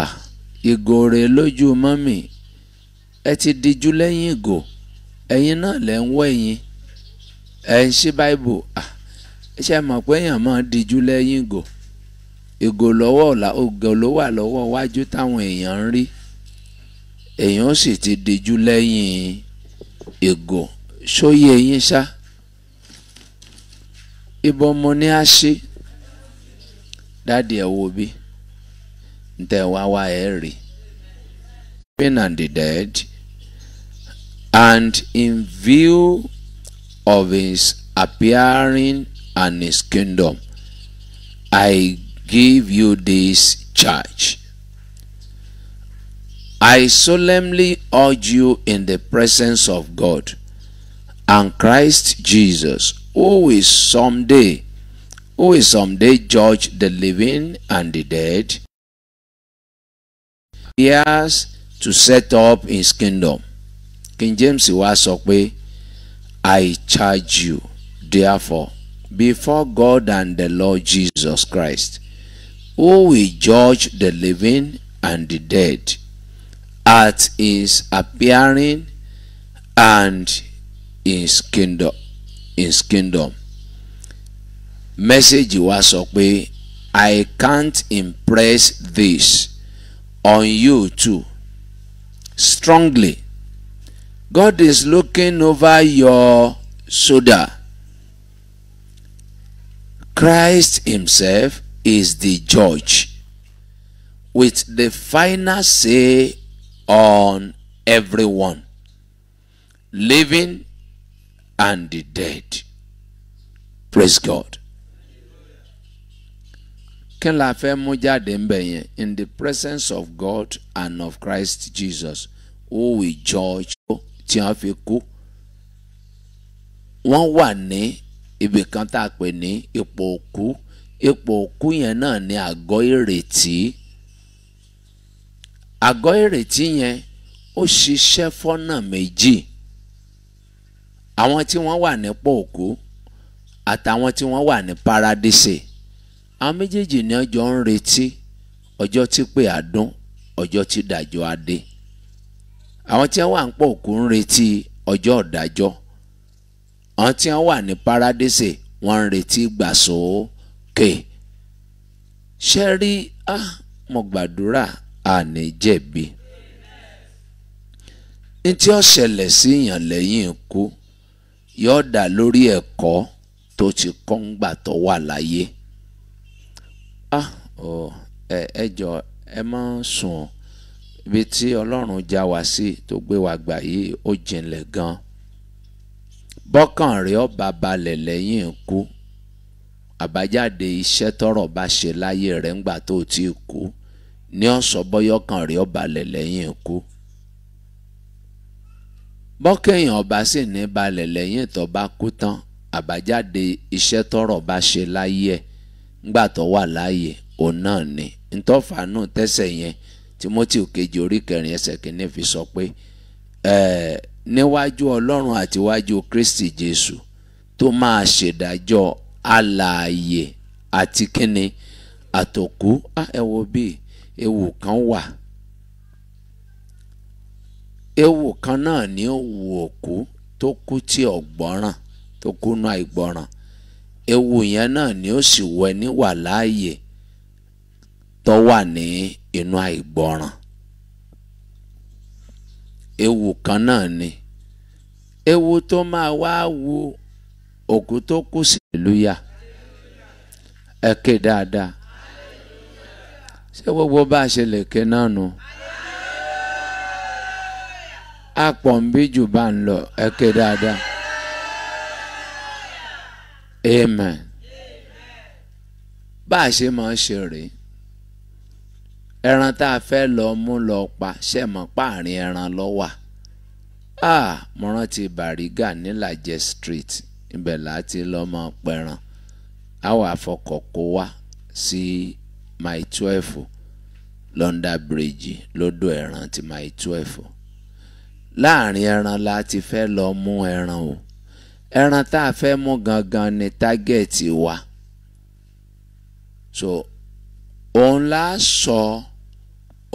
Ah, ìgò rèé lójú mọ́mì ẹ ti díjú lẹ́yìn ìgò ẹ̀yin náà lẹ́ ń wọ́ ẹ̀yin ẹ̀ ń ṣí báìbù ah, ṣe mọ̀ pé èèyàn máa díjú lẹ́yìn ìgò ìgò lọ́wọ́ ọ̀la ògò ló wà lọ́wọ́ iwájú táwọn èèyàn ń rí èèyàn sì ti díjú lẹ́yìn ìgò ṣóyè yín ṣá ibo mo ní á ṣí dáàdi ẹ̀ wo bíi. ntẹ were wá ẹ rí and the dead and in view of his appearing and his kingdom I give you this charge. I solemnly urge you in the presence of God and Christ Jesus, who is someday, who is someday judge the living and the dead. appears to set up his kingdom King James wá sọ pé I charge you therefore before God and the Lord Jesus Christ who will judge the living and the dead at his appearing and his kingdom his kingdom message wa sọ pé I can't impress this on you too. Strongly. God is looking over your shoulder. Christ Himself is the judge with the final say on everyone, living and the dead. Praise God. kí la fẹ́ mú jáde ń bẹ̀ yẹn in the presence of God and of Christ Jesus who we judge, tí wọ́n fi kú wọ́n wà ní ibì kan tá a pè ní ipò òkú ipò òkú yẹn náà ní àgọ́ ìrètí àgọ́ ìrètí yẹn ó ṣiṣẹ́ fọ́nà méjì àwọn tí wọ́n wà nípò òkú àtàwọn tí wọ́n wà ní paradíṣe a méjèèjì ni ọjọ́ ń retí ọjọ́ tí pé àdún ọjọ́ tí dàjọ́ adé àwọn tí wọ́n wà ń pọ̀ òkú ń retí ọjọ́ ìdájọ́ àwọn tí wọ́n wà ní paradíṣe wọ́n ń retí ìgbà ṣe rí a mo gbàdúrà àní jẹ̀bi ní tí ó ṣẹlẹ̀ sí èèyàn lẹ́yìn ikú yóò dá lórí ẹ̀kọ́ tó ti kọ́ ńgbà tó wà láyé ah ọ ẹ ẹ jọ ẹ má sùn ibi tí ọlọ́run já wa sí tó gbé wa gbà yìí ó jinlẹ̀ gan bọ́kàn rẹ̀ ọba balẹ̀ lẹ́yìn ikú àbájáde iṣẹ́ tọ́rọ̀ bá ṣe láyé rẹ̀ ńgbà tó ti kú ní ọ̀sọ̀ bọ́yọ̀kàn rẹ̀ ọba balẹ̀ lẹ́yìn ikú bọ́kẹ́yìn ọba sì ní balẹ̀ lẹ́yìn tó bá kú tán àbájáde iṣẹ́ tọ́rọ̀ bá ṣe láyé ẹ̀ ngbà tó wà láàyè òun náà ni ntọ́fàánù tẹ́sẹ̀ yẹn Timothy kejì orí kẹrin ẹsẹ̀ kìíní fi sọ pé ẹ̀ẹ́ níwájú ọlọ́run àtiwájú Kristi Jésù tó máa ṣèdájọ́ alààyè àti kíni àtòkú ẹ wo bí ewu kan wà ewu kan náà ní òwò òkú tó kú tí ọ̀gbọ́ràn tó kú nú àìgbọ́ràn. No ewu yẹn náà ni ó sì wọ ẹni wà láàyè tó wà ní inú àìgbọràn ewu kan náà ni ewu tó máa wá wo òkú tó kù sí ìlúyà ẹ ké dáadáa ṣé gbogbo bá a ṣe lè ké náà nu a pọ̀ ń bí jù bá ń lọ ẹ ké dáadáa amen bá a ṣe máa ṣe rèé ẹran tá a fẹ́ lọ mú lọ pa ṣe mọ̀ páàrin ẹran lọ wà ah mo rántí Bàrígà nílàjẹ street ibẹ̀ láti lọ́mọ pẹran a wà fọkọ̀ kó wá sí my twelve London bridge lódò ẹran ti my twelve láàrin ẹran la ti fẹ́ lọ mú ẹran o ẹran tá a fẹ́ mú gangan ni tágẹ́ẹ̀tì wa so òun la sọ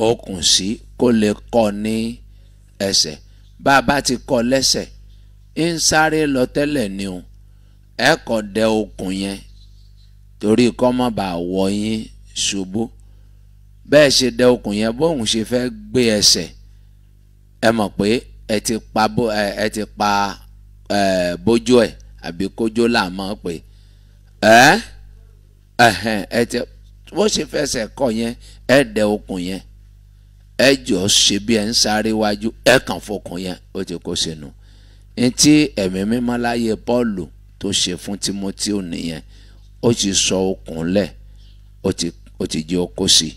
okùn sí kó lè kọ́ ní ẹsẹ̀ bá a bá ti kọ́ lẹ́sẹ̀ ń sáré lọ tẹ́lẹ̀ ni o ẹ kọ́ dẹ okùn yẹn torí kọ́ má bàa wọ yín ṣubú bẹ́ẹ̀ ṣe dẹ okùn yẹn bóun ṣe fẹ́ gbé ẹsẹ̀ ẹ mọ̀ pé ẹ ti pa bó ẹ ti pa Eh, bójú ẹ̀ àbí kójó là mọ́ pé ẹ́ ẹ ti bó ṣe fẹsẹ̀ kọ yẹn ẹ dẹ okùn yẹn ẹ jọ ṣe bí ẹ ń sáré wájú ẹ kàn fọkùn yẹn ó ti kó sínú ntí ẹ̀mí mímọ́ láyé Pọ́ọ̀lù tó ṣe fún Timothy nìyẹn ó ti sọ okùn lẹ̀ ó ti jẹ́ okó sí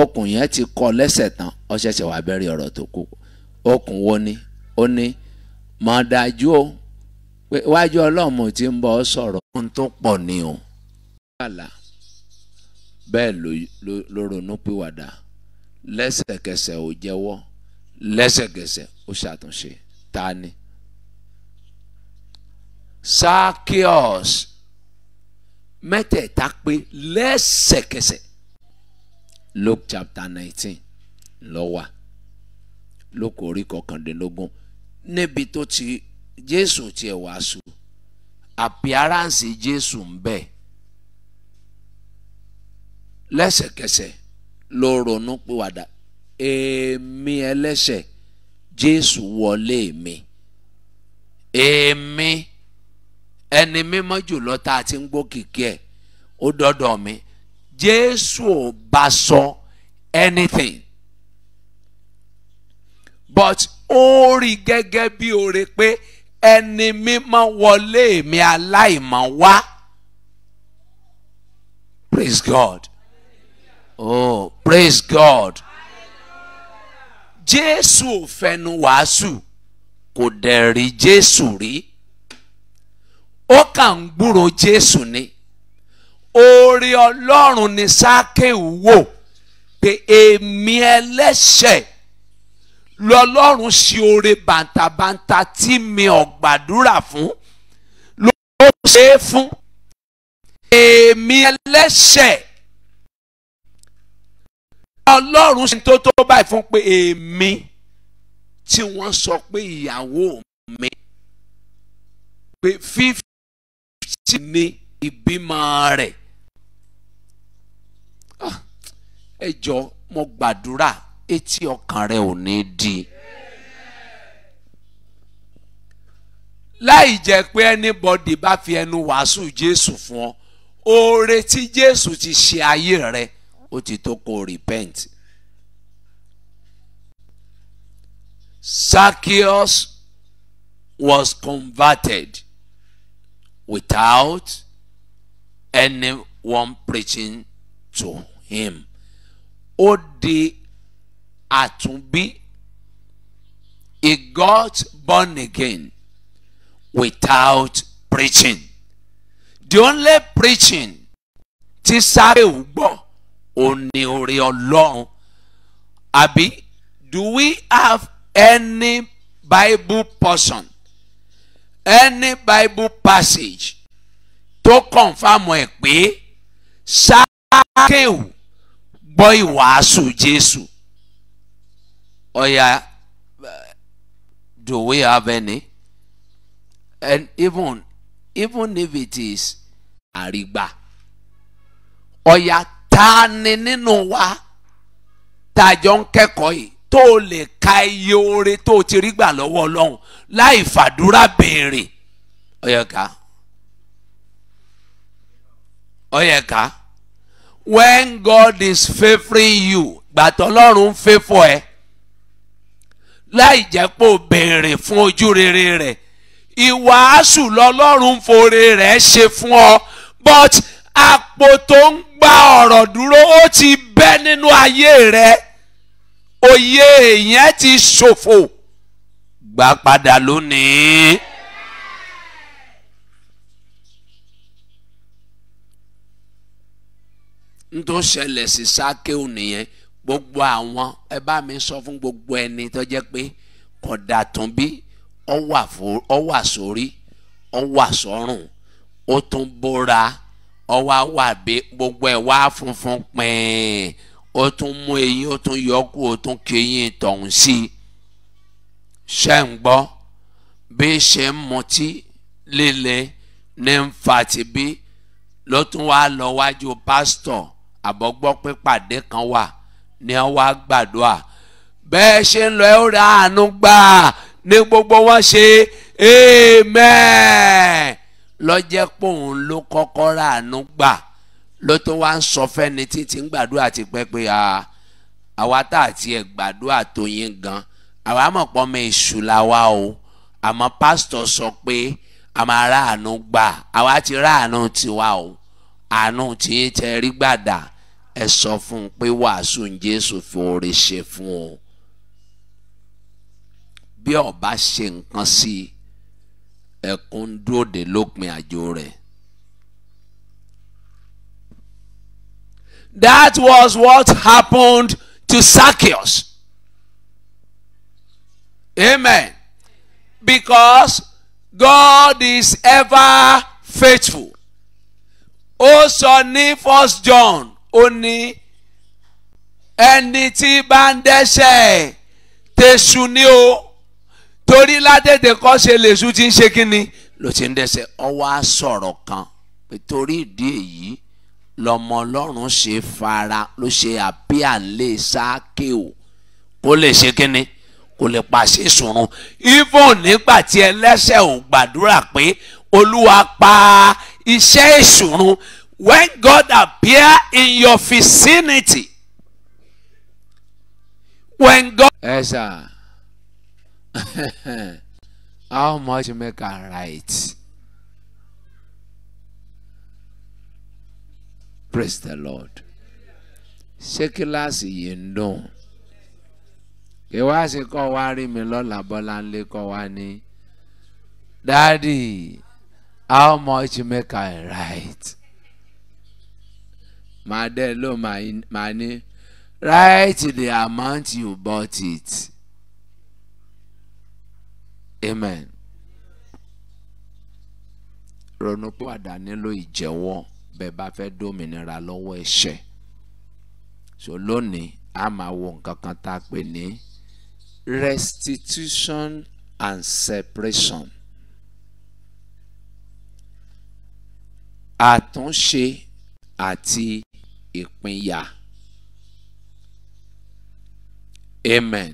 okùn yẹn ti kọ́ lẹ́sẹ̀ tán ó ṣẹ̀ṣẹ̀ wá bẹ̀rẹ̀ ọ̀rọ̀ tó kù okùn wo ni ó ní mọ̀ dájú o pé iwájú ọlọ́mọ tí ń bọ̀ sọ̀rọ̀ ohun tó pọ̀ ni o. bẹ́ẹ̀ ló ronú pìwàdà lẹ́sẹ̀kẹsẹ̀ ò jẹ́wọ́ lẹ́sẹ̀kẹsẹ̀ ó ṣàtúnṣe ta ni. Zacchaeus mẹ́tẹ̀ẹ̀ta pé lẹ́sẹ̀kẹsẹ̀ Luke chapter nineteen ló wà lóko orí kọkàndínlógún níbi tó ti jésù tiẹ̀ wàásù àpìáránsì jésù ń bẹ lẹ́sẹ̀kẹsẹ̀ ló ronú pìwàdà èmi ẹlẹ́ṣẹ̀ jésù wọlé mi èmi ẹni mímọ́ jùlọ tá a ti ń gbọ́ kìkì ẹ̀ ó dọ́dọ̀ mi jésù ò bá sọ anything but ó rí gẹ́gẹ́ bí oore pé ẹni mímọ́ wọlé mi aláìmọ́ wá praise God oh praise God Jésù ò fẹnu wàásù kò dẹ̀ rí Jésù rí ó kà ń gbúrò Jésù ni oore Ọlọ́run ni Sákéù wò pé èmi elese. lọ́lọ́run ṣe oore bàǹtàbàǹtà tí mi ò gbàdúrà fún ló ṣe é fún èmi ẹlẹ́ṣẹ̀ ọlọ́run ṣe tó tó báyìí fún pé èmi tí wọ́n sọ pé ìyàwó mi pé fífitì ni ìbímọ rẹ̀ ah, ẹ jọ mo gbàdúrà etí ọkàn rẹ ò ní di. láì jẹ́ pé anybody bá fi ẹnu wàásù Jésù fún ọ oore tí Jésù ti ṣe ayé rẹ ó ti tó kó repent. Zacchaeus was converted without anyone preaching to him. Ó di àtúnbí he got born again without preaching the only preaching tí Sáréù gbọ́ òun ni oore Ọlọ́run àbí do we have any Bible person, any Bible passage tó confam ẹ̀ pé Sáréù gbọ́ ìwàásù Jésù ọya do we have any and even even if it is àrígbà ọya ta ni nínú wa tá a jọ ń kẹ́kọ̀ọ́ yìí tó o lè ka iye oore tó o ti rí gbà lọ́wọ́ ọlọ́run láì fàdúrà béèrè ọ̀yẹ̀ká ọ̀yẹ̀ká when God is favouring you gbàtọ́ ọlọ́run ń favour ẹ láì jẹ́ pé o béèrè fún ojú rere rẹ̀ ìwàásù lọ́lọ́run fore rẹ̀ ṣe fún ọ but àpò tó ń gba ọ̀rọ̀ dúró ó ti bẹ́ nínú ayé rẹ̀ òye yẹn ti ṣòfò gbà padà lónìí. n tó ṣẹlẹ̀ sí sákéù nìyẹn gbogbo àwọn ẹ bá mi sọ fún gbogbo ẹni tó jẹ́ pé kódà tún bí ọ wà sórí ọ wà sọ́rùn ó tún bóra ọ wá wà bí gbogbo ẹ wá funfun pẹ́ẹ́n ó tún mú eyín ó tún yọ kú ó tún kéyìn tọ̀hún sí i ṣe ń gbọ́ bí ṣe ń mutí líle ní ń bí ló tún wá lọ wájú pásítọ̀ àbọ̀gbọ́ pé kan wà ni wọ́n wá gbàdúrà bẹ́ẹ̀ ṣe ń lọ ẹ ó ra gbà ní gbogbo wọn ṣe amen lọ́jẹ́ pòun ló kọ́kọ́ ra àánú gbà ló tún wá ń sọ fẹ́ni títí ń gbàdúrà ti pẹ́ pé àwa tá àti ẹ̀ gbàdúrà tó yín gan àwa mọ̀ pọ́ mi èṣù la wá o àmọ́ pásítọ̀ sọ pé a máa ra àánú gbà àwa ti ra àánú tiwa o àánú tí ń tẹ rí gbàdá ẹ sọ fún un pé wàásù jésù fi oore ṣe fún o bí ọba ṣe nǹkan sí ẹkún dúró de lópin àjò rẹ̀. That was what happened to Zacchaeus. Amen. Because God is ever faithful. Ó sọ ní First John ó ní ẹni tí bá ń dẹ́ṣẹ̀ tẹ̀sù ni o torí ládèdè kọ́ ṣe lèṣu ti ń ṣe kínni ló ti ń dẹ́ṣẹ̀ ọwọ́ sọ̀rọ̀ kan torí ìdí èyí lọmọ ọlọ́run ṣe fara ló ṣe àbíà lè sáàkè o kó lè ṣe kínni kó lè pàṣẹ sùnrùn even nígbà tí ẹlẹ́ṣẹ̀ ò gbàdúrà pé olúwa pa iṣẹ́ ìṣùrùn when God appear in your vicinity when God. Yes, How much make I write? Praise the Lord. Ṣé kíláàsì yìí ń dùn? Kí wá sí kọ́ wá rí mi lọ́la Bọ́láńlé kọ́ wá ní. Daddy, how much make I write? màá dẹ́ ló màá ní write the amount you bought it amen ronúpìwàdà nílò ìjẹ́wọ́ bẹ́ẹ̀ bá fẹ́ dómìnira lọ́wọ́ ẹ̀ṣẹ̀ so lónìí a máa wo nǹkan kan tá a pè ní restitution and separation àtúnṣe àti ìpínyà amen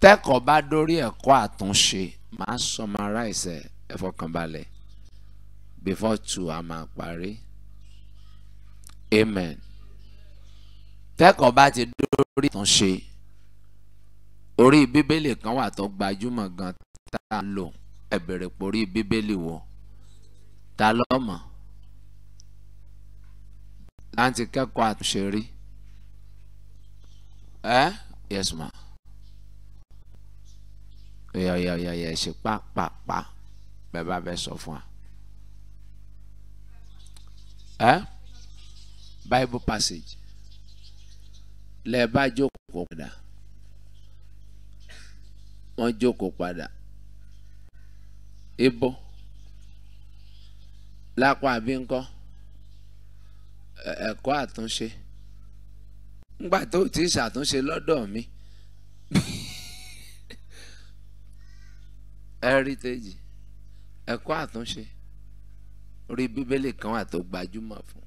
tẹ́kọ̀ọ́ bá dórí ẹ̀kọ́ àtúnṣe máa summarize ẹ fọkànbalẹ̀ before two a máa parí amen tẹ́kọ̀ọ́ bá ti dórí àtúnṣe orí bíbélì kan wà tó gbajúmọ̀ gan tá a lò ẹ bèrè bíbélì wo ta ló à ń ti kẹ́kọ̀ọ́ àtúnṣe rí ẹ yes ma yọ̀yọ̀yọ̀yọ̀ ẹ ṣe pàpàpà bẹ́ẹ̀ bá fẹ́ sọ fún wa ẹ bible passage lẹ́ẹ̀ bá jókòó padà wọ́n jókòó padà ibo lápá àbí ńkọ́ ẹ̀kọ́ àtúnṣe ńgbà tó ti ṣàtúnṣe lọ́dọ̀ mi heritage ẹ̀kọ́ àtúnṣe orí bíbélì kan wà tó gbajúmọ̀ fún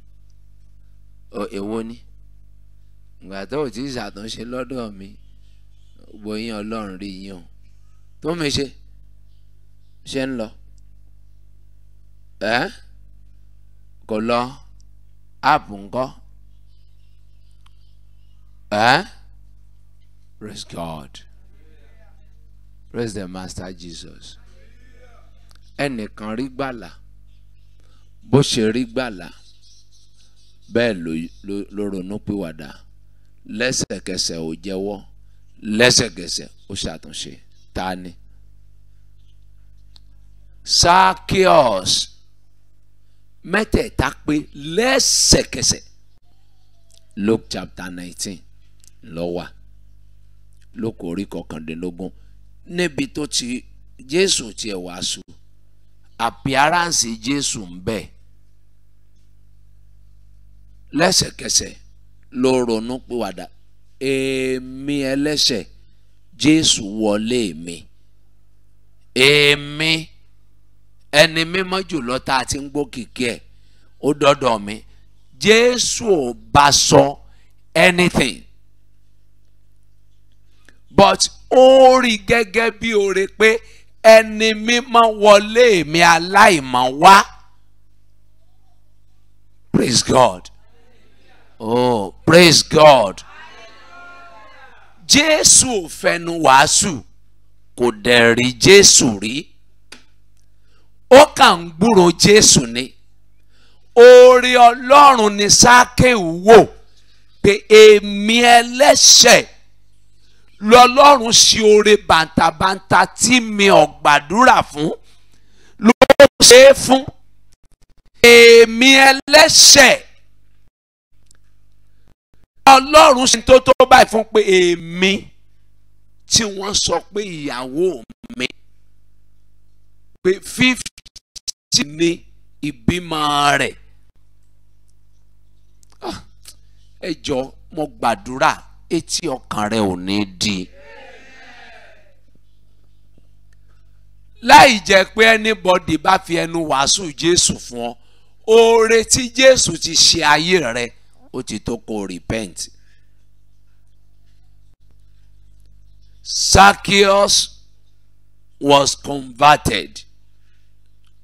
èwo ni ńgbà tó ti ṣàtúnṣe lọ́dọ̀ mi gbòyìn ọlọ́run rí yín o tó mi ṣe ṣe ń lọ ẹ kò lọ app ńkọ́ ẹ́ eh? praise God praise the master Jesus ẹnìkan rí gbàlà bó ṣe rí gbàlà bẹ́ẹ̀ ló ronú pìwàdà lẹ́sẹ̀kẹsẹ̀ ò jẹ́wọ́ lẹ́sẹ̀kẹsẹ̀ ó ṣàtúnṣe ta ni mẹ́tẹ̀ẹ̀ta pé lẹ́sẹ̀kẹsẹ̀ Luke chapter nineteen ló wà Luke orí kọkàndínlógún níbi tó ti Jésù tiẹ̀ wàásù àpíáránsì Jésù ń bẹ lẹ́sẹ̀kẹsẹ̀ ló ronú pìwàdà èmi ẹlẹ́ṣẹ̀ Jésù wọlé mi èmi. E ẹni mímọ́ jùlọ tá a ti ń gbọ́ kìkì ẹ̀ ó dọ́dọ̀ mi jésù ò bá sọ anything but ó rí gẹ́gẹ́ bí oore pé ẹni mímọ́ wọlé mi aláìmọ́ wá praise God oh praise God jésù ò fẹnu wàásù kò dẹ̀ rí jésù rí ó kàn ń gbúrò jésù ni oore ọlọ́run ni sákéwù wò pé èmi ẹlẹ́ṣẹ̀ lọ́lọ́run ṣe oore bàǹtàbàǹtà tí mi ò gbàdúrà fún ló ṣe é fún èmi ẹlẹ́ṣẹ̀ ọlọ́run ṣe tó tó báyìí fún pé èmi tí wọ́n sọ pé ìyàwó mi pé fifty ni ìbímọ rẹ̀ ah, ẹ jọ mo gbàdúrà etí ọkàn rẹ ò ní di. láì jẹ́ pé anybody bá fi ẹnu wàásù Jésù fún ọ oore tí Jésù ti ṣe ayé rẹ ó ti tó kó repent. Zacchaeus was converted.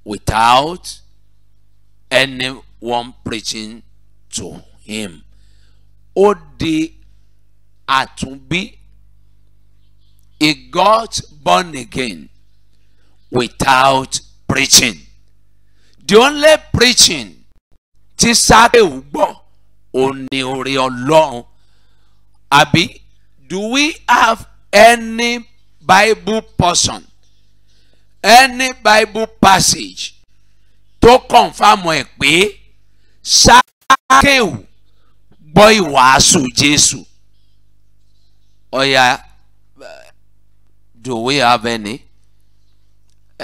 without anyone preaching to him. Ó di àtúnbí. He got born again without preaching. The only preaching tí Sáréù gbọ́ òun ni orí Ọlọ́run. Àbí do we have any Bible person any bible passage tó kọ̀nfàmù ẹ̀ pé sákéwù gbọ́ ìwàásù jésù Oya, do we have any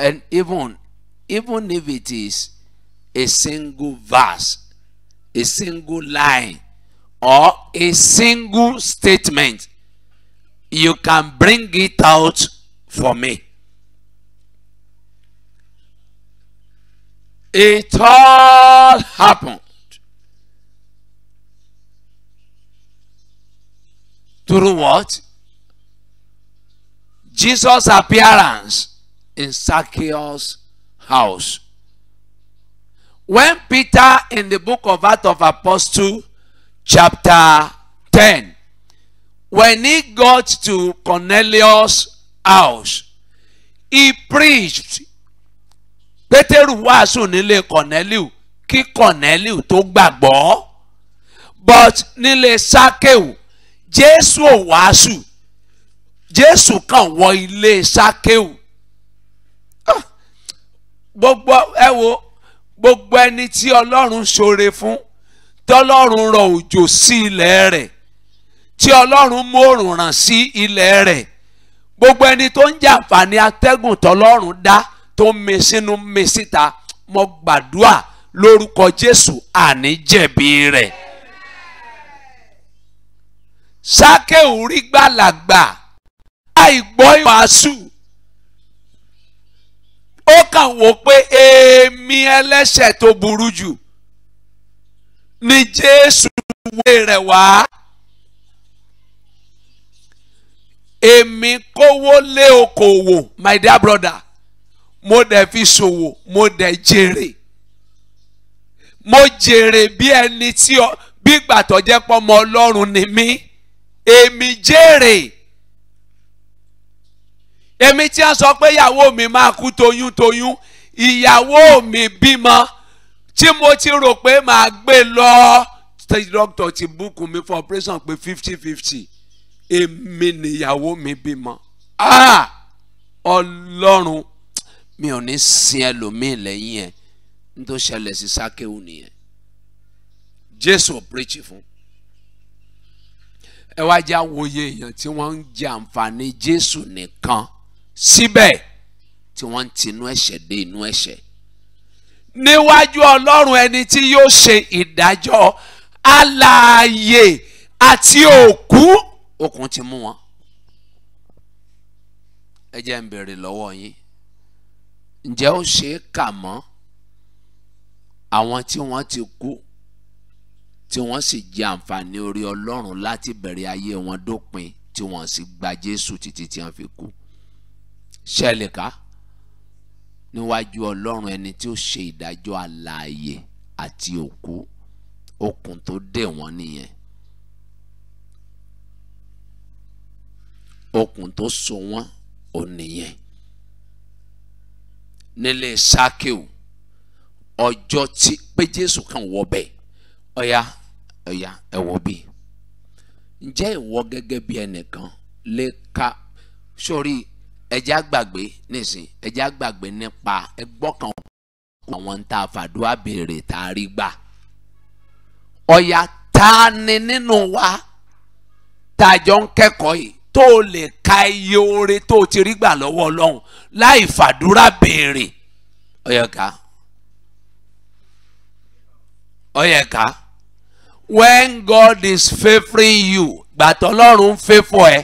and even even if it is a single verse a single line or a single statement you can bring it out for me It all happened through what? Jesus' appearance in Zacchaeus' house. When Peter in the book of Acts of Apostle chapter ten, when he got to Cornelius' house he preached pétérù wàásù nílé kọ̀nẹ́líù kí kọ̀nẹ́líù tó gbàgbọ́ but nílé sákéù jésù ò wàásù jésù kàn wọ ilé sákéù ah, gbogbo ẹ wo gbogbo ẹni tí ọlọ́run ṣoore fún tọ́lọ́run rọ òjò sí ilẹ̀ rẹ̀ tí ọlọ́run mòrùn ràn sí ilẹ̀ rẹ̀ gbogbo ẹni tó ń jàǹfààní atẹ́gùn tọ́lọ́run dá tó ń mi sínú mi síta mo gbàdúrà lórúkọ Jésù àní jẹ̀bi rẹ̀. Sákéù rí gbàlagbà àìgbọ́ ìwàásù ó kàn wò pé èmi ẹlẹ́ṣẹ̀ tó burú jù ni Jésù wé rẹ̀ wá. èmi kówó lé okòwò my dear brother mo dẹ̀ fi ṣòwò mo dẹ̀ jèrè mo jèrè bí ẹni tí ọ bí ìgbà tó jẹ́ pọ́ ọmọ ọlọ́run ni mí èmi jèrè èmi tí a sọ pé ìyàwó mi máa kú toyúntoyún ìyàwó mi bímọ tí mo ti rò pé màá gbé lọ stage doctor ti búkù mi for operation pé fifty fifty èmi nìyàwó mi bímọ ah ọlọ́run mi ò ní sin ẹlòmíì lẹ́yìn ẹ̀ nítorí ṣẹlẹ̀ sí sákéwù nìyẹn jésù pírìtì fún ẹ wá jẹ́ àwòye èèyàn tí wọ́n ń jẹ àǹfààní jésù nìkan síbẹ̀ tí wọ́n ń tinú ẹ̀ṣẹ̀ dé inú ẹ̀ṣẹ̀ níwájú ọlọ́run ẹni tí yóò ṣe ìdájọ́ alààyè àti òkú òkun ti mú wọn ẹ jẹ́ ń béèrè lọ́wọ́ yín ǹjẹ́ ó ṣe é kà mọ́ àwọn tí wọ́n ti kú tí wọ́n sì jẹ àǹfààní orí ọlọ́run láti bẹ̀rẹ̀ ayé wọn dópin tí wọ́n sì gba jésù títí tí wọ́n fi kú ṣẹlẹ̀ká níwájú ọlọ́run ẹni tí ó ṣe ìdájọ́ alààyè àti òkú okùn tó dè wọ́n nìyẹn okùn tó so wọ́n ò nìyẹn nílé sákèw ọjọ́ tí pé jésù kan wọ bẹ́ẹ̀ ọ̀ya ọ̀ya ẹ̀wọ̀ bíi ǹjẹ́ ìwọ gẹ́gẹ́ bí ẹnìkan lè ka sórí ẹ̀já gbàgbé nísìn ẹ̀já gbàgbé nípa ẹgbọ́ kan àwọn tá a fàdúrà béèrè tá a rí gbà ọ̀ya ta ni nínú wa tá a jọ ń kẹ́kọ̀ọ́ yìí tó o lè ka iye oore tó o ti rí gbà lọ́wọ́ ọlọ́run láì fàdúrà béèrè ọ̀yẹ̀ká ọ̀yẹ̀ká when God is favouring you gbàtọ́ ọlọ́run ń fẹ́ fún ẹ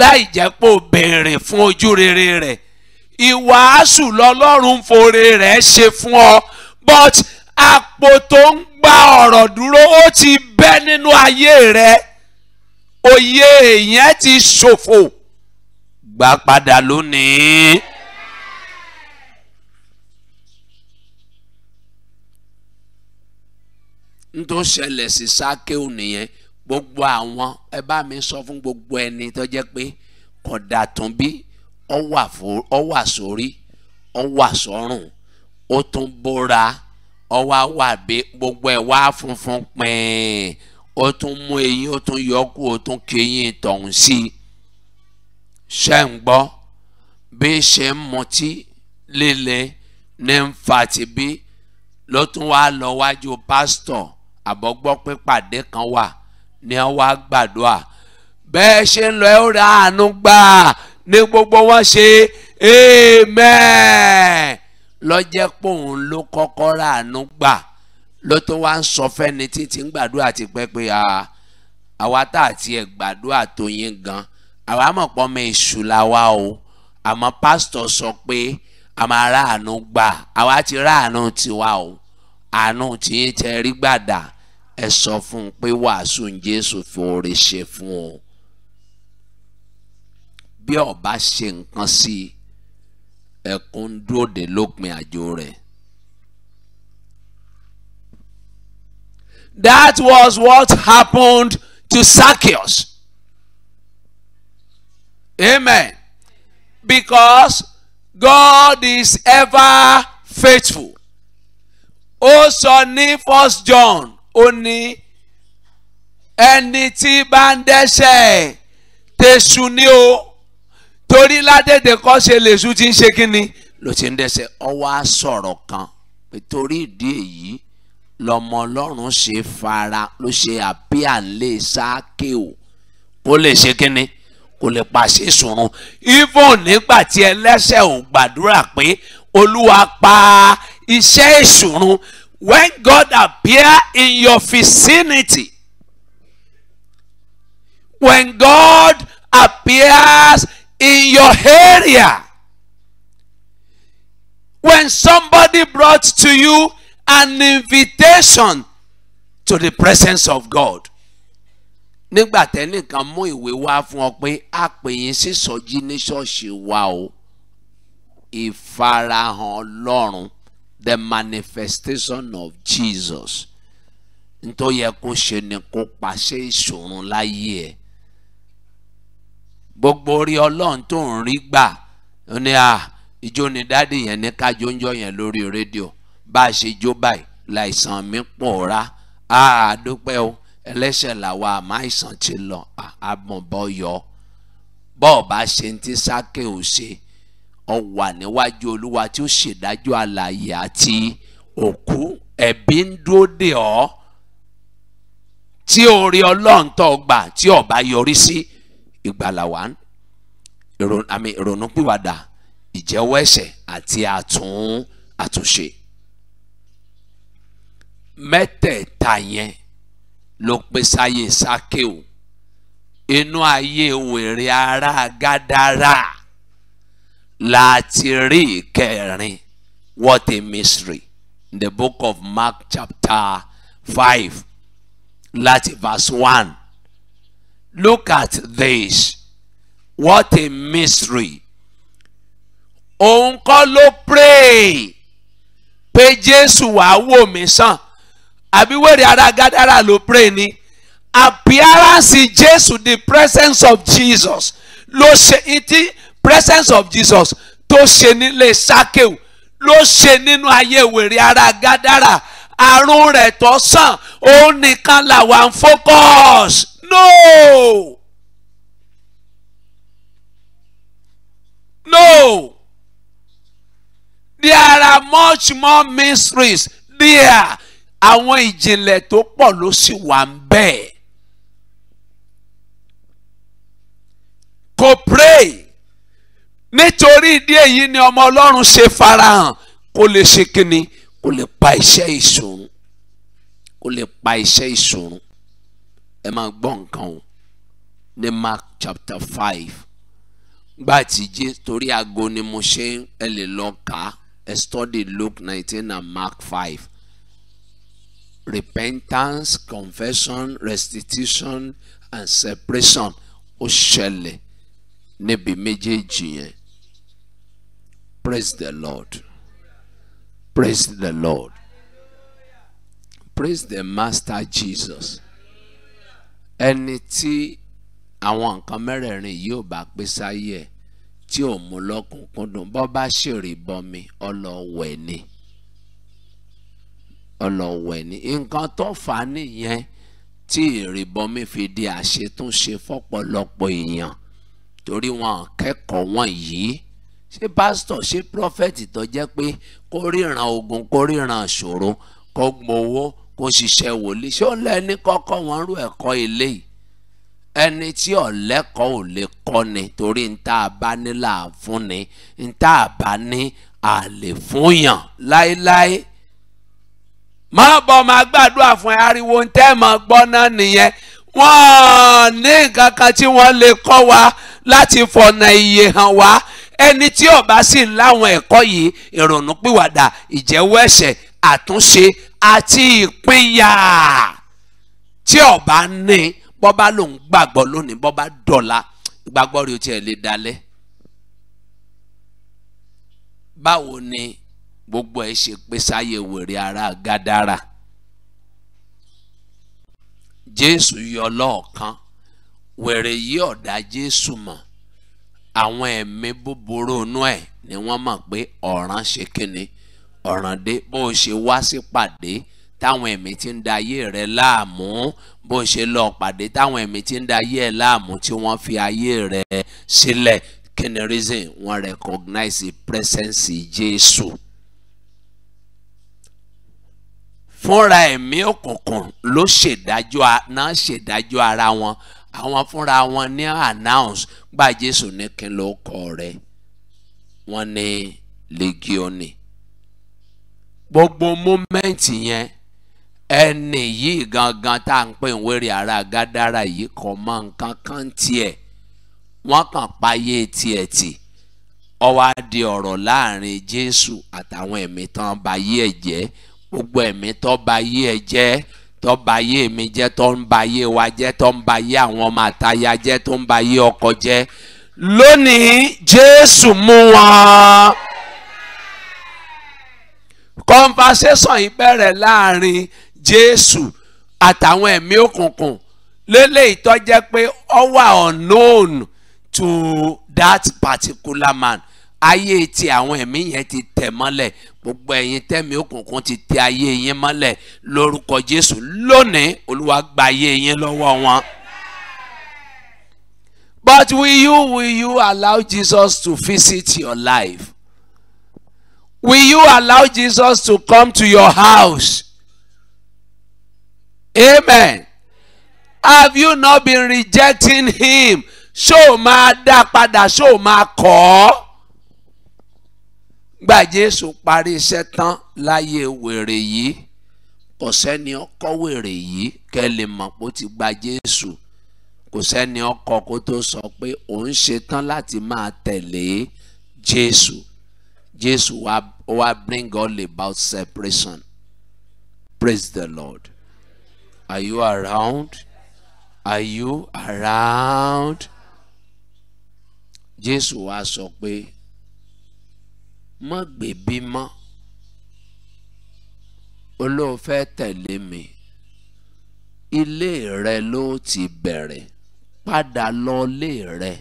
láì jẹ́ pé o béèrè fún ojú rere rẹ̀ ìwàásù lọ́lọ́run fòrè rẹ̀ ṣe fún ọ but àpò tó ń gba ọ̀rọ̀ dúró ó ti bẹ́ nínú ayé rẹ̀ òye èèyàn ti ṣòfò gbà padà lónìí. n tó ṣẹlẹ̀ sí sákéwù nìyẹn gbogbo àwọn ẹ bá mi sọ fún gbogbo ẹni tó jẹ́ pé kódà tún bí ọ wà sórí ọ wà sọ́rùn ó tún bóra ọ wá wà bí gbogbo ẹ̀ wá funfun pẹ́ẹ́n ó tún mú eyín ó tún yọ kú ó tún kéyìn tọ̀hún sí i ṣe ń gbọ́ bí ṣe ń mutí líle ní ń fa tìbí ló tún wá lọ wájú pásítọ̀ àbọ̀gbọ́ pé kan wà ní wá gbàdúrà bẹ́ẹ̀ ṣe ń lọ ẹ́ ó ra gbà ní gbogbo wọn ṣe amen lọ́jẹ́ pòun ló kọ́kọ́ ra àánú gbà ló tún wá ń sọ fẹ́ni títí ń gbàdúrà ti pẹ́ pé àwa tá àti ẹ̀ gbàdúrà tó yín gan àwa mọ̀ pọ́ mọ èṣù la wa o àmọ́ pásítọ̀ sọ pé a máa ráàánú gbà àwa ti ráàánú tiwa o àánú tí ń tẹ rí gbàdà ẹ sọ fún un pé wàásù Jésù fi oore ṣe fún o bí ọba ṣe nǹkan sí ẹkún dúró de lópin àjò rẹ̀. That was what happened to Zacchaeus. Amen. Because God is ever faithful. Ó sọ ní First John ó ní ẹni tí bá ń dẹ́ṣẹ̀ tẹ̀sù ni o torí ládẹ́dẹ́ kọ́ ṣe lèṣu ti ń ṣe kínni ló ti ń dẹ́ṣẹ̀ ó wá sọ̀rọ̀ kan pé torí ìdí èyí lọmọ ọlọ́run ṣe fara ló ṣe àbíà lè sáàkè o kó lè ṣe kínní kó lè pàṣẹ sùnrùn even nígbà tí ẹlẹ́ṣẹ̀ ò gbàdúrà pé olúwa pa iṣẹ́ ìṣùrùn when God appear in your vicinity when God appears in your area when somebody brought to you an invitation to the presence of God nígbà tẹ́nìkan mú ìwé wá fún ọ pé a pè yín sí sọjí ní ṣọ́ọ̀ṣì wa o ìfarahàn Ọlọ́run the manifestation of Jesus ntó yẹ kó ṣe ni kó pàṣẹ ìṣòro láyé ẹ gbogbo orí Ọlọ́run tó ń rí gbà ó ní à ìjó ni dáàdì yẹn ní kájọ ń jọ yẹn lórí rédíò bá a ṣe jó báyìí láìsàn mi pòórá a dúpẹ́ o ẹlẹ́ṣẹ̀ làwa àmọ́ àìsàn ti lọ àmọ̀bọ̀ yọ bọ́ọ̀bá ṣe ń ti sáké ò ṣe ọ wà níwájú olúwa tí ó ṣèdájọ́ àlàyé àti òkú ẹ̀bí ń dúró dè ọ́ tí orí ọlọ́run tó gbà tí ọba yọrí sí ìgbàlà wa ìrònúpìwàdà ìjẹ́wọ́ ẹ̀ṣẹ̀ àti àtúnṣe mẹ́tẹ̀ẹ̀ta yẹn ló pé sáyé sákéù inú ayé wèrè ara gádàrà láti rí ìkẹrin what a mystery in the book of Mark chapter five láti verse one look at this what a mystery òun kọ́ ló pray pé Jésù wàá wò mí sàn àbí wèrè ara gádàrà ló pray ni appearance Jésù the presence of Jesus ló ṣe ìtí presence of Jesus tó ṣe nílé Sákéù ló ṣe nínú ayé wèrè ara gádàrà àrùn rẹ̀ tó sàn òun nìkan làwa ń focus no no there are much more mysteries there àwọn ìjìnlẹ̀ tó pọ̀ ló sì wà ń bẹ́ẹ̀. kò pray nítorí ìdí èyí ni ọmọ ọlọ́run ṣe farahàn kó lè ṣe kínni kó lè pa iṣẹ́ ìṣòro kó lè pa iṣẹ́ ìṣòro ẹ máa gbọ́ nǹkan o ní Mark chapter five gbà tí jẹ́ torí aago ni mo ṣe ẹ lè lọ kà ẹ study Luke nineteen and Mark five repentance confession restitution and separation ó ṣẹlẹ̀ níbi praise the lord praise the lord praise the master jesus ẹni tí àwọn nǹkan mẹ́rẹ̀ẹ̀rin yóò bá pé sáyé ẹ̀ tí ò mú lọ́kùnkúndùn bọ́ bá ṣèrè bọmi ọlọ́wẹ̀ ni. ọlọ́wẹ̀ ni nǹkan tó fà á nìyẹn tí ìrìbọmi fi di àṣetúnṣe fọ́pọ̀lọpọ̀ èèyàn torí wọn kẹ́kọ̀ọ́ wọn yìí ṣé pásítọ̀ ṣé prọfẹ̀tì tó jẹ́ pé kó ríran ogun kó ríran ṣòro kó gbowó kó ṣiṣẹ́ wòlíì ṣé ó lẹ́ni kọ́kọ́ wọn rú ẹ̀kọ́ ilé yìí ẹni tí ọ̀lẹ́kọ̀ọ́ ò lè kọ́ ni torí ń tá a bá ní là á fún ni ń tá a bá ní à lè fún yàn láéláé. Lai lai má bọ̀ máa gbàdúrà fún ẹ ariwo ń tẹ́ mọ́ gbọ́ nìyẹn wọ́n ní nǹkan kan tí wọ́n lè kọ́ wa láti fọ̀nà iye hàn wá ẹni tí ó bá sì láwọn ẹ̀kọ́ yìí ìrònúpìwàdà ìjẹ́wọ́ ẹ̀ṣẹ̀ àtúnṣe àti ìpínyà tí ó bá ní bó bá gbàgbọ́ lónìí bó dọ̀la ìgbàgbọ́ rẹ̀ ó tiẹ̀ lè dalẹ̀ báwo ni gbogbo ẹ ṣe pé sáyé wèrè ara gádàrà jésù yọ lọ́ọ̀kan wèrè yìí ọ̀dà jésù mọ̀ àwọn ẹ̀mí búburú inú ẹ̀ ni wọ́n mọ̀ pé ọ̀ràn ṣe kíni ọ̀ràn dé bó o ṣe wá sí pàdé táwọn ẹ̀mí ti ń da ayé rẹ láàmú bó o ṣe lọ pàdé táwọn ẹ̀mí ti ń da ayé ẹ láàmú tí wọ́n fi ayé rẹ sílẹ̀ kíni reason wọ́n recognize the presence Jésù. fúnra ẹ̀mí òkùnkùn ló ṣèdájọ́ náà ṣèdájọ́ ara wọn àwọn fúnra wọn ní announce gba Jésù ní kí ló kọ rẹ wọ́n ní legioni gbogbo mọ́mẹ́ǹtì yẹn ẹnì yìí gangan tá à ń pè ń wéré ara gádára yìí kò mọ nǹkan kan tiẹ̀ wọ́n kàn páyé tiẹ̀ tì ó wá di ọ̀rọ̀ láàrin Jésù àtàwọn ẹ̀mí tán bayé ẹ̀ jẹ́ gbogbo ẹ̀mí tó ba ẹ jẹ́ tó ba mi jẹ́ tó ń wa jẹ́ tó ń àwọn ọmọ àtaya jẹ́ tó ń ọkọ jẹ́ lónìí Jésù mú wọn. conversation yìí bẹ̀rẹ̀ láàrin Jésù àtàwọn ẹ̀mí òkùnkùn lélẹ́yìí tó jẹ́ pé ó unknown to that particular man ayé tí àwọn ẹ̀mí yẹn ti tẹ̀ mọ́lẹ̀ gbogbo ẹ̀yin tẹ́mi òkùnkùn ti tẹ ayé yín mọ́lẹ̀ lórúkọ Jésù lónìí Olúwa gba ayé yín lọ́wọ́ wọn. But will you will you allow Jesus to visit your life? Will you allow Jesus to come to your house? Amen. Have you not been rejecting him? Ṣó máa dá padà ṣó máa kọ̀ ọ́? gbà jésù parí iṣẹ́ tán láyé wèrè yìí kò sẹ́ni ọkọ wèrè yìí kẹ́ lè mọ̀ pé ó ti gba jésù kò sẹ́ni ọkọ kó tó sọ pé òun ṣetán láti máa tẹ̀lé jésù jésù wá bring all about separation praise the lord are you around are you around jésù wa sọ pé mọ́ gbèbí mọ́ olóò fẹ́ tẹ̀lé mi ilé rẹ ló ti bẹ̀rẹ̀ padà lọ ilé rẹ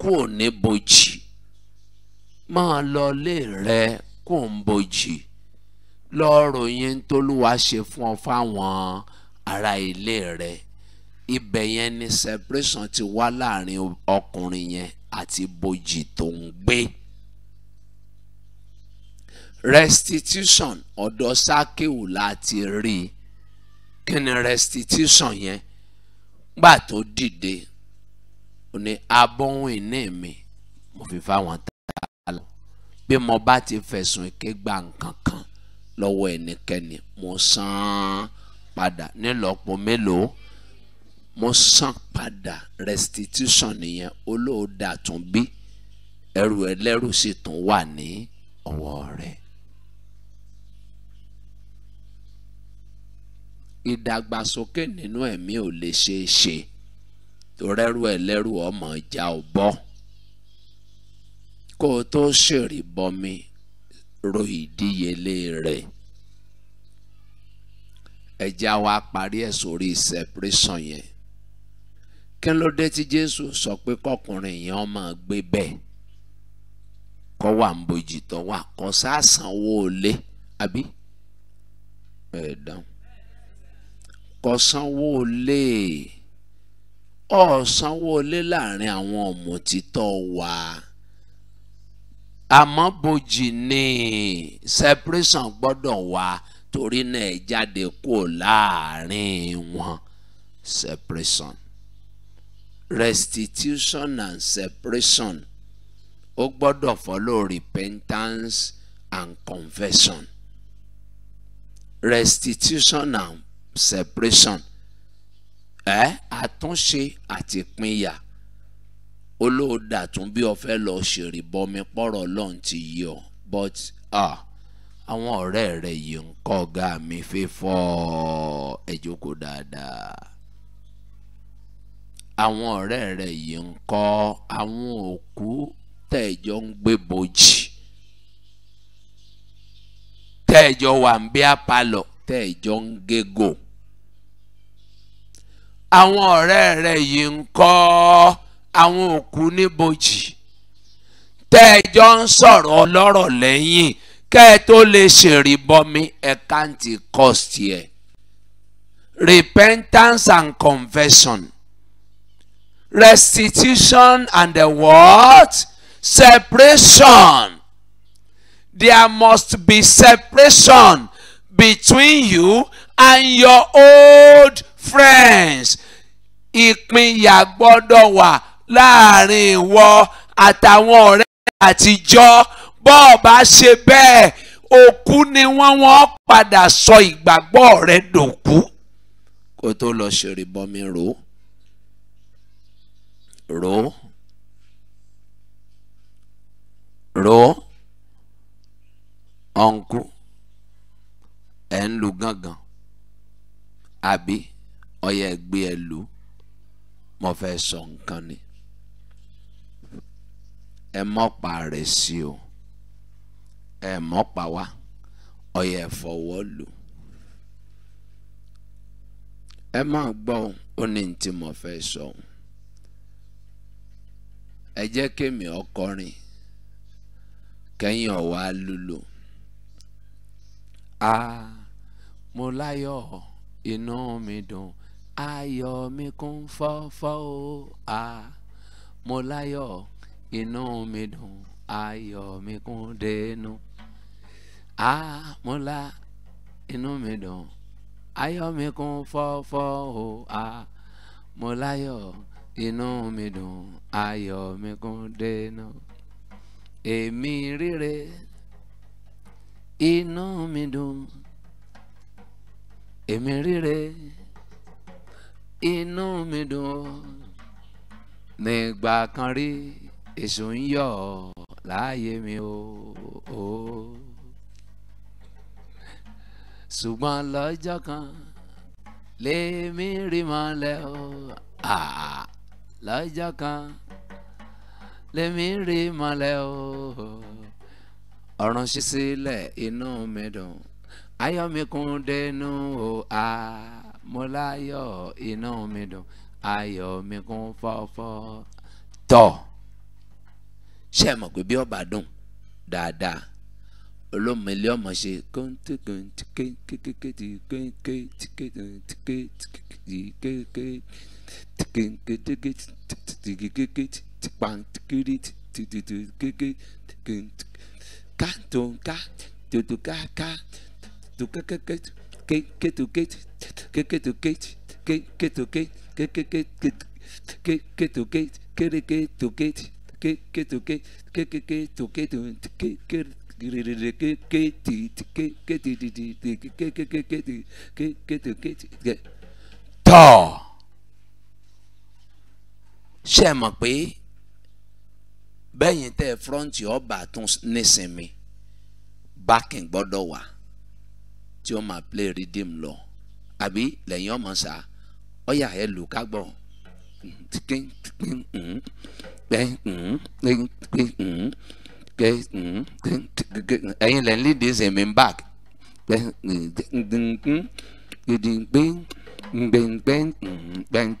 kúò ní bojì máa lọ ilé rẹ kúò ń bojì lọ ròyìn tólúwa ṣe fún ọ fáwọn ará ilé rẹ ibẹ̀ yẹn ni separation ti wá láàrin ọkùnrin yẹn àti bojì tó ń gbé restitution ọ̀dọ̀ sákéwù láti rí i kí ni restitution yẹn gbà tó dìde ó ní abọ́hún ìní mi mo fi fáwọn tààlà lọ bí mo bá ti fẹ̀sùn èké gba nǹkan kan lọ́wọ́ ẹnikẹ́ni mo san án padà nílọ́pọ̀ mélòó mo san padà restitution nìyẹn olóòdà tún bí ẹrù ẹlẹ́rù sì tún wà ní ọwọ́ rẹ̀. ìdàgbàsókè nínú ẹ̀mí ò lè ṣeé ṣe tó rẹ́rù ẹ̀ lẹ́rù ọmọ ìjà ò bọ́ kó o tó ṣèrì bọmi ro ìdíyelé rẹ̀ ẹ̀já wa parí ẹ̀ sórí separation yẹn kí ló dé tí Jésù sọ pé kọkùnrin yẹn ọmọ gbé bẹ́ẹ̀ kọ́ wà ń bojì tó wà kọ́ sá sanwó àbí ẹ̀ dáhùn kò sanwó lé ò sanwó lé láàrin àwọn ọ̀mùtítọ́ wa àmọ́ bojì ni separation gbọ́dọ̀ wà torí náà ẹ jáde kúrò láàrin wọn separation restitution and separation ó gbọ́dọ̀ follow repentance and confession restitution and separation ẹ àtúnṣe àti ìpínyà olóòdà tún bí o fẹ́ lọ ṣèrè bọmi pọ̀rọ̀ lọ́n ti yí ọ but ah, àwọn ọ̀rẹ́ rẹ̀ yìí ń kọ́ ọ̀gá mi fífọ́ ẹ jókòó dáadáa àwọn ọ̀rẹ́ rẹ̀ yìí ń kọ́ àwọn òkú tẹ̀jọ́ ń gbé bojì tẹ̀jọ́ wà ń bí apalọ̀ tẹ̀jọ́ ń gégò àwọn ọ̀rẹ́ rẹ̀ yìí ń kọ́ àwọn òkú níbojì tẹ́ ẹ jọ ń sọ̀rọ̀ ọlọ́rọ̀ lẹ́yìn kẹ́ ẹ tó lè ṣèrìbọmi ẹ̀káǹtì cost yẹ repentance and confession restitution and the what separation there must be separation between you and your old friends ìpínyà gbọ́dọ̀ wà láàrin ìwọ àtàwọn ọ̀rẹ́ àtijọ́ bọ́ ọ bá ṣe bẹ́ẹ̀ òkú ni wọ́n wọ́n padà sọ ìgbàgbọ́ rẹ dòkú kó tó lọ ṣèrè bọmi rò rò rò ọ̀nkú ẹ̀ ń lu gángan àbí ọyẹ ẹgbẹ́ ẹ lù mo fẹ́ sọ nǹkan ni ẹ mọ́pa rẹ̀ sí o ẹ mọ́pa wá ọ̀yẹ̀ fọwọ́ lò ẹ máa gbọ́ ó ní tí mo fẹ́ sọ ẹ jẹ́ kémi ọkọrin kẹ́yìn ọ̀wá lùlù a ah, mo láyọ̀ inú mi dùn ayọ̀ mi kún fọ́fọ́ o a mo láyọ̀ inú mi dùn ayọ̀ mi kún dénú a mo la inú mi dùn ayọ̀ mi kún fọ́fọ́ o a mo láyọ̀ inú mi dùn ayọ̀ mi kún dénú èmi rire inú mi dùn èmi rire inú mi dùn nígbà kan rí èso ń yọ̀ láàyè mi o ṣùgbọ́n lọ́jọ́ kan lèmi rí mọ́lẹ̀ o lọ́jọ́ kan lèmi rí mọ́lẹ̀ o ọ̀run ṣí sílẹ̀ inú mi dùn ayọ̀ mi kún dénú o. Ah mo láyọ̀ inú mi dùn ayọ̀ mi kún fọ́fọ́ tọ̀ ṣe mọ̀ pé bí ọba dùn dáadáa olómi ilé ọmọ ṣe kántóńká tòtòkáká tòkákáká gate, gate to gate, gate, gate to gate, gate, gate to gate, gate, gate, gate, gate, gate to gate, gate, gate to gate, gate, gate to gate, gate, gate, gate to gate, gate, gate, tọ́ ṣe mọ̀ pé bẹ́yìn tẹ́ fúrọ́ǹtì ọba tún nísinmi bákìn gbọ́dọ̀ wà tí ó máa play rhythm lọ àbí lẹ́yìn ọmọ sá ọyà ẹ lù ká gbọ́ ẹ̀yin lẹ́yìn lead this in back. ding bing bang bang bang bang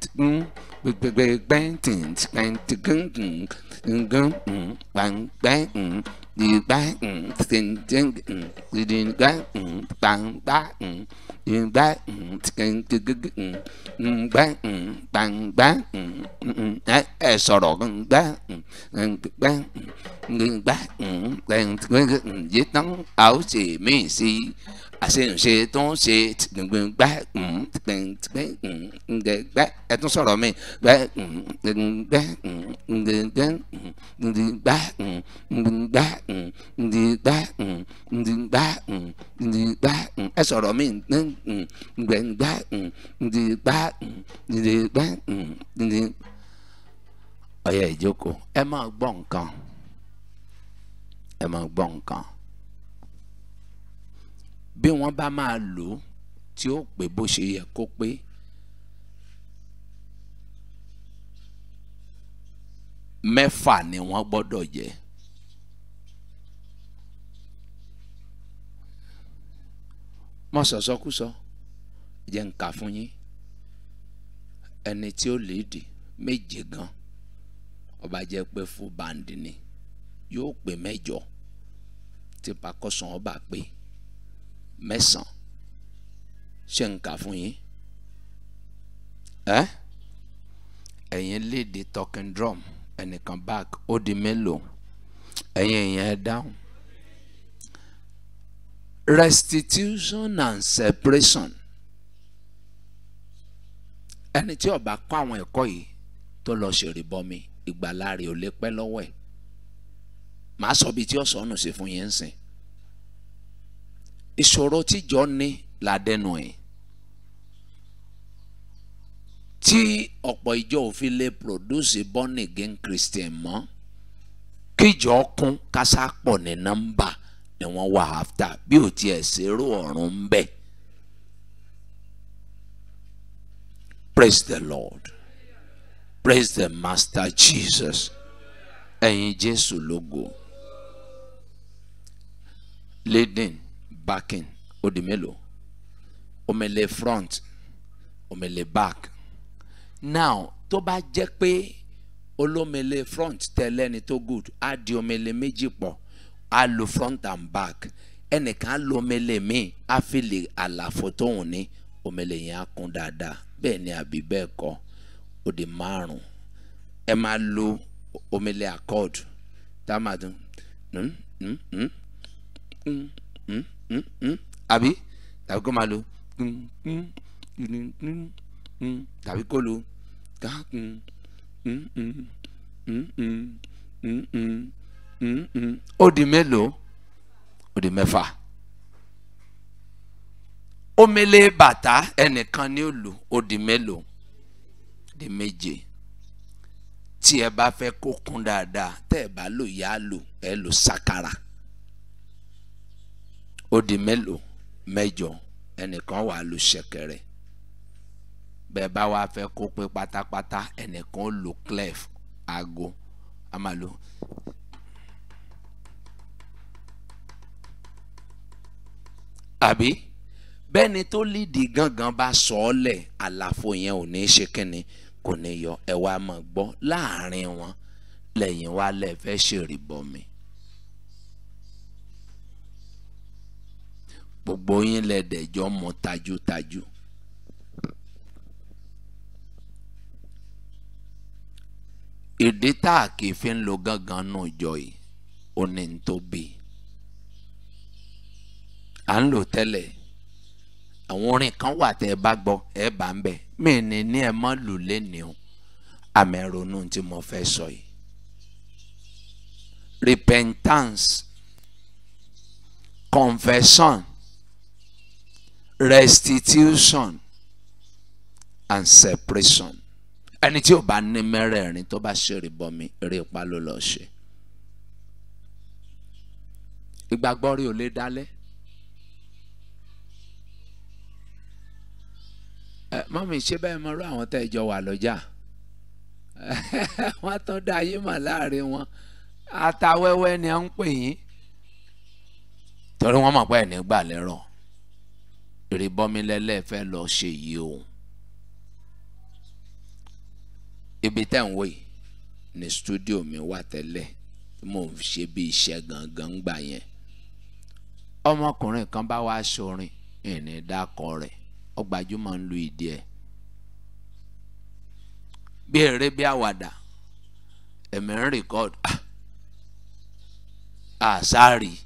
bang bang bang đi bác xin chân đi đi bác bằng bác đi bác xin chân bác bằng bác ai sau đó con bác bác đi bác đang với giết nóng áo xì mi xì àṣeyànṣe tó ń ṣe gbẹ̀ngbà gbẹ̀ngbà ẹ̀tún sọ̀rọ̀ mi gbẹ̀ngbà gbẹ̀ngbà gbẹ̀ngbà gbẹ̀ngbà gbẹ̀ngbà ẹ̀ sọ̀rọ̀ mi gbẹ̀ngbà gbẹ̀ngbà gbẹ̀ngbà ọ̀yẹ́ ìjókòó ẹ máa gbọ́ nǹkan ẹ máa gbọ́ nǹkan bí wọ́n bá máa lò ó tí ó pé bó ṣe yẹ kó pé mẹ́fà ni wọ́n gbọ́dọ̀ jẹ́ mọ́ sọ̀sọ́kúsọ jẹ́ ń kà fún yín ẹni tí ó léèdì méje gan ọba jẹ́ pé fún bandi ni yóò pé mẹ́jọ tí pakọ́sán ọba pé mẹ́sàn-án ṣe ń kà fún yín ẹ ẹ̀yin léde talking drum ẹnìkan back ó di mélòó ẹ̀yin èèyàn ẹ dáhùn restitution and separation ẹni tí ó bá kọ́ àwọn ẹ̀kọ́ yìí tó lọ ṣèrìbọmi ìgbàláre ò lè pẹ́ lọ́wọ́ ẹ̀ màá sọ bíi tí ó sọ ọ́nù fún yín ń sìn ìṣòro tíjọ ní làdẹnu ẹ̀ tí ọ̀pọ̀ ìjọ òfin lè produce born again Christian mọ́ kíjọ kún kásá pọ̀ ní nọ́mbà ni wọ́n wà áfta bí ò tiẹ̀ ṣerú ọ̀run ń bẹ. Praise the Lord praise the Master Jesus ẹ̀yin Jésù lógo leading backing ó di mélòó omele front omele back now tó bá jẹ́ pé olómele front tẹ́lẹ̀ ni tó good á di omele méjì pọ̀ á lo front and back ẹnìkan á lo omele míì á fi lè àlàfo tóun ní omele yẹn á kún dáadáa bẹ́ẹ̀ ni àbí bẹ́ẹ̀ kọ́ ó di márùn ẹ máa lo omele accord tá a máa dún. Mm, mm, mm, mm. Hmm. Hmm? Hmm? àbí tàbí kó máa lo tàbí kó lo ó di mélòó ó di mẹ́fà omele bàtà ẹnìkan ni ó lò ó di mélòó di méje tí ẹ bá fẹ́ kó kún dáadáa tẹ́ ẹ bá lò yá lò ẹ lò sákàrà. Odi melo mélòó mẹ́jọ ẹnìkan wà lù ṣẹ̀kẹ̀rẹ̀ bẹ́ẹ̀ bá wàá fẹ́ kó pé pátápátá ẹnìkan ó lù clef aago a máa lò àbí bẹ́ẹ̀ni tó lídì gangan bá sọ ọ́ lẹ̀ àlàfo yẹn ò ní ṣe kínni kò ní yọ ẹ̀ wá máa gbọ́ láàrin wọn lẹ́yìn wa lẹ́ẹ̀ fẹ́ ṣèrìbọmi. gbogbo yín lẹ́dẹ̀jọ́ mọ tajútajú. ìdí tá a kì í fi ń lo gángan nù jọ yìí ó ní n tó à ń lò tẹ́lẹ̀ àwọn orin kan wà tẹ́ ẹ bá gbọ́ ẹ bá ń bẹ̀ mí ni ní ẹ mọ́ lù lẹ́nìí o àmì ronú tí mo fẹ́ sọ yìí repentance confession restitution and separation ẹni tí ò bá ní mẹ́rẹ̀ẹ̀rin tó bá ṣèrè bọmi eré ipa ló lọ ṣe ìgbàgbọ́ rí ò lè dálẹ́ ẹ mọ́mí ṣé bẹ́ẹ̀ mọ́rú àwọn tẹ́ ìjọ wà lọ́jà wọ́n tún dá ayé mà láàrin wọn atawẹ́wẹ́ ni à ń pè yín torí wọ́n mọ̀ pé ẹ̀ ní gbà lẹ́rọ̀ rìbọmílẹ́lẹ́ fẹ́ lọ ṣe yìí o ibi tẹ́ ń wò yìí ní stúdíò mi wà tẹ́lẹ̀ tí mò ń ṣe bí iṣẹ́ gangan gbà yẹn ọmọkùnrin kan bá wá sọrin ìní dákọ rẹ̀ ó gbajúmọ̀ ń lu ìdí ẹ̀ bí eré bí àwàdà ẹ̀mí ń rìkọ́d àṣàrì. Ah,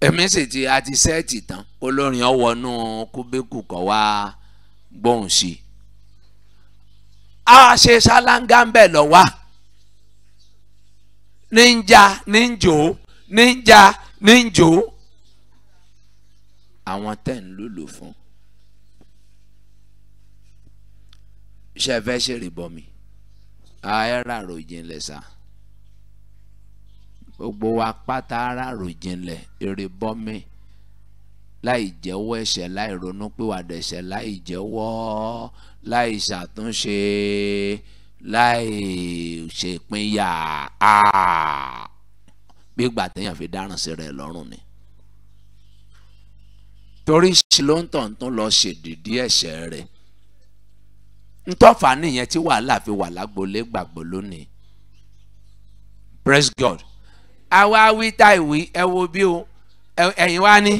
èmi sì ti a ti sẹ́ẹ̀tì tán olórin ọwọ́nú kúbíkù kọ́ wá gbóhùn sí i a ṣe ṣáláńgá ń bẹ̀ lọ wá níjà níjò níjà níjò àwọn tẹ̀ ń lùlù fún iṣẹ́ fẹ́ ṣèrìbọmi ẹ rà ròjìn lẹ́sà gbogbo wa pátá aráàrò jinlẹ̀ eré bọ́mì láì jẹ́wọ́ ẹ̀ṣẹ̀ láì ronú pìwàdà ẹ̀ṣẹ̀ láì jẹ́wọ́ láì ṣàtúnṣe láì ṣèpínyà gbígbà téèyàn fi dáràn sí rẹ̀ lọ́rùn ni torí ṣe ló ń tàn tún lọ ṣèdìdí ẹ̀ṣẹ̀ rẹ̀ ntọ́fà nìyẹn tí wàhálà fi wà lágbolé gbàgbó lónìí praise God àwa wí ta ìwí ẹ wo bí o ẹ̀yin wá ní.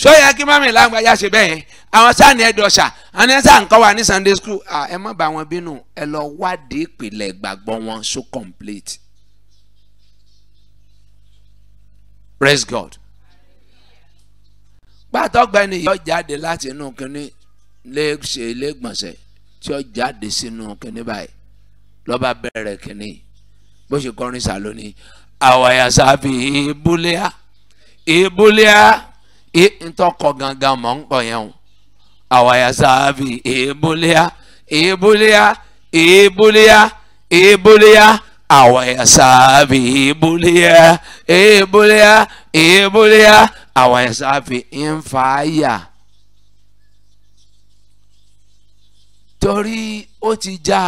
sọ́yà kí mami lágbájá ṣe bẹ́ẹ̀ yẹn àwọn sáàni ẹ̀dọ̀ṣà àwọn sáà ń kọ́ ní sunday school ẹ má bá wọn bínú ẹ lọ wádìí ìpìlẹ̀ ìgbàgbọ́ wọn so complete. praise God. pàtọ́gbẹ́ni yóò jáde láti inú kínní lè ṣe ilé gbọ̀nsẹ̀ tí ó jáde sínú kínní báyìí lọ́ba bẹ̀rẹ̀ kínní bó ṣe kọrin sàlóní àwàyàsá bí ibúlẹ́à ibúlẹ́à ntọ́kọ gangan mọ̀ ń pọ̀ yẹn o àwàyàsá bí ibúlẹ́à ibúlẹ́à ibúlẹ́à ibúlẹ́à àwàyàsá bí ibúlẹ́à ibúlẹ́à ibúlẹ́à àwàyàsá bí nfààyà. torí ó ti já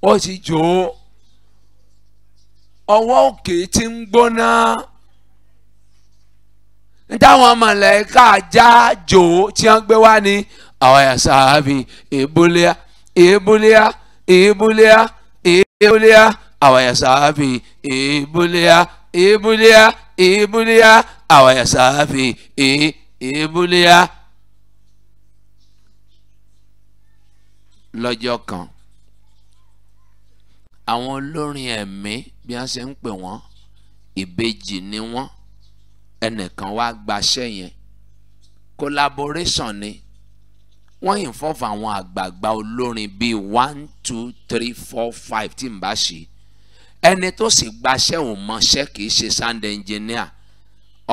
ó ti jò ó ọwọ́ òkè tí ń gbóná nítawọn mọ̀lẹ́kà já jò tí wọ́n gbé wá ní àwọn àyàsá àbí ìbúlẹ́à ìbúlẹ́à ìbúlẹ́à ìbúlẹ́à àwọn àyàsá àbí ìbúlẹ́à ìbúlẹ́à ìbúlẹ́à àwọn àyàsá àbí e, ìbúlẹ́à. lọ́jọ́ kan àwọn olórin ẹ̀mí. E bí wọ́n ṣe ń pè wọ́n ìbejì ni wọ́n ẹnìkan wá gbaṣẹ́ yẹn collaboration ni wọ́n involve àwọn àgbààgbà olórin bíi one two three four five tí n bá ṣe ẹni tó sì gbaṣẹ́ òun mọṣẹ́ kì í ṣe sound engineer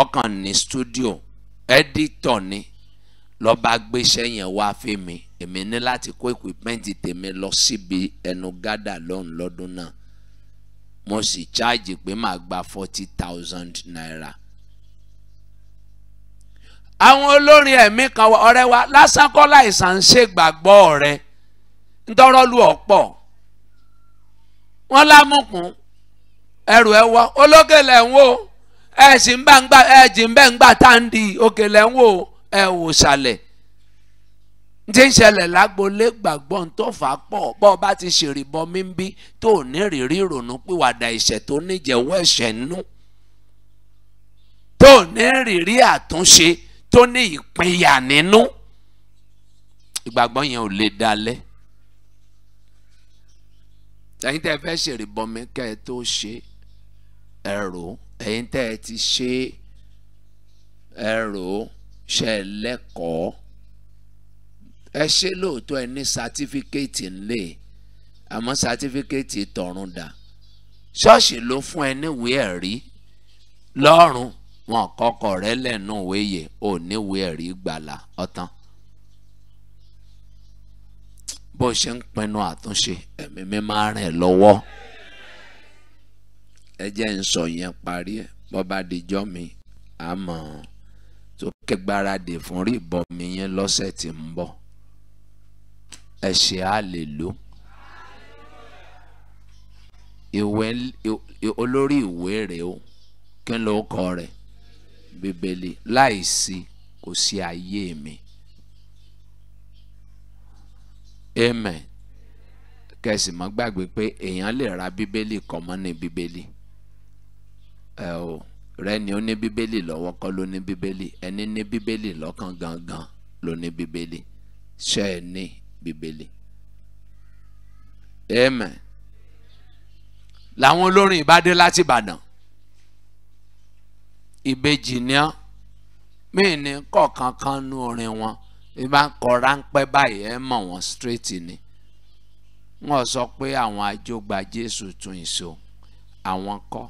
ọkàn ní studio editor ni lọ́ba gbéṣẹ́ yẹn wá fún mi èmi ní láti kó equipment tèmi lọ síbi ẹnu gádà lọ́hùn lọ́dún náà mo sì charge pé màá gba forty thousand naira. àwọn olórin ẹ̀mí kan ọ̀rẹ́ wa lásán kọ́ láìsàn ń ṣègbàgbọ́ ọ̀rẹ́ ńdọ́rọ́lù ọ̀pọ̀ wọ́n lámùkún ẹrù ẹ wọ lẹ̀ ń wò ẹ̀ sì ń bá ń gbà ẹ̀ jì ń tá à ń di òkèlè ń wò ẹ̀ wò sàlẹ̀. tí ń ṣẹlẹ̀ lágboolé gbàgbọ́ ń tó fà á pọ̀ bọ́ ọ bá ti ṣèrìbọn mi ń bí tó ò ní rírí ìrònú pìwàdà ìṣẹ̀ tó níjẹ̀wọ́ ẹ̀ṣẹ̀ nú tó ò ní rírí àtúnṣe tó ní ìpínyà nínú ìgbàgbọ́ yẹn ò lè dalẹ̀ ẹ̀yin tẹ́ ẹ fẹ́ ṣèrìbọn mi kẹ́ ẹ tó ṣe ẹ̀rọ ẹ̀yin tẹ́ ẹ ti ṣe ẹ̀rọ ṣẹlẹ́kọ̀ọ́ ẹ ṣe lóòótọ́ ẹ ní sátífíkẹ́ẹ̀tì ńlẹ̀ àmọ́ sátífíkẹ́ẹ̀tì tọ̀run dà ṣọ́ọ̀ṣì ló fún ẹ níwèé ẹ̀rí lọ́rùn wọn kọkọ rẹ lẹ́nu wéyè ò níwèé ẹ̀rí gbàlà ọ̀tán bó ṣe ń pinnu àtúnṣe ẹ̀mí mi máa rìn lọ́wọ́ ẹ jẹ́ ń sọ yẹn parí ẹ̀ bọ́ba mi àmọ́ tó kẹgbáradì fún rí ìbọn mi yẹn lọ́sẹ̀ tí ń bọ̀ ẹ̀ṣẹ̀ á lè lò ìwé olórí ìwé rẹ̀ o kí ló kọ rẹ̀ bíbélì láìsí kò sí ayé mi amen kẹsì mọ́ gbàgbé pé èèyàn lè ra bíbélì kọ́mọ́ ní bíbélì ẹ o rẹni ó ní bíbélì lọ́wọ́ kọ́ ló ní bíbélì ẹni ní bíbélì lọ́kàn gangan ló ní bíbélì ṣe é ní bíbélì amen làwọn olórin ìbádé láti ìbàdàn ìbejì ni ọ́ míì ní kọ̀ọ̀kan kan nú orin wọn bí kọ ráńpẹ́ báyìí ẹ mọ̀ wọ́n straight ni wọ́n sọ pé àwọn ajógba Jésù tún ìṣó àwọn kọ́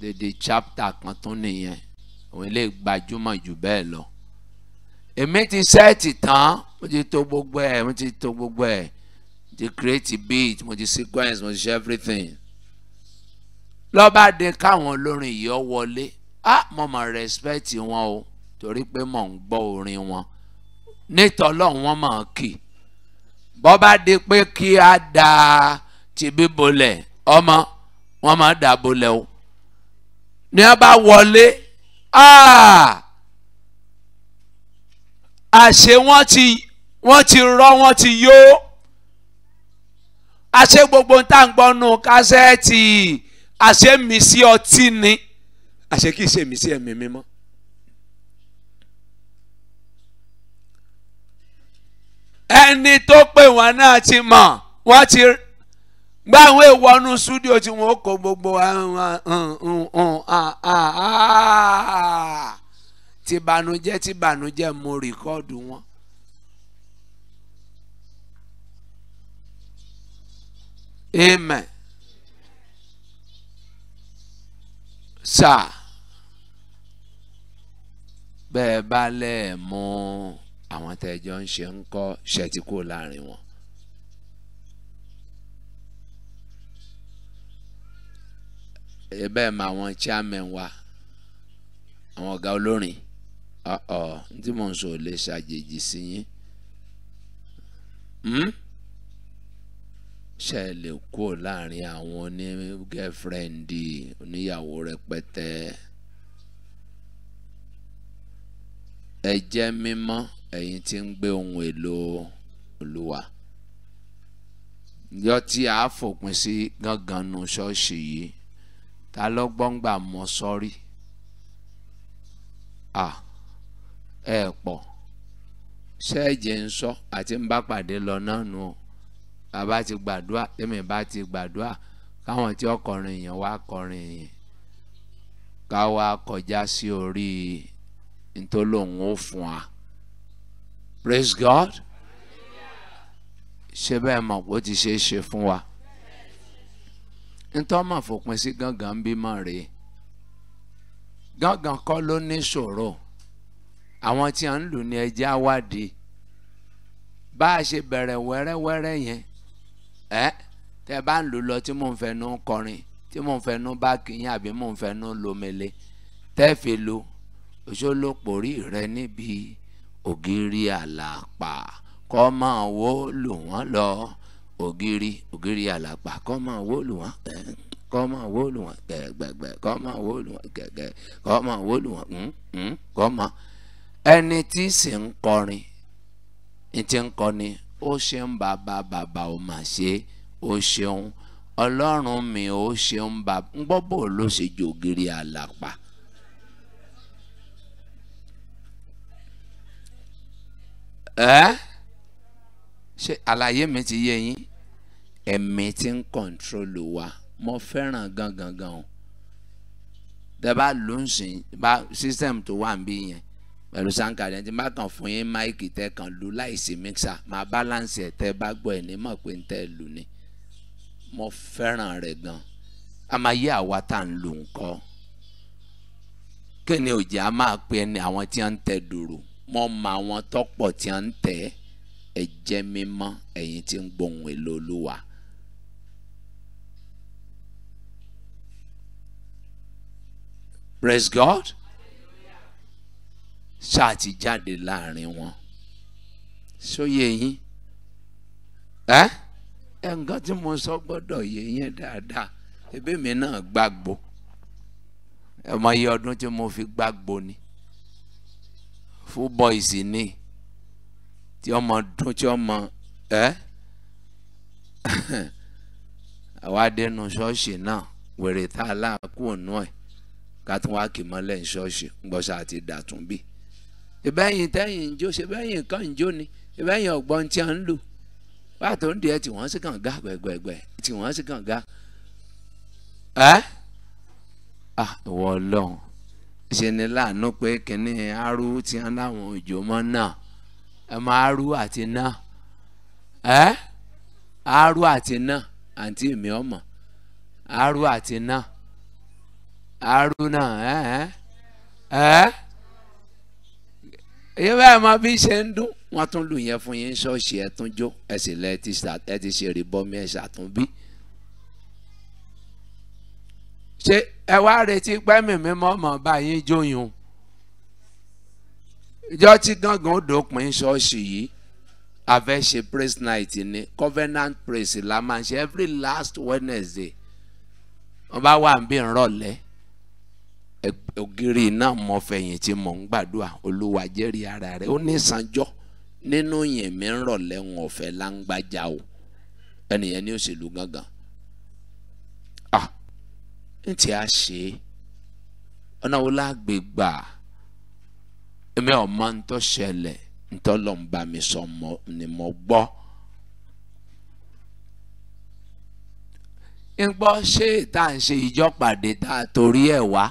dédé chapter kan tún nìyẹn òun lè gbajúmọ̀ jù bẹ́ẹ̀ lọ èmi ti sẹ́ẹ̀tì tán mo ti tò gbogbo ẹ̀ mo ti tò gbogbo ẹ̀ mo ti create beat mo ti sequence mo ti ṣe everything lọ́ba dé káwọn olórin yìí ọ wọlé ah mo mọ̀ respect wọn o torí pé mò ń gbọ́ orin wọn nítọ́lọ́ wọn mọ̀ kì bọ́ bá di pé kí á da tìbí bolẹ̀ ọmọ wọn máa da bolẹ̀ o ní a bá wọlé àṣé wọn ti wọ́n ti rọ́ wọ́n ti yó àṣé gbogbo ń tà ń gbọ́ nù kásẹ́ẹ̀tì àṣé mi sí ọtí ni àṣé kìí ṣe mi sí ẹ̀mí mímọ́. ẹni tó pè wọ́n náà ti mọ̀ wọ́n ti gba àwọn ìwọ́nú súdíò tí wọ́n kó gbogbo tìbànújẹ́ tìbànújẹ́ mo rìkọ́ọ̀dù wọn. amen sáà bẹ́ẹ̀ bá lẹ̀ mú àwọn tẹ́jọ́ ń ṣe ń kọ́ ṣẹ́tí kó láàrin wọn. bẹ́ẹ̀ mọ àwọn chairman wa àwọn ọ̀gá olórin ọ̀ọ́ tí mò ń sọ lè ṣàjèjì sí yín. Mm? ṣe lè kó láàrin àwọn oní gẹ́fúrẹ́ǹdì oníyàwó rẹpẹtẹ ẹ jẹ́ mímọ́ ẹ̀yin tí ń gbé ohun èlò olúwa yọ tí a fòpin sí gángan nu ṣọ́ọ̀ṣì yìí ta ló gbọ́ngbà mọ́ sọ́rí à ẹ pọ̀ ṣẹ́ẹ̀jẹ̀ ń sọ àti ń bá pàdé lọ náà nù ọ́ bàbá ti gbàdúrà tẹ́mi bá ti gbàdúrà káwọn tí ọkọrin yẹn wá kọrin yẹn ká wá kọjá sí orí ntọ́lóhùn ó fún wa praise God ṣé bẹ́ẹ̀ mọ̀ pé ó ti ṣe é ṣe fún wa ntọ́ mà fòpin sí gángan bímọ rèé gángan kọ́ ló ní ṣòro àwọn tí a ń lù ní ẹjẹ́ àwádìí bá a ṣe bẹ̀rẹ̀ wẹ́rẹ́wẹ́rẹ́ yẹn ẹ tẹ bá ń lò lọ tí mò ń fẹnu kọrin tí mò ń fẹnu bá kìyìn àbí mò ń fẹnu lomele tẹ́ fi lo òṣòlóporí rẹ níbi ògiri àlàpà kọ́ máa wó lù wọ́n lọ ògiri ògiri àlàpà kọ́ máa wó lù wọ́n kọ́ máa wó lù wọ́n gbẹ̀gbẹ̀gbẹ̀ kọ́ máa wó lù wọ́n gẹ̀gẹ̀ kọ́ máa wó lù wọ́n kọ́ máa ẹni tí sì ń kọrin ní ti ń kọrin ó ṣeun bàbá bàbá ò mà ṣe ó ṣeun ọlọ́run mi ó ṣeun bàbá ń gbọ́ bò ló ṣe jògiri àlàpà. ẹ́ ṣe àlàyé mi ti yé yín ẹ̀mí ti ń kọ̀ǹtrólù wa mo fẹ́ràn gangan gan o tẹ bá lóun sìn bá sísẹ́mù tó wà ń bí yẹn pẹ̀lú sankari ẹni tí má kàn fún yín máìkì tẹ́ kàn lu láìsí mixer máa balance ẹ̀ tẹ́ bá gbọ́ ẹ̀ ní mọ̀ pé ń tẹ́ lù ni mo fẹ́ràn rẹ̀ gan a máa yé àwa tá à ń lù nǹkan kí òjì a máa pe ẹni àwọn tí wọ́n ń tẹ dùrù mo mọ àwọn tọ́pọ̀ tí wọ́n ń tẹ ẹ jẹ́ mímọ́ ẹ̀yin tí ń gbóhùn èlò olúwa. Praise God ṣáà ti jáde láàrin wọn sóye yín ẹ ẹ nǹkan tí mo sọ gbọ́dọ̀ yé yín dáadáa ẹbí mi náà gbàgbọ́ ẹ mọ iye ọdún tí mo fi gbàgbọ́ ni fúbọ̀ìsì ni tí ọmọ dún tí ọmọ ẹ àwa dénú ṣọ́ọ̀ṣì náà wèrè tá a láàkú ònú ẹ̀ ká tún wá kì mọ́lẹ̀ ń ṣọ́ọ̀ṣì ń gbọ́ ìbẹ́yìn tẹ́yìn ń jó ṣe bẹ́yìn kan ń jó ni ìbẹ́yìn ọ̀gbọ́n tí a ń lò wá tó ń di ẹ tí wọ́n sì kàn ga gbẹ̀gbẹ̀gbẹ̀ tí wọ́n sì kàn ga ẹ́ àwọ̀ ọlọ́run ṣe ni láàánú pé kínní arú tí a láwọn òjò mọ́ náà ẹ máa arú àti náà ẹ́ arú àti náà àǹtí mi ọmọ arú àti náà arú náà ẹ́ ẹ́ ẹ́ èyí báyìí máa fi ṣe ń dún wọ́n tún lù yẹn fún yín ṣọ́ọ̀ṣì ẹ̀ tún jó ẹ̀sìn lẹ́ ẹ ti ṣe rí bọ́mí ẹ̀ ṣàtúnbí. ṣé ẹ wá retí pẹ́mì mímọ́ mọ̀ bá yín jóyún ìjọ tí gángan ó dópin ṣọ́ọ̀ṣì yìí a ṣe praise night ni covenant praise la máa ń ṣe every last Wednesday wọ́n bá wà ń bí ìrọ̀lẹ́ ògiri náà mọ fẹ̀yìntì mọ̀ ń gbàdúrà olúwa jẹ́rìí ara rẹ̀ ó ní sanjọ́ nínú yẹn mi ń rọ̀ lẹ́wọ̀n ọ̀fẹ́ láǹgbájá o ẹnìyẹn ní òṣèlú gangan ah n tí a ṣe ọ̀nà wo láàgbè gbà èmi ọ̀ma ń tọ́ ṣẹlẹ̀ ń tọ́ lọ́ ń bá mi sọ ni mo gbọ́ ń gbọ́ ṣé tá à ń ṣe ìjọ́pàdé tá a torí ẹ̀ wá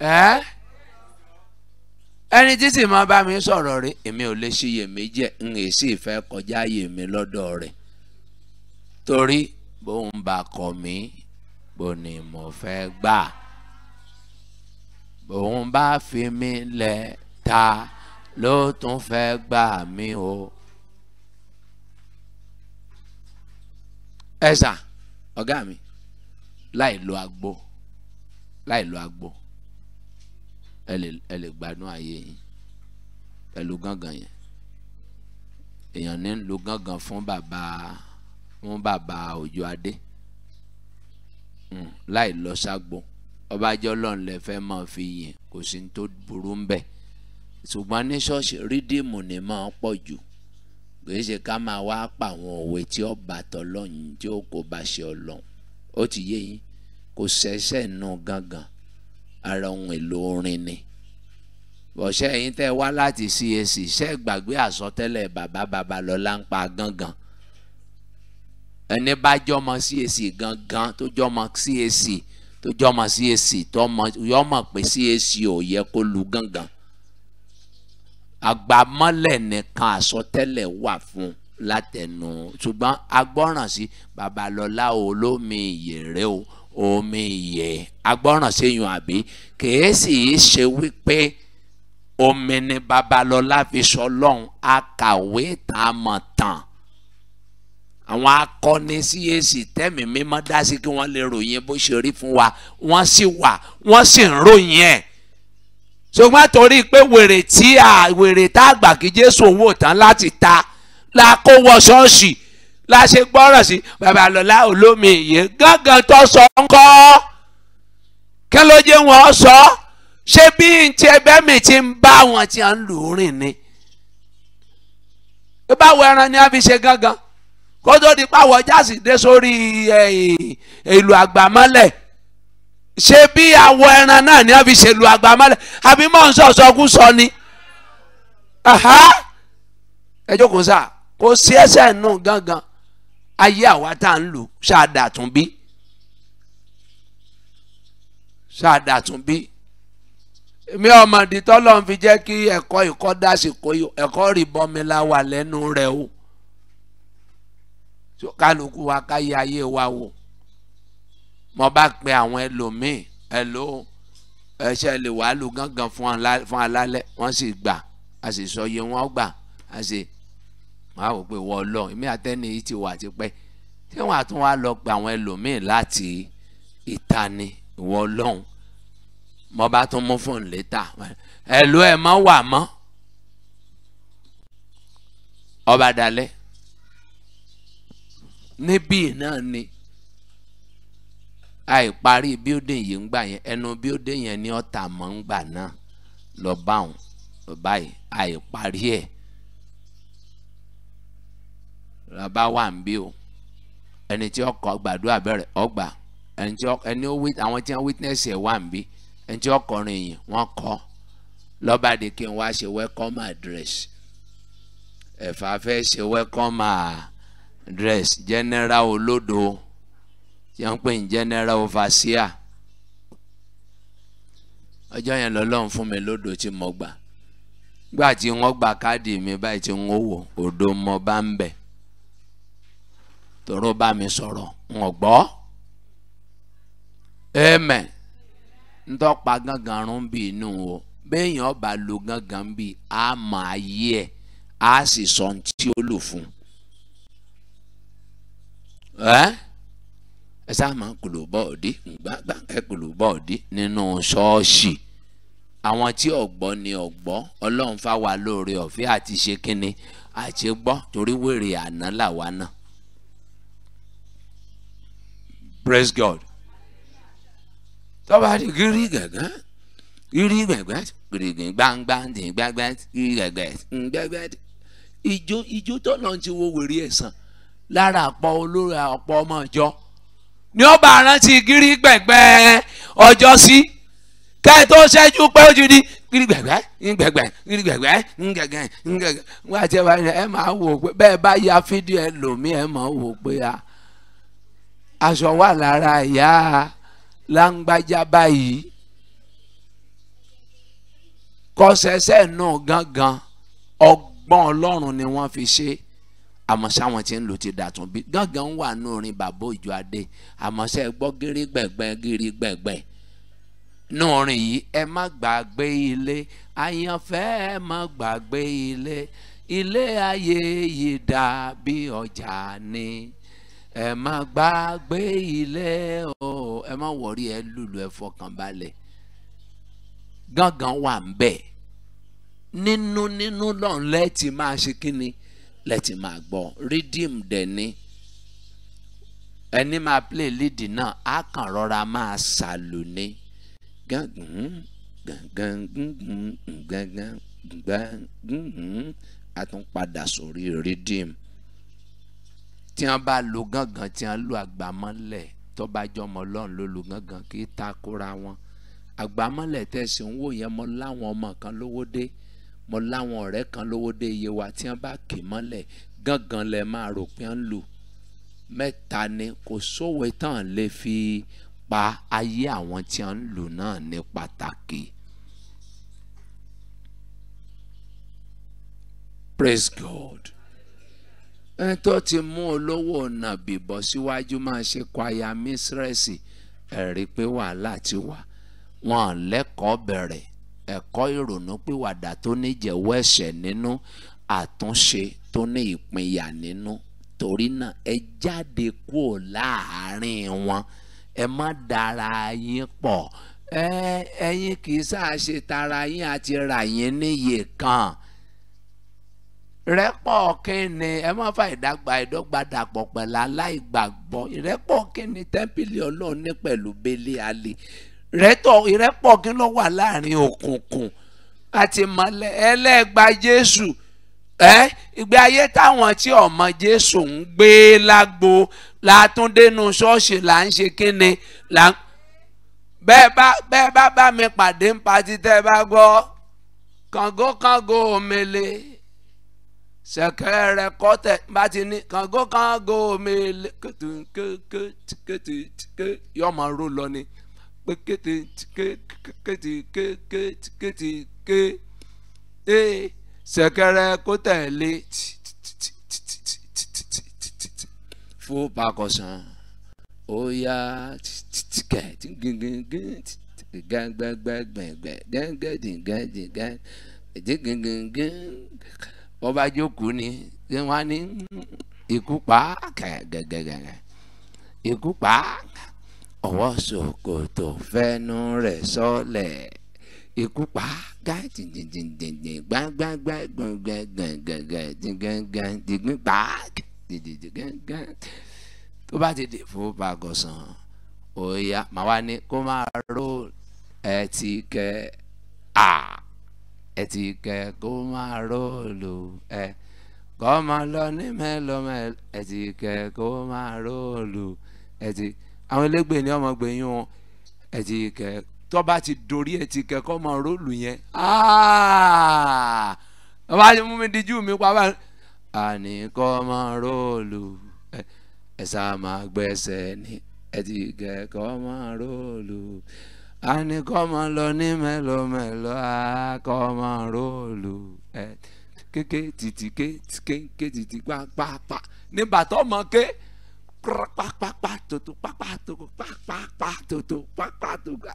ẹ́ ẹni títí máa bá mi sọ̀rọ̀ rí èmi ò lè ṣiyèméjì ń èsì ìfẹ́ kọjá ààyè mi lọ́dọ̀ rẹ̀ torí bóun bá kọ mí bó ni mo fẹ́ gbà bóun bá fi mí lẹ̀ ta ló tún fẹ́ gbà mí o. ẹ̀sà ọ̀gá mi láì lo agbo láì lo agbo ẹ lè ẹ lè gbanú ayé yín ẹ lo gángan yẹn èèyàn ní lo gángan fún bàbá fún bàbá Òjó Adé hmm, láì lọ ságbo ọbàjọ́ lọ́n lè fẹ́ máa fi yìn kò sí tó burú ń bẹ̀ ṣùgbọ́n ní ṣọ́ọ̀ṣì rídìmù ni máa pọ̀ jù kìí ṣe ká máa wá pa àwọn òwe tí ó bá tọ́lọ́yìn tí ó kò bá ṣe ọlọ́run ó ti yé yín kò ṣẹ̀ṣẹ̀ nù gángan ara ohun èlò orin ni bọ̀ṣẹ́ yín tẹ́ wá láti CAC ṣe gbàgbé àsọtẹ́lẹ̀ bàbá Babalọ́lá ń pa gangan ẹni bá jọmọ CAC gangan tó jọmọ CAC tó jọmọ CAC tọmọ yọmọ pé CAC ò yẹ kó lu gangan àgbàmọ́lẹ̀ nìkan àsọtẹ́lẹ̀ wà fún látẹnu ṣùgbọ́n agbọ́ràn sí Babalọ́lá olómi ìyèrè o. Lo, omi ìyẹ́ agbọ́ràn séyun abi kìí sì í ṣe wípé omi ni babalọ́lá fi sọ lọ́hùn akàwé tààmọ̀tàn àwọn akọni CAC tẹ́mi mímọ́ dá sí kí wọ́n lè ròyìn bó ṣe rí fún wa wọ́n sì wà wọ́n sì ń ròyìn ẹ̀ ṣùgbọ́n torí pé wèrè tí a wèrè tá àgbà kí Jésù òun tán láti ta la kó wọ ṣọ́ọ̀ṣì. So, la ṣe gbọ́rọ̀ sí babalọ́lá olómi ìyè gángan tó sọ ń kọ́ kí ló jẹ́ wọ́n sọ ṣé bí n ti ẹgbẹ́ mi ti ń bá wọn ti ń lù rìn ni báwo ẹran ni a fi ṣe gángan kó tó di pàwọ̀ jáàsì dé sórí eh, ìlú àgbàmọ́lẹ̀ ṣé bí awọ ẹran náà ni a fi ṣe ìlú àgbàmọ́lẹ̀ àbí mọ̀ ń sọ̀sọ̀ kú sọ ni ẹ jókòó sáà kò sí ẹsẹ̀ nù gángan ayé àwa tá à ń lò ṣáà dàtún bí ṣáà dàtún bí mi ọmọdé tọ́lọ́n fi jẹ́ kí ẹ̀kọ́ ìkọ́dásìkò ẹ̀kọ́ rìbọmi la wà lẹ́nu rẹ̀ o kálukú wa káyé ayé wa wò mo bá pe àwọn ẹlòmíì ẹlò ẹṣẹ lè wàá lò gángan fún alálẹ̀ wọ́n sì gbà a sì sọ iye wọ́n gbà a sì wọn á wò pé wọ́n lọ èmi àtẹ́ni yìí ti wà tipẹ́ tí wọ́n á wá lọ pe àwọn ẹlòmíì láti ìta ni ìwọ mo bá tún mú fóònù létà ẹ̀lú ẹ̀ mọ́ wà mọ́ ọba dalẹ̀ níbí náà ni àìparí building yìí ń gbà yẹn ẹnu building yẹn ni ọ̀tà mọ́ ń gbà náà lọ bá báyìí àìparí ẹ̀ bá wà ń bí o ẹni tí ọkọ̀ gbàdúrà bẹ̀rẹ̀ ọgbà ẹni tí ẹni àwọn tí wọ́n witness ẹ̀ wà ń bí ẹni tí ọkọrin yìí wọ́n kọ́ lọ́ba de kí n wá ṣe welcome address ẹ̀fà fẹ́ ṣe welcome address general olódo tí wọ́n pè ní general overseer ọjọ́ yẹn lọ́lọ́run fún mi lódò tí mo gbà gbà tí wọ́n gba káàdì mi báyìí tí wọ́n wò odò mo bá ń bẹ̀ tọrọ bá mi sọ̀rọ̀ ń gbọ́ ẹ̀mẹ̀ ntọ́pa gángan rún bí inú o béèyàn ọba lo gángan bí a mọ̀ ayé ẹ̀ a sì sọ tí ó lò fún ẹ ẹ máa kùlù bọ́ọ̀dì gbàgbà ẹ kùlù bọ́ọ̀dì nínú ṣọ́ọ̀ṣì àwọn tí ọ̀gbọ́ ni ọ̀gbọ́ ọlọ́run fáwa lóore ọ̀fẹ́ àti ṣe kínni àti gbọ́ torí wèrè àná làwa náà. praise God tọ́ba di gírí gẹ̀gẹ́ gírí gẹ̀gẹ́ gírígì gbangba ní gbàgbẹ́ gírí gẹ̀gẹ́ gbàgbẹ́ ìjó ìjó tọ́lọ́ ti wo wèrè ẹ̀sán lára àpọ̀ olórí àpọ̀ ọmọ ìjọ ni ó bá rántí gírí gbẹ̀gbẹ́ ọjọ́ sí kẹ́ẹ̀ tó ṣẹ́jú pé ó ti di gírí gbẹ̀gbẹ́ gbẹ̀gbẹ́ gírí gbẹ̀gbẹ́ gbẹ̀gbẹ́ wọ́n àti ẹ̀ bá ẹ máa wò pé bẹ́ẹ̀ bá ya fídíò ẹ lòmí ẹ máa wò pé a. Ah, aṣọ wà lára ìyá láǹgbájá báyìí kọ́sẹ́sẹ́ náà gangan ọgbọ́n ọlọ́run ni wọ́n fi ṣe àmọ́ sáwọn tí ń lò ti dàtún bí gangan wà nù orin bàbá òjò adé àmọ́ sẹ́ gbọ́ gírí gbẹ̀gbẹ́ gírí gbẹ̀gbẹ́ nù orin yìí ẹ má gbàgbé ilé àyànfẹ́ ẹ má gbàgbé ilé ilé ayé yìí dàbí ọjà ni ẹ má gbàgbé ilé o ẹ má wọrí ẹ lùlù ẹ fọkàn balẹ̀ gángan wà ń bẹ̀ nínú nínú lọ́n lẹ́ẹ̀tì máa ṣe kínni lẹ́ẹ̀tì máa gbọ́ rídìm dẹ̀ ni ẹni máa play lead náà á kàn rọra máa ṣàlù ni gángan gángan gángan gángan gángan àtúnpadà sórí rídìm tí wọ́n bá lo gángan tí wọ́n lo àgbàmọ́lẹ̀ tó bá jọ ọmọ ọlọ́run ló lo gángan kì í takora wọn àgbàmọ́lẹ̀ tẹ̀sí ń wò yẹn mo láwọn ọmọ kan lówó dé mo láwọn ọ̀rẹ́ kan lówó dé iye wa tí wọ́n bá kì mọ́lẹ̀ gángan lẹ máa rò pé ń lù mẹ́ta ni kò sówe tán lè fi pa ayé àwọn tí wọ́n ń lù náà ní pàtàkì. Praise God ẹni tó ti mú olówó ọ̀nà bìbọ̀ síwájú máa ṣe kwaya mísírẹ́sì ẹ̀rí pé wàhálà ti wà wọn lẹ́kọ̀ọ́ bẹ̀rẹ̀ ẹ̀kọ́ ìrònú pìwàdà tó níjẹ̀wọ́ ẹ̀ṣẹ̀ nínú àtúnṣe tó ní ìpínyà nínú torí náà ẹ jáde kúrò láàárín wọn ẹ má dara yín pọ̀ ẹ ẹ̀yin kì í sáà ṣe tara yín àti rà yín níyè kan ìrẹ́pọ̀ kínni ẹ má fa ìdàgbà ìdọ́gba dàpọ̀ pẹ̀lú aláìgbàgbọ́ ìrẹ́pọ̀ kínni tẹ́ḿpìlì ọlọ́run ní pẹ̀lú bẹ́lẹ̀ alẹ́ ìrẹ́pọ̀ kí ló wà láàrin òkùnkùn àti mọ́lẹ̀ ẹlẹ́gba Jésù ẹ ìgbé ayé táwọn tí ọmọ Jésù ń gbé lágbo látúndénu ṣọ́ọ̀ṣì là ń ṣe kínni là ń bẹ́ẹ̀ bá bẹ́ẹ̀ bá bá mi pàdé ń pa títẹ́ bá gbọ́ kàngó kàngó òmele sẹ̀kẹ̀rẹ̀ kọ́tẹ̀ bá ti ní kàngó kàngó mi kètè kèké kètè kèké yóò máa ró lọ ni pé kètè kètè kèké kètè ké ee sẹ̀kẹ̀rẹ̀ kọ́tẹ̀ lé fún pakọ̀sán ó yá kẹ̀ gíngíngín gbẹ̀gbẹ̀gbẹ̀gbẹ̀ gẹ́gẹ́ dìgẹ́ dìgẹ́ dìgíngíngín wọ́n bá jókòó ni ṣé wọ́n á ní ikú pa gẹ́gẹ́gẹ́gẹ́ ikú pa ọwọ́ ṣòkòtò fẹ́nu rẹ̀ sọ́lẹ̀ ikú pa gáàtì dìndìndìndìn gbágbágbá gbọ̀ngàngàngàngà dìgàngàn dìgbìn pa dìdìdìgàngàn tó bá ti dè fún pàgọ́sán òòyà màwa ni kó máa ró ẹ ti kẹ́ à ẹtì kẹ kó máa róòlù ẹ kọ́ máa lọ ní mẹ́lọ́mẹ́lọ́ ẹtì kẹ kó máa róòlù ẹtì àwọn elégbè ni ọmọ gbẹ̀yìn wọn ẹtì kẹ tó bá ti dorí ẹtì kẹ kọ́ máa róòlù yẹn ọba ti mú mi díjú mi pa báyìí àní kọ́ máa róòlù ẹ ẹ sá máa gbẹ́sẹ̀ ní ẹtì kẹ kọ́ máa róòlù àní kọ́ mọ lọ ní mẹ́lọmẹ́lọ àkọ́ mọ róòlù ẹ̀ kéke títí ké kéke títí pápápá nígbà tó mọ ké pápápá tòtò pápátòkò pápápá tòtò pápátòkò.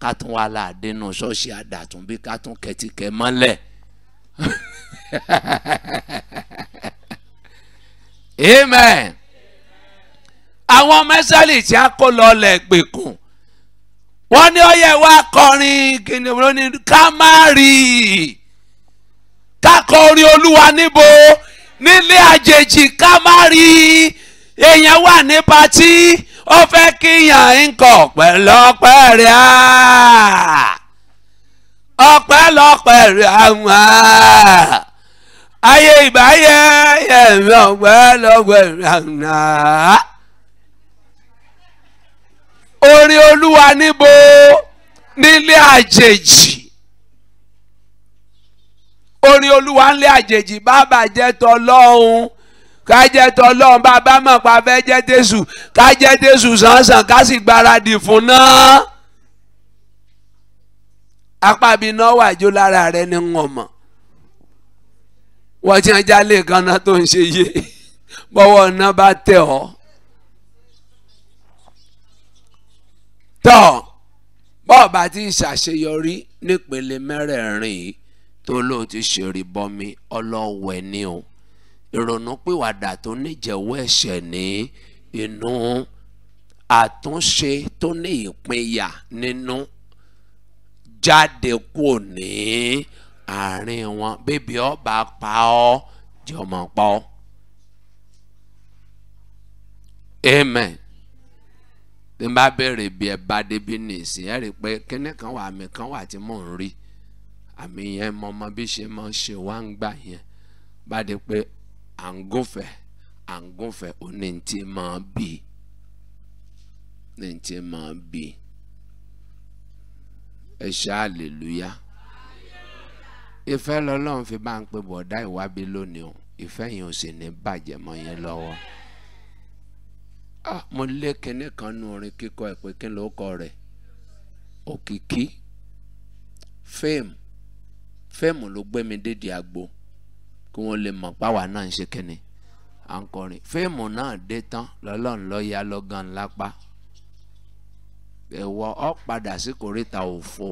ká tún wá láàdínú ṣọ́ọ̀ṣì àdàtún bí ká tún kẹtíkẹ mọ́lẹ̀. amen. àwọn mẹ́sàlì tí a kó lọ lẹ̀ gbẹ̀kùn wọ́n ní ọyẹ wa kọrin kìnìún ló ní ká má rí i ká kọ orin olúwa níbo nílé àjèjì ká má rí i èèyàn wà ní patí ó fẹ́ kíyàn ńkọ pẹ̀lú ọpẹ́ rẹ̀ á ọpẹ́ lọ́pẹ́ rẹ̀ àwọn á ayé ìbáyé ẹ̀mí ọpẹ́ lọ́pẹ́ rẹ̀ á orin olúwa níbo nílé àjèjì orin olúwa nílé àjèjì bàbá jẹ́ tọlọ́hun ká jẹ́ tọlọ́hun bàbá mọ̀ pa fẹ́ jẹ́ tẹ̀sù ká jẹ́ tẹ̀sù sànsàn ká sì gbáradì fún náà apá bíi náà wà jó lára rẹ ní wọn mọ̀ wọ́n ti ń jalè kan náà tó ń ṣe yé bọ́wọ́ náà bá tẹ̀ ọ́. tọ́ bọ́ọ̀bá ti ṣàṣeyọrí nípele mẹ́rẹ̀ẹ̀rin yìí tó lóun ti ṣèrè bọmi ọlọ́wẹ̀ ni o ìrònúpìwàdà tó níjẹ̀wọ́ ẹ̀ṣẹ̀ ní inú àtúnṣe tó ní ìpínyà nínú jáde kúò ní àárín wọn bébí ọba pa ọ jọmọ pa ọ amen tí n bá bẹ̀rẹ̀ bí ẹ bá débi nìsín ẹ rí i pé kíní kan wà àmì kan wà tí mò ń rí àmì yẹn mọ ọmọ bí ṣe máa ń ṣe wá ń gbà yẹn bá dé pé à ń gúnfẹ̀ à ń gúnfẹ̀ ó ní ti máa bì ní ti máa bì ẹ ṣe hallelujah ìfẹ́ lọ́lọ́run fi bá ń pe bọ̀dá ìwábi lónìí o ìfẹ́ yẹn ò sì ní bàjẹ́ mọ́ yẹn lọ́wọ́ ah mo lé kinní kan nu orin kíkọ ẹ̀ pé kí n ló kọ rẹ̀ òkìkí fame fame ló gbé mi dédì agbo kí wọ́n lè mọ̀ páwa náà ń ṣe kinní à ń kọrin fame náà dé tán lọ́lọ́run lọ́ọ́yà lọ́gán lápá ẹ̀wọ̀ ọ́ padà sí kòríta òfo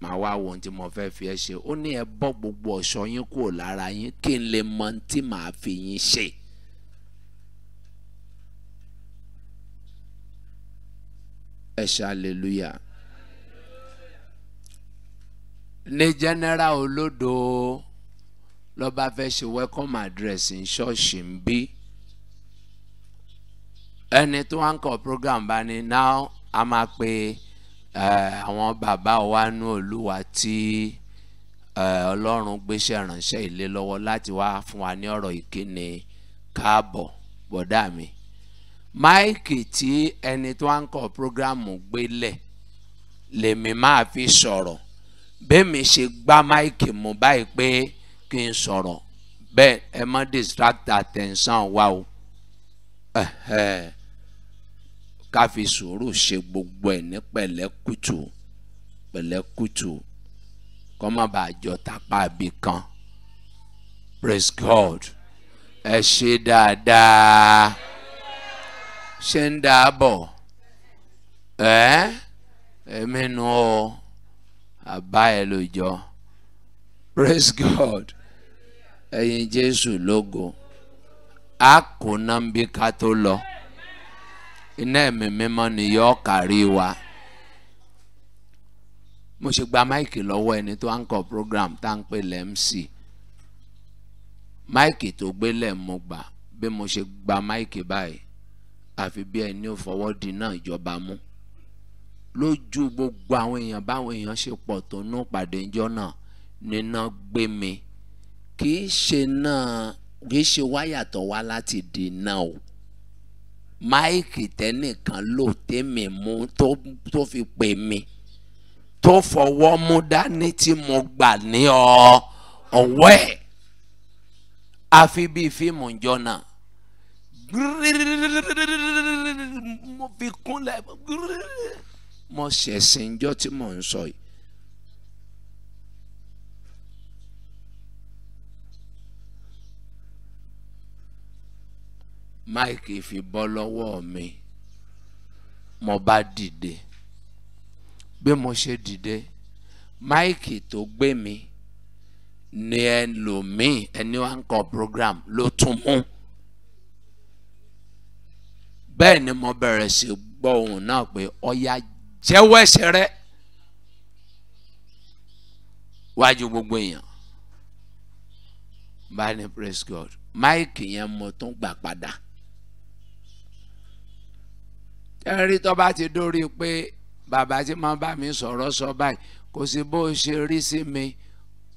màá wá wo ohun tí mo fẹ́ fi ẹ ṣe ó ní ẹ bọ́ gbogbo ọ̀ṣọ́ yín kúrò lára yín kí n lè mọ ohun tí màá fi yín ṣe. ẹ ṣe hallelujah ní general olódo lọ́ba fẹ́ ṣe welcome address ní ṣọ́ọ̀ṣì ń bí ẹni tó wá ń kọ program bá ní now a máa pe àwọn bàbá wa nú olúwa tí ọlọ́run gbéṣẹ́ ránṣẹ́ ilé lọ́wọ́ láti wá fún wa ní ọ̀rọ̀ ìkíni káàbọ̀ bọ̀dá mi máìkì tí ẹni tó ń kọ prógrámù gbélẹ̀ lèmi máa fi sọ̀rọ̀ bẹ́ẹ̀mi ṣe gbá máìkì mú báyìí pé kí n sọ̀rọ̀ bẹ́ẹ̀ ẹ má distract attention wa o ká fi sùúrù ṣe gbogbo ẹ̀ ní pẹ̀lẹ́kùtù pẹ̀lẹ́kùtù kọ́ má bàa jọ tapá ibì kan praise God ẹ ṣe dáadáa ṣe ń dà bọ̀ ẹ́ èmi nu o àbá ẹ lójọ praise God ẹ̀yin Jésù lógo a kò náà bí ká tó lọ iná ẹ̀mí mímọ́ ni yọ kárí wa mo ṣe gba máìkì lọ́wọ́ ẹni tó ń kọ́ program tá ń pè lẹ́mc máìkì tó gbélé mo gbà bí mo ṣe gba máìkì báyìí àfi bí ẹni ò fọwọ́ di náà ìjọba mú lójú gbogbo àwọn èèyàn báwọn èèyàn ṣe pọ̀ tó nú pàdé ńjọ́ náà níná gbé mi kì ṣe náà kì ṣe wáyà tó wá láti di náà o máìkì tẹ́nìkan lò tèmi mú tó fi pè mí tó fọwọ́ mú dání tí mo gbà ní ọ ọwọ́ ẹ̀ àfi bíi fíìmù ńjọ́ náà mo fi kúnlẹ̀ mo ṣẹ̀sìn njọ́ tí mò ń sọ yìí. máìkì fi bọ́ lọ́wọ́ mi mo bá dìde bí mo ṣe dìde máìkì tó gbé mi ni ẹlòmíì ẹni wá ń kọ program ló tún mú bẹ́ẹ̀ ni mo bẹ̀rẹ̀ sí gbọ́ ohùn náà pé ọ̀yà jẹ́wọ́ ẹ̀ṣẹ̀ rẹ wájú gbogbo èèyàn bá ní praise God máìkì yẹn mo tún gbà padà ẹ̀rí tó bá ti dórí pé bàbá tí máa bá mi sọ̀rọ̀ sọ báyìí kò sí bó ṣe rí sí mi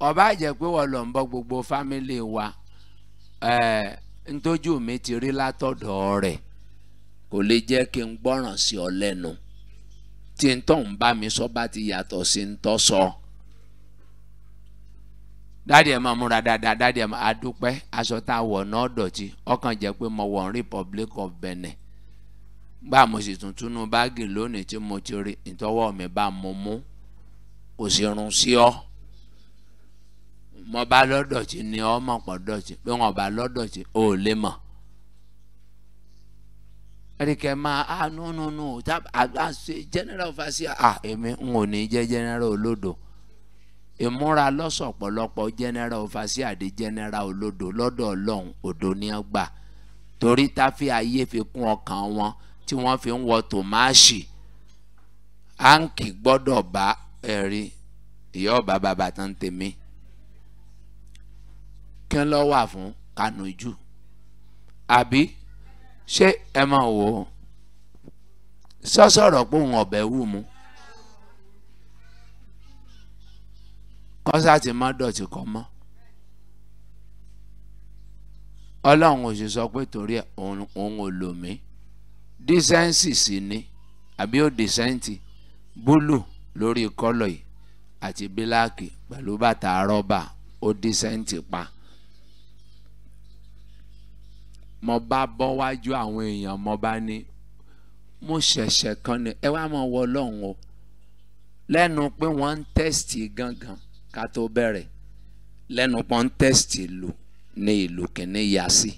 ọba jẹ́ pé wọ́n lọ ń bọ́ gbogbo fámìlì wa ẹ̀ ń mi ti rí látọ̀dọ̀ rẹ̀ kò lè jẹ́ kí n gbọ́ràn sí ọ lẹ́nu tí n tó ń bá mi sọ bá ti yàtọ̀ sí n tó sọ. dáàdì ẹ̀ máa múra dáadáa dáàdì ẹ̀ máa dúpẹ́ aṣọ tá a wọ̀ náà dọ̀tí ọkàn jẹ́ pé mo wọ̀ Republic of Benin gbà mo sì tuntun nu báàgì lónìí tí mo ti rí ìtọ́wọ́ mi bá mo mú kò sì run sí ọ mo bá lọ́dọ̀tí ni ọ mọ̀ pọ̀ dọ̀tí bí wọn bá lọ́dọ̀tí o ò lè mọ̀ ẹnìkẹ́ máa ah no no no tab àṣe general overseer ah èmi n ò ní jẹ́ general olódo ìmúra lọ́sọ̀ ọ̀pọ̀lọpọ̀ general overseer di general olódo lọ́dọ̀ ọlọ́run òdo ní ọgbà torí táfi ayé fi kún ọkàn wọn tí wọ́n fi ń wọ tòmáṣì áǹkì gbọ́dọ̀ bá ẹ̀rí ìyá ọba bàbá tán tèmi kí ló wà fún kanu jù àbí ṣé ẹ máa wò ó sọ́sọ̀rọ̀ pé òun ọ̀bẹ wù mú kọ́sá ti má dọ̀tí kọ́ mọ́ ọlọ́run ò sì sọ pé torí òun ò lò mí dísẹ́ǹsì sì ni àbí ó dísẹ́ǹtì búlù lórí kọ́lọ̀ yìí àti bíláàkì pẹ̀lú bàtà rọ́bà ó dísẹ́ǹtì pa mo bá bọ́ wájú àwọn èèyàn mo bá ní mo ṣẹ̀ṣẹ̀ kan ni ẹ wá máa wọ ọlọ́run o lẹ́nu pé wọ́n ń tẹ́sítì gangan ká tó bẹ̀rẹ̀ lẹ́nu pé wọ́n ń tẹ́sítì ìlú ní ìlú kìíní yá sí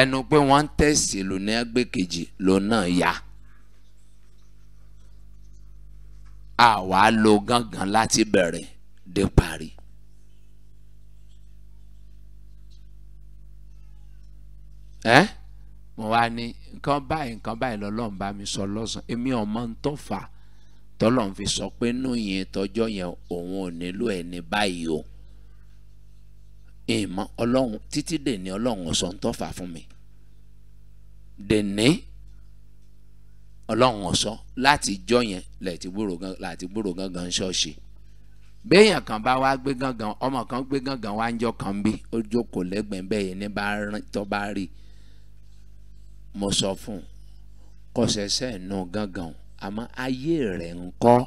ẹnu pé wọ́n ń tẹ́sítì ìlú ní ẹgbẹ́ kejì ló náà yá àwa lo gangan láti bẹ̀rẹ̀ dé parí ẹ́ mo wá ní nǹkan báyìí nǹkan báyìí lọ́lọ́run bá mi sọ lọ́sàn èmi ọmọ ń tó fà tọ́lọ́run fi sọ pé nù yẹn tọjọ́ yẹn òun ò nílò ẹni báyìí o ìmọ̀ ọlọ́run títí dèní ọlọ́run ọ̀sán tó fà fún mi dèní ọlọ́run ọ̀sán láti jọ yẹn láti gbúrò láti gbúrò gangan ṣọ́ọ̀ṣì béèyàn kan bá wá gbé gangan ọmọ kan gbé gangan wá ń jọ kan bí ó jókòó lẹ́gbẹ̀ẹ́ bẹ́ẹ̀ yẹn ní bá tó bá rí mo sọ fún un kò ṣẹ̀ṣẹ̀ nù gángan àmọ́ ayé rẹ̀ ń kọ́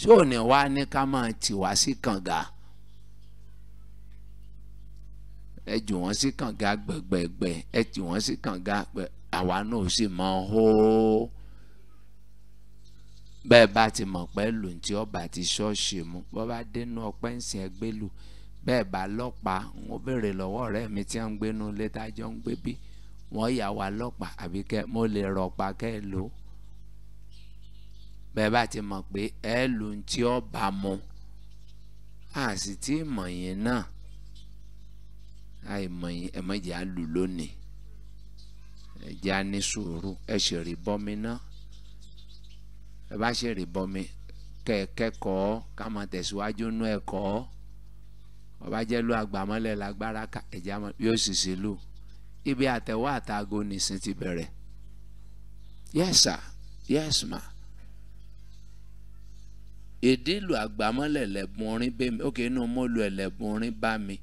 ṣé ò ní wá ní ká máa tì wá sí kànga ẹ jù wọ́n sí kànga gbẹ̀gbẹ̀gbẹ̀ ẹ jù wọ́n sí kànga gbẹ̀ àwa náà sì máa ń hó bẹ́ẹ̀ bá ti mọ̀ pé lù tí ọba ti ṣọ́ọ̀ṣì mu bọ́ bá dénú ọpẹ́ ń sin ẹgbẹ́ lù bẹ́ẹ̀ bá lọ́pàá ń béèrè lọ́wọ́ ọ̀rẹ́ mi tí wọ́n ń gbénú létájọ́ ń gbé bí wọ́n yà wá lọ́pàá àbí kẹ́ mo lè rọ̀pá kẹ́ ẹ lò bẹ́ẹ̀ bá ti mọ̀ pé ẹ lò ń tí ọ bá mu a sì ti mọ̀ yín náà àìmọ̀ yín ẹ mọ̀jẹ̀ á lù lónìí ẹ jẹ́ á sùúrù ẹ sì rí bọ́mi náà ẹ bá sì rí bọ́mi kẹ́ ẹ kẹ́kọ̀ọ́ ká máa tẹ̀síwájú nú ẹ̀kọ́ ọ bá jẹ́ ló àgbàmọ́lẹ̀ lágbára ká ẹ̀jẹ̀ á mọ̀ yóò sì sí lù ibi àtẹ̀wọ́ àtàgò nìsín ti bẹ̀rẹ̀ yes sir yes ma èdè ìlú àgbàmọ́lẹ̀ lẹ́bùn orin bẹ́ẹ̀ mi ókè inú mo lu ẹ̀lẹ́bùn orin bá mi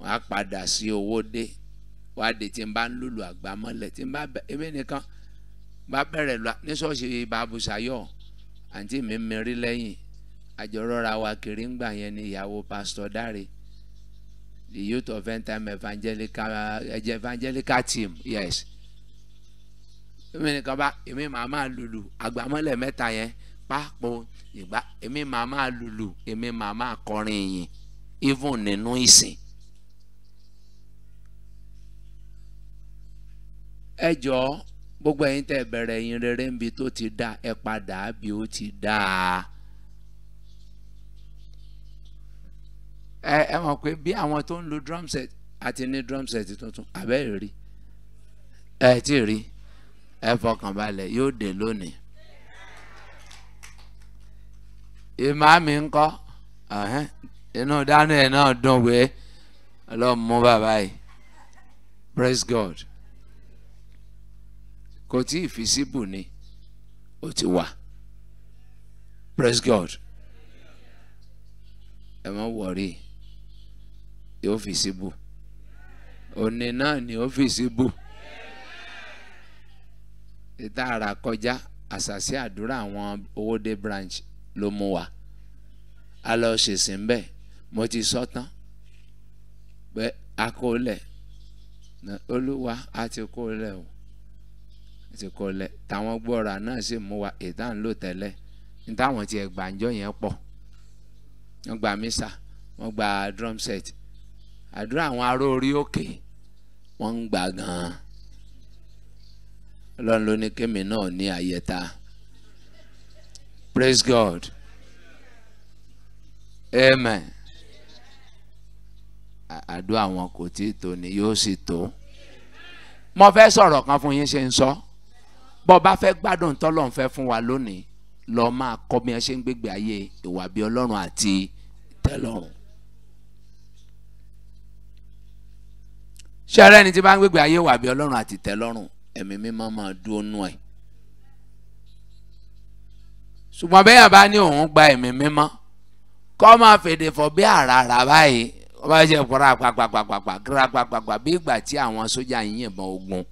wàá padà sí owó dé wàá di tí n bá ń lùlù àgbàmọ́lẹ̀ tí n bá bẹ̀ ẹ̀mí nìkan bá bẹ̀rẹ̀ lọ ní ṣọ́ọ̀ṣì babusayọ̀ àǹtí mi mẹ́rin lẹ́yìn àjọrọ́ra wa kiri ń gbà yẹn ni ìyàwó pásítọ̀ dáre the youth of end time evangelical uh, evangelical team yes èmi nìkan bá èmi màá máa lùlù àgbàmọ́lẹ̀ mẹ́ta yẹn pápọ̀ ìgbà èmi màá máa lùlù èmi màá máa kọrin yìí even nínú ìsìn. ẹ jọ gbogbo ẹ̀yin tẹ́ bẹ̀rẹ̀ ẹ̀yin rere níbi tó ti dá ẹ padà bí ó ti dáa. ẹ ẹ mọ̀ pé bí àwọn tó ń lo drum set àti ní drum set tuntun àbẹ́rẹ́ rí ẹ tí rí ẹ fọkàn balẹ̀ yóò dé lónìí. ìmáàmì ń kọ́ inú Daniel náà dùn pé ọlọ́run mú bàbá yìí praise God kò tí ì fi síbù ni ó ti wà praise God ẹ má wọrí yóò fi síbù òní ni ó fi síbù títà ara kọjá àṣàṣì àdúrà àwọn branch ló mú wa a lọ ṣèṣì ń bẹ mo ti sọ tán pé a kó lẹ̀ olúwa a ti kó lẹ̀ o a ti kó lẹ̀ táwọn gbọ́ra náà sì mú wa ìta ń lò tẹ́lẹ̀ ní táwọn tiẹ̀ gbàǹjọ́ yẹn pọ̀ wọ́n gba mísà wọ́n gba drum set àdúrà àwọn ará orí òkè wọ́n ń gbà gan-an ọlọ́run ló ní kémi náà ní àyẹ̀ta praise God amen àdúrà àwọn kò tí ì tó ni yóò sì tó mo fẹ́ sọ̀rọ̀ kan fún yín ṣe ń sọ bó bá fẹ́ gbádùn tọ́lọ́run fẹ́ fún wa lónìí lọ́ọ́ máa kọ́ bí wọ́n ṣe ń gbégbé ayé ìwà bí ọlọ́run àti tẹ́lọ́run. ṣé ara ẹni tí bá ń gbégbé ayé wà bí ọlọ́run àti tẹ́lọ́rùn ẹ̀mí mímọ́ máa dúró nú ẹ̀ ṣùgbọ́n bẹ́ẹ̀ bá ní òun gba ẹ̀mí mímọ́ kọ́ máa fèdè fọ́ bí àràrà báyìí ọba ṣe fọ́ra pàpàpàpàpà kíra pàpàpà bí ìgbà tí àwọn sójà ń yìnbọn ogun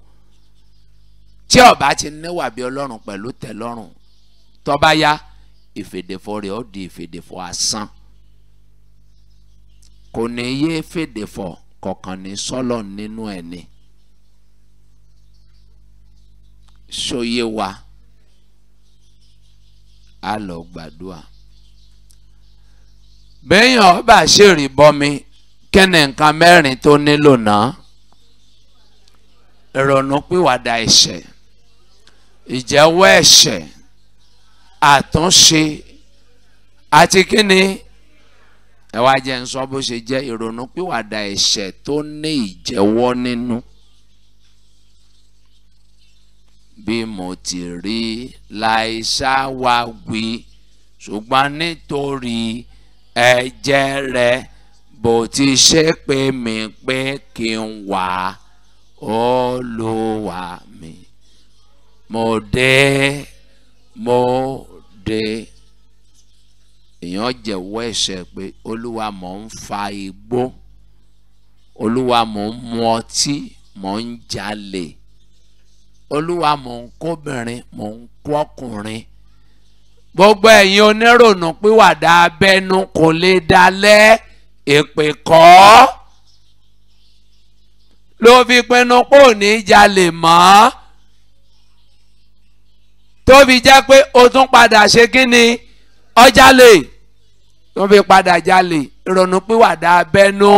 tí ọba ti níwà bí ọlọ́run pẹ̀lú tẹ́lọ́rùn tọ́ba yá ìfèdèfọ́ rẹ̀ ó di ìfèdèfọ́ asán kò ní yé fèdèfọ́ kọ̀ọ̀kan ní sọ́lọ̀ nínú ẹ̀ ni ṣóyé wa a lọ gbàdúrà bẹ́yìn ọba ṣèrìn bọmi kẹ́nẹ̀ nǹkan mẹ́rin tó nílò náà ìrònúpìwàdà ẹ̀ṣẹ̀ ìjẹ́wọ́ ẹ̀ṣẹ̀ àtúnṣe àti kíni ẹ wá jẹ́ nsọ bó ṣe jẹ́ ìrònúpìwàdà ẹ̀ṣẹ̀ tó ní ìjẹ́wọ́ nínú bí mo ti rí láìsá wa wí ṣùgbọ́n nítorí ẹ̀jẹ̀ rẹ̀ bó ti ṣe pé mi pé kí n wá Olúwa mi mo dé mo dé èèyàn jẹ̀wọ́ ẹ̀ṣẹ̀ pé olúwa mò ń fa igbó olúwa mò ń mu ọtí mò ń jalè olúwa mò ń kóbìnrin mò ń kọ́kùnrin gbogbo ẹ̀yin onírònú pìwàdà abẹ́nu kò lè dalẹ̀ èpè kọ́ ló fi pinnu pò ní jalè mọ́ tó jẹ́ pé o tún padà ṣe kí ni ọjàlè wọ́n fi padà jalè ronúpìwàdà abẹ́nú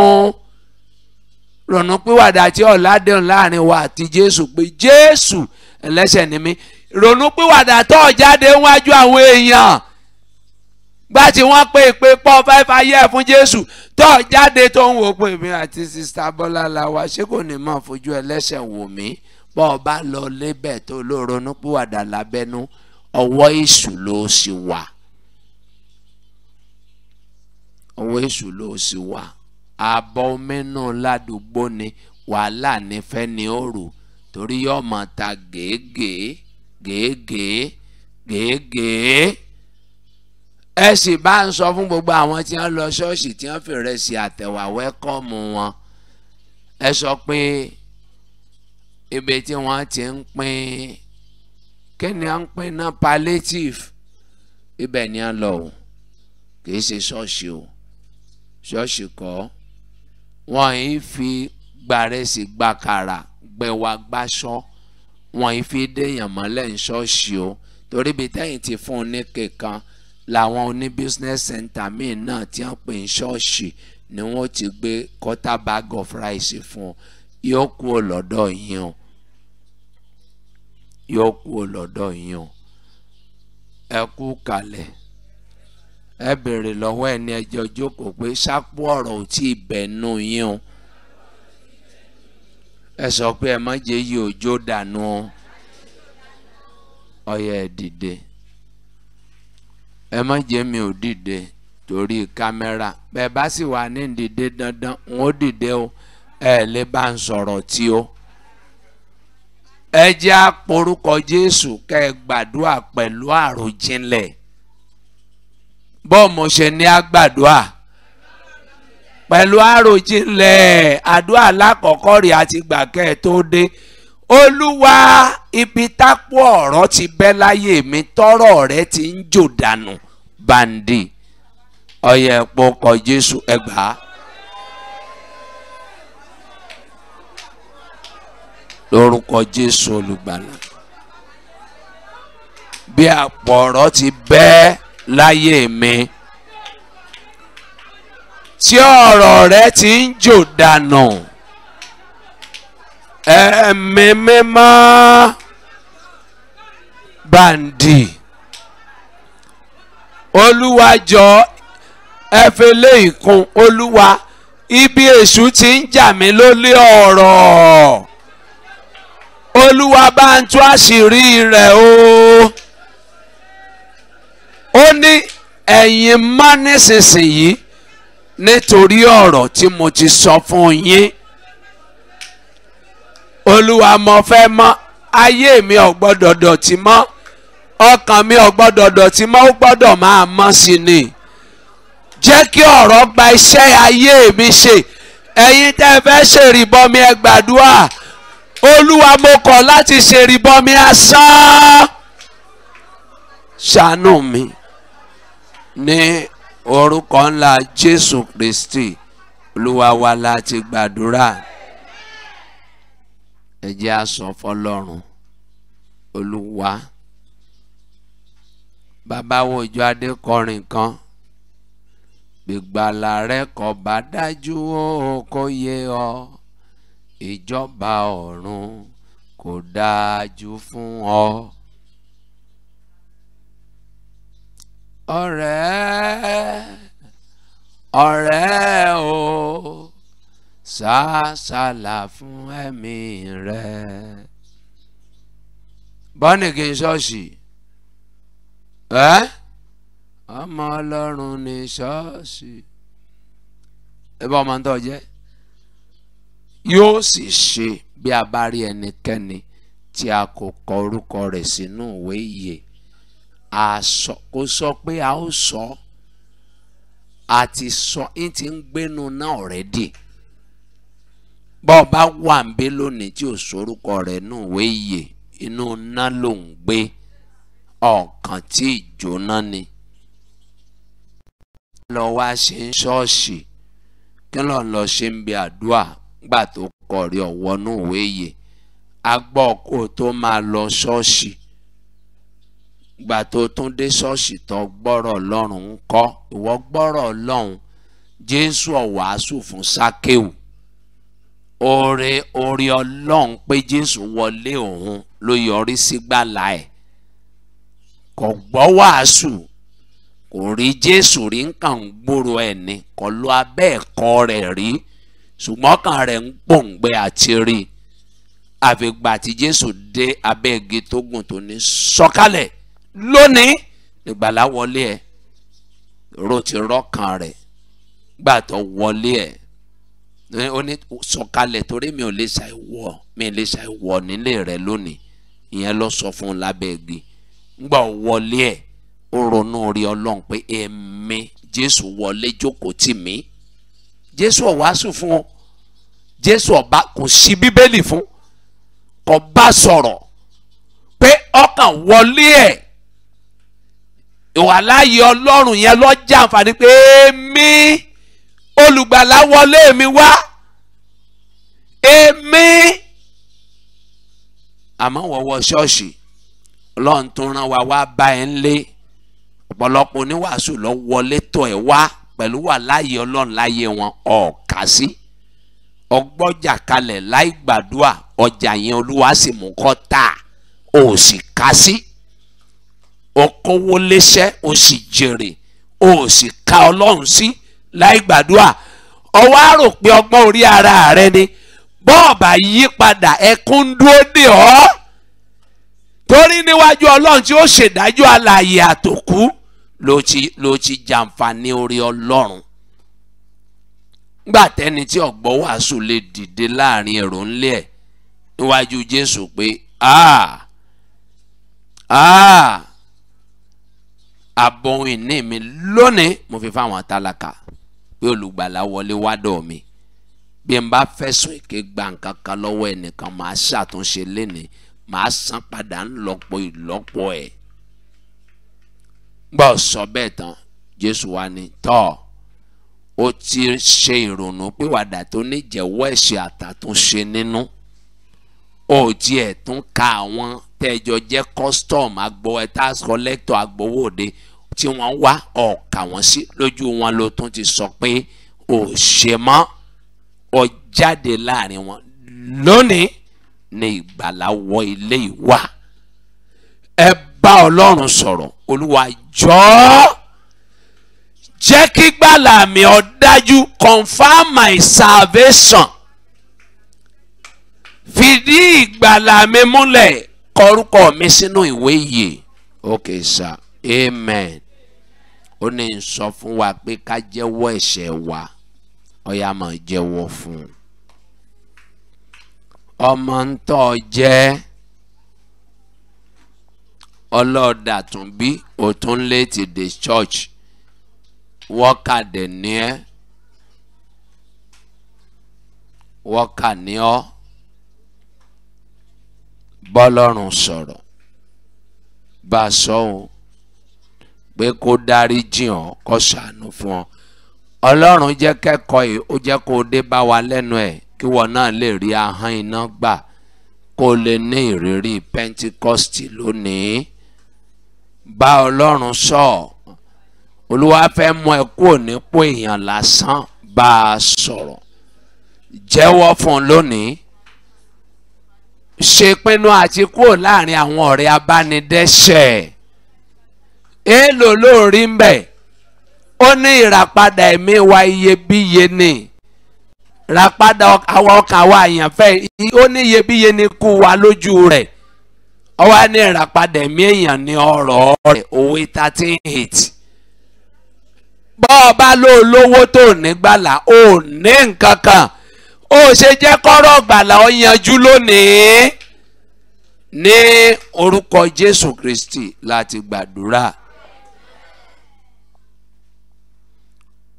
ronúpìwàdà tí ọ̀làdẹ̀hùn láàrin wa àti Jésù pé Jésù ẹlẹ́ṣẹ̀ ni mí ronúpìwàdà tó ọ̀jáde wájú àwọn èèyàn gbá tí wọ́n pé ìpè pọ́ fẹ́fẹ́ ayé ẹ̀ fún Jésù tó jáde tó ń wò pé mi àti sista Bọ́lá la wa ṣé kò ní máa fojú ẹlẹ́ṣẹ̀ wò mí bọ́ ọ bá lọ lébẹ̀ tó ló ronúpìwàdà lábẹ́nú ọwọ́ èṣù ló sì wà ọwọ́ èṣù ló sì wà abọ́ omi náà ládùúgbò ni wàhálà nífẹ̀ẹ́ ni ó rò torí yóò máa ta gèégèé gèégèé gèégèé ẹ sì bá ń sọ fún gbogbo àwọn tí wọ́n lọ ṣọ́ọ̀ṣì tí wọ́n fèrè sí àtẹ̀wà wẹ́kọ̀mù wọn ẹ sọ pé ibi tí wọ́n ti ń pín kí ni à ń pín náà palliative ibẹ̀ ni à lọ o kì í ṣe ṣọ́ọ̀ṣì o ṣọ́ọ̀ṣì kọ́ wọ́n yìí fi gbàrẹ́sì gbàkàrà gbẹ̀wà gbàṣọ́ wọ́n yìí fi déèyàn mọ́lẹ̀ ń ṣọ́ọ̀ṣì o torí bí tẹ́yìn ti fún un ní kankan làwọn oní business center míì náà ti ń pè ń ṣọ́ọ̀ṣì ni wọ́n ti gbé quarter bag of rice fún un yóò kú ò lọ́dọ̀ yín o yóò kú lọ́dọ̀ yín o ẹ kú kalẹ̀ ẹ béèrè lọ́wọ́ ẹni ẹjọ́ jókòó pé sápò ọ̀rọ̀ ò tí ì bẹ̀nu yín o ẹ sọ pé ẹ má jẹ́ yìí òjò dànù ọyẹ ẹ dìde ẹ má jẹ́ mi ò dìde torí kámẹ́rà bẹ́ẹ̀ bá sì wà ní dìde dandan n ó dìde o ẹ lè bá ń sọ̀rọ̀ tí o ẹ jẹ́ àporúkọ Jésù kẹ́ ẹ gbàdúrà pẹ̀lú àròjinlẹ̀ bọ́ọ̀mù ṣe ní àgbàdua pẹ̀lú àròjinlẹ̀ àdúrà lákọ̀ọ́kọ́ rẹ̀ àti gbàkẹ́ tó dé olúwa ibi tápò ọ̀rọ̀ ti bẹ́ láyé mi tọ́rọ̀ rẹ ti ń jò dànù bandi ọyẹ epo kọ jésù ẹgbàá. lórúkọ jésù olùgbàlà bí àpò ọ̀rọ̀ ti bẹ́ẹ́ láyé mi tí ọ̀rọ̀ rẹ ti ń jò dànù ẹ̀mí mímọ́ bàǹdì olúwàjọ ẹfẹlẹ ìkun olúwa ibi èṣù ti ń jà mí lólé ọ̀rọ̀ olúwa bá ń tú àṣírí rẹ̀ o. Oh ó ní ẹ̀yin má nísinsìnyí nítorí ọ̀rọ̀ tí mo ti sọ fún yín olúwa mo fẹ́ mọ́ ayé mi ò gbọ́dọ̀ dọ̀tí mọ́ ọkàn mi ò gbọ́dọ̀ dọ̀tí mọ́ ó gbọ́dọ̀ máa mọ́ sí ni jẹ́ kí ọ̀rọ̀ gba iṣẹ́ ayé mi ṣe ẹ̀yin tẹ́ ẹ fẹ́ ṣèrìbọmi ẹ gbàdúrà olúwa mo kọ̀ láti ṣèrìbọmi asán ṣàánú mi ní orúkọ ńlá jésù kristi olúwa wa láti gbàdúrà ẹ jẹ́ a sọ fọlọ́run olúwa bàbá wo ìjọ adékọrin kan gbígbàlà rẹ kò bá dájú ó yé ọ ìjọba ọ̀run kò dájú fún ọ. ọ̀rẹ́ ọ̀rẹ́ o sàásàlà fún ẹ̀mí rẹ. bọ́nìkì ṣọ́ọ̀ṣì ẹ́ ọmọ ọlọ́run ní ṣọ́ọ̀ṣì ẹ bá ọmọ tó jẹ́ yóò sì ṣe bí a bá rí ẹnikẹ́ni tí a kò kọ orúkọ rẹ̀ sínú ìwé ìyè àsọ kò sọ pé a ó sọ a ti sọ e ti ń gbénu náà already bọ́ ọ bá wà ń bẹ lónìí tí ò sorúkọ rẹ̀ nù wéyè inú ná ló ń gbé ọ̀kan tí ìjóná ni lọ wá ṣe ń ṣọ́ọ̀ṣì kí lọ́n lọ ṣe ń bi àdúrà gbà tó kọ̀rí ọ̀wọ́ nù wéyè agbọ́ kó tó máa lọ ṣọ́ọ̀ṣì gbà tó tún dé ṣọ́ọ̀ṣì tó gbọ́rọ̀ lọ́rùn ń kọ́ ìwọ gbọ́rọ̀ lọ́hùn jésù ọ̀wàásù fún sákéwù oore oore ọlọ́run pé jésù wọlé òun ló yọrí sí gbàlà ẹ̀ kò gbọ́ wàásù kò rí jésù rí nǹkan ń gbòòrò ẹ̀ ni kò lo abẹ́ ẹ̀kọ́ rẹ̀ rí ṣùgbọ́n kan rẹ̀ ń pòǹgbẹ àti rí àfìgbà tí jésù dé abẹ́ igi tó gùn tó ní sọ̀kalẹ̀. So lónìí ìgbàlá wọlé ẹ̀ ro ti rọ́kàn rẹ̀ gbà tó wọlé ẹ̀ ó ní sọ̀kalẹ̀ torí mi ò lè ṣàìwọ mi lè ṣàìwọ nílé rẹ̀ lónìí ìyẹn lọ sọ fún un lábẹ́ igi ngbà wọlé ẹ̀ ó ronú orí ọlọ́run pé èmi jésù wọlé jókòó tì mí jésù ọ̀wásù fún ọ jésù ọba kò sí bíbélì fún kò bá sọ̀rọ̀ pé ọkàn wọlé ẹ̀ ìwàláyé ọlọ́run yẹn ló jẹ́ àǹfààní pé èmi olùgbàlà wọlé mi wá èmi àmọ́ wọ̀wọ́ ṣọ́ọ̀ṣì ọlọ́run tó rán wa wá bá ẹ ń lé ọ̀pọ̀lọpọ̀ oníwàásù ló wọlé tọ̀ ẹ̀ wá pẹ̀lú wà láàyè ọlọ́run láàyè wọn ọ̀ọ́ká sí ọgbọ́jà kalẹ̀ láì gbàdúrà ọjà yẹn olúwa sì mú kọ́ tà ó sì ká sí. Si ọkọwó léṣẹ́ o sì jèrè o sì ka ọlọ́run sí láì gbàdúrà ọwọ́ àrò pé ọgbọ́n orí ara rẹ ni bọ́ọ̀bà yí padà ẹkún dúró dè ọ́ torí níwájú ọlọ́run tí ó ṣèdájọ́ alààyè àtòkú ló ti ló ti jàǹfààní orí ọlọ́run gbà tẹ́ni tí ọ̀gbọ́n wàásù lè dìde láàrin èrò ńlẹ̀ ẹ̀ níwájú jésù pé aah aah àbọ̀n ìní mi lónìí mo fi fáwọn tálákà pé olùgbàlà wọlé wádọ̀ mi bí n bá fẹ̀sùn èké gba nǹkan kan lọ́wọ́ ẹnìkan màá ṣàtúnṣe lénìí màá san padà ńlọ́pọ̀ ìlọ́pọ̀ ẹ̀ gbọ́ sọ bẹ́ẹ̀ tán Jésù wa ni tọ́ ó ti ṣe ìrònú pìwàdà tó níjẹ̀wọ́ ẹ̀ṣẹ̀ àtàtúnṣe nínú ó tiẹ̀ tún ka àwọn tẹ́jọ jẹ́ custom agbowó tax collector agbowó tí wọ́n ń wá ọ̀kà wọ́n sí lójú wọn ló tún ti sọ pé ò ṣe mọ́ ọ jáde láàrin wọn lónìí ni ìgbàlà wọ ilé ìwà ẹ bá ọlọ́run sọ̀rọ̀ olúwa jọ̀ọ́ jẹ́ kí gbàlà mi ó confirm my salvation fìdí ìgbàlà mi múlẹ̀ kọ orúkọ mi sínú ìwé yìí okay sir amen ó ní sọ fún wa pé ká jẹ́wọ́ ẹ̀ṣẹ̀ wa ọ̀yà máa jẹ́wọ́ fún un ọmọ ń tọ́ jẹ́ ọlọ́ọ̀dà tún bí o tún lé ti the church wọ́ọ̀kà dẹ̀ ní ẹ́ wọ́ọ̀kà ní ọ́ bọ́lọ́run sọ̀rọ̀ bá a sọ ohun pé kó dárí jìn ọ́ kó ṣàánú fún ọ ọlọ́run jẹ́ kẹ́kọ̀ọ́ yìí ó jẹ́ kó dé bá wa lẹ́nu ẹ̀ kí wọ́n náà lè rí ahọ́n iná gbà kó lè ní ìrírí Pentecost lónìí bá ọlọ́run sọ olúwa fẹ́ mú ẹ kúrò nípò èèyàn lásán bá a sọ̀rọ̀ jẹ́wọ́ fún un lónìí ṣe àti kúrò láàrin àwọn ọ̀rẹ́ abánidẹ́ṣẹ̀ èèlò lóòrí ń bẹ̀ ó ní ìràpadà ẹ̀mí wa iyebíye ni ìràpadà àwọn ọkàn wa àyànfẹ́ ó ní iyebíye ni kú wa lójú rẹ̀ ó wá ní ìràpadà ẹ̀mí èèyàn ní ọ̀rọ̀ rẹ̀ òwe thirteen eight bọ́ ọ bá lò lówó tó nígbàlà ò ní nǹkan kan ó ṣe jẹ́ kọ́rọ̀ gbàlà ó yanjú lónìí ní orúkọ Jésù Kristi láti gbàdúrà.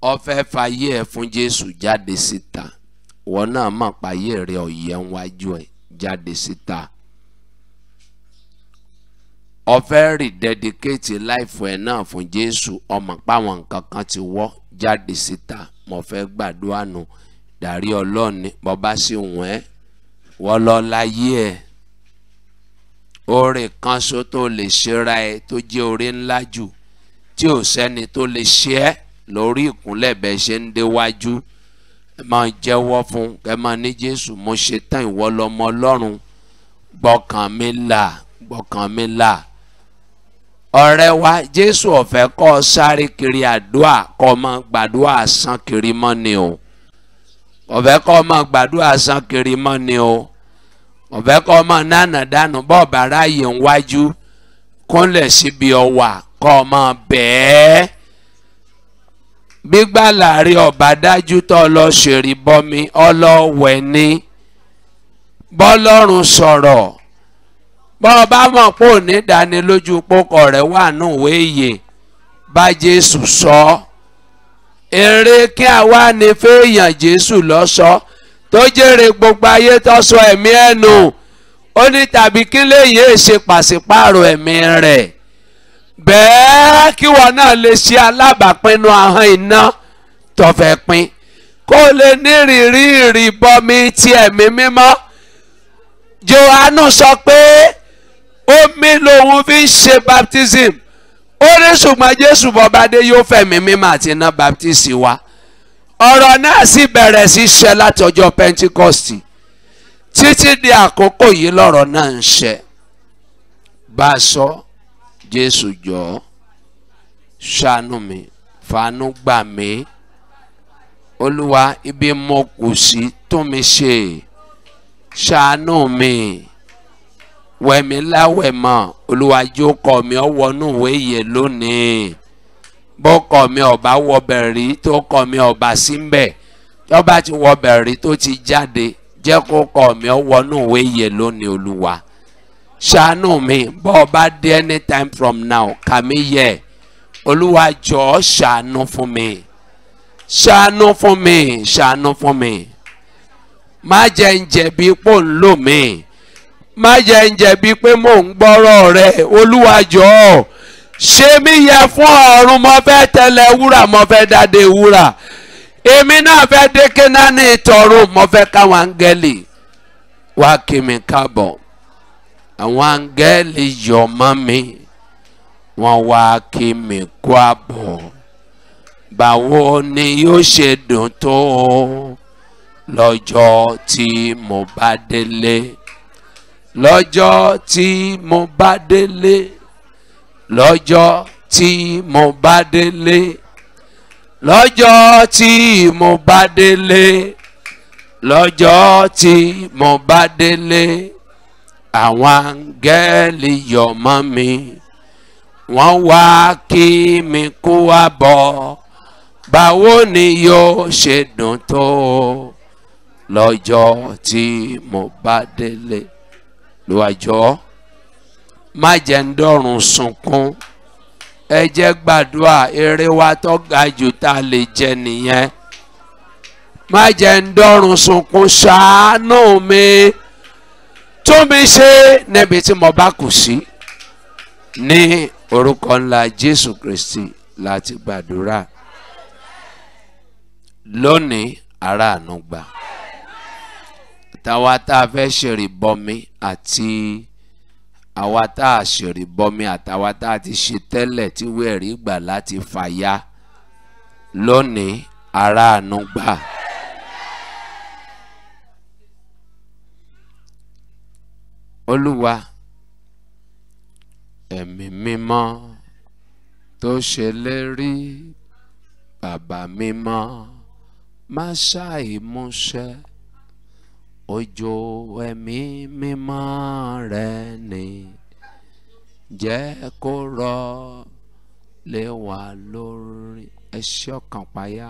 ọfẹ́ fàyè ẹ̀ fún jésù jáde síta wọn náà mà pàyè rẹ ọ̀yẹ́ wájú ẹ̀ jáde síta ọfẹ́ rededicate life ẹ̀ náà fún jésù ọmọ páwọn nǹkan kan ti wọ́ jáde síta mo fẹ́ gbàdúrà nù dàrí ọlọ́ọ̀ni bọ́bá sì wọ́n ẹ́ wọ́n lọ láyé ẹ̀ oore kan ṣo tó lè ṣera ẹ tó jẹ́ oore ńlá jù tí ò sẹ́ni tó lè ṣe ẹ́ lórí ìkúnlẹ̀ bẹ́ẹ̀ ṣe ń déwájú ẹ máa jẹ́wọ́ fún ẹ máa ní jésù mo ṣe tán ìwọ lọmọ ọlọ́run gbọ́kàn mi là gbọ́kàn mi là ọ̀rẹ́ wa jésù ọ̀fẹ́ kọ́ ọ sáré kiri àdúà kọ́ ọ máa gbàdúà san kiri mọ́ ni o ọ̀fẹ́ kọ́ ọ máa gbàdúà san kiri mọ́ ni o ọ̀fẹ́ kọ́ ọ máa nánà dànù bọ́ọ̀bà ráàyè ń wájú kúnlẹ̀ síbi ọwà kọ́ ọ máa bẹ̀ẹ́ gbígbà láàrin ọba dájú tó lọ ṣèrì bọmi ọlọ́wẹ̀ ni bọ́lọ́run sọ̀rọ̀ bọ́ ọba mọ̀ pé òní ìdánilójú pókọ̀ rẹ̀ wà nù wéyè bá Jésù sọ èrè kí àwa ni fẹ́ẹ̀yàn Jésù lọ́sọ tó jèrè gbogbo ayé tó sọ ẹ̀mí ẹ̀nu ó ní tàbí kí lèyìn èṣe pàṣípààrọ̀ ẹ̀mí rẹ̀ bẹ́ẹ̀ kí wọn náà lè ṣe alábàápinnu ahọ́n iná tó fẹ́ pín kó lè nírìírí ìrìbọmi ti ẹ̀mí mímọ́ Jòhánù sọ pé omi lòun fi ń ṣe baptism ó ní ṣùgbọ́n Jésù bọ́badé yóò fẹ̀mí mímọ́ àti iná baptisi wa ọ̀rọ̀ náà sì bẹ̀rẹ̀ sí ṣẹ láti ọjọ́ títí di àkókò yìí lọ́rọ̀ náà ń ṣẹ bá a sọ. So, jésù jọ ṣàánú mi fàánú gbà mí olúwa ibi mo kù sí tún mi ṣe ṣàánú mi wẹ̀mí láwẹ̀mọ́ olúwa jọ̀ọ́ kọ̀ mi ọ̀wọ́nú ìwé yẹ lónìí bó kọ̀ mi ọ̀bá wọbẹ̀ rí tó kọ̀ mi ọ̀bá sí ń ti wọbẹ̀ rí tó ti jáde jẹ́ kó kọ̀ mi ọ̀wọ́nú ìwé yẹ lónìí olúwa ṣàánú mi bọ́ ọ bá dé anytime from now kà mí yẹ olúwa jọ̀ọ́ ṣàánú fún mi ṣàánú fún mi ṣàánú fún mi má jẹ́ ń jẹ̀bi pò ń lò mí má jẹ́ ń jẹ̀bi pé mò ń gbọ́rọ̀ rẹ olúwa jọ̀ọ́ ṣe mí yẹ fún ọ̀run mo fẹ́ tẹ̀lẹ̀ wúrà mo fẹ́ dáde wúrà èmi náà fẹ́ dé Kénáánì tọ̀run mo fẹ́ káwọn áńgẹ́lì wá kí mi káàbọ̀ àwọn áńgẹ́lì yọ̀ mọ́ mi wọ́n wá kí mi kú àbọ̀ báwo ni yóò ṣe dùn tó lọ́jọ́ tí mo bá délé lọ́jọ́ tí mo bá délé lọ́jọ́ tí mo bá délé lọ́jọ́ tí mo bá délé lọ́jọ́ tí mo bá délé àwọn áńgẹ́lì yọ̀mọ́ mi wọ́n wá kí mi kó wá bọ̀ báwo ni yóò ṣe dùn tó lọ́jọ́ tí mo bá délé lọ́jọ́ má jẹ́ ń dọ́rùn sunkún ẹ jẹ́ gbàdúrà eré wa tó ga jù tá a lè jẹ nìyẹn má jẹ́ ń dọ́rùn sunkún ṣàánú mi. No, tún mi ṣe níbi tí mo bá kù sí ní orúkọ ńlá Jésù Kristi láti gbàdúrà lónìí aráàánú gbà táwa tá a fẹ́ ṣèrìbọmi àti àwa tá a ṣèrìbọmi àtàwa tá a ti ṣe tẹ́lẹ̀ tí wẹ́ẹ̀rí gbà láti fàya lónìí aráàánú gbà. olúwa ẹ̀mí mímọ́ tó ṣe lérí bàbá mímọ́ má ṣàì múṣẹ òjò ẹ̀mí mímọ́ rẹ ni jẹ́ kó rọ̀ lé wa lórí ẹṣẹ́ ọkàn payá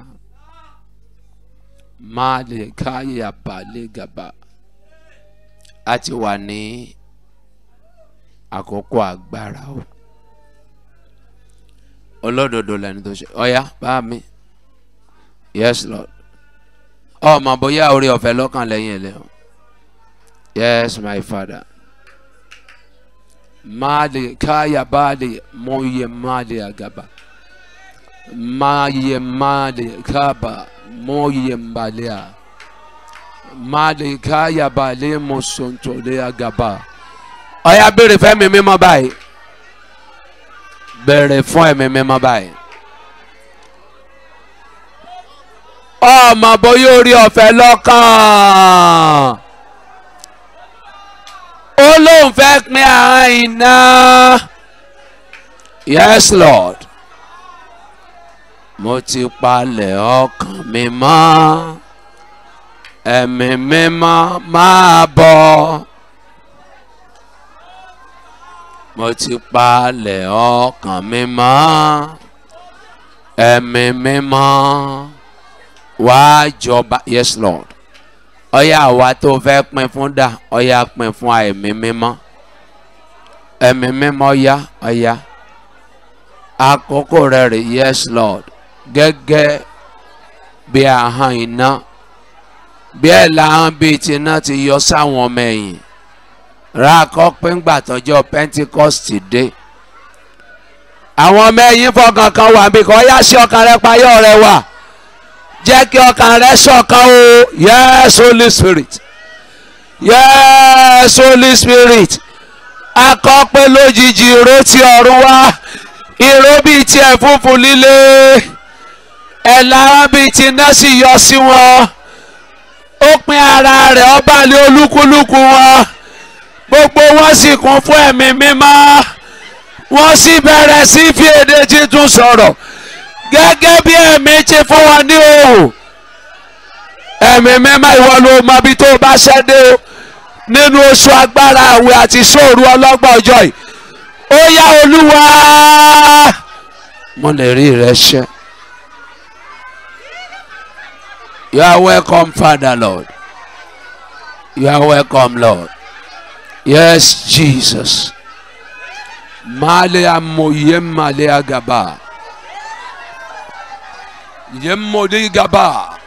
má lè káyà balẹ̀ gàba a ti wà ní àkókò agbára o olódodo lẹni tó ṣe ọyá bá mi yes lord ọmọ bóyá orí ọ̀fẹ́ lọ́kàn lẹ́yìn ẹlẹ o yes my father maali káyà baali mọyẹ maali agaba maayẹ maali kaba mọyẹ maali a malika yabale mọ̀sọ̀ntòlé agaba ọ̀ya béèrè fún ẹ̀mí mímọ́ báyìí béèrè fún ẹ̀mí mímọ́ báyìí ọmọ bóyá orí ọ̀fẹ́ lọ́kàn ó lóun fẹ́ pín àwọn iná yes lord mo ti palẹ̀ ọkàn mi mọ́ ẹ̀mí mímọ́ máa bọ̀ mo ti palẹ̀ ọkàn mi ẹ̀mí mímọ́ wá jọba yes lord ọyá àwa tó fẹ́ pín fún dà ọyá pín fún ẹ̀mí mímọ́ ẹ̀mí mímọ́ yá ọyá àkókò rẹ̀ rè yes lord gẹ́gẹ́ bí ahọ́n iná bẹ́ẹ̀ làwọn bíi tiná ti yọ sáwọn ọmọ ẹ̀yìn rákọ́ pínpà tọ́jọ́ Pentecost dé àwọn ọmọ ẹ̀yìn fọkàn kan wà bí kò yá sí ọkàn rẹ payọ́ rẹ wà jẹ́ kí ọkàn rẹ ṣọ̀kan o yes Holy Spirit yes Holy Spirit akọ́ pé lójijì ìró ti ọ̀run wá ìró bíi tiẹ̀ funfun líle ẹ̀ lára bíi tiná sì yọ sí wọn ó pín ara rẹ̀ ọba lé olúkúlùkù wọn gbogbo wọn sì kún fún ẹ̀mí mímọ́ wọ́n sì bẹ̀rẹ̀ sí fi èdè tuntun sọ̀rọ̀ gẹ́gẹ́ bí ẹ̀mí ti fún wọn ní òòrùn ẹ̀mí mímọ́ ìwọ ló mọ ibi tó bá ṣẹ́dé o nínú oṣù agbára àwẹ̀ àti sóòru ọlọ́gbọ̀n ọjọ́ yìí ó yá olúwa mo lè rí rẹ ṣe. You are welcome, Father Lord. You are welcome, Lord. Yes, Jesus. Malea moyem malea gaba. Yemmodi gaba.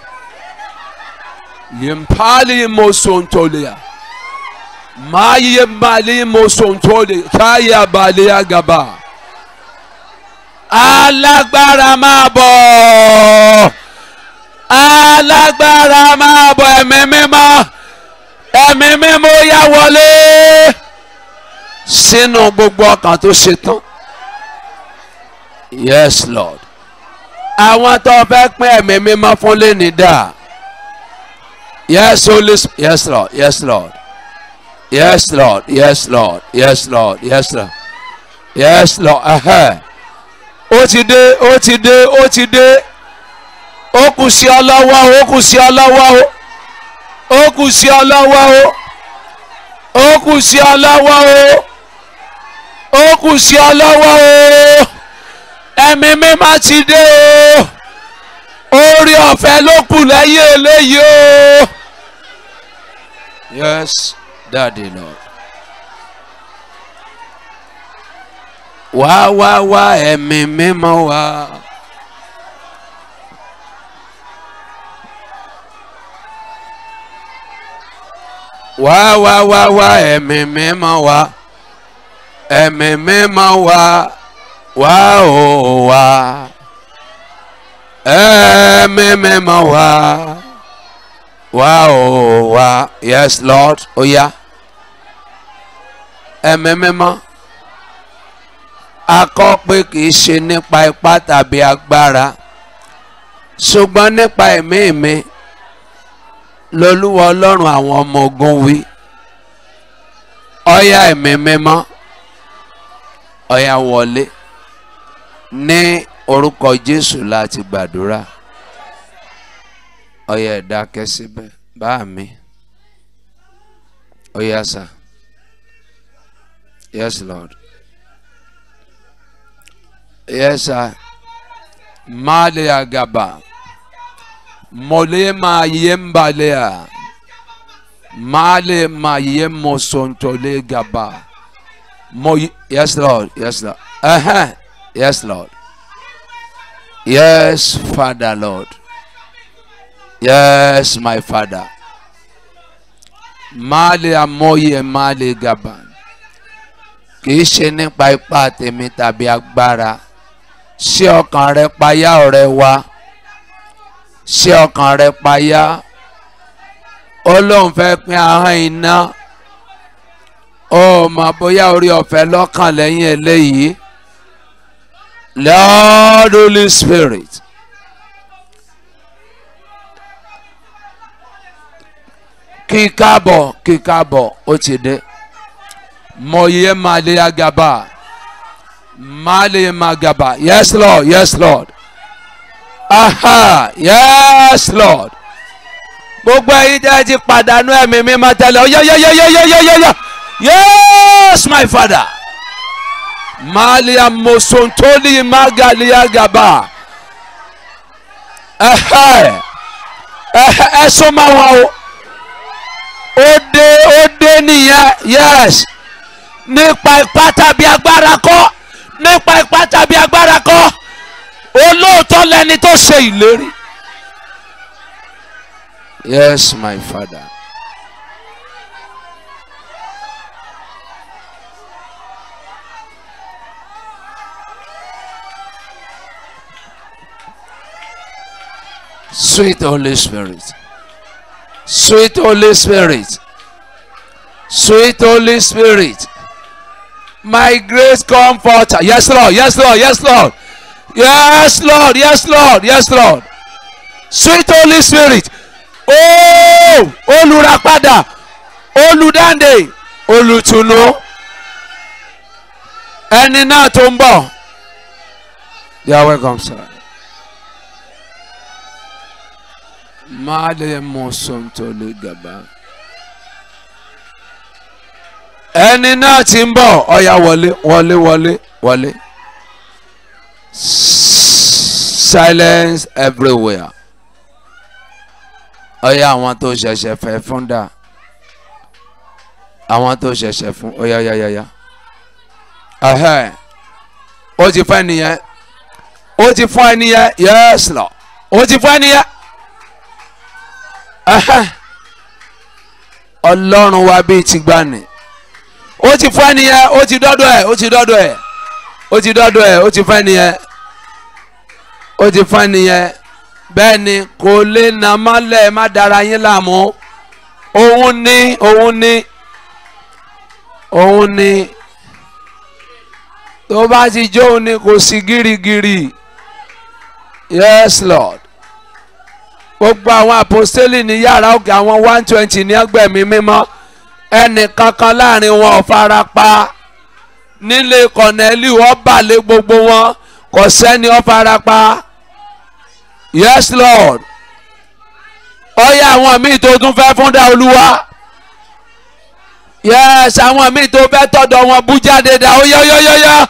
Yempali mosontolea. Maye mali mosontole. Kaya balea gaba. Alágbára máa mabo alágbára máa bọ̀ ẹ̀mí mímọ́ ẹ̀mí mímọ́ yá wọlé sínú gbogbo ọkàn tó ṣe tán yes lord àwọn tó fẹ́ pín ẹ̀mí mímọ́ fún lẹ́ni dà yes holy yes lord yes lord yes lord yes lord yes lord yes lord yes lord ó ti dé ó ti dé ó ti dé ó sí ọ lọ́wọ́ o ó kù sí ọ lọ́wọ́ o ó kù sí ọ lọ́wọ́ o ó kù sí ọ lọ́wọ́ o ó kù sí ọ o ẹ̀mí mímá ti dé o orí ọ̀fẹ́ ló kù lẹ́yìn eléyìí o. yes daddy lord. wá wá wá ẹ̀mí mímọ́ wá. wá wá wá wá ẹ̀mí mímọ́ wá ẹ̀mí mímọ́ wá wá ó wá ẹ̀mí mímọ́ wá wá ó wá yes lord ó yá ẹ̀mí mímọ́ a kọ́ pé kì í ṣe nípa ipá tàbí agbára ṣùgbọ́n nípa ẹ̀mí mi. mi lọ́lúwa ọlọ́run àwọn ọmọ ogun wí ọ̀yà ẹ̀mí mímọ́ ọ̀yà wọlé ní orúkọ jésù láti gbàdúrà ọ̀yà ìdákẹ́ síbẹ̀ bá mi ọ̀yà sà yes lord yes sir máàlì àgàbà. molema yembalea male ma yemo sontole gaba mo yes lord yes lord uh-huh yes lord yes father lord yes my father male amoye male gaba kìí ṣe nípa ipá tèmi tàbí agbára ṣé ọkàn rẹ payá ọ̀rẹ́ wa ṣe ọkàn rẹ payá ó lóun fẹ́ pín ahọ́n iná ó mà bóyá orí ọ̀fẹ́ lọ́kàn lẹ́yìn eléyìí Lord Holy Spirit kíkàbọ̀ kíkàbọ̀ ó ti dé mọ̀yé màlẹ́ àgàbà màlẹ́ màgàbà yes Lord yes Lord aha yes lord gbogbo ẹ̀yin jẹ́ ti pàdánù ẹ̀mí mi máa tẹ̀lé ọ yẹ́yẹ́yẹ́yẹ́yẹ́yẹ́ yes my father Maliya mosontoli magaliya gaba ẹ̀hẹ́ ẹ̀hẹ́ ẹ̀sùn máa wà o ó dé ó dé nìyẹn yes nípa ipá tàbí agbára kọ́ nípa ipá tàbí agbára kọ́ olóòótọ́ lẹni tó ṣe ìlérí. yes my father. Sweet Holy Spirit. Sweet Holy Spirit. Sweet Holy Spirit. My grace comforter. Yes, Lord. Yes, Lord. Yes, Lord. Yes, Lord. Yes, Lord. Yes, Lord. Sweet Holy Spirit. Oh, olùràpadà, olùdáǹdè, olùtùnú. Ẹni náà tó ń bọ̀. You are welcome, sir. Máàlẹ́ mọ́sọ̀ntọ́lẹ́ gàba. Ẹni náà ti ń bọ̀, wale, wale, wale, wale. wọlé silence everywhere ọyá àwọn tó ṣẹ̀ṣẹ̀ fẹ́ fún dà àwọn tó ṣẹ̀ṣẹ̀ fún ọyá yáyáyá ó ti fún ẹnìyẹn ó ti fún ẹnìyẹn yes lọ ó ti fún ẹnìyẹn ọlọ́run wa bíi ti gbani ó ti fún ẹnìyẹn ó ti dọ́dọ̀ ẹ̀ ó ti dọ́dọ̀ ẹ̀ ó ti dọ́dọ̀ ẹ̀ ó ti fẹ́ nìyẹn ó ti fẹ́ nìyẹn bẹ́ẹ̀ ni kò lè nà má lẹ̀ má dára yín láàmú òun ní òun ní òun ní tó bá ti jó òun ní kò sí gírígírí yes lord gbogbo àwọn àpòstélì ní yàrá òkè àwọn one twenty ní ẹgbẹ̀mí mímọ́ ẹnì kankan láàrin wọn ò fara pa nílé kọ̀nẹ́lì ọ̀bàlẹ̀ gbogbo wọn kò sẹ́ni ó farapa yes lord ọyẹ àwọn míì tó tún fẹ́ fún Dáolúwa yes àwọn míì tó fẹ́ tọ̀dọ̀ wọn bú jáde dá oyọyọyọyọ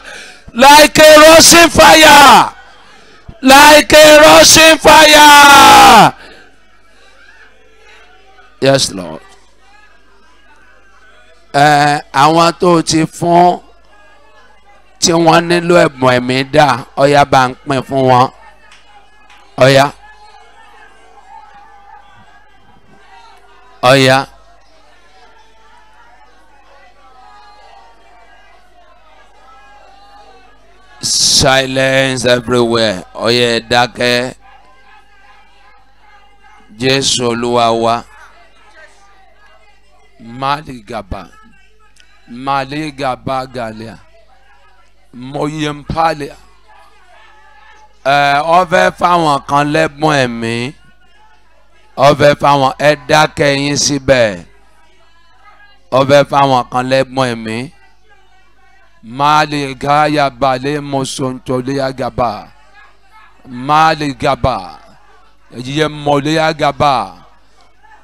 like a rushing fire like a rushing fire yes lord ẹ àwọn tó ti fún tí wọ́n nílò ẹ̀bùn ẹ̀mí dà ọ̀yá bá ń pín fún wọn ọ̀yá ọ̀yá. silence everywhere ọ̀yá ẹ dákẹ́ Jésù Olúwa wa maligaba maligaba galia mọyẹn palẹ ẹ ọfẹ fáwọn kan lẹ́bùn ẹ̀mí ọfẹ fáwọn ẹ dákẹ́ yín síbẹ̀ ọfẹ fáwọn kan lẹ́bùn ẹ̀mí maali gaya balẹ mọsontọlẹya gaba maali gaba yíyẹ mọlẹya gaba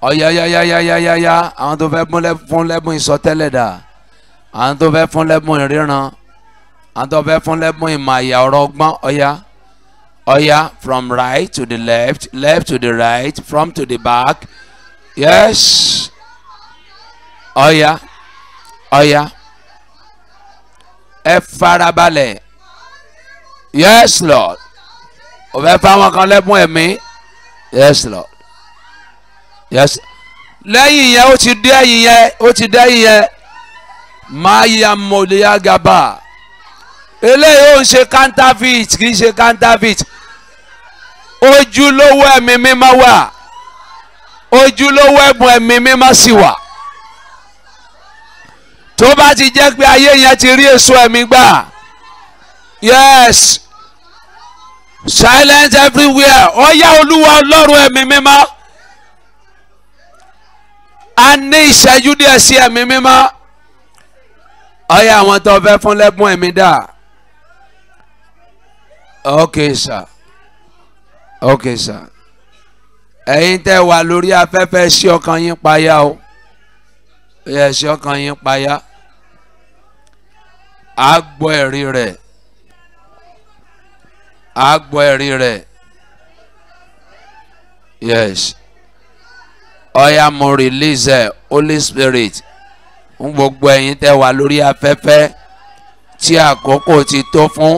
ọyayayayayaya àwọn tó fẹ́ fún lẹ́bùn ìsọtẹ́lẹ̀ dà àwọn tó fẹ́ fún lẹ́bùn ìríran àtọ̀fẹ́ fún lẹ́bùn ìmọ̀ àyà ọ̀rọ̀ ọgbọ́n ọ̀yá ọ̀yá from right to the left left to the right from to the back yes ọ̀yá ọ̀yá ẹ farabalẹ̀ yes lord ọ̀fẹ́ fáwọn kan lẹ́bùn ẹ̀mí yes lord yes lẹ́yìn yẹn ó ti dé ẹ̀yìn yẹn ó ti dé ẹ̀yìn yẹn máa yà mọ̀lẹ́yà eléyìí ó ń ṣe counterfeit kì í ṣe counterfeit ojúlówó ẹ̀mí mímọ́ wà ojúlówó ẹ̀bùn ẹ̀mí mímọ́ sì wà tó bá ti jẹ́ pé ayé yẹn ti rí èso ẹ̀mí gbà yes silence everywhere ọ̀yá olúwa ọlọ́run ẹ̀mí mímọ́ a ní ìṣẹ́jú díẹ̀ sí ẹ̀mí mímọ́ ọ̀yá àwọn tó fẹ́ fún lẹ́bùn ẹ̀mí dáa okay sir okay sir ẹ̀yin tẹ́ wà lórí afẹ́fẹ́ ṣí ọkàn yín payá o ẹ ṣí ọkàn yín payá a gbọ́ ẹ̀rí rẹ̀ a gbọ́ ẹ̀rí rẹ̀ yes ọ̀yà mo release ẹ̀ Holy Spirit ń gbogbo ẹ̀yin tẹ́ wà lórí afẹ́fẹ́ tí àkókò ti tó fún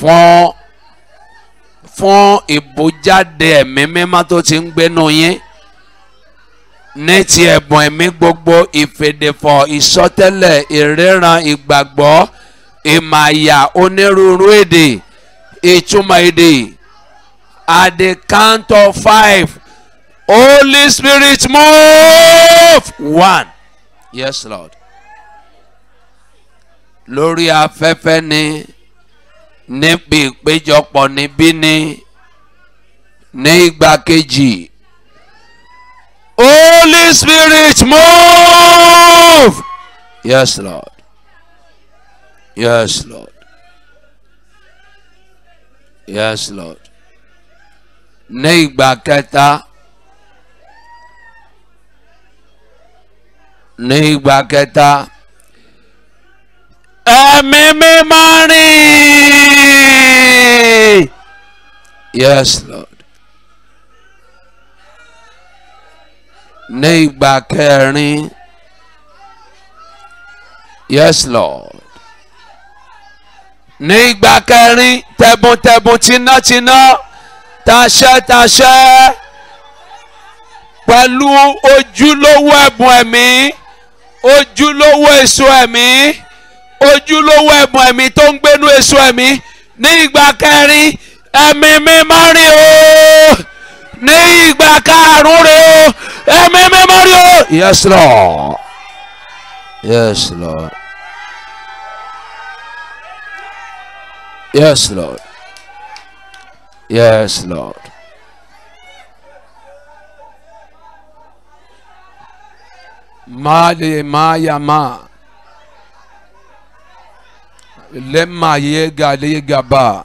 fún fún ìbújáde ẹ̀mí mímọ́ tó ti ń gbénu yín ní ti ẹ̀bùn ẹ̀mí gbogbo ìfèdèfọ̀ ìsọtẹ́lẹ̀ ìríran ìgbàgbọ́ ìmàyà onírúurú èdè ìtumọ̀ èdè at the count of five holy spirit move one yes lord lórí afẹ́fẹ́ ni níbi ìpéjọpọ̀ níbí ní ní ìgbà kejì Holy Spirit move yes Lord yes Lord yes Lord ní ìgbà kẹta ní ìgbà kẹta ẹ̀mí mímọ́ rìn. Yes, Lord. Ní kẹrin. Yes, Lord. Ní ìgbà kẹrin tẹ̀bùntẹ̀bùn tinátiná taṣẹ́taṣẹ́ pẹ̀lú ojúlówó ẹ̀bùn ẹ̀mí ojúlówó èso ẹ̀mí ojúlówó ẹ̀bùn ẹ̀mí tó ń gbénú èso ẹ̀mí ní ìgbà kẹrin. ẹ̀mí mímọ́ rìn o ní ìgbà karùn-ún rẹ̀ o ẹ̀mí mímọ́ rìn o. yes lord yes lord yes lord yes lord. Mali mayama lema yega yega gaba.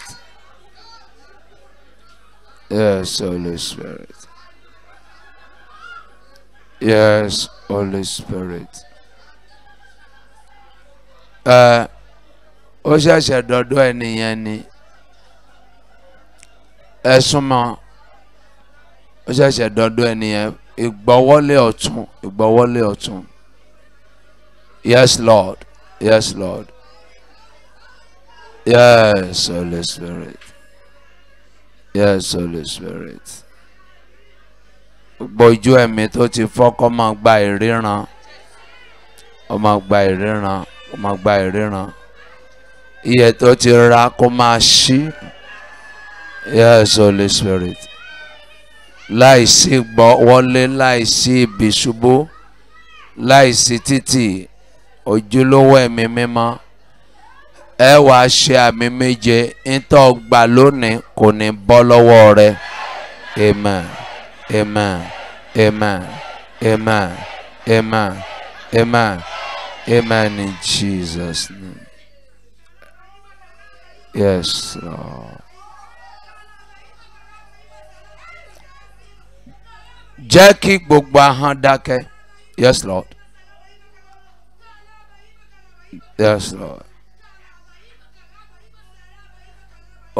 Yes, Holy Spirit. Yes, Holy Spirit. Ẹ eh, ó ṣẹ̀ṣẹ̀ do ni ẹ súnmọ́ ó ṣẹ̀ṣẹ̀ dọ̀dọ̀ ẹnìyẹn ìgbọ́wọ́lé ọ̀tún ìgbọ́wọ́lé ọ̀tún. Yes, Lord. Yes, Lord. Yes, Holy Spirit. yes holy spirit gbogbo ojú ẹ̀mí tó ti fọ́ kó máa gba ìríran ó máa gba ìríran ó máa gba ìríran iyẹ̀ tó ti ra kó máa ṣí yes holy spirit láìsí gbọ́ wọlé láìsí ibi ṣubú láìsí títì ojúlówó ẹ̀mí mímọ́ ẹ wàá ṣe àmì méje ntọ́ gbà lónìí kò ní bọ́ lọ́wọ́ rẹ amen amen amen amen amen amen amen in Jesus name yes Lord. jẹ́ kí gbogbo ahọ́n dákẹ́ yes Lord yes Lord.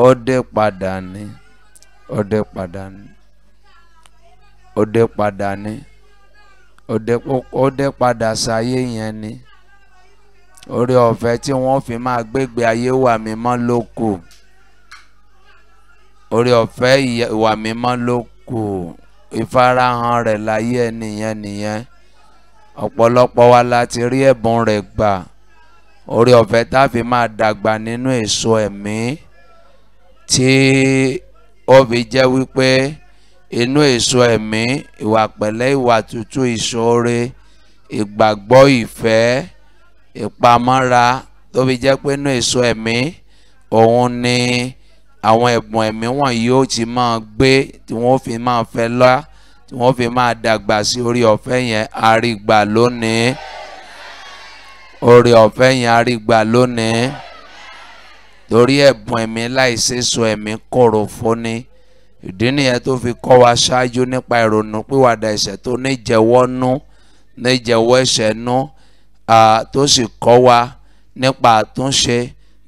ọdẹ padà ní ọdẹ padà ní ọdẹ padà ní ọdẹ padà sáyé yẹn ni oore ọ̀fẹ́ tí wọ́n fi máa gbégbé ayé wà mímọ́ ló kù oore ọ̀fẹ́ ìwà mímọ́ ló kù ìfarahàn rẹ̀ láyé ẹnìyẹn nìyẹn ọ̀pọ̀lọpọ̀ wa la ti rí ẹ̀bùn rẹ̀ gbà oore ọ̀fẹ́ tá a fi máa dàgbà nínú èso ẹ̀mí. E tí ó fi jẹ́ wípé inú èso ẹ̀mí ìwà pẹ̀lẹ́ ìwà tútù ìṣoore ìgbàgbọ́ ìfẹ́ ìpamọ́ra tó fi jẹ́ pé inú èso ẹ̀mí òun ni àwọn ẹ̀bùn ẹ̀mí wọ̀nyí ó ti máa gbé tí wọ́n fi máa fẹ́ lọ́wọ́ tí wọ́n fi máa dàgbà sí orí ọ̀fẹ́ yẹn àrígbà lónìí orí ọ̀fẹ́ yẹn àrígbà lónìí torí ẹ̀bùn ẹ̀mí láìsèso ẹ̀mí kọ̀rọ̀ fúnni ìdí nìyẹn tó fi kọ́ wa ṣáájú nípa ìrònú pìwàdà ẹ̀ṣẹ̀ tó níjẹ̀wọ́nú níjẹ̀wọ́ ẹ̀ṣẹ̀ nú tó sì kọ́ wa nípa àtúnṣe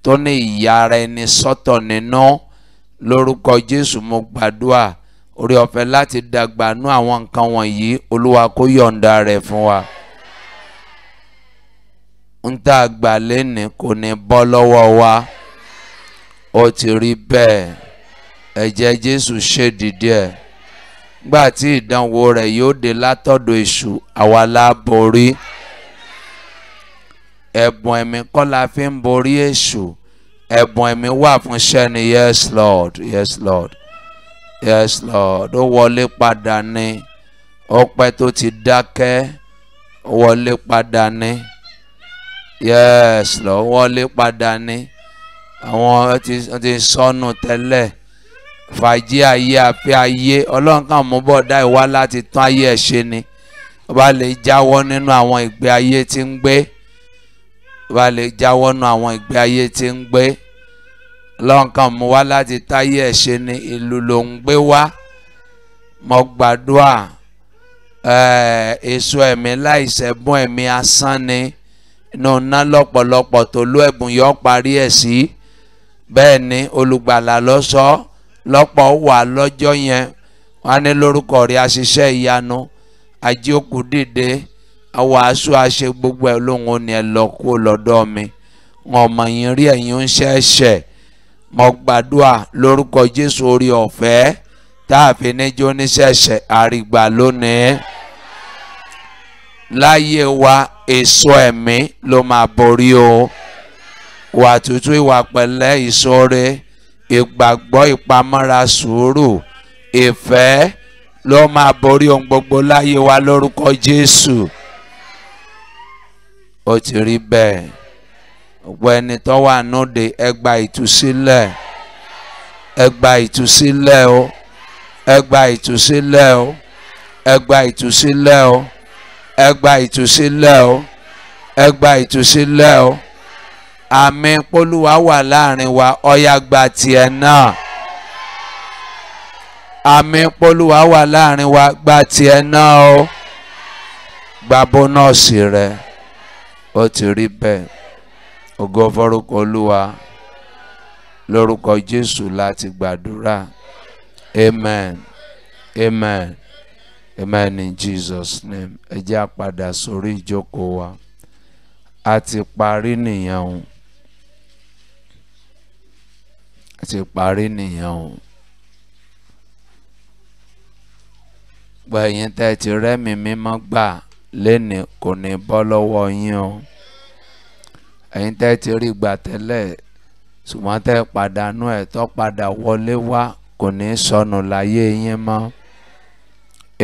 tó ní ìyára ẹni sọ́tọ̀ nínú lórúkọ Jésù mo gbàdúrà orí ọ̀fẹ́ láti dàgbà nú àwọn nǹkan wọ̀nyí Olúwa kó yọ̀ǹda rẹ̀ fún wa ń tá a gbà lẹ́nìí kò ní bọ́ lọ́wọ́ wa. O ti rí bẹ́ẹ̀ ẹ̀jẹ̀ jésù ṣe dìde ẹ̀ gbà tí ìdánwò rẹ̀ yóò dé látọ̀dọ̀ èṣù àwa la borí ẹ̀bùn ẹ̀mí kọ́ la fi ń borí èṣù ẹ̀bùn ẹ̀mí wà fún sẹ́ni yes lord yes lord yes lord ó wọlé padà ní ọpẹ́ tó ti dákẹ́ wọlé padà ní yes lord wọlé padà ní àwọn ti sọnù tẹ́lẹ̀ fàájì ayé àfẹ́ ayé ọlọ́run kan mú bọ̀ dá ìwá láti tún ayé ẹ̀ ṣe ni ó bá lè jáwọ́ nínú àwọn ìgbé ayé tí ń gbé ó bá lè jáwọ́ nínú àwọn ìgbé ayé tí ń gbé ọlọ́run kan mú wá láti táyé ẹ̀ ṣe ni ìlú ló ń gbé wá mo gbàdúrà èso ẹ̀mí láìsẹ̀bùn ẹ̀mí asán ni inú ná lọ́pọ̀lọpọ̀ tó lú ẹ̀bùn yọ parí ẹ̀ sí. Si bẹ́ẹ̀ ni olùgbàlà ló sọ lọ́pọ̀ wà lọ́jọ́ yẹn wọ́n á ní lórúkọ rẹ̀ àṣìṣe ìyanu ajé òkú dìde àwàásù àṣe gbogbo ẹ̀ lóhùn ó ẹ lọ kú lọ́dọ̀ mi wọn mọ̀ yín rí ẹ̀yin ń ṣẹ̀ṣẹ̀ mo gbàdúrà lórúkọ Jésù orí ọ̀fẹ́ tá a fi níjó níṣẹ̀ṣẹ̀ àrígbà lónìí láyé wa èso ẹ̀mí ló máa borí o wà tútù ìwà pẹ̀lẹ́ ìṣọ̀rẹ́ ìgbàgbọ́ ìpamọ́ra sùúrù ìfẹ́ ló máa borí ohun gbogbo láyé wa lórúkọ Jésù ó ti rí bẹ́ẹ̀ gbogbo ẹni tó wà nóde ẹ ìtúsílẹ̀ ẹ ìtúsílẹ̀ o ẹ gba ìtúsílẹ̀ o ẹ gba ìtúsílẹ̀ o ẹ gba ìtúsílẹ̀ o ẹ gba ìtúsílẹ̀ o àmín pólúwa wà láàrin wa ọ̀yà gba tiẹ̀ náà àmín pólúwa wà láàrin wa gba tiẹ̀ náà o gba bónọ́ọ̀sì rẹ ó ti rí bẹ́ẹ̀ ògo fọ́rúkọ olúwa lórúkọ jésù láti gbàdúrà amen amen amen in jesus name ẹ jẹ́ àpadà sórí ìjókòó wa a ti parí nìyẹn o. ti parí nìyẹn o gba ẹ̀yin tẹ́ ẹ ti rẹ́mi mímọ́ gbà lẹ́ni kò ní bọ́ lọ́wọ́ yín o ẹ̀yin tẹ́ ẹ ti rí gbà tẹ́lẹ̀ ṣùgbọ́n tẹ́ pàdánù ẹ̀ tó padà wọlé wá kò ní sọnù láyé yín mọ́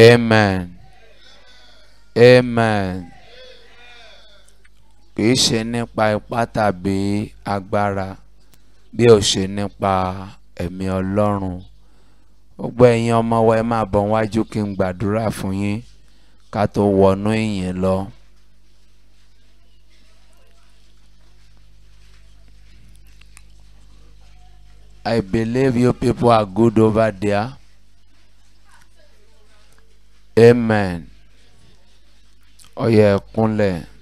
amen amen kì í ṣe nípa ipá tàbí agbára bí ó ṣe nípa ẹ̀mí ọlọ́run gbogbo ẹ̀yin ọmọ wa ẹ máa bọ̀ wájú kí n gbàdúrà fún yín ká tó wọnú ìyìn lọ. I believe you people are good over there. Amen. Ó yẹ kúnlẹ̀. Oh,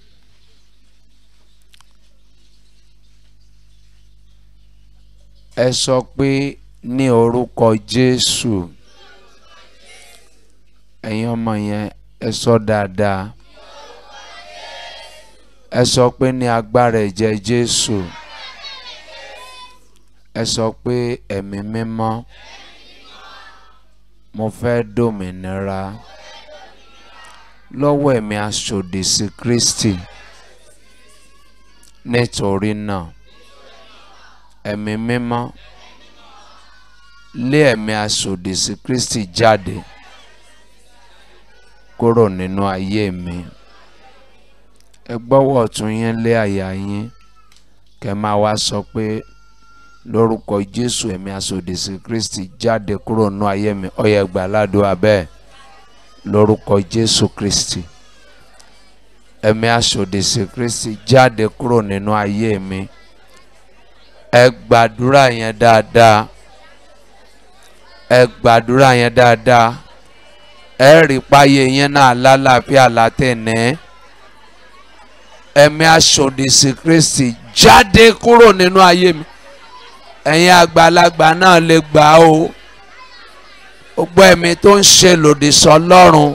ẹ sọ pé ní orúkọ Jésù ẹ̀yin ọmọ yẹn ẹ sọ dáadáa ẹ sọ pé ní agbára ẹ̀jẹ̀ Jésù ẹ sọ pé ẹ̀mí mímọ́ mo fẹ́ dòmìnira lọ́wọ́ ẹ̀mí aṣòdì sí Kristi nítorí náà ẹ̀mí mímọ́ lé ẹ̀mí asòdì sí Kristi jáde kúrò nínú ayé mi ẹ gbọ́wọ́ ọ̀tún yín lé àyà yín kẹ́ máa wá sọ pé lórúkọ Jésù ẹ̀mí asòdì sí Kristi jáde kúrò nínú ayé mi ó yẹ gbà ládùúgbà bẹ́ẹ̀ lórúkọ Jésù Kristi ẹ̀mí asòdì sí Kristi jáde kúrò nínú ayé mi ẹ gbàdúrà yẹn dáadáa ẹ gbàdúrà yẹn dáadáa ẹ rí páyé yẹn náà lálàáfíà látẹ̀nẹ́ ẹ̀mí aṣòdìsí Kristi jáde kúrò nínú ayé mi ẹ̀yin àgbàlagbà náà lè gbà ó gbogbo ẹ̀mí tó ń ṣe lòdì sọ́lọ́run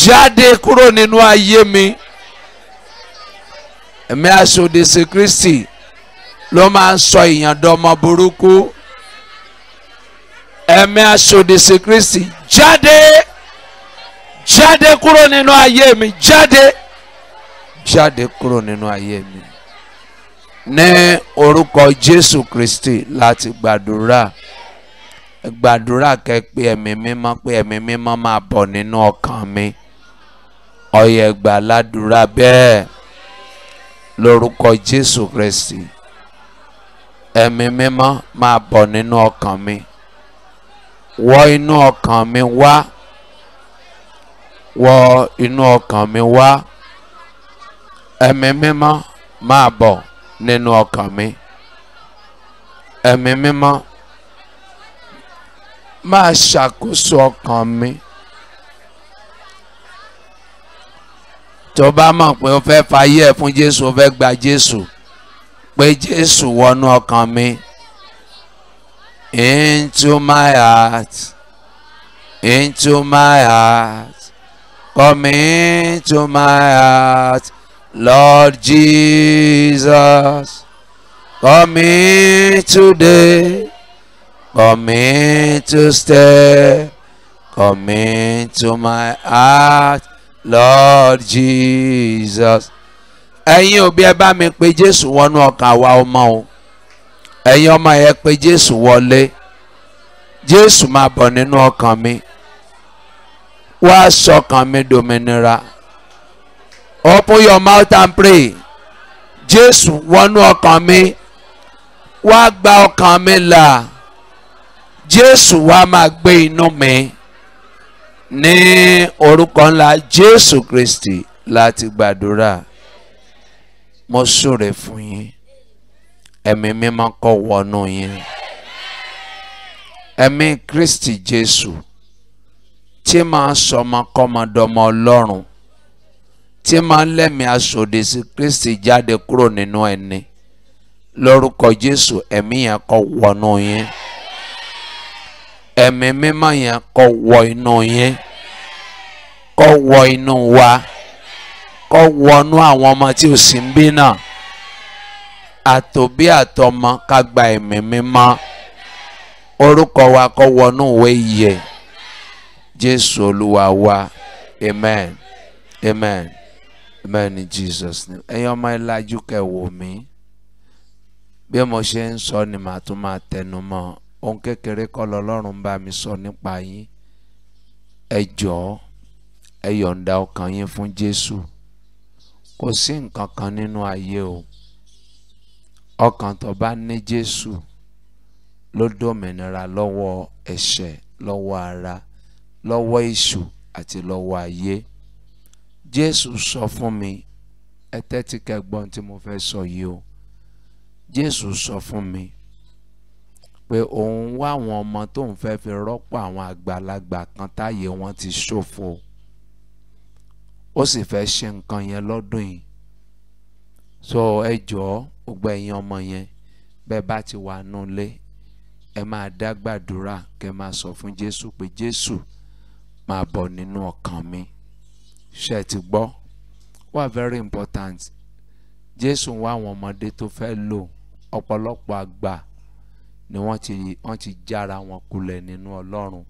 jáde kúrò nínú ayé mi ẹ̀mí aṣòdìsí Kristi ló máa ń sọ èèyàn dọmọ burúkú ẹ̀mí aṣòdì sí Kristi jáde jáde kúrò nínú ayé mi jáde jáde kúrò nínú ayé mi ní orúkọ Jésù Kristi láti gbàdúrà gbàdúrà kẹ́ pé ẹ̀mí mímọ́ pé ẹ̀mí mímọ́ máa bọ̀ nínú ọkàn mi ọyẹ gbà ládùúrà lórúkọ Jésù Kristi ẹ̀mí mímọ́ máa bọ̀ nínú ọkàn mi wọ inú ọkàn mi wá wọ inú ọkàn mi wá ẹ̀mí mímọ́ máa bọ̀ nínú ọkàn mi ẹ̀mí mímọ́ máa ṣàkóso ọkàn mi tó bá mọ̀ pé o fẹ́ fayé ẹ̀ fún Jésù o fẹ́ gba Jésù. pé Jésù wọnú ọkàn mi into my heart into my heart come into my heart Lord Jesus come in today come in to stay come into my heart Lord Jesus. ẹ̀yin òbí ẹ bá mi pè jésù wọnú ọkàn àwa ọmọ o ẹ̀yin ọmọ yẹn pè jésù wọlé jésù máa bọ̀ nínú ọkàn mi wá sọkàn mi dòmìnira open your mouth and pray jésù wọnú ọkàn mi wá gba ọkàn mi là jésù wá máa gbé inú mi ní orúkọ ńlá jésù kristi láti gbàdúrà mo súre fún yín ẹ̀mí mímọ́ kó wọnú yín ẹ̀mí Kristi Jésù tí máa sọmọ kọ́mọdọ́mọ Ọlọ́run tí máa ń lẹ́mí aṣòdì sí Kristi jáde kúrò nínú ẹni lórúkọ Jésù ẹ̀mí yẹn kó wọnú yín ẹ̀mí mímọ́ yẹn kó wọ inú yín kó wọ inú wa kọ́ wọnú àwọn ọmọ tí ò sí ń bí náà àtòbí àtọmọ ká gba ẹ̀mí mímọ́ orúkọ wa kọ́ wọnú ìwé ìyè jésù olúwa wa amen amen amen jesus name ẹ̀yin ọmọ ìlàjú kẹwò mi bí mo ṣe ń sọ ni màá tún máa tẹnu mọ́ ohun kékeré kọ́ lọ́lọ́run bá mi sọ nípa yín ẹ jọ̀ọ́ ẹ yọ̀ǹda ọkàn yín fún jésù kò sí nǹkan kan nínú ayé o ọkàn tó bá ní Jésù ló dòmìnira lọ́wọ́ ẹ̀ṣẹ̀ lọ́wọ́ ara lọ́wọ́ èṣù àti lọ́wọ́ ayé Jésù sọ fún mi ẹ tẹ́tí kẹ́gbọ́n tí mo fẹ́ sọ yìí o Jésù sọ fún mi pé òun wá àwọn ọmọ tóun fẹ́ fi rọ́pò àwọn àgbàlagbà kan táyé wọn ti ṣòfò. So ó sì fẹ́ ṣe nǹkan yẹn lọ́dún yìí so ẹ jọ̀ọ́ gbogbo ẹ̀yin ọmọ yẹn bẹ́ẹ̀ bá ti wà nù lé ẹ máa dá gbàdúrà kẹ́ máa sọ fún Jésù pé Jésù máa bọ̀ nínú ọkàn mi ṣe ti gbọ́ wà very important Jésù wá àwọn ọmọdé tó fẹ́ lò ọ̀pọ̀lọpọ̀ àgbà ni wọ́n ti wọ́n ti jára wọn kulẹ̀ nínú Ọlọ́run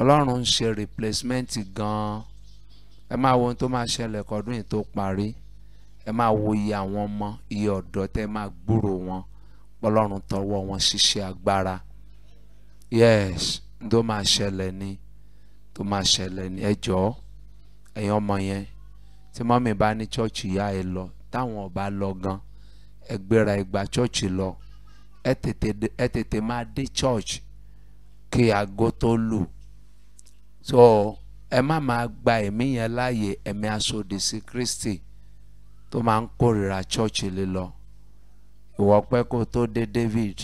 Ọlọ́run ń ṣe replacement gan-an ẹ máa wo ohun tó máa ṣẹlẹ̀ kọ́dún yìí tó parí ẹ máa wo iye àwọn ọmọ iye ọ̀dọ́ tẹ́ máa gbúrò wọn ọlọ́run tọwọ́ wọn ṣiṣẹ́ agbára yes tó máa ṣẹlẹ̀ ni tó máa ṣẹlẹ̀ ni ẹ jọ̀ọ́ ẹ̀yin ọmọ yẹn tí mọ́mì bá ní chọ́ọ̀chì yá ẹ lọ táwọn ọba lọ gan ẹ gbéra ẹ gba chọ́ọ̀chì lọ ẹ tètè ẹ tètè máa dé chọ́ọ̀chì kí aago tó lù so ẹ má máa gba ẹ̀mí yẹn láàyè ẹ̀mí aṣòdì sí Kristi tó máa ń kórìíra chọ́ọ̀chì lílọ ìwọ pẹ́ kó tó dé David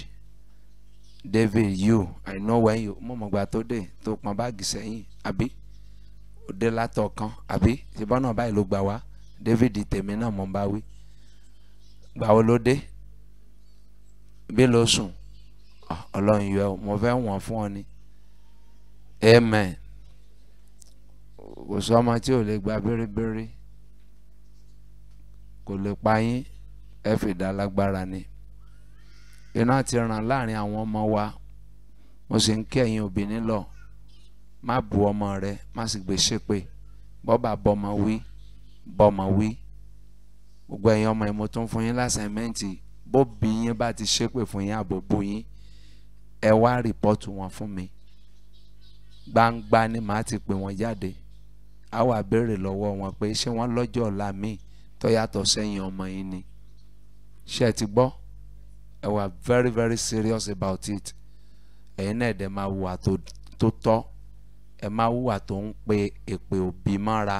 David you I know when you mo mọ̀ gba tó dé tó pọn báàgì sẹ́yìn àbí òde látọ̀ kan àbí ìbọn náà báyìí ló gbà wá David tèmi náà mo ń bá wí gbà wo ló dé bí ló sùn ah, ọlọ́run yọ mo fẹ́ wọ̀n fún ọ ni amen kò sọ́mọ tí ò lè gba bérébéré kò lè pa yín ẹ fìdá lágbára ni iná ti ràn láàrin àwọn ọmọ wa mo sì ń kí ẹ̀yin òbí nílọ̀ má bu ọmọ rẹ má sì gbé ṣépè bọ́bà bọ́mọ wí bọ́mọ wí gbogbo ẹ̀yin ọmọ ìmọ̀ tó ń fún yín lásẹ̀mẹ́ǹtì bó bí yín bá ti ṣépè fún yín àbò bú yín ẹ wá rìpọ́tù wọn fún mi gbangba ni màá ti pè wọ́n jáde a wá béèrè lọ́wọ́ wọn pé ṣé wọ́n lọ́jọ́ ọ̀la míì tó yàtọ̀ sẹ́yìn ọmọ yín ni ṣé ẹ ti gbọ́ ẹ wà very very serious about it ẹ̀yin náà dẹ̀ máa hùwà tó tọ́ ẹ máa hùwà tó ń pe èpè òbí mọ́ra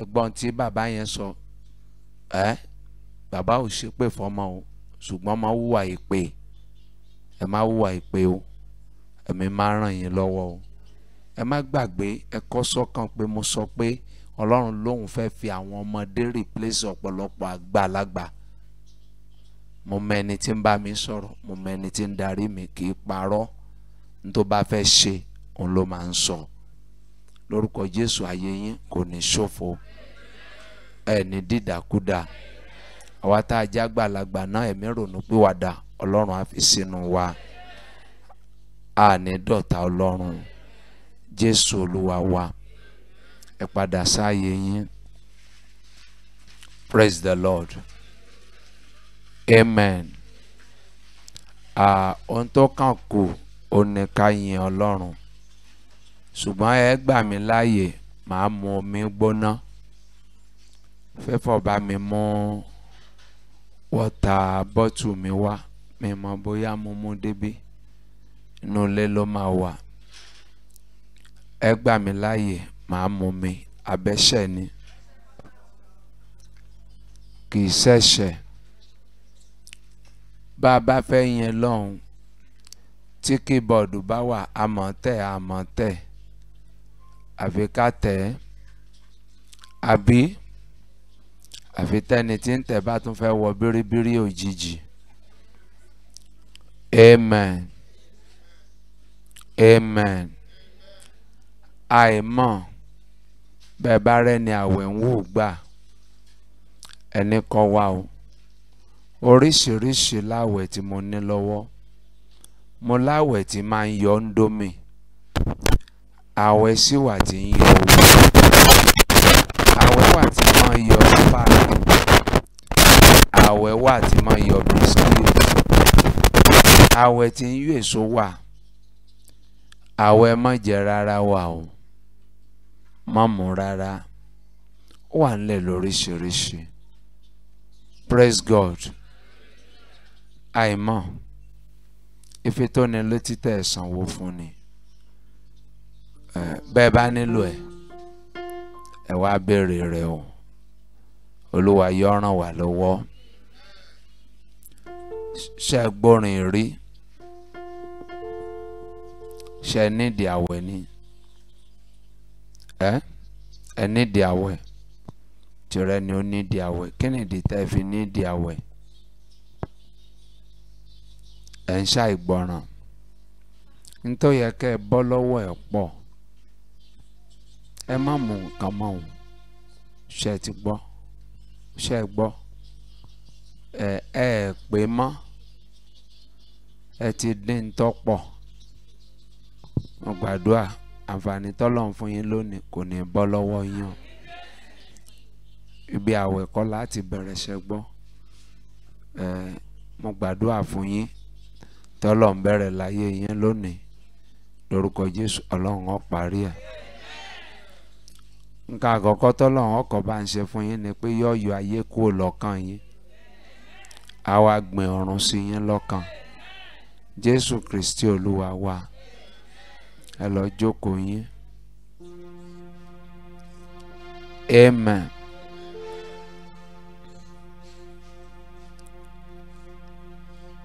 ẹ̀gbọ́n tí bàbá yẹn sọ ẹ bàbá ò ṣépè fọmọ o ṣùgbọ́n máa hùwà èpè ẹ máa hùwà èpè o ẹ̀mí máa ràn yín lọ́wọ́ o ẹ má gbàgbé ẹ kọ́ sọ́kàn pé mo sọ pé ọlọ́run lòun fẹ́ fi àwọn ọmọdé replace ọ̀pọ̀lọpọ̀ àgbàlagbà mo mọ ẹni tí ń bá mi sọ̀rọ̀ mo mọ ẹni tí ń darí mi kì í parọ́ ní tó bá fẹ́ ṣe òun ló máa ń sọ lórúkọ Jésù ayé yín kò ní ṣòfò ẹ dídàkúdà àwa tá a já gbàlagbà náà ẹ̀mí ronú pìwàdà ọlọ́run á fi sínú wa a ní dọ̀tá ọlọ́run jésù olúwa wa ẹ padà sáàyè yín praise the lord amen ohun tó kàn kù ó ní ká yin ọlọ́run ṣùgbọ́n ẹ gbà mí láàyè màá mu omi gbóná fẹ́fọ̀ bá mi mú wọ́tà bọ́tù mi wá mi mọ̀ bóyá mo mú débí inú ilé ló máa wà ẹ gbà mí láàyè màá mu mi àbẹ́ṣẹ̀ ni kì í ṣẹ̀ṣẹ̀ bá a bá fẹ́ yẹn lọ́hùn tí kíbọ̀dù bá wà àmọ̀tẹ́ àmọ̀tẹ́ àfi ká tẹ̀ ẹ́ àbí àfi tẹ́ni tí ń tẹ̀ bá tún fẹ́ wọ bíríbírí òjijì amen amen àìmọ̀ bẹ́ẹ̀ bá rẹ́ni àwẹ̀ ń wò gbà ẹni kan wà o oríṣiríṣi láwẹ̀ tí mo ní lọ́wọ́ mo láwẹ̀ tí máa ń yọ ńdómì àwẹ̀ sì wà tí ń yọ owó àwẹ̀ wà tí máa yọ páàkì àwẹ̀ wà tí máa yọ bisikíìtì àwẹ̀ tí ń yọ èso wà àwẹ̀ má jẹ rárá wà o má mu rárá ó wà nílẹ̀ lóríṣiríṣi praise God àìmọ̀ ìfitónilétí tẹ̀ sanwó fún ni bẹ́ẹ̀ bá nílò ẹ̀ ẹ̀ wá béèrè rẹ̀ o olúwa yọ ràn wá lọ́wọ́ ṣe gbórin rí ṣe nídìí àwẹ̀ ni. ẹ ẹ nídìí àwẹ̀ ni o kí ni ìdí tẹ́ fi nídìí àwẹ̀ ẹ̀ ń ṣàìgbọràn yẹ ẹ ẹ má mú nǹkan ṣe ti gbọ́ ṣe gbọ́ ẹ ẹ ẹ ti dín tọ́pọ̀ àǹfààní tọ́lọ́run fún yín lónìí kò ní bọ́ lọ́wọ́ yín o ibi àwẹ̀ kọ́ láti bẹ̀rẹ̀ ṣẹgbọ́ ẹ mo gbàdúrà fún yín tọ́lọ́run bẹ̀rẹ̀ láyé yín lónìí lórúkọ Jésù ọlọ́run ó parí ẹ̀ nǹkan àkọ́kọ́ tọ́lọ́run ọkọ̀ bá ń ṣe fún yín ni pé yóò ayé kúrò lọ́kàn yín àwa gbìn ọ̀run sí yín lọ́kàn Jésù Kristi Olúwa wa ẹ lọ jókòó yín amen.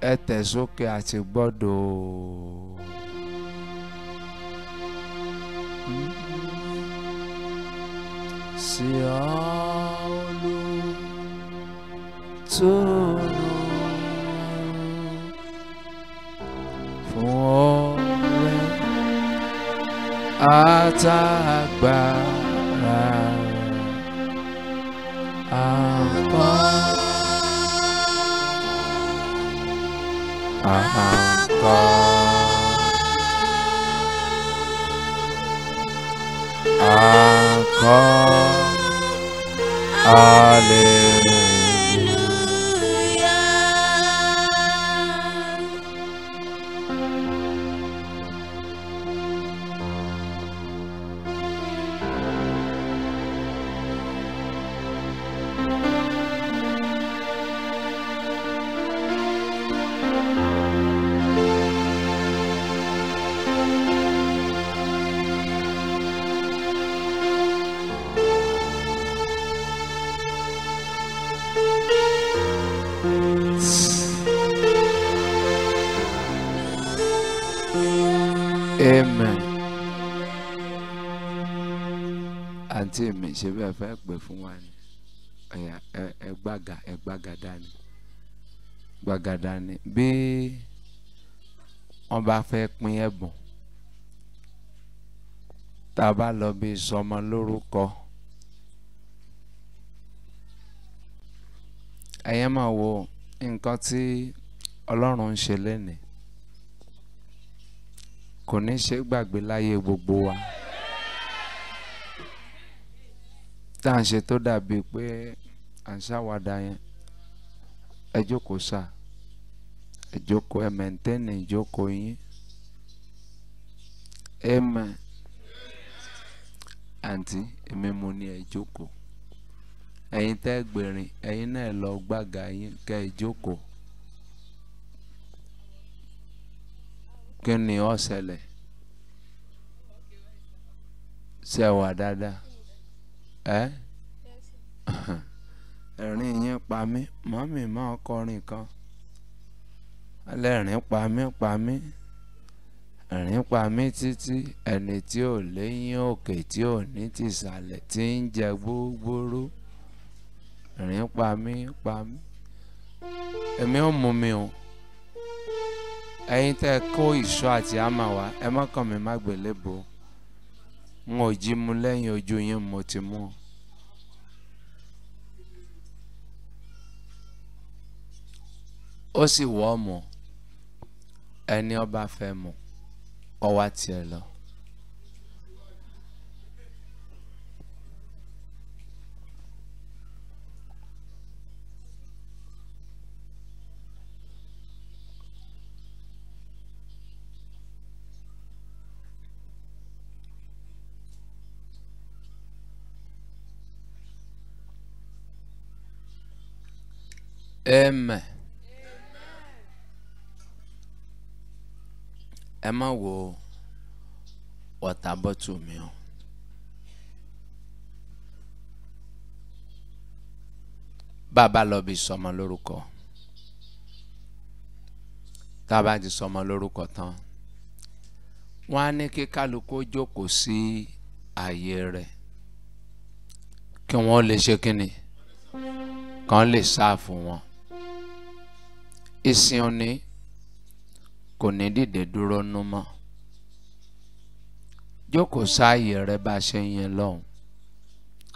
ẹ tẹ̀ sókè àti gbọ́dọ̀ sí ọ́ọ́lù tó nù àtàgbára àpọ́n àpọ́n àkọ́ alim. ṣe bẹ́ẹ̀ fẹ́ pè fún wa ni ẹ̀yà ẹ gbága ẹ gbága dání gbága dání bí wọ́n bá fẹ́ pín ẹ̀bùn tá a bá lọ bí sọmọ lórúkọ ẹ̀yẹ́ máa wo nǹkan tí ọlọ́run ń ṣe lẹ́nìí kò ní ṣe gbàgbé láyé gbogbo wa. Yeah. tá à ń ṣe tó dàbíi pé à ń ṣàwádà yẹn ẹ jókòó sá ẹ jókòó ẹ mẹ̀ntẹ́nì ìjókòó yín ẹ mẹ àǹtí èmi mo ní ẹ jókòó ẹ̀yin tẹ́ gbèrín ẹ̀yin náà lọ gbàgà yín kẹ́ ẹ jókòó kí ni ó ṣẹlẹ̀ ṣe wà dáadáa ẹ ẹ̀rín yín pa mí mọ́mì máa kọrin kan ẹlẹ́rìn pa mí pa mí ẹ̀rín pa mí títí ẹni tí ò léyìn òkè tí ò ní tìsàlẹ̀ tí ń jẹ gbógbóró ẹ̀rín pa mí pa mí èmi ò mú mi o ẹ̀yin tẹ́ kó ìṣọ́ àti àmà wá ẹ mọ́kàn mi má gbélébò n ò jí mu lẹ́yìn ojú yín mo ti mú o. ó sì wọ́ mu ẹni ọba fẹ́ mu ọwá tiẹ̀ lọ. Amen. ẹ má wo wọ́tà bọ́tù mi o. bàbá lọ bí sọmọ lórúkọ tá a bá ti sọmọ lórúkọ tán wọ́n á ní kí kálukú jókòó sí ààyè rẹ̀ kí wọ́n lè ṣe kínni kàn lè sáà fún wọn ìsìn òní kò ní dìde dúró nú mọ́ jókòó sáàyè rẹ bá ṣe ń yẹn lọ́hùn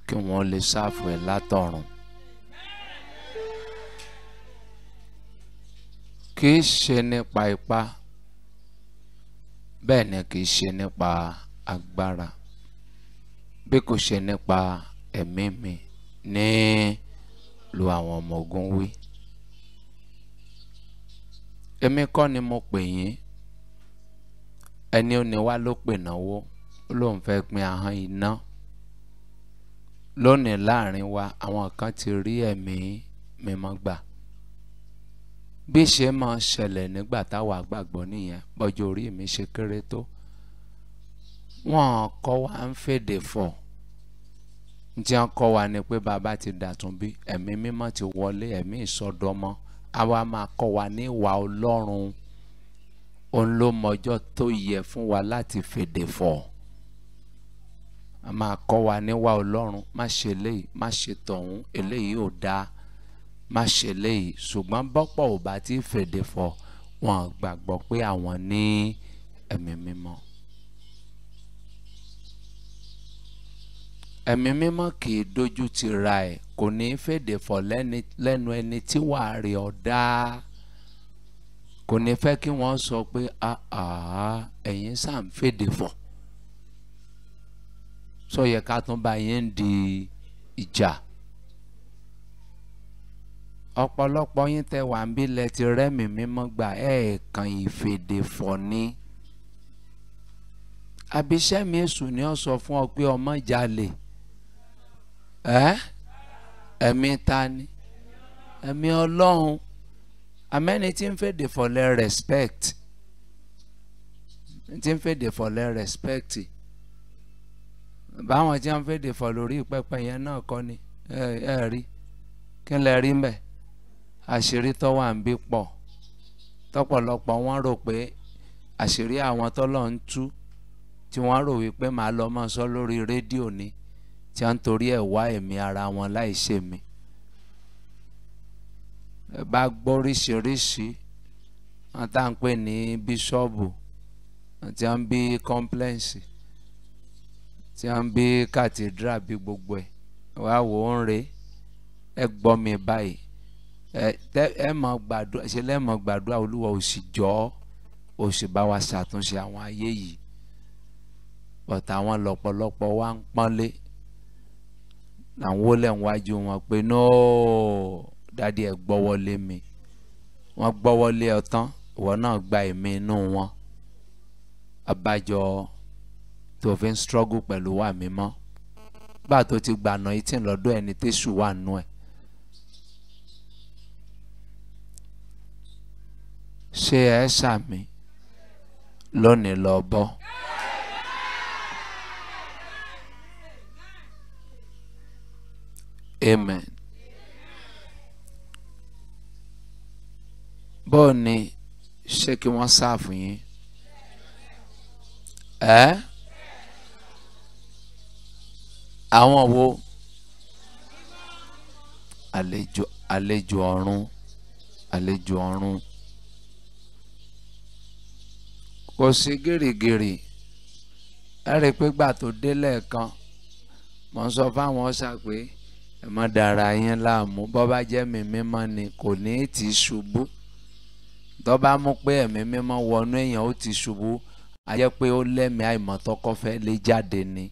kí wọ́n lè sáfù ẹ̀ látọ̀run kì í ṣe nípa ipá bẹ́ẹ̀ ni kì í ṣe nípa agbára bí kò ṣe nípa ẹ̀mí mi ní lu àwọn ọmọ ogun wí èmi kọ́ ni mo pè yín ẹni ó ní wá ló pè náwó ó lóun fẹ́ pin ahọ́n iná lónìí láàrin wa àwọn kan ti rí ẹ̀mí mímọ́ gbà bí ṣe máa ṣẹlẹ̀ nígbà táwa gbàgbọ́ nìyẹn bọ́jú orí mi ṣe kéré tó wọ́n kọ́ wa ń fèdè fọ̀ ǹjẹ́ kọ́ wa ni pé bàbá ti dàtún bí ẹ̀mí mímọ́ ti wọlé ẹ̀mí ìsọdọmọ. So a wá máa kọ́ wa ní ìwà ọlọ́run òun ló mọjọ́ tó yẹ fún wa láti fèdè fọ̀ a máa kọ́ wa níwà ọlọ́run má ṣe eléyìí má ṣe tọ̀hún eléyìí ò dáa má ṣe eléyìí ṣùgbọ́n bọ́pọ̀ ò bá ti fèdè fọ̀ wọn gbàgbọ́ pé àwọn ní ẹ̀mí mímọ́ ẹ̀mí mímọ́ kì í dójú ti ra ẹ̀ kò ní fèdè fọ̀ lẹ́nu ẹni tí wàá rí ọ̀dá kò ní fẹ́ kí wọ́n sọ pé ẹ̀yin sáà ń fèdè fọ̀ sọ yẹ ká tún bá yín di ìjà ọ̀pọ̀lọpọ̀ yín tẹ wà ń bí lẹ ti rẹ́mi mímọ́ gbà ẹ̀ẹ̀kan ìfèdè fọ̀ ni àbíṣẹ́mi èṣù ni ó sọ fún ọ pé ọmọ jalè ẹ́ eh? ẹ̀mí ta ni ẹ̀mí ọlọ́run àmẹ́ni tí ń fèdè fọ̀lẹ́ respect tí ń fèdè fọ̀lẹ́ respect báwọn tí ń fèdè fọ̀ lórí pẹpẹ yẹn náà kọ́ ni ẹ ẹ rí kí lẹ rí mbẹ àṣírí tó wà ń bí pọ̀ tọ́pọ̀lọpọ̀ wọ́n rò pé àṣírí àwọn tọ́lọ̀ ń tú tí wọ́n rò wípé màá lọ mọ́ sọ lórí rédíò ni tí wọ́n ń torí ẹ̀ wá ẹ̀mí ara wọn láì ṣe mí ẹ bá gbọ́ oríṣiríṣi wọ́n tá ń pè ní bíṣọ́ọ̀bù tí wọ́n ń bí kọ́ńplẹ́ǹsì tí wọ́n ń bí kàtìdírà bí gbogbo ẹ̀ wá wò ó ń re ẹ gbọ́ mi báyìí ẹ mọ̀ gbàdúrà ṣe lẹ́mọ̀ gbàdúrà olúwa ò sì jọ́ ò sì bá wa ṣàtúnṣe àwọn ayé yìí bọ̀tà àwọn lọ́pọ̀lọpọ̀ wa ń pọ́nlé làwọn lẹ̀ ń wájú wọn pé nóò dádì ẹ̀ gbọ́wọ́lé mi wọ́n gbọ́wọ́lé ọ tán ìwọ náà gba ẹ̀mí inú wọn abájọ tó fi ń struggle pẹ̀lú wà mímọ́ bá a tó ti gbànà etí lọ́dọ̀ ẹni tẹ́sù wà nù ẹ̀. ṣé ẹ ṣàmì lónìí lọ bọ́. Yeah. amen. bọ́ọ̀ ni ṣé kí wọ́n sáàfù yín ẹ́ àwọn wo àlejò àlejò ọ̀run àlejò ọ̀run kò sí gírígírí ẹ rí i pé gbà tó dé lẹ́ẹ̀kan mò ń sọ fáwọn ọ̀sà pé ẹ má dara yín láàmú bọ́bá jẹ́ mi mímọ́ ni kò ní í ti ṣubú tọ́ba mú pé ẹ̀mí mímọ́ wọnú èèyàn ó ti ṣubú a jẹ́ pé ó lẹ́mìí àìmọ̀tọ́kọ́ fẹ́ lé jáde ni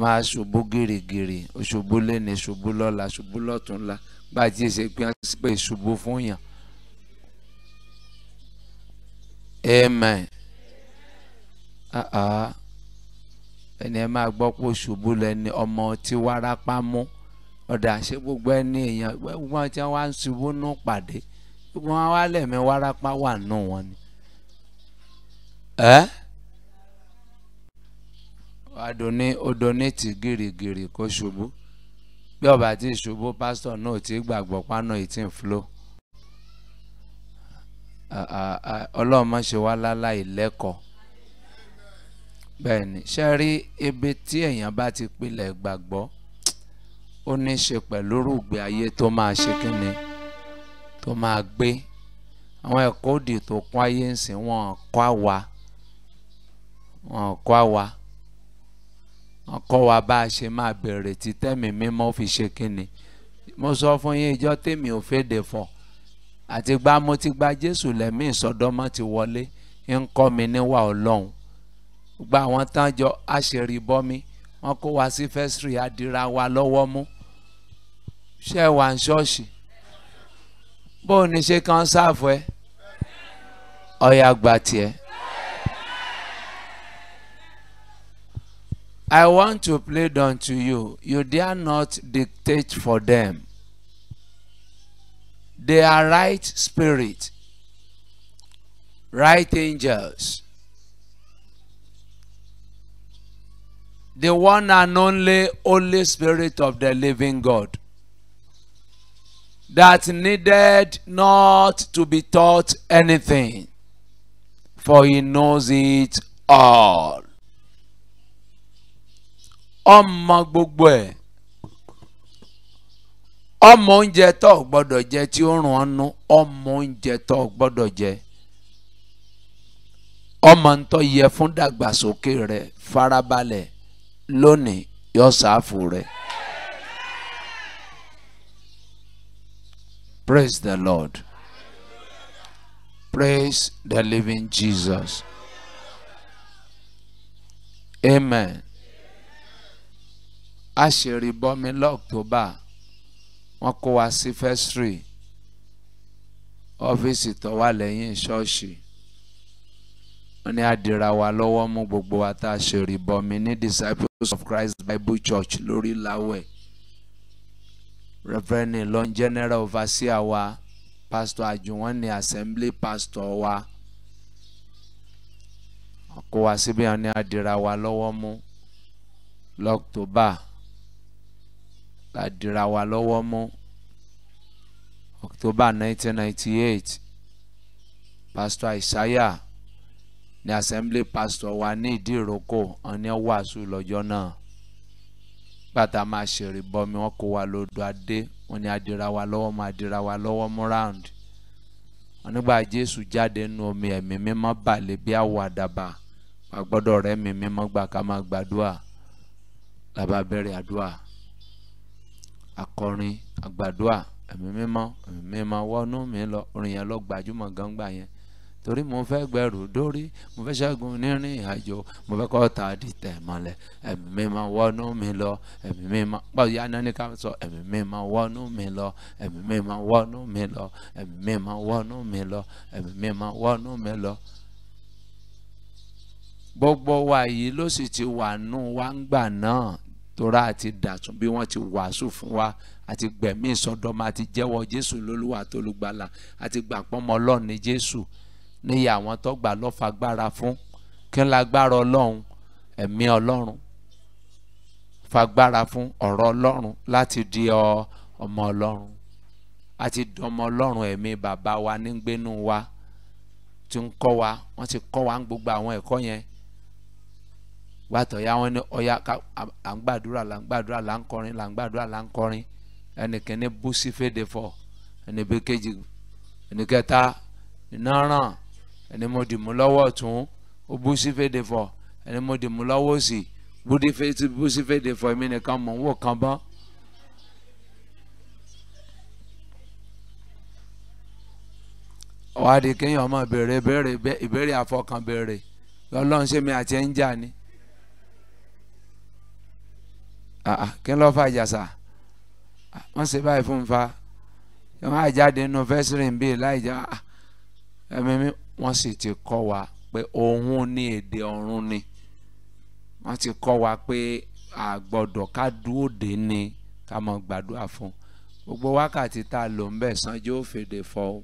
máa ṣubú gìrìgìrì ṣubú lẹ́ni ṣubú lọ́la ṣubú lọ́túnla bá a ti ṣe pé wọ́n ti pè ṣubú fún yàn. amen. Uh -uh ẹni ẹ máa gbọ́ pé ṣubú lẹni ọmọ tí wárápá mú ọ̀dà ṣé gbogbo ẹni èèyàn gbogbo tí wọ́n á ń ṣubú nù pàdé gbogbo wọn wá lẹ̀mí wárápá wà nù wọn ni. ẹ́ adoni odonate gírígírí kó ṣubú bí ọba tí ṣubú pásítọ̀ náà ti gbàgbọ́ pánà eighteen flow ọlọ́run má ṣe wá láláì lẹ́kọ̀ọ́ bẹ́ẹ̀ni ṣe rí ibi tí èèyàn bá ti pilẹ̀ gbàgbọ́ ó ní í ṣe pẹ̀lú rúgbì ayé tó máa ṣe kíni tó máa gbé àwọn ẹ̀kọ́ òdì tó kún ayé ń sìn wọ́n kọ́ àwa wọ́n kọ́ àwa wọ́n kọ́ wa bá a ṣe máa bẹ̀rẹ̀ tí tẹ́mi mímọ́ fi ṣe kíni mo sọ fún yín ìjọ tèmi ò fèdè fọ̀ àti gbá mo ti gba Jésù lẹ́mí ìsọdọ́mọ́ ti wọlé ń kọ́ mi níwà Ọlọ́run gba àwọn tán àṣẹrìbọmi wọn kó wa sí fẹsírì àdìrà wa lọ́wọ́ mú ṣe wà ń ṣọ́ọ̀ṣì bó o ṣe kàn ṣáàfù ẹ ọyà gba tiẹ̀. I want to plead unto you, you dare not dictate for them. They are right spirit, right angels. the one and only Holy Spirit of the living God that needed not to be taught anything, for he knows it all. Ọmọ gbogbo ẹ̀ ọmọ oúnjẹ tó gbọ́dọ̀ jẹ tí ó rùn ọ́nú ọmọ oúnjẹ tó gbọ́dọ̀ jẹ ọmọ ń tó yẹ fún dàgbàsókè rẹ̀ farabalẹ̀ lónìí yóò ṣáàfù rẹ̀. Praise the Lord. Praise the living Jesus. Amen. Àṣírí-bọ́mi lọ́któbà wọ́n kó wa sí fẹ́sírì ọ́fíìsì tó wà lẹ́yìn ṣọ́ọ̀ṣì wọ́n ní àdìra wa lọ́wọ́ mú gbogbo wa tá a ṣe rìbọmi ní disciples of Christ Bible Church lórí láwẹ̀ Reverend Ìlọrin general overseer wa pastor àjùwọ̀n ní assembly pastor wa kó wa síbi wọ́n ní àdìra wa lọ́wọ́ mú lọ́któbà àdìra wa lọ́wọ́ mú October 1998 pastor Isaiah ní assembly pastor wa ní ìdíròkò ọ̀ní wàásù lọ́jọ́ náà bàtà máa ṣèrè bọmi wọn kó wa lọ́dọ̀ adé wọn ni adira wa lọ́wọ́ máa dira wa lọ́wọ́ mú round onígbà jésù jáde nínú omi ẹ̀mí mímọ́ balẹ̀ bí àwọ̀ àdàbà wà gbọ́dọ̀ rẹ̀ ẹ̀mí mímọ́ gbà ká máa gbàdúrà làbá bẹ̀rẹ̀ àdúrà akọrin àgbàdúrà ẹ̀mí mímọ́ ẹ̀mí mímọ́ wọnú mi lọ orin yẹn lọ gbajúmọ̀ gangba yẹn torí mo fẹ́ gbẹrù dórí mo fẹ́ ṣẹ́gun nírìn àjò mo fẹ́ kọ́ ta di tẹ̀ mọ́lẹ̀ ẹ̀mí mi máa wọnú mi lọ ẹ̀mí mi máa pàṣẹ anáníkà sọ ẹ̀mí mi máa wọnú mi lọ ẹ̀mí mi máa wọnú mi lọ ẹ̀mí mi máa wọnú mi lọ ẹ̀mí mi máa wọnú mi lọ gbogbo wa yìí ló sì ti wà nù wá ń gbà náà torá àti dàtún bí wọ́n ti wàásù fún wa àti gbẹ̀mí ìsọdọ́mọ àti jẹ́wọ́ Jésù lólúwa tó àti gbàpọ́mọ Ọlọ́run Jésù níyà àwọn tó gbà lọ́fàgbára fún kí n lágbára ọlọ́run ẹ̀mí ọlọ́run fagbára fún ọ̀rọ̀ ọlọ́run láti di ọmọ ọlọ́run àti dọmọ ọlọ́run ẹ̀mí bàbá wa nígbénú wa ti ń kọ́ wa wọ́n ti kọ́ wa ń gbogbo àwọn ẹ̀kọ́ yẹn gbàtọ̀ ya wọn ni ọya à ń gbàdúrà là ń gbàdúrà là ń kọrin là ń gbàdúrà là ń kọrin ẹnìkíní bú sí ẹnìbí kejì ẹnìkẹta iná ràn ẹni mo dì mú lọ́wọ́ ọ̀tún ó bú sí fèdè fọ̀ ẹni mo dì mú lọ́wọ́ òsì bú sí fèdè fọ̀ èmi nìkan mò ń wò kan bọ́n. wàá di kéèyàn ọmọ béèrè béèrè ìbéèrè àfọkànbéèrè lọ́lọ́run ṣé mi àti ẹ̀ ń jà ni kí ló fà jàsà wọ́n ṣe báyìí fún un fa wọ́n á jáde nínú fẹ́sìrì bíi láì já ẹ̀mí mi wọ́n sì ti kọ́ wa pé òun ní èdè ọ̀run ni wọ́n ti kọ́ wa pé àgbọ̀dọ̀ ká dúró dé ni ká mọ̀ gbàdúrà fún gbogbo wákàtí tá a lò ń bẹ̀ sanjó fèdè fọ́ o.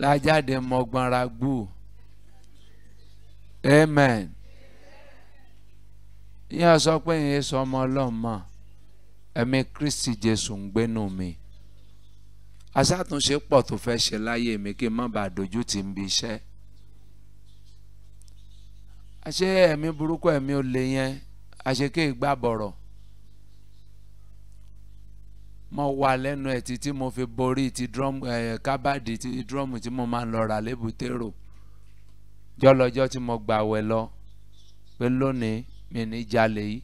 lájáde mọgbọnra gbù amen yíyan sọ pé ìyẹn sọ ọmọ ọlọ́mọ ẹ̀mí Kristi Jésù ń gbénu mi aṣàtúnṣe pọ̀ tó fẹ́ ṣe láyé mi kí n má bàa dojú tì ń bi iṣẹ́ àṣé ẹ̀mí burúkú ẹ̀mí olè yẹn àṣeké ìgbà bọ̀rọ̀ mo wà lẹ́nu ẹ̀ títí mo fi borí ti drum ẹ̀ kábàdì ti drum tí mo máa ń lọ rà lébùtérò jọlọjọ tí mo gbàwẹ̀ lọ pé lónìí mi ní jalè yìí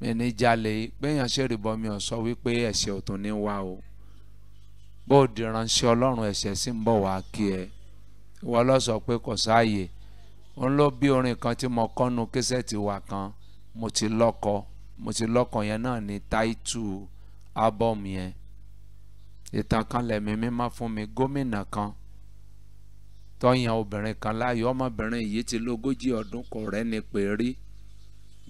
mi ní jalè yìí pé èèyàn ṣèrìbọ mi ò sọ wípé ẹ̀ṣẹ̀ ọ̀tún ní wá o bó o di ránṣẹ́ ọlọ́run ẹ̀ṣẹ̀ sì ń bọ̀ wá kí ẹ wọ́n lọ sọ pé kò sáàyè ń lọ bí orin kan tí mo kọ́nu késẹ́ẹ̀tì wa kan mo ti lọ́kọ mo ti lọ́kọ yẹn náà ní táìtù ábọ́ọ̀mù yẹn ìtàn kan lẹ̀mí mímọ́ fún mi gómìnà kan tọ́yàn obìnrin kan láàyò ọmọbìnrin yìí ti lógójì ọdún kò rẹ́ni pé rí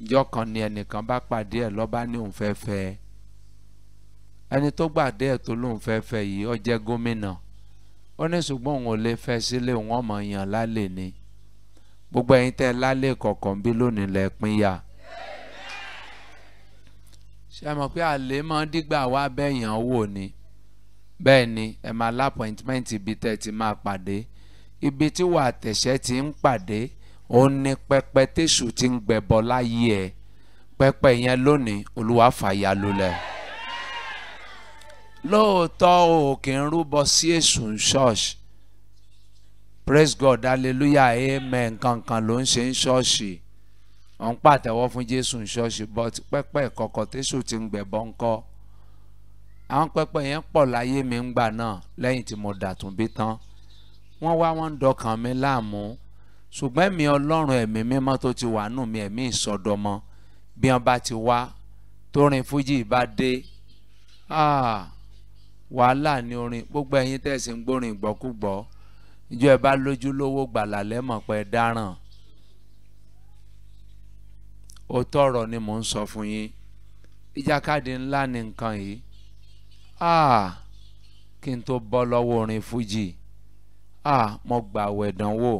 ìjọ́ kan ni ẹnìkan bá pàdé ẹ̀ lọ́ba ní òun fẹ́ fẹ́ ẹ ẹni tó gbàdé ẹ̀ tó lóun fẹ́ fẹ́ yìí ó jẹ́ gómìnà ó ní ṣùgbọ́n òun ò lè fẹ́ sílé òun ọmọ yàn lálẹ́ ni gbogbo ẹ̀yin tẹ́ lálẹ́ kọ̀ọ̀kan bí lónìí lẹ pín yà ṣe mọ̀ pé àlè máa dígbà wá bẹ́yàn wò ni bẹ́ẹ̀ ni ẹ máa lápọ̀ìntìmẹ́ǹt ibi tẹ́ ti máa pàdé ibi tí wà tẹ̀sẹ̀ ti ń pàdé òun ni pẹpẹ tẹ̀sù ti ń gbẹ̀bọ láyé ẹ pẹpẹ yẹn lónìí olúwa fàyà lulẹ̀ lóòótọ́ o kì í rúbọ sí èṣù ṣọ́ọ̀ṣì praise God hallelujah amen kankan ló ń ṣe ń ṣọ́ọ̀ṣì ò ń pàtẹ́wọ́ fún Jésù ń ṣọ́ọ̀ṣì but pẹ́pẹ́ kọ̀kọ̀ tẹ́sù ti ń gbẹ̀bọ̀ ń kọ́ àwọn pẹ́pẹ́ yẹn pọ̀ láyé mi ń gbà náà lẹ́yìn tí mo dàtún bí tán wọ́n wá wọ́n ń dọkàn mi láàmú ṣùgbọ́n ẹ̀mí Ọlọ́run ẹ̀mí mímọ́ tó ti wà nù mí ẹ̀mí ìsọdọmọ bí wọ́n bá ti wá tó rin fújì bá dé ah wàhálà ní orin gbogbo ẹ̀yin tẹ̀sí ń gbórin ìgbọ́kúgbọ́ ìjọ ẹ bá lójú lówó gbàlà lẹ́mọ̀ pé dáràn ó tọrọ ni mò ń sọ fún yín ìjàkadì ńlá ni nǹkan yìí ah kí n tó bọ́ lọ́wọ́ orin fújì ah mo gbà wẹ̀dánwò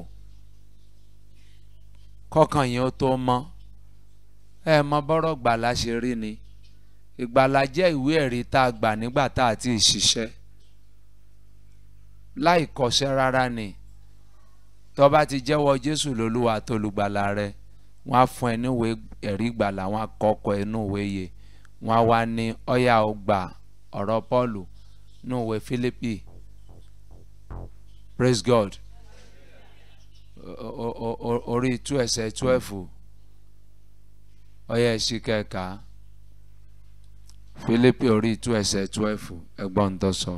kọ́kàn yẹn ó tó mọ́ ẹ mọ bọ́rọ̀ gbàlà ṣe rí ni. Ah, ìgbàlà jẹ́ ìwé ẹ̀rí tá a gbà nígbà tá a ti ṣiṣẹ́ láì kọsẹ̀ rárá ni tó bá ti jẹ́wọ́ Jésù lólúwa tolùgbàlà rẹ wọ́n á fún ẹ níwé ẹ̀rí ìgbàlà wọ́n á kọ́kọ́ ẹ níwé yẹ wọ́n á wá ní ọ̀yà ọgbà ọ̀rọ̀ Paul níwé Fílípì praise God orí tú ẹsẹ̀ twelve ọ̀yà ẹ̀ṣin kẹ̀ka. Fílípì orí tú ẹsẹ̀ twelve ẹgbọ́n ń tọ́sọ.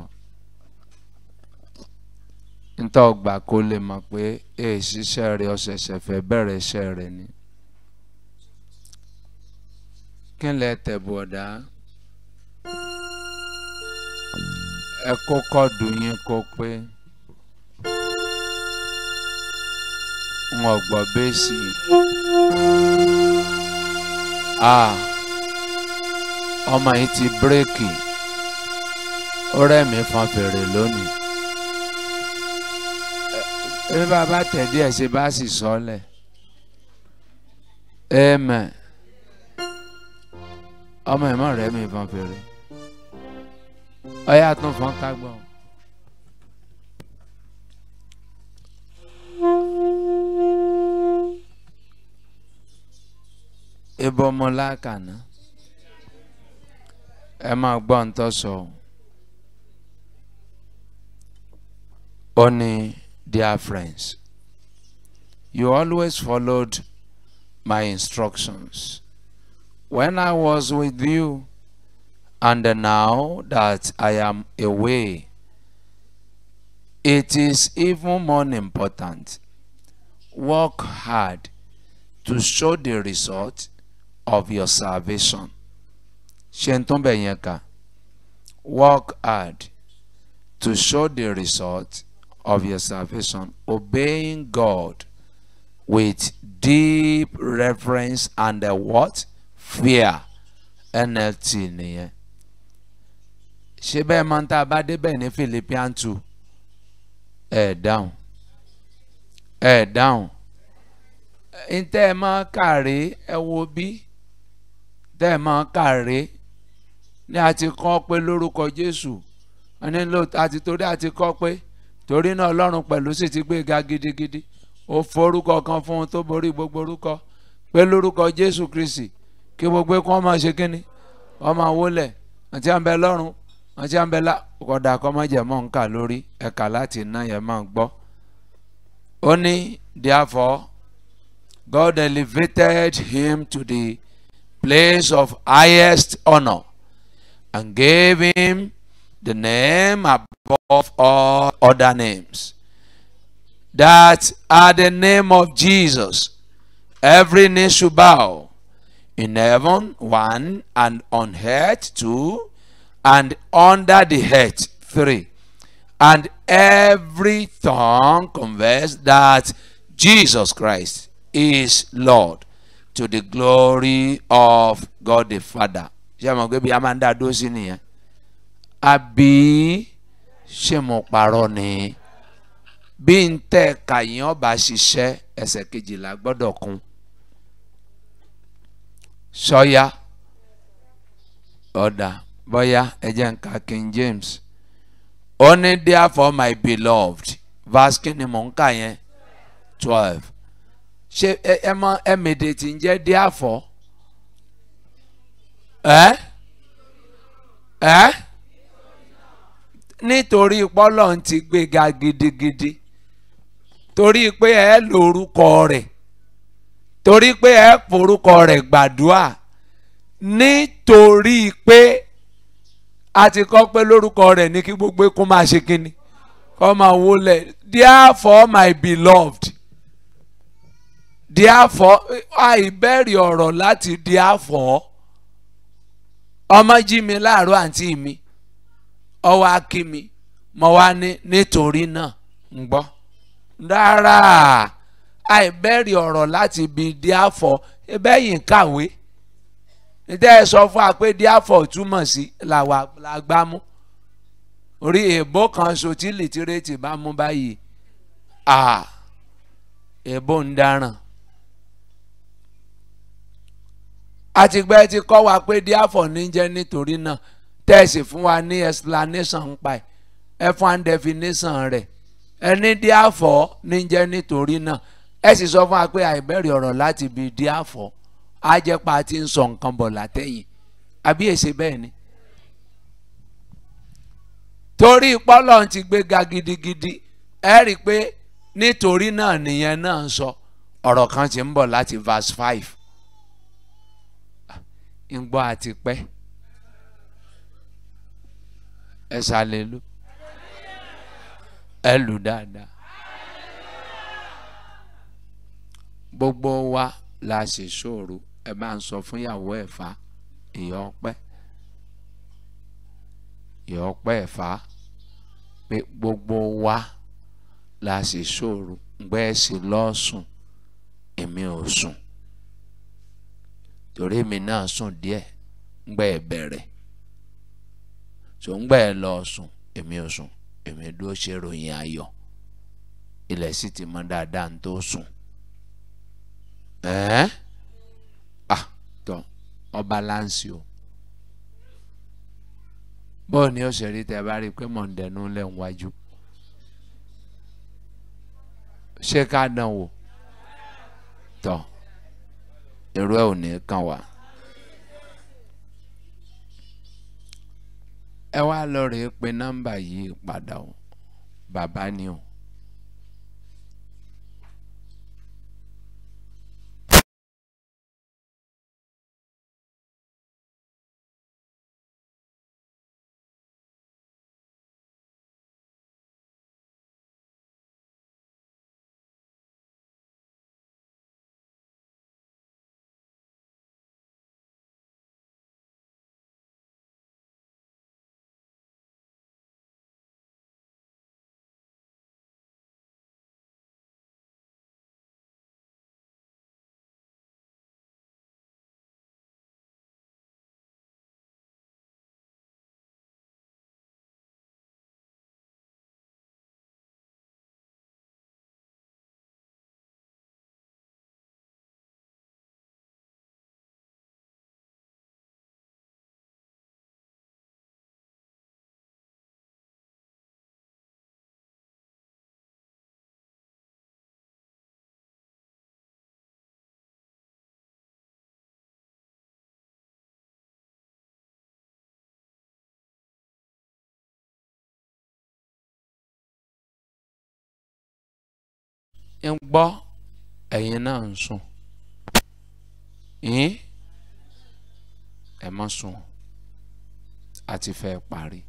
Ntọ́ gbà kó lè mọ̀ pé èsì iṣẹ́ rẹ̀ ọ̀sẹ̀sẹ̀ fẹ́ bẹ̀rẹ̀ iṣẹ́ rẹ̀ ni. Kí lẹ tẹ̀bù ọ̀dá? Ẹ kókọ́ dùn yín kó pé. Wọ́n gbọ́ bẹ́ẹ̀sì. Ah ọmọ yìí ti bírèkì ó rẹ̀mí fọn fèrè lónìí ẹ bàbá tẹ̀lé ẹ̀ ṣe bá sì sọ́lẹ̀ ẹ mẹ̀ ọmọ ẹ̀ mọ̀ rẹ̀mí fọn fèrè ọyá tún fọn ká gbọ́n. ibọmọlá ẹ máa gbọ́ also only sọ dear friends you always followed my instructions when I was with you and now that I am away it is even more important work hard to show the result of your salvation ṣe ń tún bẹ̀ yẹn kà work hard to show the result of your salvation obeying God with deep reverence and a what fear NLT nìyẹn ṣé bẹ́ẹ̀ máa ń tá a bá débẹ̀ ní Philippians two ẹ̀ dáhùn ẹ̀ dáhùn ntẹ́ ẹ máa kàrí ẹ wo bí tẹ́ ẹ máa kàrí ní àti kọ́ pé lórúkọ Jésù ẹni ló àti torí àti kọ́ pé torí náà Ọlọ́run pẹ̀lú sì ti gbé ga gidigidi ó forúkọ kan fún un tó borí gbogbo orúkọ pé lórúkọ Jésù Kristi kí gbogbo kí wọ́n máa ṣe kíni wọ́n máa wólẹ̀ àti àǹbẹ̀ lọ́run àti àǹbẹ̀ la kódà kọ́ nǹka lórí ẹ̀ka láti iná yẹn máa gbọ́. ó ní therefore God elevated him to the place of highest honour and gave him the name above all other names. That at the name of Jesus, every knee should bow in heaven, one, and on earth, two, and under the earth, three. And every tongue confess that Jesus Christ is Lord to the glory of God the Father. ṣé àwọn ọ̀gẹ́bí a máa ń dá dó sí nìyẹn àbí ṣé mo parọ́ ni bí n tẹ́ kàyín ọba ṣiṣẹ́ ẹsẹ̀ kejìlá gbọ́dọ̀ kún sọ́yà ọ̀dà bọ́yá ẹ̀jẹ̀ nǹka King James ó ní therefore my beloved verse kí ni mò ń kà yẹn twelve ṣé ẹ ẹ mọ ẹ mèdè tí ń jẹ́ therefore ẹ ẹ nítorí pọ́lọ́ ti gbéga gidigidi torí pé ẹ lórúkọ rẹ̀ torí pé ẹ forúkọ rẹ̀ gbàdúrà nítorí pé a ti kọ́ pé lórúkọ rẹ̀ ní kí gbogbo ikú máa ṣe kínní kọ́ máa wọlé therefore my beloved therefore I àìbẹ̀rẹ̀ ọ̀rọ̀ láti therefore ọmọ jí mi láàárọ̀ àǹtí mi ọwọ́ akí mi mo wá ní nítorí náà ń gbọ́ rárá àìbẹ́rì ọ̀rọ̀ láti ibi díàfọ̀ ẹbẹ́ yìí ń kàwé níta ẹ sọ fún wa pé díàfọ̀ túmọ̀ sí làwà làgbámú orí èèbó kan sotí lìtírètì bá mú báyìí à èèbó ń dáràn àtìgbà ti kọ́ wa pé díàfọ̀ ní jẹ́ nítorí náà tẹ̀sí fún wa ní explanation pa ẹ̀ fún wa definition rẹ̀ ẹ ní díàfọ̀ ní jẹ́ nítorí náà ẹ sì sọ fún wa pé àìbẹ̀rẹ̀ ọ̀rọ̀ láti bi díàfọ̀ á jẹ́ pa ti ń sọ nǹkan bọ̀ látẹ̀yìn àbí èsì bẹ́ẹ̀ ni. torí pọ́lọ̀ ti gbéga gidigidi ẹ rí i pé nítorí náà nìyẹn náà ń sọ ọ̀rọ̀ kan ti ń bọ̀ láti verse five. ń gbọ́ àti pẹ́ ẹ ṣàlélú ẹ lù dáadáa gbogbo wa la ṣe ṣòro ẹ máa ń sọ fún ìyàwó ẹ̀fà ìyá ọpẹ́ ìyá ọpẹ́ ẹ̀fà pé gbogbo wa la ṣe ṣòro gbẹ́ẹ̀sì lọ́sùn èmi ò sùn. torí mi náà sùn díẹ̀ gbà ẹ bẹ̀rẹ̀ tó gbà ẹ lọ sùn èmi ò sùn èmi dúró ṣe ròyìn ayọ̀ ilẹ̀ sì ti mọ dáadáa n tó sùn ẹ̀ẹ́ à tán ọba láǹsì o bọ́ọ̀ ni ó ṣe rí tẹ́ bá rí i pé mò ń dẹnu lẹ́ ń wájú ṣé ká dán wò tán. irú ẹ̀ ò ní kàn wá. ẹ wá lọ rèé pe nọ́mbà yìí padà o bàbá ni o. ń gbọ́ ẹ̀yin náà ń sùn yín ẹ má sùn àti fẹ́ parí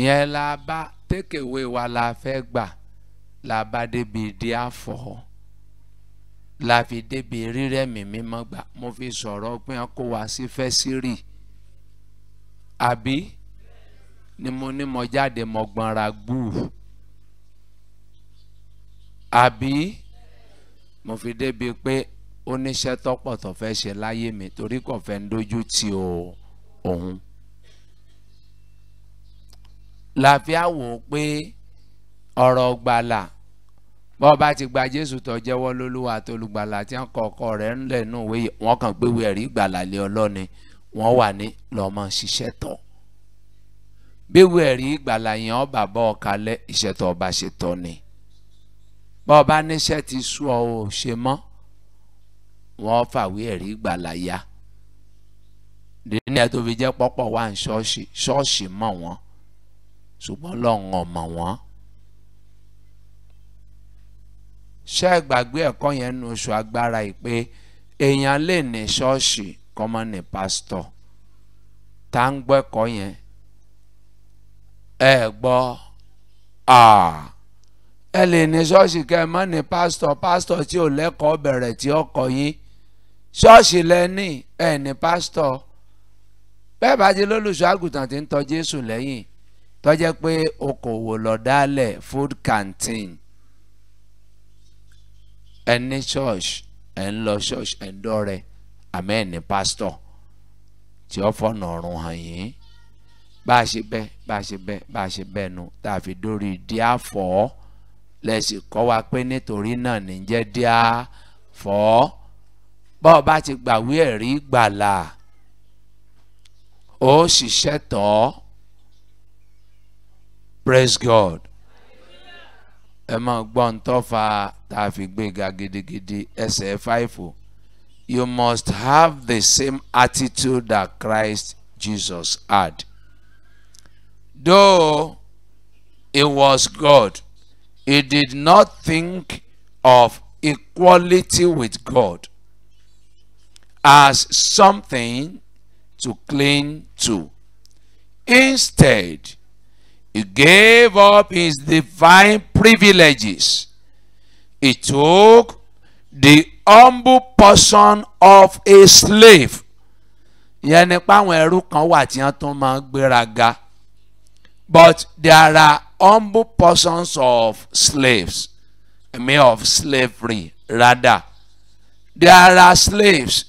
ìyẹn la bá tékèwé wa la fẹ́ gbà la bá débi di àfọ̀ la fi débi rírẹ́ mímí mọ́ gbà mo fi sọ̀rọ̀ pé kó wa sí fẹ́sírì àbí ni mo ní mo jáde mo gbọ́nra gbúù àbí mo fi débi pé oníṣẹ́ tọ́pọ̀ tó fẹ́ ṣe láyé mi torí kò fẹ́ ń dojú ti òun làáfíà wò ó pé ọ̀rọ̀ gbàlà bọ́ bá ti gba Jésù tó jẹ́wọ́ lólúwa tó lùgbàlà tí wọ́n kọ ọkọ rẹ̀ ńlẹ̀ nù wéyè wọ́n kàn gbé wẹ̀rí gbàlà lé ọlọ́ni wọ́n wà ní lọ́mọ ṣiṣẹ́ tọ̀ bí wẹ̀rí gbàlà yẹn ọba bọ́ ọ kalẹ̀ ọba ṣe tọ́ ni bọ́ ọ níṣẹ́ ti sú ọ ò ṣe mọ́ wọ́n fàwé ẹ̀rí gbàláyà dèní tó fi jẹ́ pọ́pọ̀ wá ní ṣọ́ọ̀ṣì ṣọ́ọ̀ṣì mọ̀ wọ́n ṣùgbọ́n lọ́hùn ọ̀mọ̀ wọ́n. ṣé ìgbàgbé ẹ̀kọ́ yẹn nu oṣù agbára yìí pé èèyàn lè ní ṣọ́ọ̀ṣì kọ́mọ́ ní pásítọ̀ tá ń gbọ́ ẹ̀kọ́ yẹn ẹ̀ gbọ́ àà ẹ lè ní ṣọ́ọ̀ṣì kẹ́mọ́ ní pásítọ̀ pásítọ̀ tí ò lẹ́kọ̀ọ́ bẹ̀rẹ̀ tí ó kọ́ yín ṣọ́ọ̀ṣì lẹ́ni ẹ ní pásítọ̀ bẹ́ẹ̀ bá jẹ́ lólùṣọ́ àgùntàn tí ń tọ́ Jésù lẹ́yìn tó pé okòwò ló food canteen ẹ ní ṣọ́ọ̀ṣì ẹ ń lọ ṣọ́ọ̀ṣì ẹ ń dọ́rẹ̀ àmọ́ ẹ ní pásítọ̀ tí ó fọ̀nà ọ̀run hàn yín bá a ṣe bẹ́ẹ̀ bá a ṣe bẹ́ẹ̀ bá a ṣe bẹ́ẹ̀ nu tá a fi dórí ìdí lẹ́sìn kọ́ wa pé nítorí náà ní jẹ́ díà fọ́ bọ́ọ̀ bá ti gbàwé ẹ̀rí gbàlà ó ṣiṣẹ́ tọ́ praise God ẹ mọ̀ gbọ́n tọ́fà tá a fi gbéga gidigidi ẹsẹ̀ fáìfò you must have the same attitude that Christ Jesus had though he was God. He did not think of equality with God as something to cling to. Instead, he gave up his divine privileges. He took the humble person of a slave. ìyẹn àwọn ẹrú kan wà tí wọ́n tún máa ń gbéraga. But there are humble persons of slaves I mean of slavery rather there are slaves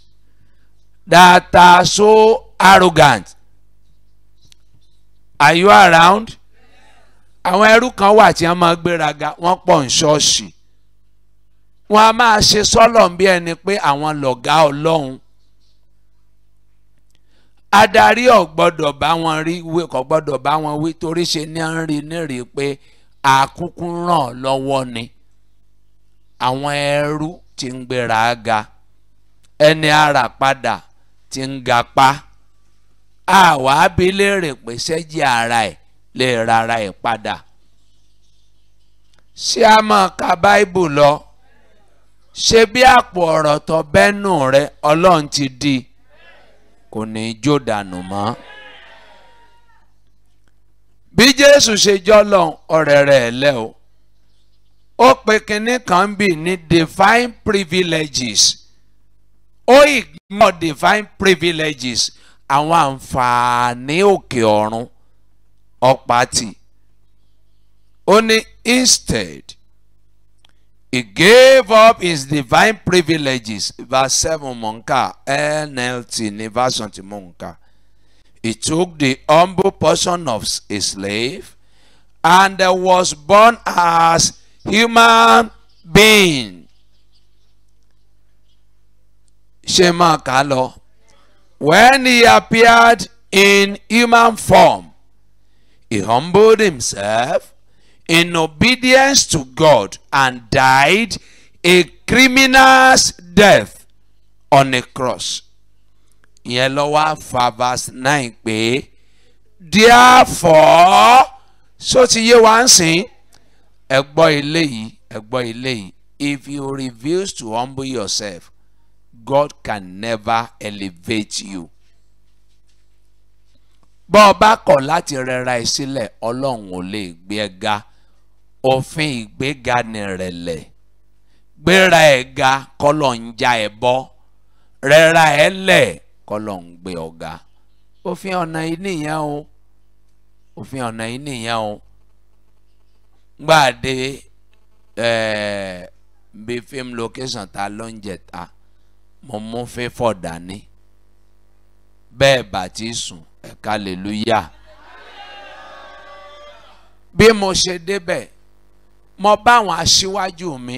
that are so arrogant are you around àwọn ẹrú kan wà tí wọ́n máa gbéraga wọ́n pọ̀ ń ṣọ́ọ̀ṣì wọ́n a máa ṣe sọ́lọ̀ bí ẹni pé àwọn lọ̀gá ọlọ́run adarí ò gbọ́dọ̀ bá wọn rí wí kò gbọ́dọ̀ bá wọn wí torí ṣe ní ń rí nírì pé àkúkú ràn lọ́wọ́ ni àwọn ẹrú tí ń gbéra ga ẹni ara padà tí ń ga pa àwa abiléèrè pé sẹ́jì ara ẹ̀ lè rara ẹ̀ padà ṣé a máa ka báíbù lọ ṣe bí àpò ọ̀rọ̀ tó bẹ́nu rẹ ọlọ́run ti di kò ní jó dànù mọ́ bí jésù ṣe jọlọ ọ̀rẹ́ rẹ̀ lẹ o ó pe kinní kan bí ní divine privileges ó ìgbìmọ̀ divine privileges àwọn àǹfààní òkè ọ̀run ọ̀pá tì ó ní instead He gave up his divine privileges. Verse 7 Monka, NLT, ni version Monka. He took the humble portion of a slave and was born as human being. Shema Kalo. When he appeared in human form, he humbled himself in obedience to God and died a criminal's death on a cross. Ìyẹn lọ wá fa verse nine pé therefore so ti yé wa ń sìn ẹ gbọ́ ilé yìí ẹ gbọ́ ilé yìí if you refuse to humble yourself God can never elevate you. Bọ́ ọ bá kọ̀ láti rẹra ẹ sílẹ̀ Ọlọ́run ò lè gbé ẹ ga òfin ìgbéga nìrẹ̀lẹ̀ gbéra ẹ̀ ga kọ́lọ̀ ń ja ẹ̀ bọ́ rẹ́ra ẹ̀ lẹ̀ kọ́lọ̀ ń gbé ọ̀gá òfin ọ̀nà yìí nìyẹn o òfin ọ̀nà yìí nìyẹn o gbàdé ẹ̀ẹ́ eh, bí fíìmù location ta ló ń jẹ ta mo mú fífọ̀ dání bẹ́ẹ̀ bá ti sùn ẹ̀ka lèlúyà bí mo ṣe débẹ̀ mo bá àwọn aṣíwájú mi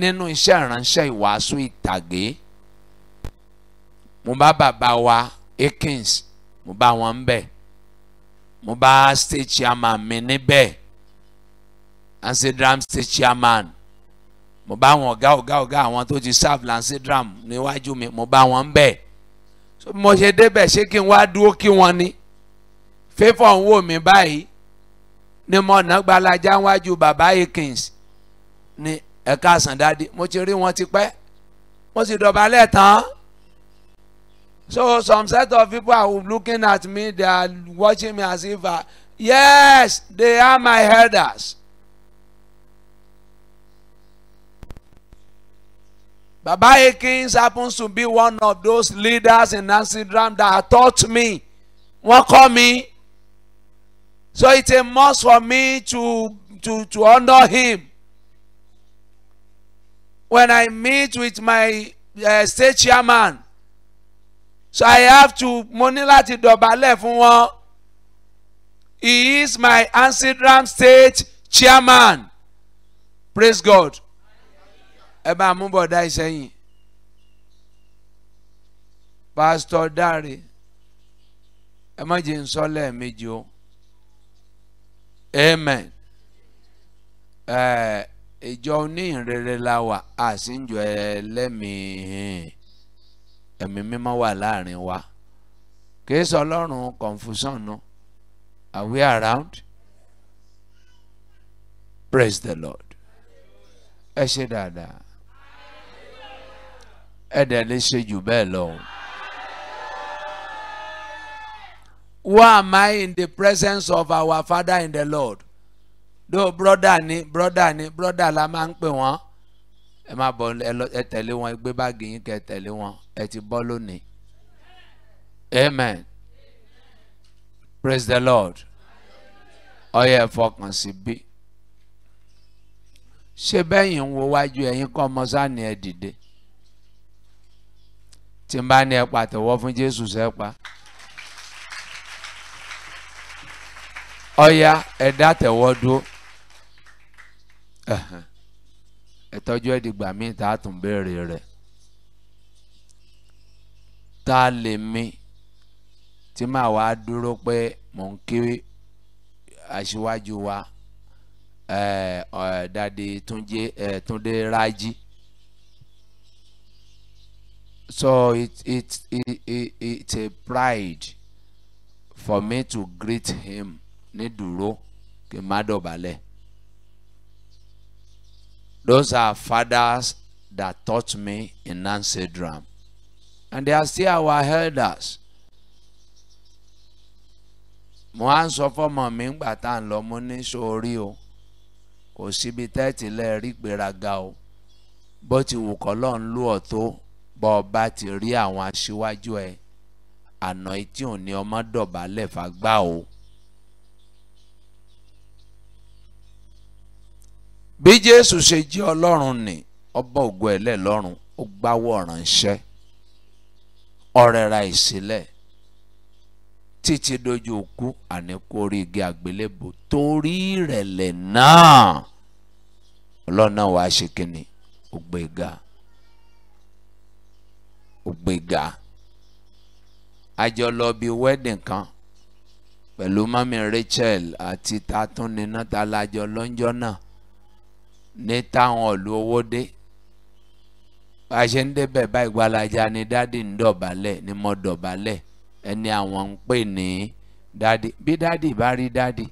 nínú iṣẹ́ ìránṣẹ́ ìwàásù ìtàgé mo bá bàbá wa Akins mo bá wọn ń bẹ̀ mo bá state chairman mi níbẹ̀ ansidram state chairman mo bá àwọn ọ̀gá ọ̀gá ọ̀gá àwọn tó ti serve lansidram níwájú mi mo bá wọn ń bẹ̀ so mo ṣe débẹ̀ ṣé kí n wá dúró kí wọ́n ní favour ń wò mí báyìí ní mọ̀nà gbalaja wájú baba Akins ní ẹ̀ka àsàndádé mo ti rí wọn ti mo sì dọ̀bálẹ̀ tán so some set of people are looking at me they are watching me as if I, uh, yes they are my herders. Baba Ekins happens to be one of those leaders in Nancy Dram that taught me wọ́n kọ́ mi. So it's a must for me to, to, to honor him. When I meet with my uh, state chairman, so I have to mo ní láti dọ̀bálẹ̀ fún He is my ancestral state chairman. Praise God. Eba bá mú bọ̀dá Pastor Dari. ẹ má jẹ́ ń sọ lẹ́ẹ̀mejì amen eh, ìjọ oníhìnrere la wà a sì ń jọ ẹlẹ́mìí ẹ̀mí mímọ́ wà láàrin wa kì í sọ ọlọ́run confusion no are we around praise the lord ẹ ṣe dáadáa ẹ dẹ̀ lè ṣe jù bẹ́ẹ̀ lọ. who am I in the presence of our father in the Lord do brother ni brother ni brother la máa ń pè wọ́n ẹ má bọ̀ ẹ tẹ̀lé wọn ẹ gbé báàgì yín kẹ́ tẹ̀lé wọn ẹ ti bọ́ lónìí amen praise the Lord ọyẹ ẹ fọkàn sí bí ṣé bẹ́yìn ń wo wájú ẹ̀yin kọ́ ọmọ sáni ẹ dìde tí n bá ní ẹ pàtẹ́wọ́ fún Jésù sẹ́pa. ọya ẹ̀dá tẹ̀wọ́ dúró ẹ̀tọ́jú ẹ̀dìgbà míì tá a tún béèrè rẹ̀ tá a lè mi tí màá wá dúró pé mò ń kí aṣíwájú wa dade Túndé Rájí so it, it, it, it, it's a pride for me to greet him ní dúró kí n má dọ̀bálẹ̀. Those are fathers that taught me in drum, and they are still our elders. mo á ń sọ fọmọ mi ńgbà tá à ń lọ mo ní sórí o kò síbi tẹ́tì lẹ́ẹ̀rí gbéraga o bó ti wù kọ́ lọ́n lù ọ́ tó bọ́ ọ bá ti rí àwọn aṣíwájú ẹ àná etí òní ọmọ dọ̀bálẹ̀ fàgbà o. bí jésù ṣe jẹ́ ọlọ́run ni ọba ògo ẹ̀lẹ́ lọ́run ó gbáwọ́ ránṣẹ́ ọ̀rẹ́ra ìsílẹ̀ títí dojú òkú àníkú orí igi àgbélébò torí ìrẹ̀lẹ̀ náà ọlọ́run náà wàá ṣe kínni ó gbé ga ó gbé ga àjọ lọ bí wedding kan pẹ̀lú mami Rachel àti tatún nínú ta lájọ lọ́njọ́ náà ní táwọn ọ̀lú owó dé bá a ṣe ń débẹ̀ báyìí gbalaja ni dádì ń dọ̀bálẹ̀ ni mo dọ̀bálẹ̀ ẹni àwọn ń pè ní dádì bí dádì bá rí dádì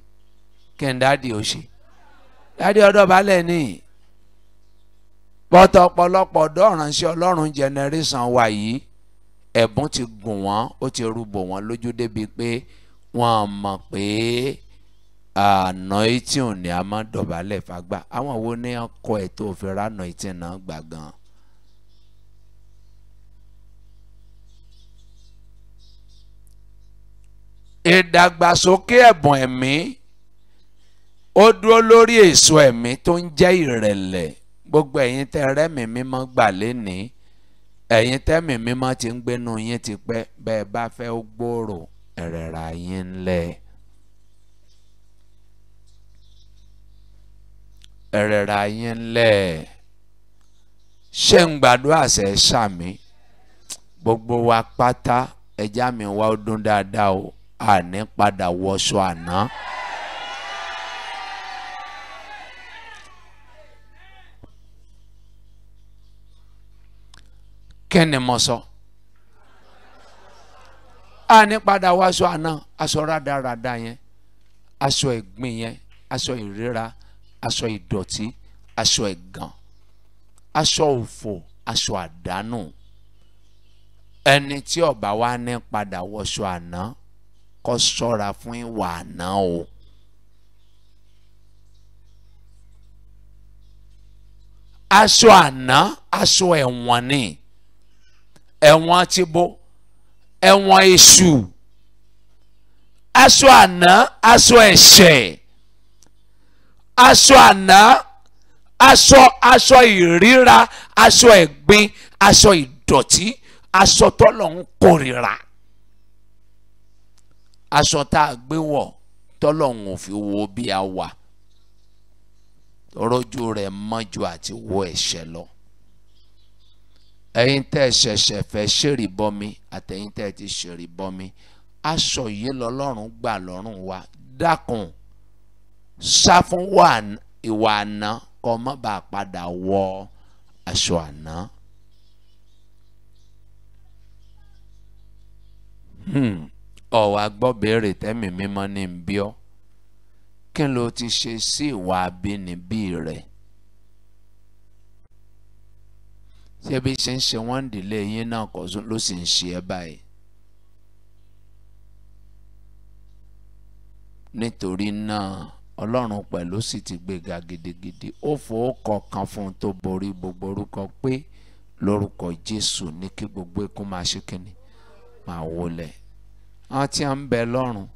kí n dádì ó ṣe dádì ó dọ̀bálẹ̀ ni pọ́tọ́ ọ̀pọ̀lọpọ̀ dọ́ránṣẹ́ ọlọ́run generation wa yìí ẹ̀bùn ti gùn wọ́n ó ti rúbọ wọ́n lójú débi pé wọ́n mọ̀ pé. Pe anointing ni a máa dọ̀bálẹ̀ fagbá àwọn wo ni ọkọ ẹ̀ tó fi ra anointing náà gbà gan. ìdàgbàsókè ẹ̀bùn ẹ̀mí ó dúró lórí èso ẹ̀mí tó ń jẹ́ ìrẹ̀lẹ̀ gbogbo ẹ̀yin tẹ́ rẹ́mi mímọ́ gbà lénìí ẹ̀yin tẹ́mi mímọ́ ti ń gbénu yín ti pẹ́ bẹ́ẹ̀ bá fẹ́ gbòòrò ẹ̀rẹ̀ra yín ńlẹ̀. ẹ rẹra yín lẹ̀ ṣé ń gbàdúrà ṣe ṣàmì gbogbo wa pátá ẹja mi wá ó dún dáadáa o àní padà wọṣọ àná. kẹ́ni mo sọ àní padà wọṣọ àná aṣọ rádaràda yẹn aṣọ ẹ̀gbin yẹn aṣọ ìríra aṣọ ìdọ̀tí aṣọ ẹ̀gàn aṣọ òfò aṣọ àdánù ẹni tí ó bá wá ní padà wọṣọ àná kó ṣọ́ra fún ìwà àná o. aṣọ àná aṣọ ẹ̀wọ̀n ni ẹ̀wọ̀n ti bo ẹ̀wọ̀n èṣù aṣọ àná aṣọ ẹ̀ṣẹ̀ aṣọ àná aṣọ aṣọ ìríra aṣọ ẹ̀gbin aṣọ ìdọ̀tí aṣọ tọ́lọ́hún kórìíra aṣọ tá a gbé wọ̀ tọ́lọ́hún ò fi wo bí a wà rọ́jú rẹ̀ mọ́jú àti wo ẹ̀ṣẹ̀ lọ ẹ̀yin tẹ́ ẹ ṣẹ̀ṣẹ̀ fẹ́ ṣèrì bọmi àtẹ̀yin tẹ́ ẹ ti ṣèrì bọmi aṣọ yìí lọ́lọ́run gbà lọ́rùn wa dákun sá fún ìwà àná kọ́ ọ má bàa padà wọ aṣọ àná. ọ̀wà hmm, gbọ́ béèrè tẹ́mi mímọ́ ní bíọ́ kí ló ti ṣe sí ìwà abínibí rẹ̀ ṣé bí ṣe ń ṣe wọ́n ń dìlé yín náà kọ́ ló sì ń ṣe ẹ́ báyìí. nítorí náà ọlọ́run pẹ̀lú sì ti gbéga gidigidi ó fòó kọ̀ọ̀kan fún un tó borí gbogbo orúkọ pé lórúkọ jésù ní kí gbogbo ikú máa ṣe kínní máa wọlé àwọn tí a ń bẹ lọ́run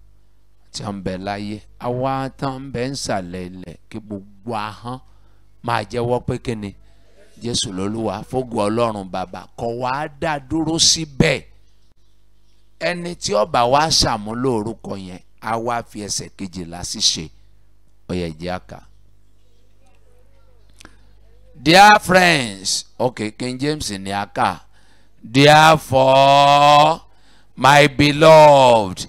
tí a ń bẹ láyé àwa tá ń bẹ ń sàlẹ̀ ilẹ̀ kí gbogbo ahọ́n máa jẹ́wọ́ pé kínní jésù lolúwa fógun ọlọ́run bàbá kọ̀ wá dá dúró síbẹ̀ ẹni tí ó bá ṣàmúlò orúkọ yẹn á fi ẹsẹ̀ kejìlá sí ṣe. Si ọyẹ ìjẹ́ àkà. dear friends okay King James ni àkà therefore my beloved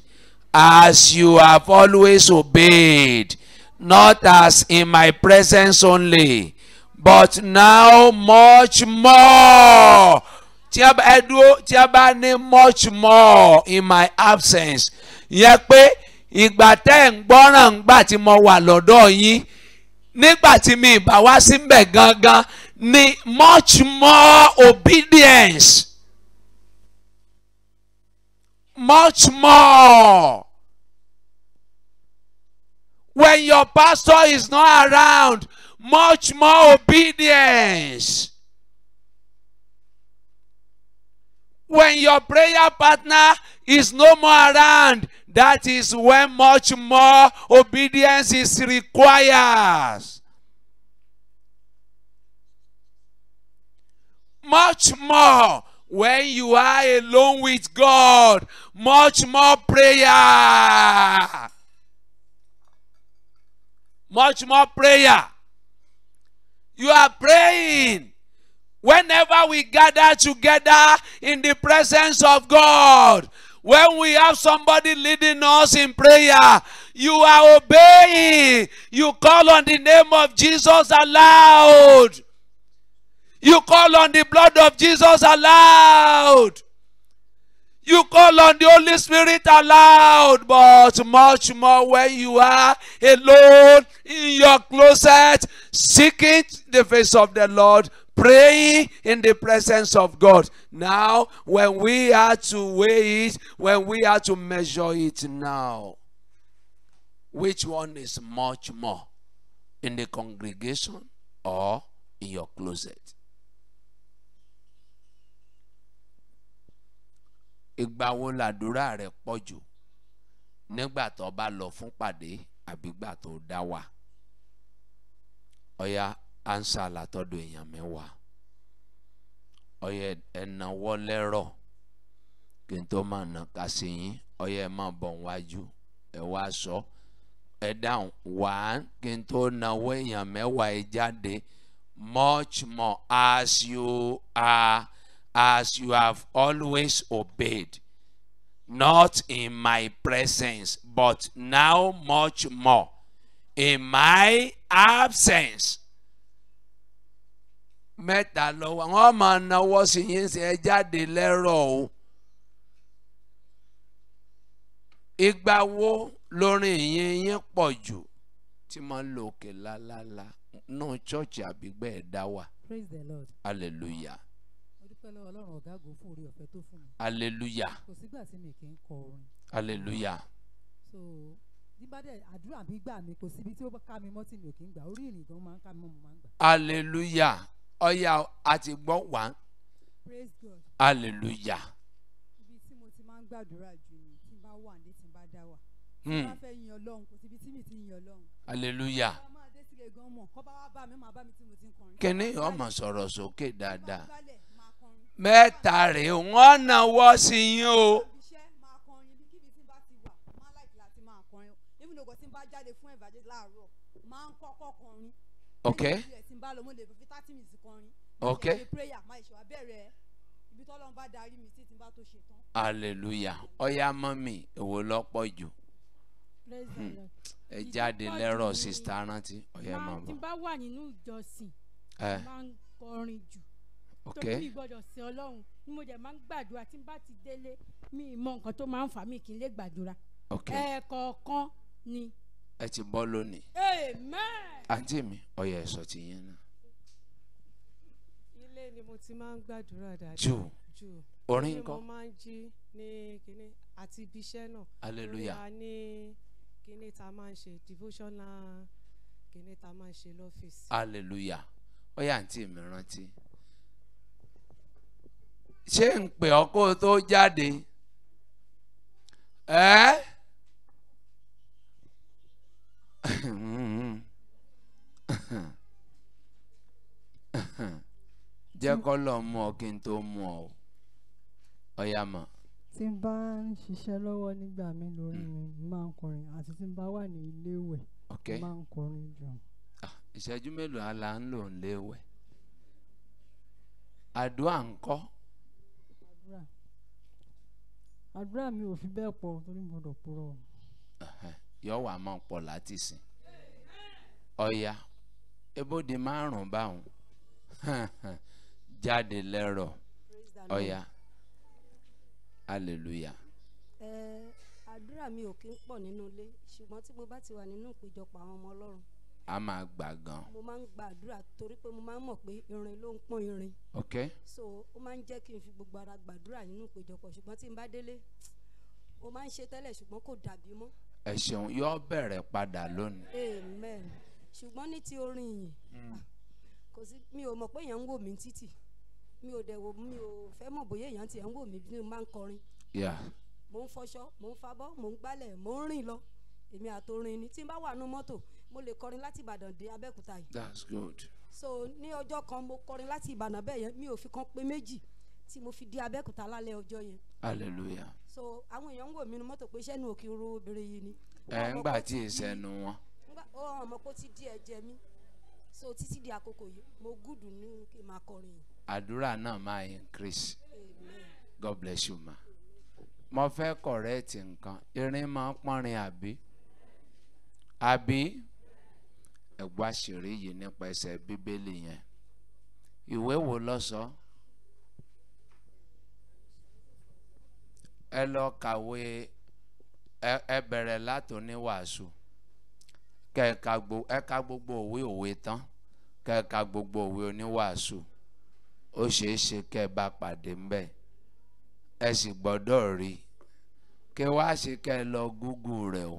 as you have always obeyed not as in my presence only but now much more tí a bá ẹ much more in my absence yẹ pé ìgbà tẹ́ ẹ̀ ń gbọ́ràn ńgbà tí mo wà lọ́dọ̀ yín nígbà tí mi ìbá wá síbẹ̀ gangan ni much more obedience much more when your pastor is not around much more obedience when your prayer partner is no more around That is when much more obedience is required. Much more when you are alone with God, much more prayer. Much more prayer. You are praying. Whenever we gather together in the presence of God, when we have somebody leading us in prayer, you are obeying. You call on the name of Jesus aloud. You call on the blood of Jesus aloud. You call on the Holy Spirit aloud, but much more when you are alone in your closet, seeking the face of the Lord, praying in the presence of God. Now, when we are to weigh it, when we are to measure it now, which one is much more? In the congregation or in your closet? làdúrà rẹ lọ àbígbà tó Ọ̀ya ansa látọ̀dọ̀ èèyàn mẹ́wàá ọyẹ ẹnáwó lẹ́rọ̀ kí n tó máa nà ká sí yín ọyẹ ẹ máa bọ̀ wájú ẹ èèyàn mẹ́wàá ẹ much more as you are as you have always obeyed not in my presence but now much more in my absence mẹ́ta lọ́wọ́ àwọn máa nawọ́ sí yín sí ẹ jáde lẹ́rọ̀ o ìgbà wo lórin yín yín pọ̀ jù tí máa ń lo òkè lálálá náà chọ́ọ̀chì àbígbẹ́ ẹ̀ dá wà praise the lord hallelujah dúpẹ́lẹ́ ọlọ́run ọ̀gágun aleluya. aleluya. aleluya ọyà a ti gbọ́ wá hallelujah. ibi tí mo ti máa ń gbàdúrà jù ni tí n bá wà ní tí n bá dá wà. tí bá hmm. fẹ́ yin ọlọ́run kò síbi tí mi ti yin ọlọ́run. hallelujah. kíni ọmọ sọ̀rọ̀ sókè dáadáa mẹ́ta rèé wọ́n náwó sí yín o. fún ìbàdí láàárọ̀ máa ń kọ́kọ́ kọrin okay okay hallelujah ọyá mọ́mì èwo lọ́pọ̀ jù hmm. ẹ jáde lẹ́rọ̀ sista rántí ọyá mọ́mì. tí n bá wà nínú ìjọsìn máa ń kọrin jù okay torí ìgbọ́dọ̀ sin ọlọ́run ni mo jẹ́ máa ń gbàdúrà tí n bá ti délé mi ì nǹkan tó máa ń fà mí kí n lè gbàdúrà ẹ̀ẹ̀kọ̀ọ̀kan ni ẹ ti bọ́ lónìí. mi ọyọ ẹ̀sọ́ ti ni mo ti ma orin kọ́. mo àti ibi náà. hallelujah. orin a ní kínní tá máa ń ṣe devotional kínní tá máa ń ṣe lọ́fíìsì. àǹtí mi rántí. ṣé ń pè ọ́ kó jáde? ẹ́ẹ́. jẹ́ kọ́ lọ mú ọ kí n tó mú ọ ọ̀yà mọ̀. tí n bá ń ṣiṣẹ́ lọ́wọ́ nígbà mi lórí mi máa ń kọrin àti tí n bá wà ní ilé ìwẹ̀ máa ń kọrin jù. Ah, ìṣẹ́jú mélòó ala ń lò ń lé ìwẹ̀ àdúrà ń kọ́. àdúrà mi ò fi bẹ́ẹ̀ pọ̀ torí mo dọ̀ purọ́ yọ wà máa pọ̀ láti sìn ọ̀ya ebóde márùn báwọn jáde lẹ́rọ̀ ọ̀ya hallelujah. ẹ àdúrà mi ò kí ń pọ̀ nínú ilé ṣùgbọ́n tí mo bá ti wà nínú ìpéjọpọ̀ àwọn ọmọ ọlọ́run a máa gbà gan. mo máa ń gba àdúrà torí pé mo máa ń mọ̀ pé irin ló ń pọ́n irin. ok. so ó máa ń jẹ́ kí n fi gbogbo ara gbàdúrà nínú ìpéjọpọ̀ ṣùgbọ́n tí n bá délé mo máa ń ṣe tẹ́lẹ̀ ṣùgbọ́n kò dàbí mọ́ ẹ ṣeun yóò bẹ̀rẹ̀ padà lónìí. amen ṣùgbọ́n ní ti orin yìí hmm. kò sí mi ò mọ̀ pé èèyàn ń wò mí títì mi ò dẹ̀ mi ò fẹ́ mọ̀ bóyá èèyàn ti ẹ̀ ń wò mí bí mo máa ń kọrin. mo ń fọṣọ mo ń fabọ́ mo ń gbálẹ̀ mo ń rìn lọ èmi àtòrin ni tí n bá wà nú mọ́tò mo lè kọrin láti Ìbàdàn dé Abẹ́òkúta yìí. that's good. so ní ọjọ́ kan mo kọrin láti Ìbàdàn bẹ́ẹ̀ yẹn mi ò fi kan pé méjì tí mo fi dé Abẹ́òkúta lálẹ́ ọjọ́ yẹn. hallelujah so àwọn èèyàn ń wò mí nu mọ́tò pé sẹ́nu òkè ru obìnrin yìí ni. ẹ ń gbà tí ìsẹnu wọn. ọ̀hún ọmọ kó ti di ẹ̀jẹ̀ mi so títí di àkókò yìí mo gùdù ní kí n máa kọrin yìí. àdúrà náà máa increase Amen. God bless you ma mo fẹ́ correct nǹkan irin máa ń pọ́nrin àbí àbí ẹ̀gbọ́n àṣírí yìí nípa ẹsẹ̀ bíbélì yẹn ìwé wo ló sọ. So? ẹ lọ kàwé ẹ bẹ̀rẹ̀ látòní wàásù kẹ̀ka gbogbo ẹ ka gbogbo òwe òwe tán kẹ̀ka gbogbo òwe oníwàásù ó ṣeé ṣe kẹ́ ẹ bá pàdé ńbẹ̀ ẹ sì gbọ́dọ̀ rí kí wá ṣe kẹ́ ẹ lọ gúgù rẹ̀ o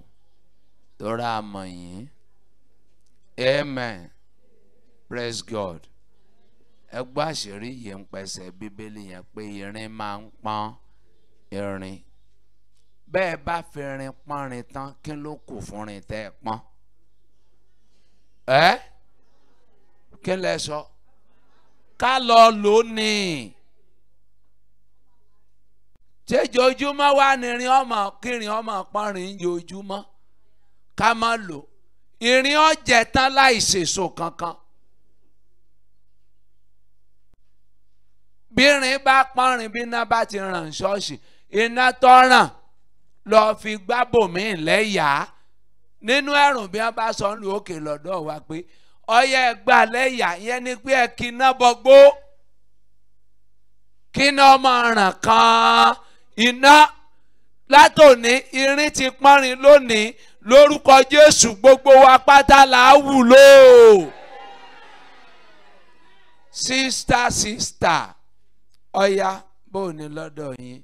tóra àmọ̀ yìí amen praise God ẹ gbọ́ àṣírí yìí ń pẹsẹ̀ bíbélì yẹn pé irin máa ń pọ́n irin bẹ́ẹ̀ bá fi rin pọ́nrin tán kí ló kù fún rin tẹ́ ẹ pọ́n ẹ́ kí lẹ sọ ká lọ lò ní ṣéjoojúmọ́ wá ní rin ọmọ kí rin ọmọ pọ́nrin jojúmọ́ ká má lò ìrìn ọ̀jẹ̀ tán láì ṣèso kankan. bírin bá pọ́nrin bí náà bá ti ràn ṣọ́ọ̀ṣì iná tọ́ràn lọ́ọ́ fi gbábòmíì lẹ́yàá nínú ẹ̀rùn bí wọ́n bá sọ ń lu òkè lọ́dọ̀ wa pé ọyẹ ẹgbà lẹ́yà yẹn ni pé ẹ kíná bọgbó kíná ọmọ ràn kan iná látòní irin ti pọ́nrin lónìí lórúkọ Jésù gbogbo wa pátá là á wúlò sísítà sísítà ọya bóun ni lọ́dọ̀ yín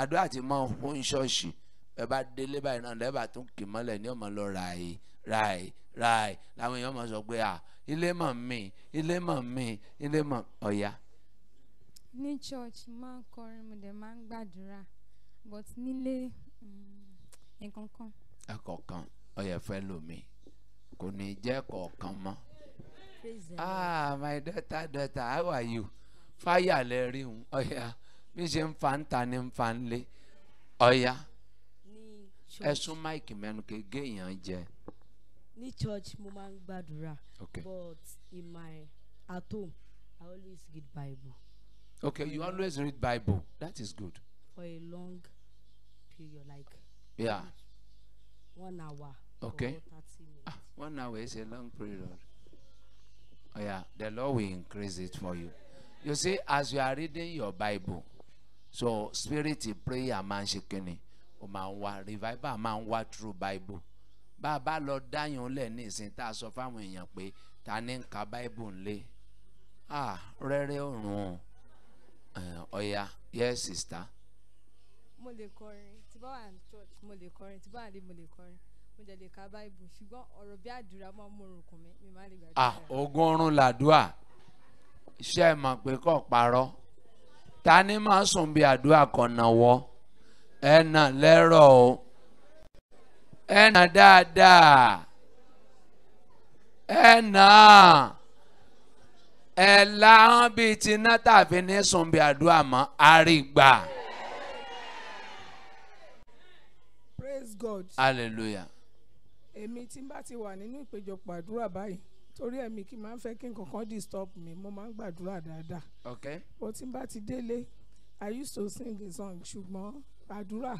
àdúrà ti mọ ohun ṣọ́ọ̀ṣì ẹ bá délé báyìí náà lẹ́bàá tún kì mọ́lẹ̀ ní ọmọ lọ ràì ràì ràì làwọn èèyàn mọ̀ sọ pé à ilé mọ̀ mi ilé mọ̀ mi ilé mọ̀ ọ̀yà. ní church máa ń kọrin mo dẹ̀ máa ń gbàdúrà but nílé nǹkan mm, kan. ẹ̀kọ̀ọ̀kan ọyẹ fẹ́ lomi kò ní jẹ́ kọ̀ọ̀kan mọ́. ah my daughter daughter how are you fire lẹ rí un ọ̀yà. Oh, yeah bí ṣe ń fa ń ta ni ń fa ń lé ọ̀ya ẹ̀sùn máìkì mẹ́nu kéèké èèyàn jẹ. ní church mo máa ń gbàdúrà but in my at home I always read Bible. okay you always read Bible that is good. for a long period like. yeah. one hour. okay ah, one hour is a long period. Oh yeah, the Lord will increase it for you. You see, as you are reading your Bible, so spirit prayer máa ń ṣe kínni ó máa ń wá revival máa ń wá through bible bá a bá lọ dáyàn lẹ̀ ní ìsìn tá a sọ fáwọn èèyàn pé ta ni ń ka bible ńlẹ̀ ah rẹ́rẹ́ òrùn ọ̀ya yes sister. mo lè kọrin tí bá wà ní church mo lè kọrin tí bá wà ní mo lè kọrin mo jẹ lè ka bible ṣùgbọ́n ọ̀rọ̀ bí àdúrà máa ń mú orun kùn mi máa lè gbàdúrà. ah ogun oorun làdúà ṣé ẹ mọ̀ pé kò parọ́ ta ni máa sùn bí àdúrà kan náwọ́ lẹ́rọ̀ o ẹ dáadáa ẹ ẹ láhán bíi ti nátà fi ní sùn bí àdúrà mọ́ àrígbà. praise God hallelujah. èmi tí n bá ti wà nínú ìpéjọpọ̀ àdúrà báyìí torí ẹ̀mí kì í máa ń fẹ́ kí nǹkan kan disturb mi mo máa ń gbàdúrà dáadáa. ok. bó ti bá ti délé i used to sing a song ṣùgbọ́n àdúrà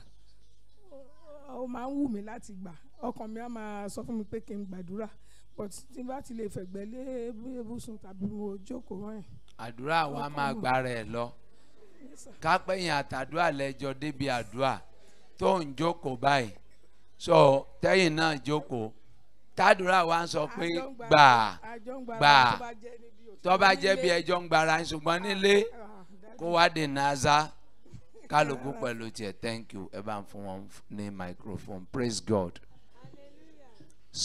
ó máa ń wù mí láti gbà ọkàn mi á máa sọ fún mi pé kí n gbàdúrà but tí bá ti lè fẹ̀gbẹ́ lé ebúsùn tàbí mo jókòó rẹ̀. àdúrà wa máa gba rẹ̀ lọ kápẹ́yìn àtàdúrà lẹ́jọ́ débi àdúrà tó ń jókòó báyìí so tẹ́yìn náà jókòó tádùúrà wa ń sọ pé gbà gbà tọ́ba jẹ́ bí ẹjọ́ ń gbara ṣùgbọ́n nílé ah, kó wá dènà àṣà kálukú pẹ̀lú tiẹ̀ thank you ẹ bá ń fún wọn ní microphone praise God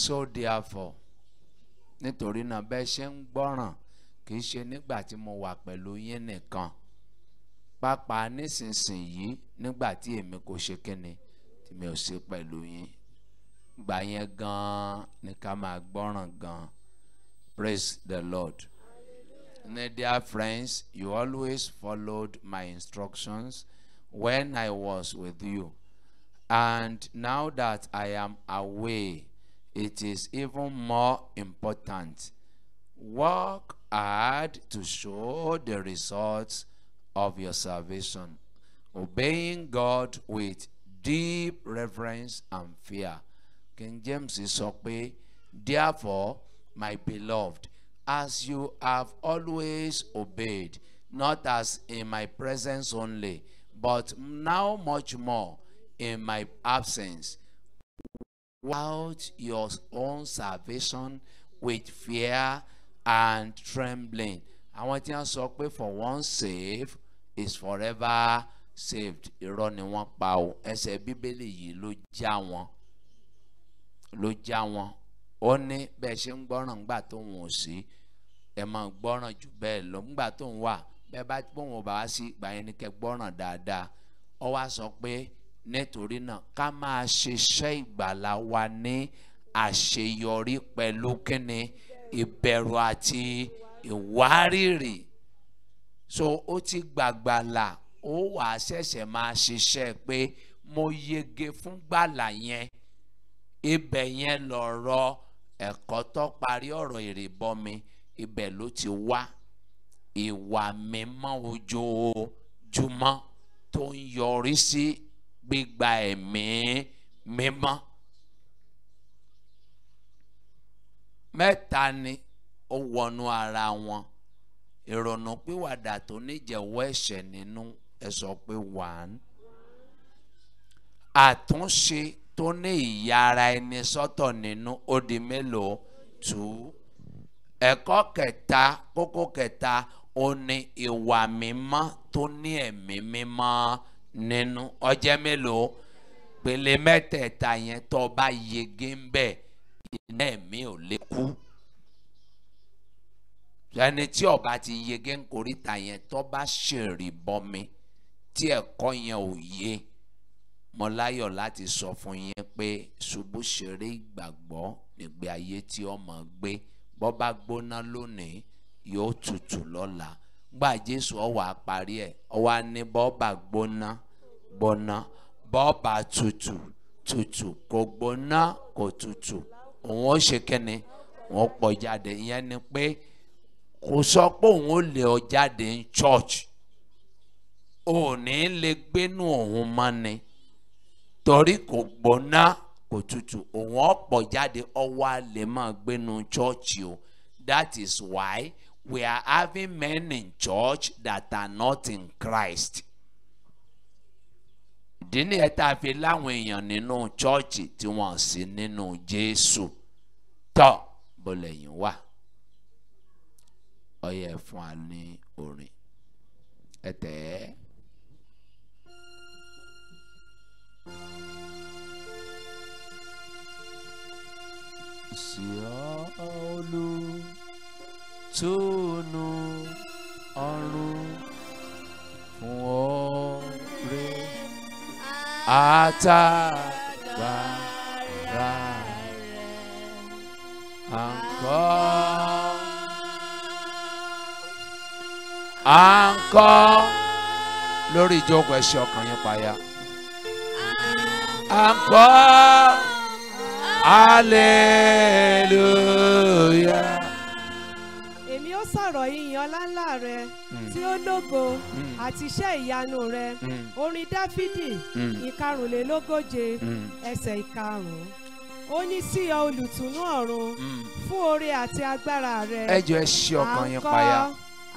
so therefore nítorí náà bẹ́ẹ̀ ṣe ń gbọ́ràn kì í ṣe nígbà tí mo wà pẹ̀lú yín nìkan pápá nísinsìnyí nígbà tí èmi kò ṣe kíni tí mi ò ṣe pẹ̀lú yín bayan yẹn gan ni ká gbọ́ràn gan praise the lord my dear friends you always followed my instructions when I was with you and now that I am away it is even more important work hard to show the results of your salvation obeying God with deep reverence and fear. King James sọ pé therefore my beloved as you have always obeyed not as in my presence only but now much more in my absence without your own salvation with fear and trembling. Àwọn tí wọ́n sọ pé for one save is forever saved. Irọ́ ni wọ́n pa o. Ẹsẹ̀ Bíbélì yìí ló já wọn ló já wọn ó ní bẹ́ẹ̀ ṣe ń gbọ́ràn ńgbà tó ń wọ̀n sí ẹ máa gbọ́ràn jù bẹ́ẹ̀ lọ ńgbà tó ń wà bẹ́ẹ̀ bá bóun ò bá wá sí ìgbà yẹn ni kẹ́ gbọ́ràn dáadáa ó wá sọ pé nítorí náà ká máa ṣiṣẹ́ ìgbàlá wa ní àṣeyọrí pẹ̀lú kíni ìbẹ̀rù àti ìwárìrì so ó ti gbàgbàlà ó wàá ṣẹ̀ṣẹ̀ máa ṣiṣẹ́ pé mo yege fún gbàlà yẹn ibẹ̀ yẹn lọ̀rọ̀ ẹ̀kọ́ tó parí ọ̀rọ̀ ìrìbọmi ibẹ̀ ló ti wá ìwà mímọ́ ojoojúmọ́ tó ń yọrí sí gbígba ẹ̀mí mímọ́. mẹ́ta ni ó wọnú ara wọn ìrònú pìwàdà tó níjẹ̀wọ́ ẹ̀ṣẹ̀ nínú ẹ sọ pé one àtúnṣe tó ní ìyára ẹni sọ́tọ̀ nínú ó di mélòó two ẹ̀kọ́ kẹta kókó kẹta ó ní ìwà mímọ́ tó ní ẹ̀mí mímọ́ nínú ó jẹ́ mélòó pèlè mẹ́tẹ̀ẹ̀ta yẹn tó bá yege ń bẹ̀ iná ẹ̀mí ò lè kú ẹni tí ó ti yege ń koríta yẹn tó bá ṣèrìbọmi tí ẹ̀kọ́ yẹn ò yé mo láyọ̀ láti sọ fún yín pé ṣubú ṣeré ìgbàgbọ́ nígbé ayé tí ọmọ gbé bọ́ bá gbóná lónìí yóò tutù lọ́la gbà Jésù ó wá parí ẹ̀ ó wá ní bọ́ bá gbóná gbóná bọ́ bá tutù tutù kò gbóná kò tutù òun ó ṣe kẹ́ni wọ́n pọ̀ jáde ìyẹn ni pé kò sọ pé òun ó lé ọ jáde ní church òun ní lè gbénú òun mọ́ torí kò gbóná kò tutù òun ọ̀pọ̀ jáde ọwọ́ alẹ́ máa gbénu chọ́ọ̀chì o that is why we are having men in church that are not in Christ. ìdí nìyẹn tá a fi láwọn èèyàn nínú chọ́ọ̀chì tí wọ́n sì nínú Jésù tọ́ bọ́lẹ̀ yìí wà ó yẹ fún wa ní orin ẹ tẹ́ ẹ. Sion olu tunu ọrùn fún ọrẹ àtàgbàrà àǹkọ. àǹkọ lórí ìjókòó ẹṣẹ ọkàn yín payá àǹkọ hallelujah. èmi ó sọ̀rọ̀ ìyìn ọlá ńlá rẹ hmm. tí ó lógo hmm. àti iṣẹ́ ìyanu rẹ hmm. orin dáfídì ìkarùnlélógóje ẹsẹ̀ ìkarùn-ún ó ní sí ọ olùtùnú ọ̀run fún oore àti agbára rẹ. ẹ jọ ẹ ṣe ọkàn yín payá.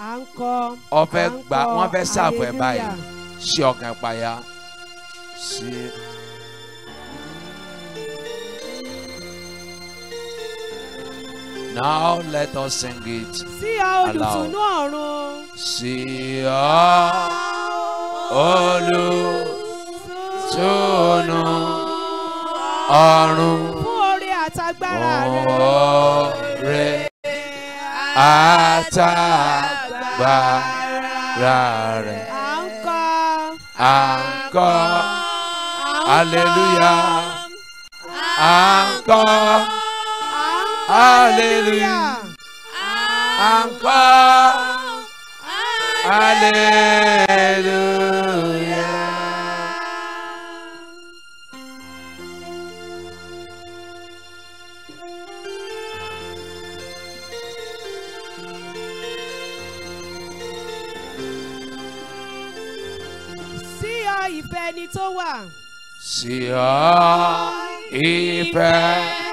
à ń kọ ọfẹ gbà wọn fẹ́ sáàfù ẹ báyìí ṣe ọkàn payá. ṣe. Now let us sing it sí aloud. Sí olùtùnú ọ̀run oore àtàgbára rẹ̀ à ń kọ́ hallelujah à ń kọ́. Alléluia. Encore. Alléluia. Sí ọ ìfẹ́ ni tó wà. Sí ọ ìfẹ́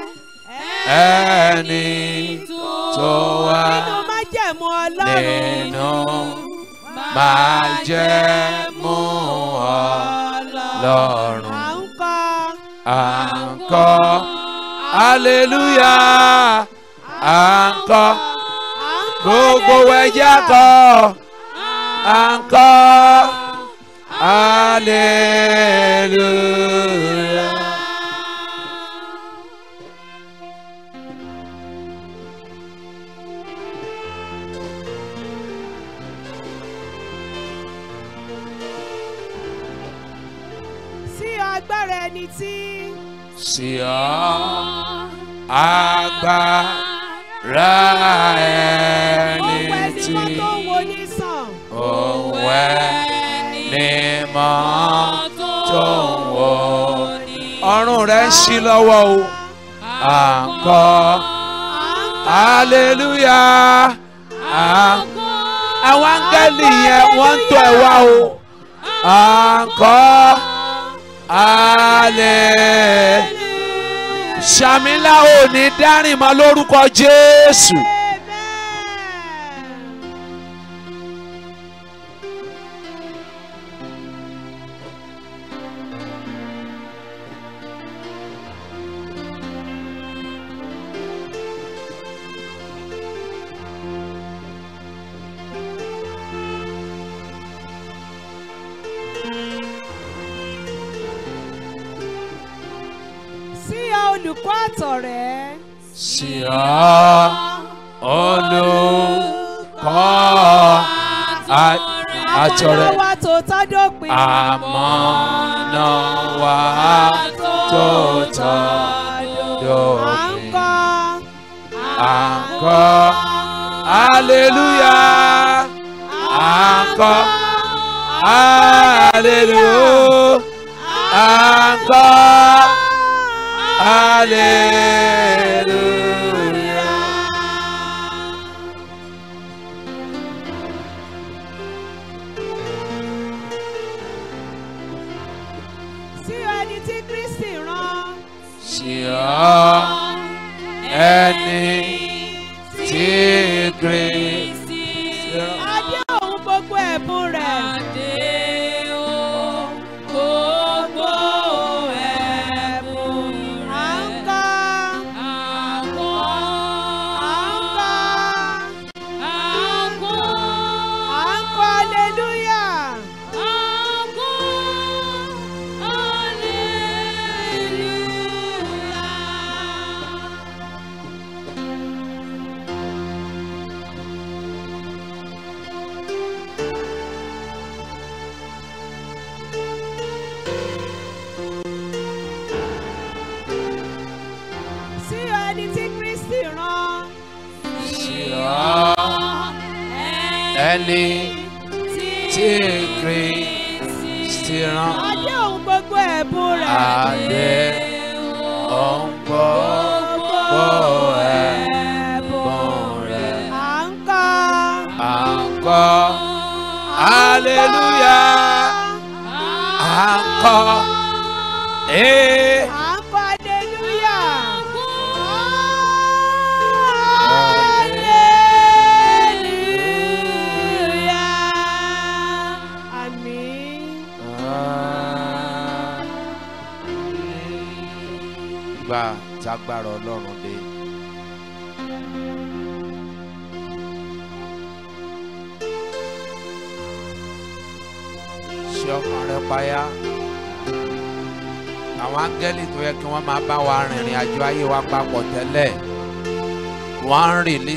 ẹni tó wà nínú májẹ̀mú Ọlọ́run à ń kọ hallelujah à ń kọ gbogbo ẹja kọ à ń kọ hallelujah. rẹ̀ ní ti. Síọ́n agbára ẹni tí. Ohun ẹni mọ́ tó wo ní sàn. Ohun ẹni wo ní Ọrùn rẹ̀ ń ṣí lọ́wọ́ o. À ń kọ́. Hallelujah. À ń kọ́. Àwọn áńgẹ́lì yẹn wọ́n ń tọ́ ẹ o. À ń kọ́ alẹ́ sàmílà ò ní dárìn mọ́ lórúkọ Jésù. olùkọ́ àtọ̀rẹ́. síra olùkọ́ àtọ̀rẹ́. àmọ́nà wa tòótọ́ dópin. àmọ́nà wa tòótọ́ dópin. à ń kọ́. à ń kọ́. hallelujah. à ń kọ́. hallelujah. à ń kọ́. Alléluia.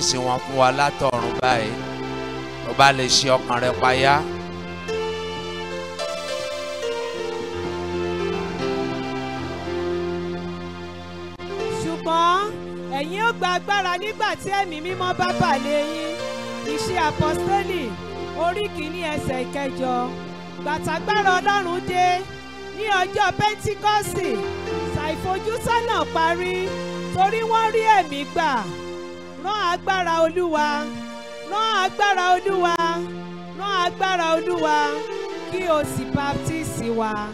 àkáǹtì wọn fún wa látọ̀run báyìí tó bá lè ṣe ọkàn rẹ payá. ṣùgbọ́n ẹ̀yin ó gba agbára nígbà tí ẹ̀mí mímọ́ bá bà lé yín ìṣe àpọ́stélì orí kìíní ẹsẹ̀ ìkẹjọ gbàtàgbára ọlọ́run dé ní ọjọ́ pẹ́ńtíkọ́sì ṣàìfojúsọ́nà parí torí wọ́n rí ẹ̀mí gbà agbára olúwa rán agbára olúwa rán agbára olúwa kí o sì baptisi wa.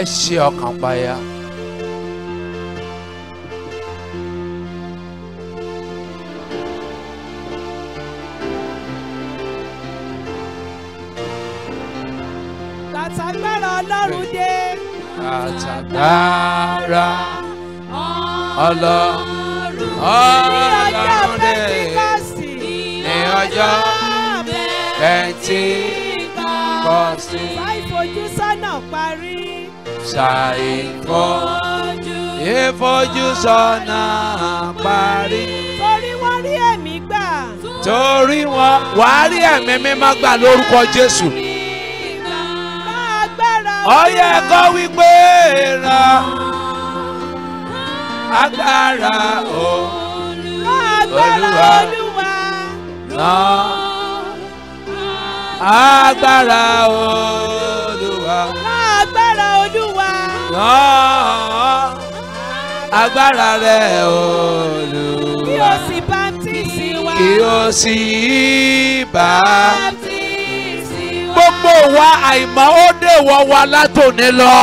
ẹ ṣe ọkàn paya. tàtàgbára ọlọ́run dé. tàtàgbára ọlọ́run ọlọ́run dé ní ọjọ́ bẹ́ntíkọ́sì ṣàìfọ́jú ìfọ́jú sọ́nà parí. torí wọ́n rí ẹ̀mí gbà. torí wọ́n wàá rí ẹ̀mí mímọ́ gbà lórúkọ Jésù. ọyẹ kọ́ wípé ra agbára o olúwa náà agbára o náà agbára rẹ̀ olùwà. kí o sì bátísì wa. kí o sì bátísì wa. gbogbo wa àìmọ́ ó dèwọ́ wa látòní lọ.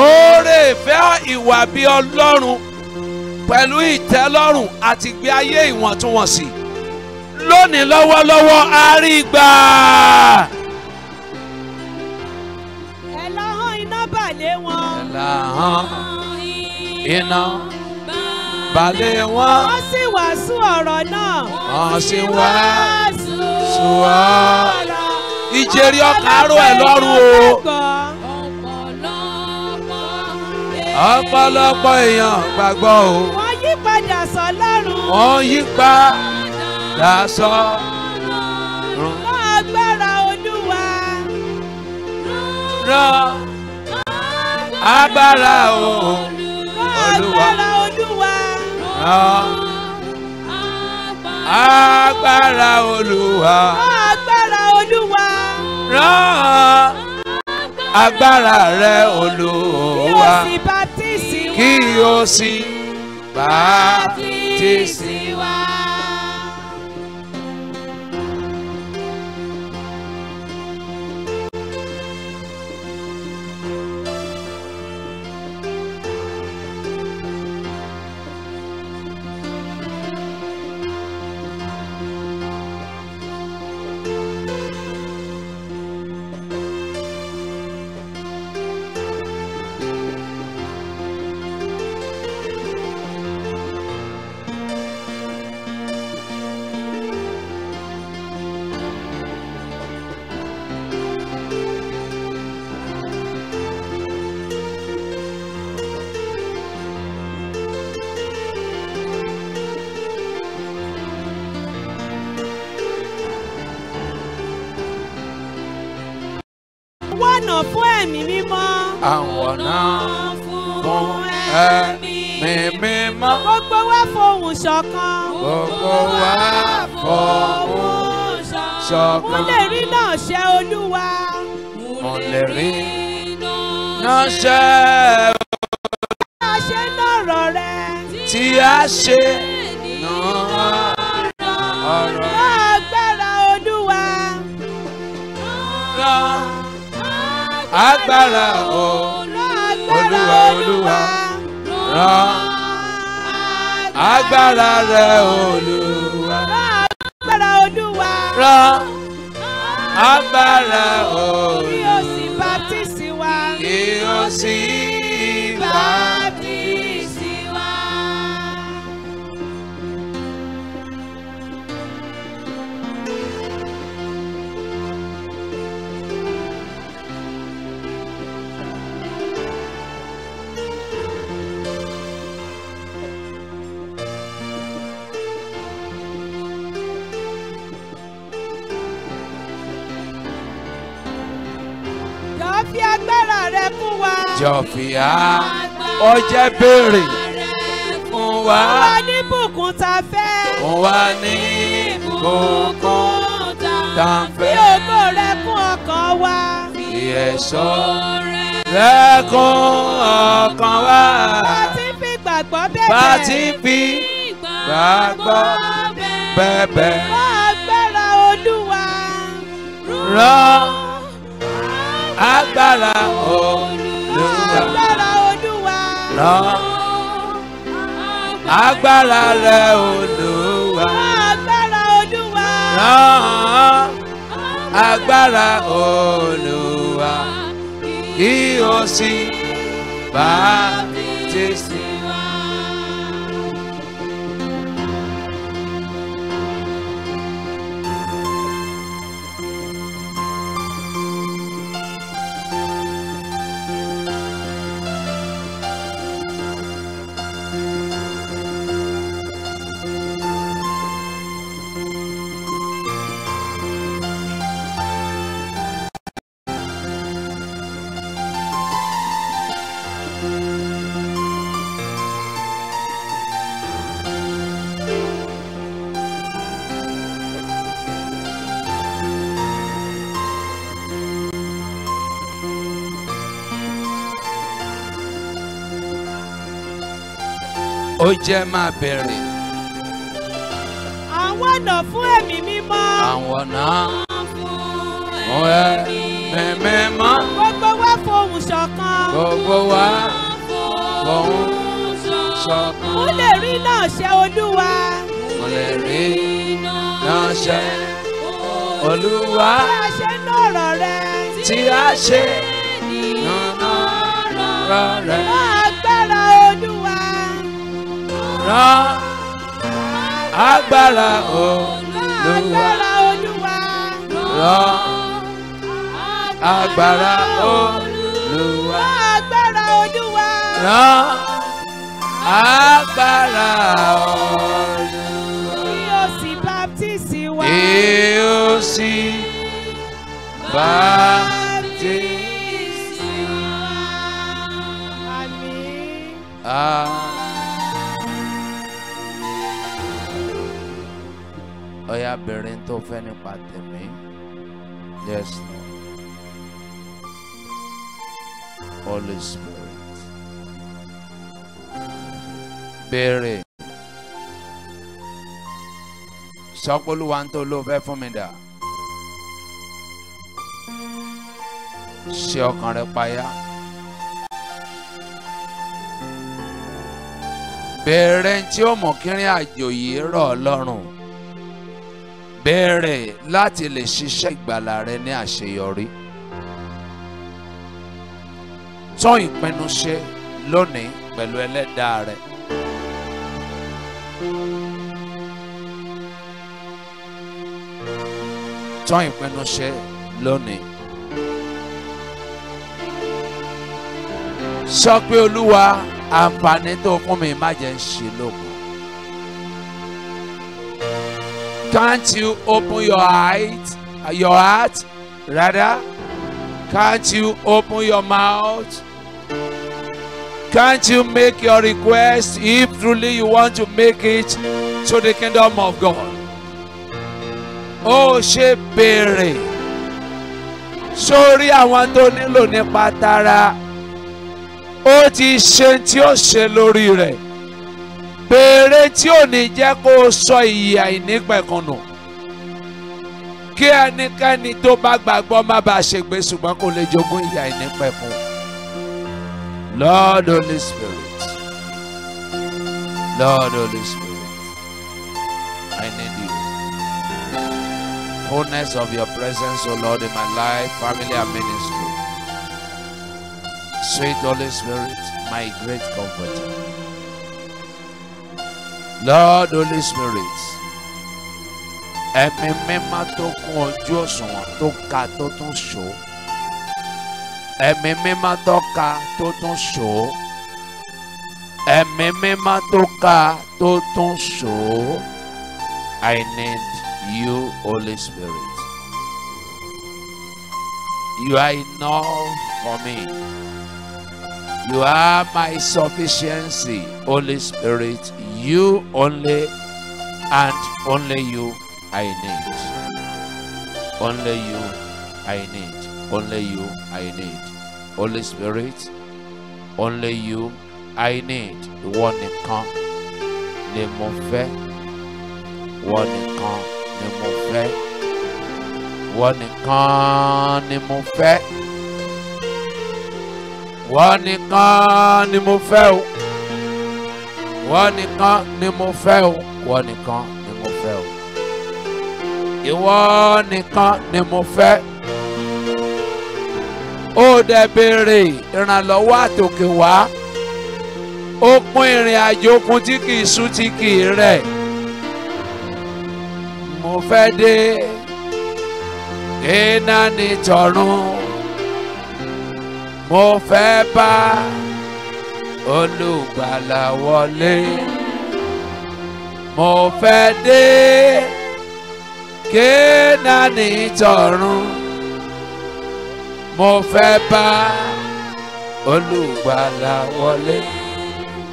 oore ìfẹ́ ìwà bíi ọlọ́run pẹ̀lú ìtẹ́lọ́rùn àti ìgbé ayé ìwọ̀ntúnwọ̀nsì lónìí lọ́wọ́lọ́wọ́ a rí gbà. ẹ lọ hàn iná bàlẹ̀ wọn. ẹ lọ hàn iná bàlẹ̀ wọn. wọ́n sì wàásù ọ̀rọ̀ náà. wọ́n sì wàásù ọ̀rọ̀. ìjẹ́rì ọkàn aró ẹ̀ lọ́rùn o ọ̀pọ̀lọpọ̀ èèyàn gbàgbọ́ o sọ lọ́rùn. wọ́n yí padà sọ lọ́rùn. agbára olúwa. rán agbára olúwa. rán agbára olúwa. agbára olúwa. rán agbára rẹ olúwa. kí o sì bá tí sí wa. kí o sì. baptism. tí a ṣe náà ọ̀rọ̀. agbára olúwa. náà agbára olúwa olúwa ràn agbára rẹ olúwa. agbára olúwa. agbára olúwa. kí o sì bàtísì wa. kí o sì. jọ̀fìá ọjẹ́ béèrè fún wa ní bùkún ta fẹ́ fún wa ní bùkún ta fẹ́ fi ògo rẹ kún ọkàn wa fi ẹ̀ṣọ́ rẹ kún ọkàn wa bá ti fi gbàgbọ́ bẹ̀bẹ̀ bá ti fi gbàgbọ́ bẹ̀bẹ̀ fún agbára Olúwa rọ agbára Olúwa agbára olúwa ràn agbára rẹ olúwa agbára olúwa ràn agbára olúwa kí o sì bá tẹ̀sí. ló jẹ́ máa bẹ̀rẹ̀. àwọn ọ̀nà fún ẹ̀mí mímọ́. àwọn ọ̀nà fún ẹ̀mí mímọ́. gbogbo wa fohùn ṣọ̀kan. gbogbo wa fohùn ṣọ̀kan. mo lè rí náà ṣe olúwa. mo lè rí náà ṣe olúwa. tí a ṣe ń lọ̀rọ̀ rẹ. tí a ṣe ń lọ̀rọ̀ rẹ rán agbára olúwa rán o olúwa rán agbára olúwa eu se batizar. Amém. Amém. ọyá bẹ̀rẹ̀ tó fẹ́ nípa tẹ̀mí yes no Holy Spirit béèrè sọ pé olúwa ń tó ló fẹ́ fún mi dà ṣe ọkàn rẹ payá béèrè tí ó mú kírin àjò yìí rọ̀ lọ́rùn bẹ̀rẹ̀ láti lè ṣiṣẹ́ ìgbàlà rẹ ní àṣeyọrí tán ìpinnu ṣe lónìí pẹ̀lú ẹlẹ́dàá rẹ. tán ìpinnu ṣe lónìí. sọ pé olúwa àǹfààní tó fún mi má jẹ́ ń ṣe lóko. Can't you open your eyes, uh, your heart, rather? Can't you open your mouth? Can't you make your request if truly you want to make it to the kingdom of God? Ó ṣe béèrè sórí àwọn tó nílò nípa tara ó ti ṣe tí ó ṣe lórí rẹ̀ béèrè tí ò ní jẹ́ kó o sọ ìyè àìnípẹ̀kun nù kí ẹnikẹ́ni tó bá gbàgbọ́ má bàa ṣègbé ṣùgbọ́n kò lè jogún ìyè àìnípẹ̀kun Lord Holy Spirit Lord Holy Spirit I need you fullness of your presence O Lord in my life family and ministry sweet Holy Spirit my great comforter. Lord Holy Spirit ẹ̀mí mímá tó kún ojú òṣùwọ̀n tó ka tó tún ṣó ẹ̀mí mímá tó ka tó tún ṣó ẹ̀mí mímá tó ka tó tún ṣó I need you Holy Spirit you are enough for me you are my sufficiency Holy Spirit You only and only you I need. Only you I need. Only you I need. Holy Spirit, only you I need. One Ìwọ nìkan ni mo fẹ́. Ìwọ nìkan ni mo One Ìwọ nìkan ni mo fẹ́. Ìwọ nìkan ni mo fẹ́ o wọ́n nìkan ni mo fẹ́ o wọ́n nìkan ni mo fẹ́ o ìwọ nìkan ni mo fẹ́ ó dẹ̀ béèrè ìrànlọ́wọ́ àtòkè wá ó pín ìrìn àjò okun tí kì í tí kì rẹ̀ mo fẹ́ dé kéènà tọ̀run mo fẹ́ bá olùgbàlà wọlé mo fẹ́ dé kéènánì tọ̀run mo fẹ́ bá olùgbàlà wọlé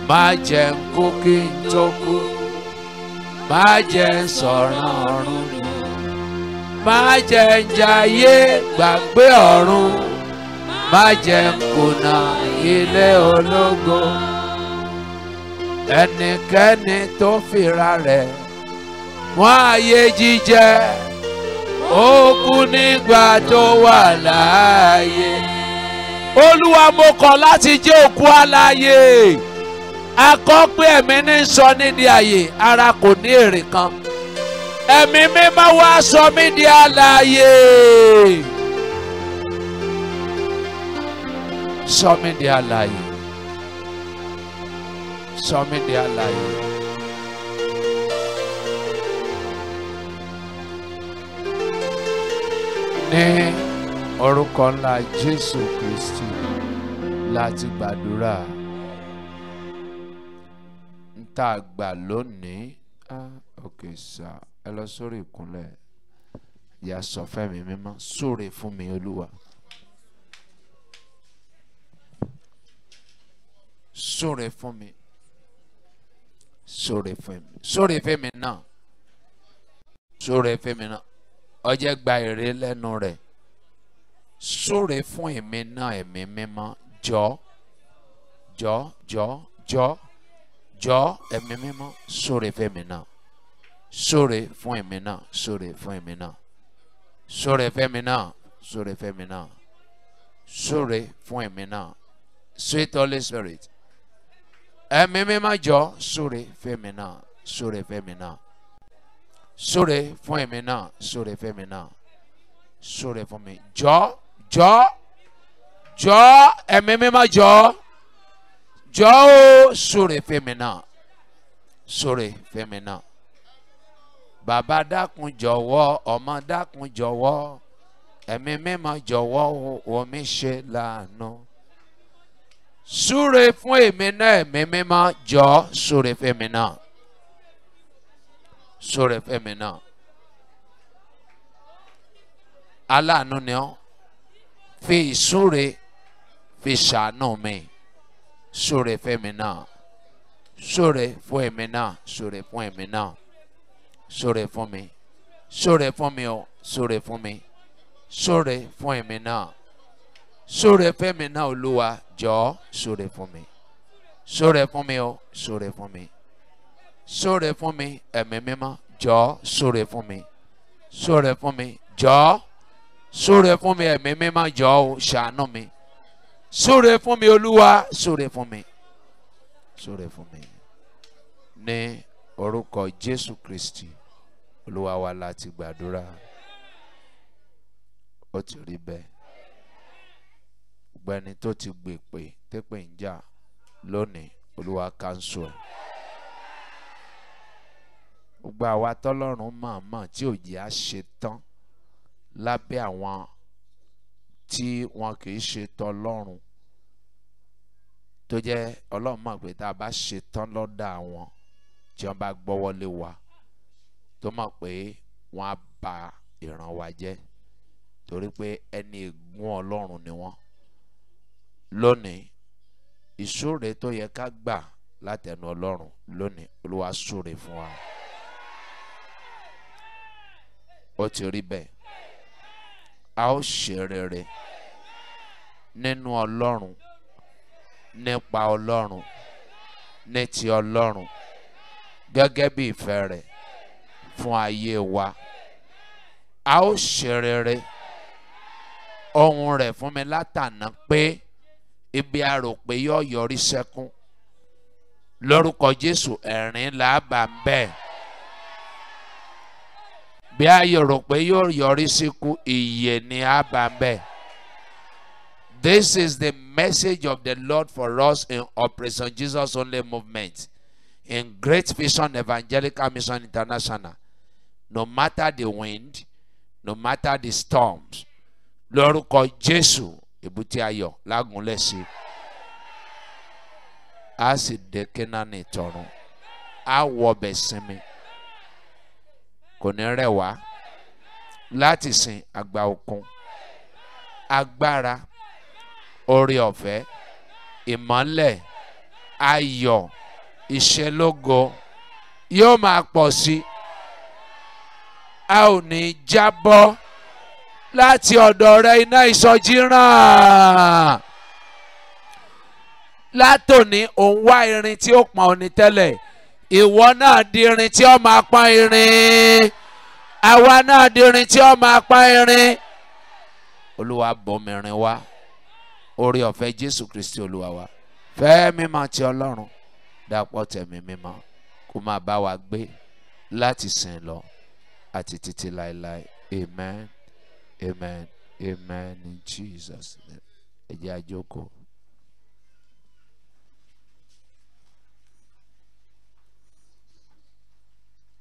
má jẹ́ n kú kí n tó kú má jẹ́ sọ̀ràn ọ̀run nù má jẹ́ jayé gbàgbé ọ̀run má jẹ́ n kùnà ilé ológo ẹnikẹ́ni tó fìra rẹ̀ wọ́n ayé jíjẹ ó kú nígbà tó wà láàyè. olúwa mo kọ̀ láti jẹ́ òkú aláyè akọ́ pé ní sọ ní di ara kò ní èrè kan ẹ̀mí mi máa wá sọ mí di aláyè. sọmi di àlàyé sọmi di àlàyé. ní orúkọ ńlá Jésù Kristu láti gbàdúrà ń tà gbà lónìí ah ok sir ẹ lọ sórí ìkúnlẹ̀ ìyá sọ fẹ́mi mímọ́ súre fún mi olúwa. sóre fún mi sóre fún mi sóre fún mi náà sóre fún mi náà ọjọ́ gba èrè lẹ́nu rẹ̀ sóre fún èmi náà ẹ̀mí mímọ́ jọ jọ jọ jọ jọ ẹ̀mí mímọ́ sóre fún èmi náà sóre fún èmi náà sóre fún èmi náà sóre fún èmi náà sóre fún èmi náà sóre fún èmi náà sweet Holy Spirit ẹ̀mí má jọ súre fẹ́mi náà súre fẹ́mi náà súre fún èmi náà súre fẹ́mi náà súre fún mi jọ jọ jọ ẹ̀mí má jọ jọ ó súre fẹ́mi náà súre fẹ́mi náà bàbá dákun jọ̀wọ́ ọmọ dákun jọ̀wọ́ ẹ̀mí mímọ́ jọ̀wọ́ omi ṣe láàánú. No súre fún èmi náà èmi mímọ́ jọ súre fẹ́mi náà súre fẹ́mi náà aláàánú ni ọ́ fi ìsúre fi ṣàánú mi súre fẹ́mi náà súre fún èmi náà súre fún èmi náà súre fún mi súre fún mi o súre fún mi súre fún èmi náà sóre fẹ́ mi náà olúwa jọ̀ọ́ sóre fún mi sóre fún mi o sóre fún mi sóre fún mi ẹ̀mí mímọ́ jọ̀ọ́ sóre fún mi sóre fún mi jọ̀ọ́ sóre fún mi ẹ̀mí mímọ́ jọ̀ọ́ o ṣàánú mi sóre fún mi olúwa sóre fún mi sóre fún mi ní orúkọ Jésù Kristi olúwa wa láti gbàdúrà ó ti rí bẹ́ẹ̀ ṣùgbọ́n ẹni tó ti gbèpè tẹ́pẹ̀ ń jà lónìí olúwa kanṣu ẹ̀ gbogbo àwa tọ́lọ́run mọ̀ọ́mọ̀ tí òjì á ṣe tán lábẹ́ àwọn tí wọn kì í ṣe tọ́lọ́run tó jẹ́ ọlọ́run mọ̀ pé tá a bá ṣe tán lọ́dọ̀ àwọn tí wọ́n bá gbọ́wọ́lé wa tó mọ̀ pé wọ́n á ba ìran wa jẹ́ torí pé ẹni ègún ọlọ́run ni wọ́n lónìí ìsúre tó yẹ ká gbà látẹnu ọlọ́run lónìí olúwa súre fún wa ó ti rí bẹ́ẹ̀ a ó ṣe rere nínú ọlọ́run nípa ọlọ́run ní ti ọlọ́run gẹ́gẹ́ bí ìfẹ́ rẹ̀ fún ayé wa a ó ṣe rere ohun rẹ̀ fún mi látànà pé ibi a rò pé yóò yọrí sẹ́kún lórúkọ Jésù ẹ̀rín làbà ń bẹ́ẹ̀ bí a rò pé yóò yọrí síkú ìyè ni a bá bẹ́ẹ̀. This is the message of the Lord for us in Operation Jesus Only Movement in Great Vision Evangelical Mission International. No matter the wind, no matter the storms, lórúkọ Jésù èbúté ayọ̀ lágúnlẹ̀ sí a sì dé kínání tọ̀run a wọ ọbẹ̀ sinmi kò ní rẹ̀ wá láti sin àgbà òkun agbára oore ọ̀fẹ́ ìmọ́lẹ̀ ayọ̀ ìṣelógo yóò máa pọ̀ sí a ò ní jábọ́ láti ọ̀dọ̀ rẹ iná ìsọjí ràn látòní òun wá irin tí ó pọn òní tẹ́lẹ̀ ìwọ náà di irin tí ó máa pọn irin àwa náà di irin tí ó máa pọn irin olúwa bọ̀mìrin wá orí ọ̀fẹ́ jésù kristi olúwa wa fẹ́ mímọ́ ti ọlọ́run dápọ̀ tẹ̀mí mímọ́ kó máa bá wa gbé láti sìn lọ àti títí láéláé amen. Amen. Amen. In Jesus' name. ejajoko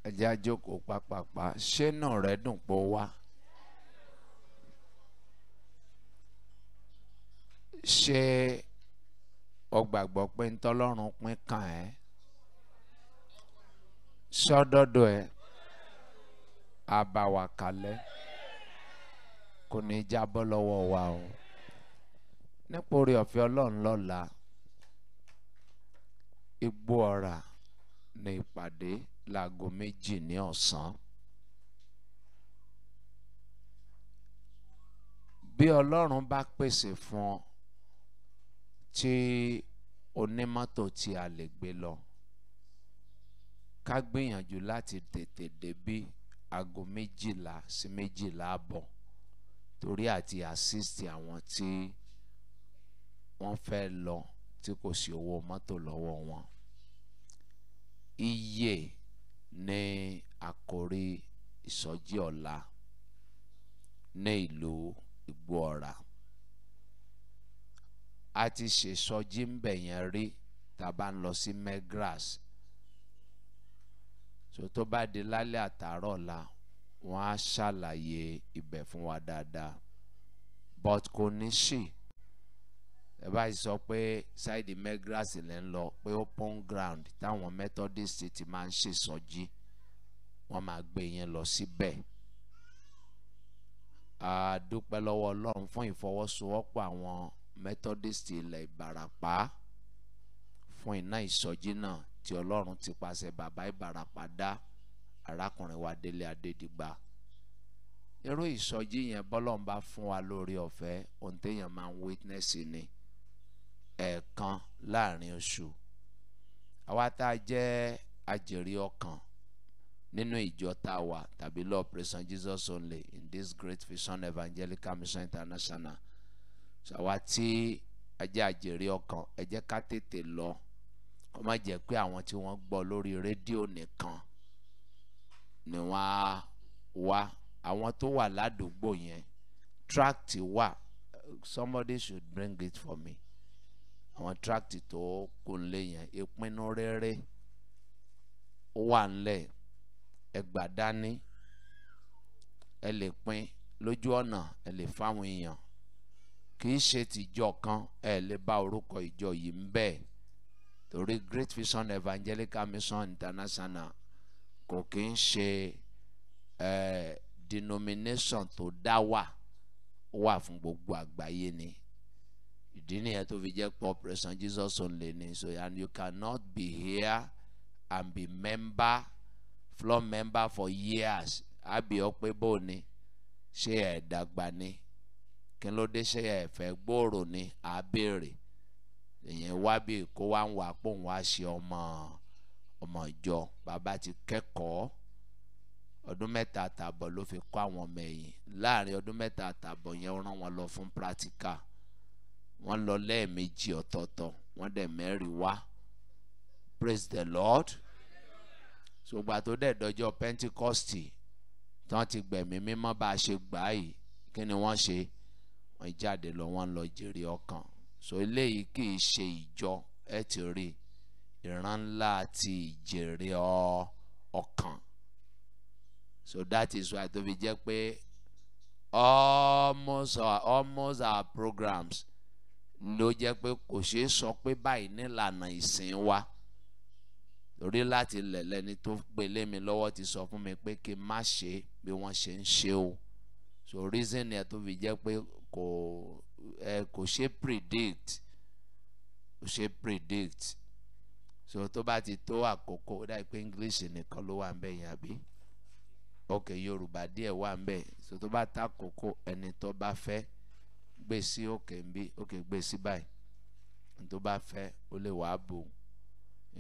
ejajoko Eja Joko papapa. Ṣé náà rẹ̀ dùn pọ̀ wá? Ṣé o gbàgbọ́ pín kàn ẹ́? Sọ́dọ́dọ̀ ẹ̀ àbàwà kò ní jábọ́ lọ́wọ́ wa o nípa orí ọ̀fẹ́ ọlọ́run lọ́la igbó ọ̀rà ní ìpàdé láago méjì ní ọ̀sán bí ọlọ́run bá pèsè fún ọ tí onímọ́tò tí a lè gbé lọ ká gbìyànjú láti tètè débí aago méjìlá sí méjìlá àbọ̀ torí àti assist àwọn tí wọ́n fẹ́ lọ tí kò sí owó mọ́tò lọ́wọ́ wọn. iye ní àkórí ìsọjí ọ̀la ní ìlú Igbóọrà a ti ṣèsọjí ń bẹ̀ yẹn rí tá bá ń lọ sí Megras so tó bá di lálẹ́ àtàárọ̀ ọ̀la wọ́n á ṣàlàyé ibẹ̀ fún wa dáadáa but kò ní ṣì ẹ bá sọ pé ṣáìdì megras lẹ́ ń lọ pé open ground táwọn methodist ti máa ń ṣèsọjí wọ́n máa gbé yẹn lọ síbẹ̀ a dúpẹ́ lọ́wọ́ ọlọ́run fún ìfọwọ́sowọ́pọ̀ àwọn methodist ilẹ̀ ìbàràpá fún iná ìsọjí náà tí ọlọ́run ti pàṣẹ bàbá ìbàràpá dá arákùnrin wa Délé Adédìgbà irú ìsọjí yẹn bọ́lọ́n bá fún wa lórí ọ̀fẹ́ ohun téèyàn máa ń witness ni ẹ̀ẹ̀kan láàrin oṣù àwa tá a jẹ́ ajẹ̀rí ọkàn nínú ìjọ tá a wà tàbí Lord Praise Jesus Only in this Great Vision Evangelical Mission International àwa tí a jẹ́ ajẹ̀rí ọkàn ẹ jẹ́ ká tètè lọ kó má jẹ́ pé àwọn tí wọ́n gbọ́ lórí rédíò nìkan ni wọ́n á wá àwọn tó wà ládùúgbò yẹn tract wà somebody should bring it for me àwọn tract tó kúnlé yẹn ìpinnu rere wà ńlẹ̀ ẹgbà dání ẹ lè pín lójú ọ̀nà ẹ lè fáwọn èèyàn kì í ṣe tìjọ kan ẹ lè bá orúkọ ìjọ yìí ń bẹ torí Great Vision Evangelical Mission International kò kí ń ṣe eh, denomination tó dá wà wà fún gbogbo àgbáyé ni ìdí nìyẹn tó fi jẹ́ pé operation Jesus only ni so and you cannot be here and be member floor member for years àbí ọpẹ́ bò ni ṣé ẹ̀ dàgbà ni kí ló dé ṣé ẹ̀ fẹ́ gbòòrò ni àbèrè èèyàn wá bí kó wá ń wà pòun wá ṣe ọmọ ọ̀ ọmọ ìjọ bàbá ti kẹ́kọ̀ọ́ ọdún mẹ́ta àtààbọ̀ ló fi kọ́ àwọn ọmọ ẹ̀yìn láàrin ọdún mẹ́ta àtààbọ̀ yẹn ó rán wọn lọ fún practical wọ́n lọ lẹ́ẹ̀mejì ọ̀tọ̀ọ̀tọ̀ wọ́n dẹ̀ mẹ́rin wá praise the lord ṣùgbọ́n tó dẹ̀ dọjọ́ pentikosti tí wọ́n ti gbẹ̀mí mímọ́ bá a ṣe gbà yìí kí ni wọ́n ṣe wọ́n jáde lọ wọ́n lọ jèrè ọkàn so eléyìí kì í ṣe ìjọ ẹ ti rí i ìran àti ìjèrè ọkàn so that is why tó fi jẹ́ pé almost our almost our programs ló jẹ́ pé kò ṣeé sọ pé báyìí nílànà ìsìn wa torí láti lẹ̀lẹ́ ni tó gbélé mi lọ́wọ́ ti sọ fún mi pé kí n má ṣe bí wọ́n ṣe ń ṣe o so reason yẹn tó fi jẹ́ pé kò ẹ kò ṣe predict kò ṣe predict so tó bá ti tó àkókò ó pé english nìkan ló wà ń yẹn àbí ok yorùbá díẹ̀ wà ń bẹ̀ so tó bá ta àkókò ẹni tó bá fẹ́ gbé sí òkè ń bí òkè gbé sí báyìí tó bá fẹ́ ó lè wàá bò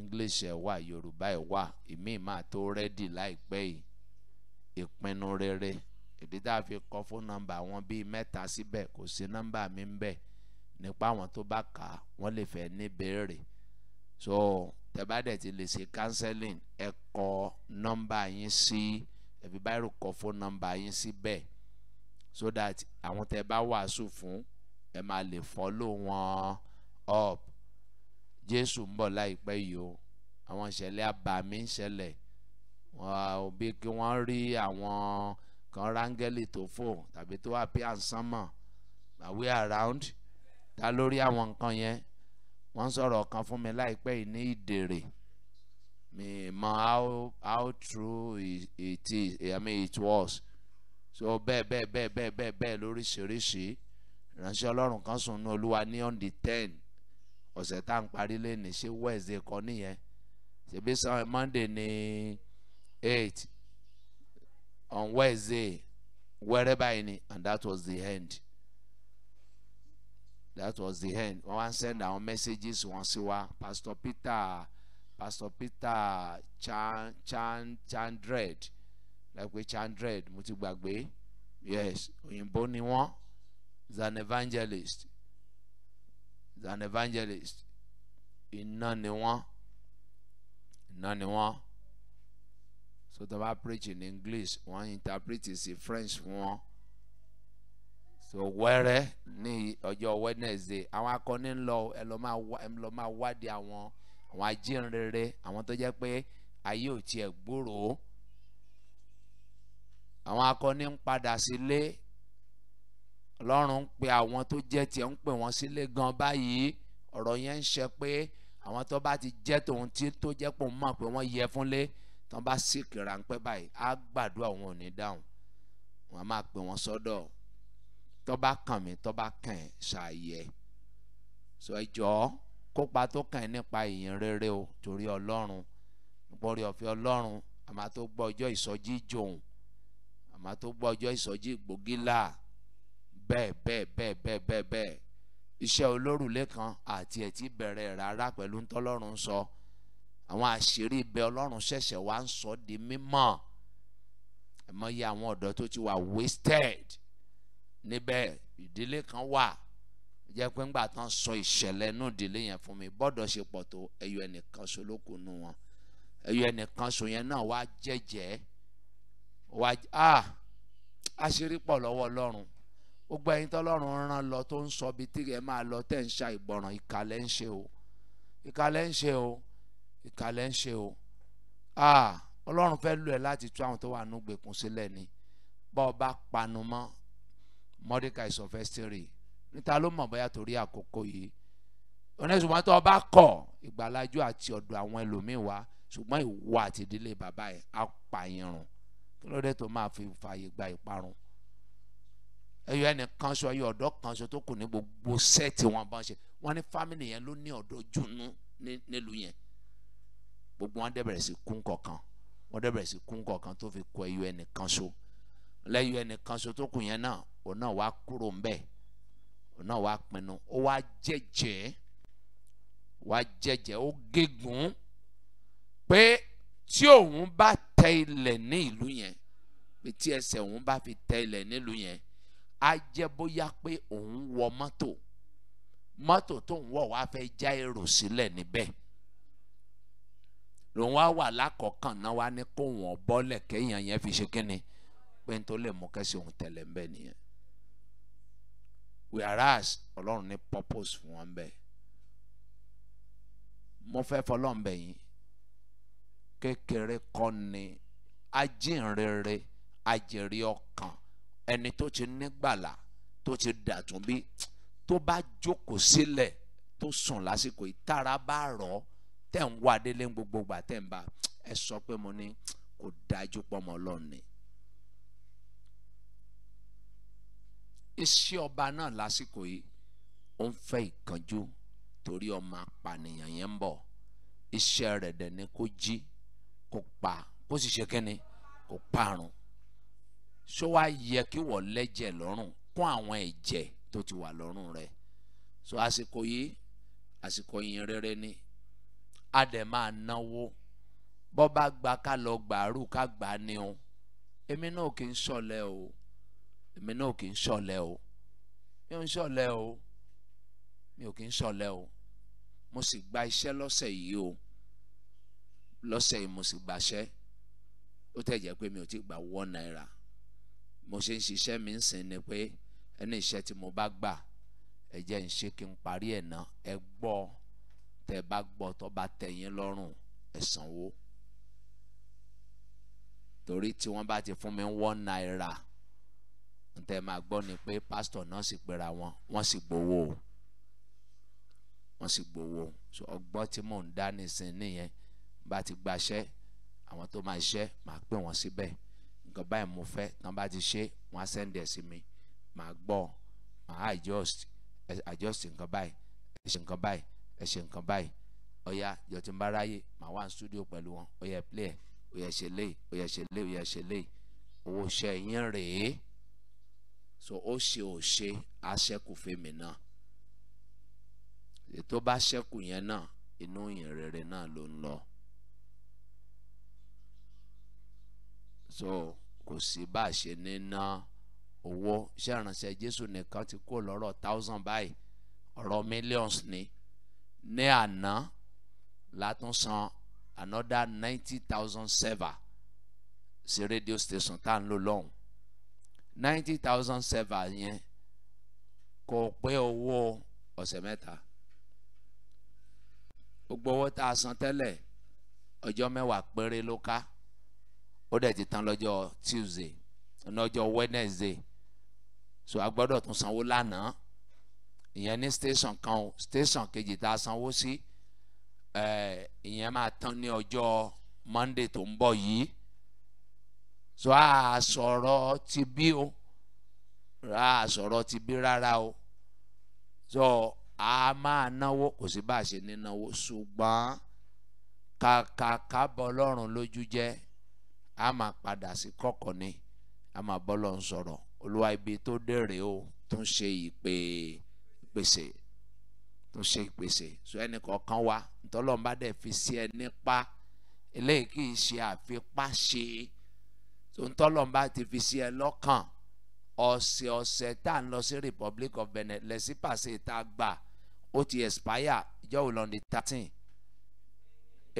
english ẹ̀ wà yorùbá ẹ̀ wà ìmíì máa tó rẹ́dì láìpẹ́ yìí ìpinnu rere ìdí tá a fi kọ fún nọ́mbà wọn bíi mẹ́ta síbẹ̀ kò sí nọ́mbà mi ń bẹ̀ nípa àwọn tó bá kà á wọ́n lè fẹ́ ní béèrè so tẹ́bàdẹ̀ ti lè ṣe counseling ẹ kọ nọ́mbà yín sí ẹ̀bí báyìí kọ fóònù nọ́mbà yín síbẹ̀ so that àwọn tẹ́ bá wàásù fún ẹ máa lè follow wọn up jésù ń bọ̀ láìpẹ́ yìí o àwọn ìṣẹ̀lẹ̀ àbàmì ń ṣẹlẹ̀ bí kí wọ́n rí àwọn kan rángẹ́lì tó fò tàbí tó wà pí àǹsánmọ̀ are we around ta lórí àwọn nǹkan yẹn wọ́n sọ̀rọ̀ kan fún mi láìpẹ́ yìí ní ìdèrè mi mọ how how true it is I mean it was so bẹ́ẹ̀ bẹ́ẹ̀ bẹ́ẹ̀ bẹ́ẹ̀ bẹ́ẹ̀ bẹ́ẹ̀ lóríṣiríṣi ìránṣẹ́ ọlọ́run kan sùn ní olúwa ní on the ten ọ̀sẹ̀ tá à ń parí lẹ́nu ṣé wednesday kan nìyẹn ṣebí sunday monday ní eight on wednesday Wherever báyìí ni and that was the end. that was the end want send our messages wọ́n sí wa pastor peter pastor peter chan chan chandred láìpẹ́ chandred mo ti yes òyìnbó ni is an evangelist is an evangelist in ni wọ́n so they bá preach in english one interpret in french one so wẹ́rẹ́ ní ọjọ́ Wednesday àwọn akọni ń lọ ẹ lọ máa wádìí àwọn àwọn ajínrere àwọn tó jẹ́ pé ayé ò tiẹ̀ gbòòrò àwọn akọni ń padà sílé Ọlọ́run ń pe àwọn tó jẹ́ tiẹ̀ ń pè wọ́n sílé gan báyìí ọ̀rọ̀ yẹn ń ṣe pé àwọn tó bá ti jẹ́ tòun tí tó jẹ́ pòun mọ̀ pé wọ́n yẹ fúnlé tán bá sì kìrà ń pẹ́ báyìí á gbàdúrà wọn ò ní dáhùn wọn á máa pè wọ́n sọ́dọ̀ tọ́ba kàn mí tọ́ba kàn ẹ́ ṣàyẹ̀ sọ ẹ jọ̀ọ́ kópa tó kàn ẹ́ nípa ìyìn rere o torí ọlọ́run gbọ́rí ọ̀fẹ́ ọlọ́run àmà tó gbọ́ ọjọ́ ìsọjí jòun àmà tó gbọ́ ọjọ́ ìsọjí gbògílà bẹ́ẹ̀ bẹ́ẹ̀ bẹ́ẹ̀ bẹ́ẹ̀ bẹ́ẹ̀ bẹ́ẹ̀ iṣẹ́ olórùlé kan àti ẹ̀ ti bẹ̀rẹ̀ rárá pẹ̀lú ntọ́lọ́run sọ àwọn àṣírí ibẹ̀ ọlọ́run ṣẹ̀ṣẹ̀ wá ń sọ di mímọ́ ẹ̀ mọ̀ àwọn ọ̀dọ́ tó ti wà wasted níbẹ̀ ìdílé kan wà jẹ́ pé ńgbà tán sọ ìṣẹ̀lẹ̀ inú ìdílé yẹn fún mi bọ́dọ̀ ṣe pọ̀ tó ẹyọ ẹnìkan so ló kù nù wọn ẹyọ ẹnìkan so yẹn náà wá jẹ́jẹ́ wá a àṣírí pọ̀ lọ́wọ́ ọlọ́run gbogbo ẹ̀yin tọ́lọ́run rán lọ tó ń sọ bíi tíì ẹ máa lọ tẹ̀ ń ṣa ìgbọràn ìkàlẹ̀ ń ṣe o ìkàlẹ̀ ń ṣe o ìkàlẹ̀ ń ṣe o a ọlọ́run fẹ́ lù ẹ́ láti tú àwọn tó wà nù gbèkùn sílẹ̀ ni bọ́ọ̀ bá panu mọ́ Mordecai of Esteri níta ló mọ̀ bóyá torí àkókò yìí onẹ́sùnmọ́ tó ọba kọ̀ ìgbàlájú àti ọ̀dọ̀ àwọn ẹlòmíín wá ṣùgbọ́n ìwọ àti ìdílé bàbá ẹ̀ á pa irun kí ló dé tó máa fi fààyè gba ìparun ẹyọ ẹnìkan sọ ẹyọ ọ̀dọ́ kan sọ tó kù ní gbogbo sẹ́ẹ̀tì wọn bá ń ṣe wọn ní fámìlì yẹn ló ní ọ̀dọ́ jùnú nílùú yẹn gbogbo wọn dẹ̀ sí kún kọ̀ọ̀kan wọn dẹ̀ sí kún kọ̀ọ̀kan tó fi kọ ẹyọ ẹnìkan sọ lẹ́yìn ẹnìkan ṣo tó kù yẹn náà òun náà wàá kúrò ń bẹ̀ òun náà wàá pinnu ó wàá jẹ́jẹ́ wàá jẹ́jẹ́ ó gégùn pé tí òun bá tẹ ilẹ̀ ní ìlú yẹn pé tí ẹsẹ̀ òun bá fi tẹ ilẹ̀ nílùú yẹn á jẹ́ bóyá pé òun wọ mọ́tò mọ́tò tó ń wọ̀ wá fẹ́ já èrò sílẹ̀ níbẹ̀ lòun wá wà lákọ̀ọ́kàn náà wá ní kóun ọ̀bọ́lẹ̀ kéèyàn yẹn fi ṣe kínni pé n tó lè mú kẹ́sì òun tẹ̀lé ń bẹ̀ nìyẹn whereas ọlọ́run ní purpose fún wọn bẹ́ẹ̀ mo fẹ́ fọlọ́run bẹ̀ yín kékeré kọ́ ni ajínrere ajẹ̀rí ọkàn ẹni tó ti nígbàlà tó ti dàtúnbí tó bá jókòó sílẹ̀ tó sùn lásìkò ìtara bá rọ̀ tẹ̀ ń wá délé gbogbo tẹ̀ ń bá ẹ sọ pé mo ní kò dájú pọ́mọ ọlọ́run ni. iṣẹ́ ọba náà lásìkò yìí ó ń fẹ́ ìkanjú torí ọmọ apànìyàn yẹn ń bọ̀ iṣẹ́ rẹ̀ dẹ̀ ni kó jí kó pa kó sì ṣe kẹ́ni kó parun ṣó wá yẹ kí wọ́n lẹ́jẹ̀ lọ́rùn kún àwọn ẹ̀jẹ̀ tó ti wà lọ́rùn rẹ̀ so àsìkò yìí àsìkò yìí rere ni a dẹ̀ máa náwó bọ́ bá gba ká lọ gbàrú ká gbà ní o èmi náà kì í ṣọ̀lẹ o èmi náà kì í ṣọ̀lẹ o mi ò ń ṣọ̀lẹ o mi ò kì í ṣọ̀lẹ o mo sì gba iṣẹ́ lọ́sẹ̀ yìí o lọ́sẹ̀ yìí mo sì gbàṣẹ́ ó tẹ̀ pé mi ò ti gba one naira mo ṣe ń ṣiṣẹ́ mi ń sìn ni pé ẹni iṣẹ́ tí mo bá gbà ẹ ń ṣe kí n parí ẹ̀ ná ẹ gbọ́ tẹ́ bá gbọ́ tó bá tẹ́ yín ẹ sanwó torí tí wọ́n bá ti fún mi one naira ntẹ máa gbọ́ ni pé pásítọ̀ náà sì pera wọn wọ́n sì gbowó o wọ́n sì gbowó o so ọgbọ́n tí mò ń dá nísìn nìyẹn bá ti gbaṣẹ́ àwọn tó máa ṣẹ́ máa pè wọ́n síbẹ̀ nǹkan báyìí mo fẹ́ tán bá ti ṣe wọ́n á sẹ́ndẹ̀ sí mi máa gbọ́ máa adjust adjust nǹkan báyìí ẹ ṣe nǹkan báyìí ẹ ṣe nǹkan báyìí ọ̀ya jọ̀tí ń bá ráyè máa wá ní studio pẹ̀lú wọn ọ̀ya ẹ̀ play ẹ̀ ọ̀ya ẹ̀ ṣe léyìí ọ̀ya ẹ̀ ṣe léyìí ọ̀ya ẹ̀ ṣe léyìí owó ṣẹ́ yín rèé so ó ṣe ò ṣe á ṣẹ́kù fèmí náà ètò bá ṣẹ́kù yẹn náà inú yìn rere náà ló ń lọ so kò sí bá a ṣe ní ná owó ṣé ìránṣẹ́ Jésù nìkan ti kó lọ́rọ̀ thousand báyìí ọ̀rọ̀ millions ni ní àná látún another ninety thousand server sí radio station tá à ń lò lọ́hùn ninety thousand server yẹn kò pé owó ọ̀sẹ̀ mẹ́ta gbogbo owó tá a san tẹ́lẹ̀ ọjọ́ mẹ́wàá péré ló ká ó dẹ̀ ti tán lọ́jọ́ Tuesday lọ́jọ́ Wednesday so a gbọ́dọ̀ tún sanwó lánàá ìyẹn ní station kan o station kejì tá a sanwó sí ìyẹn máa tán ní ọjọ́ Monday tó ń bọ̀ yìí so a sọ̀rọ̀ ti bí o a sọ̀rọ̀ ti bí rárá o so a máa náwó kò sí bá a ṣe ní náwó ṣùgbọ́n kàkà kábọ̀ ọlọ́run lójú jẹ́ a máa padà sí kọ̀kọ̀ ni a máa bọ́ lọ́n sọ̀rọ̀ olúwa ibi tó dèrè o tó ń ṣe ìpè ìpèsè tó ń ṣe ìpèsè so ẹnì kọ̀ọ̀kan wa ntọ́lọ́mbá dẹ̀ fi sí ẹ nípa eléyìí kì í ṣe àfipá ṣe é ntọ́lọ́mbà ti fi sí ẹ lọ́kàn ọ̀sẹ̀ ọ̀sẹ̀ tá à ń sí Republic of Benin lẹ́sìn pàṣẹ tá gbà ó ti expire ìjọ òun lọ ní thirteen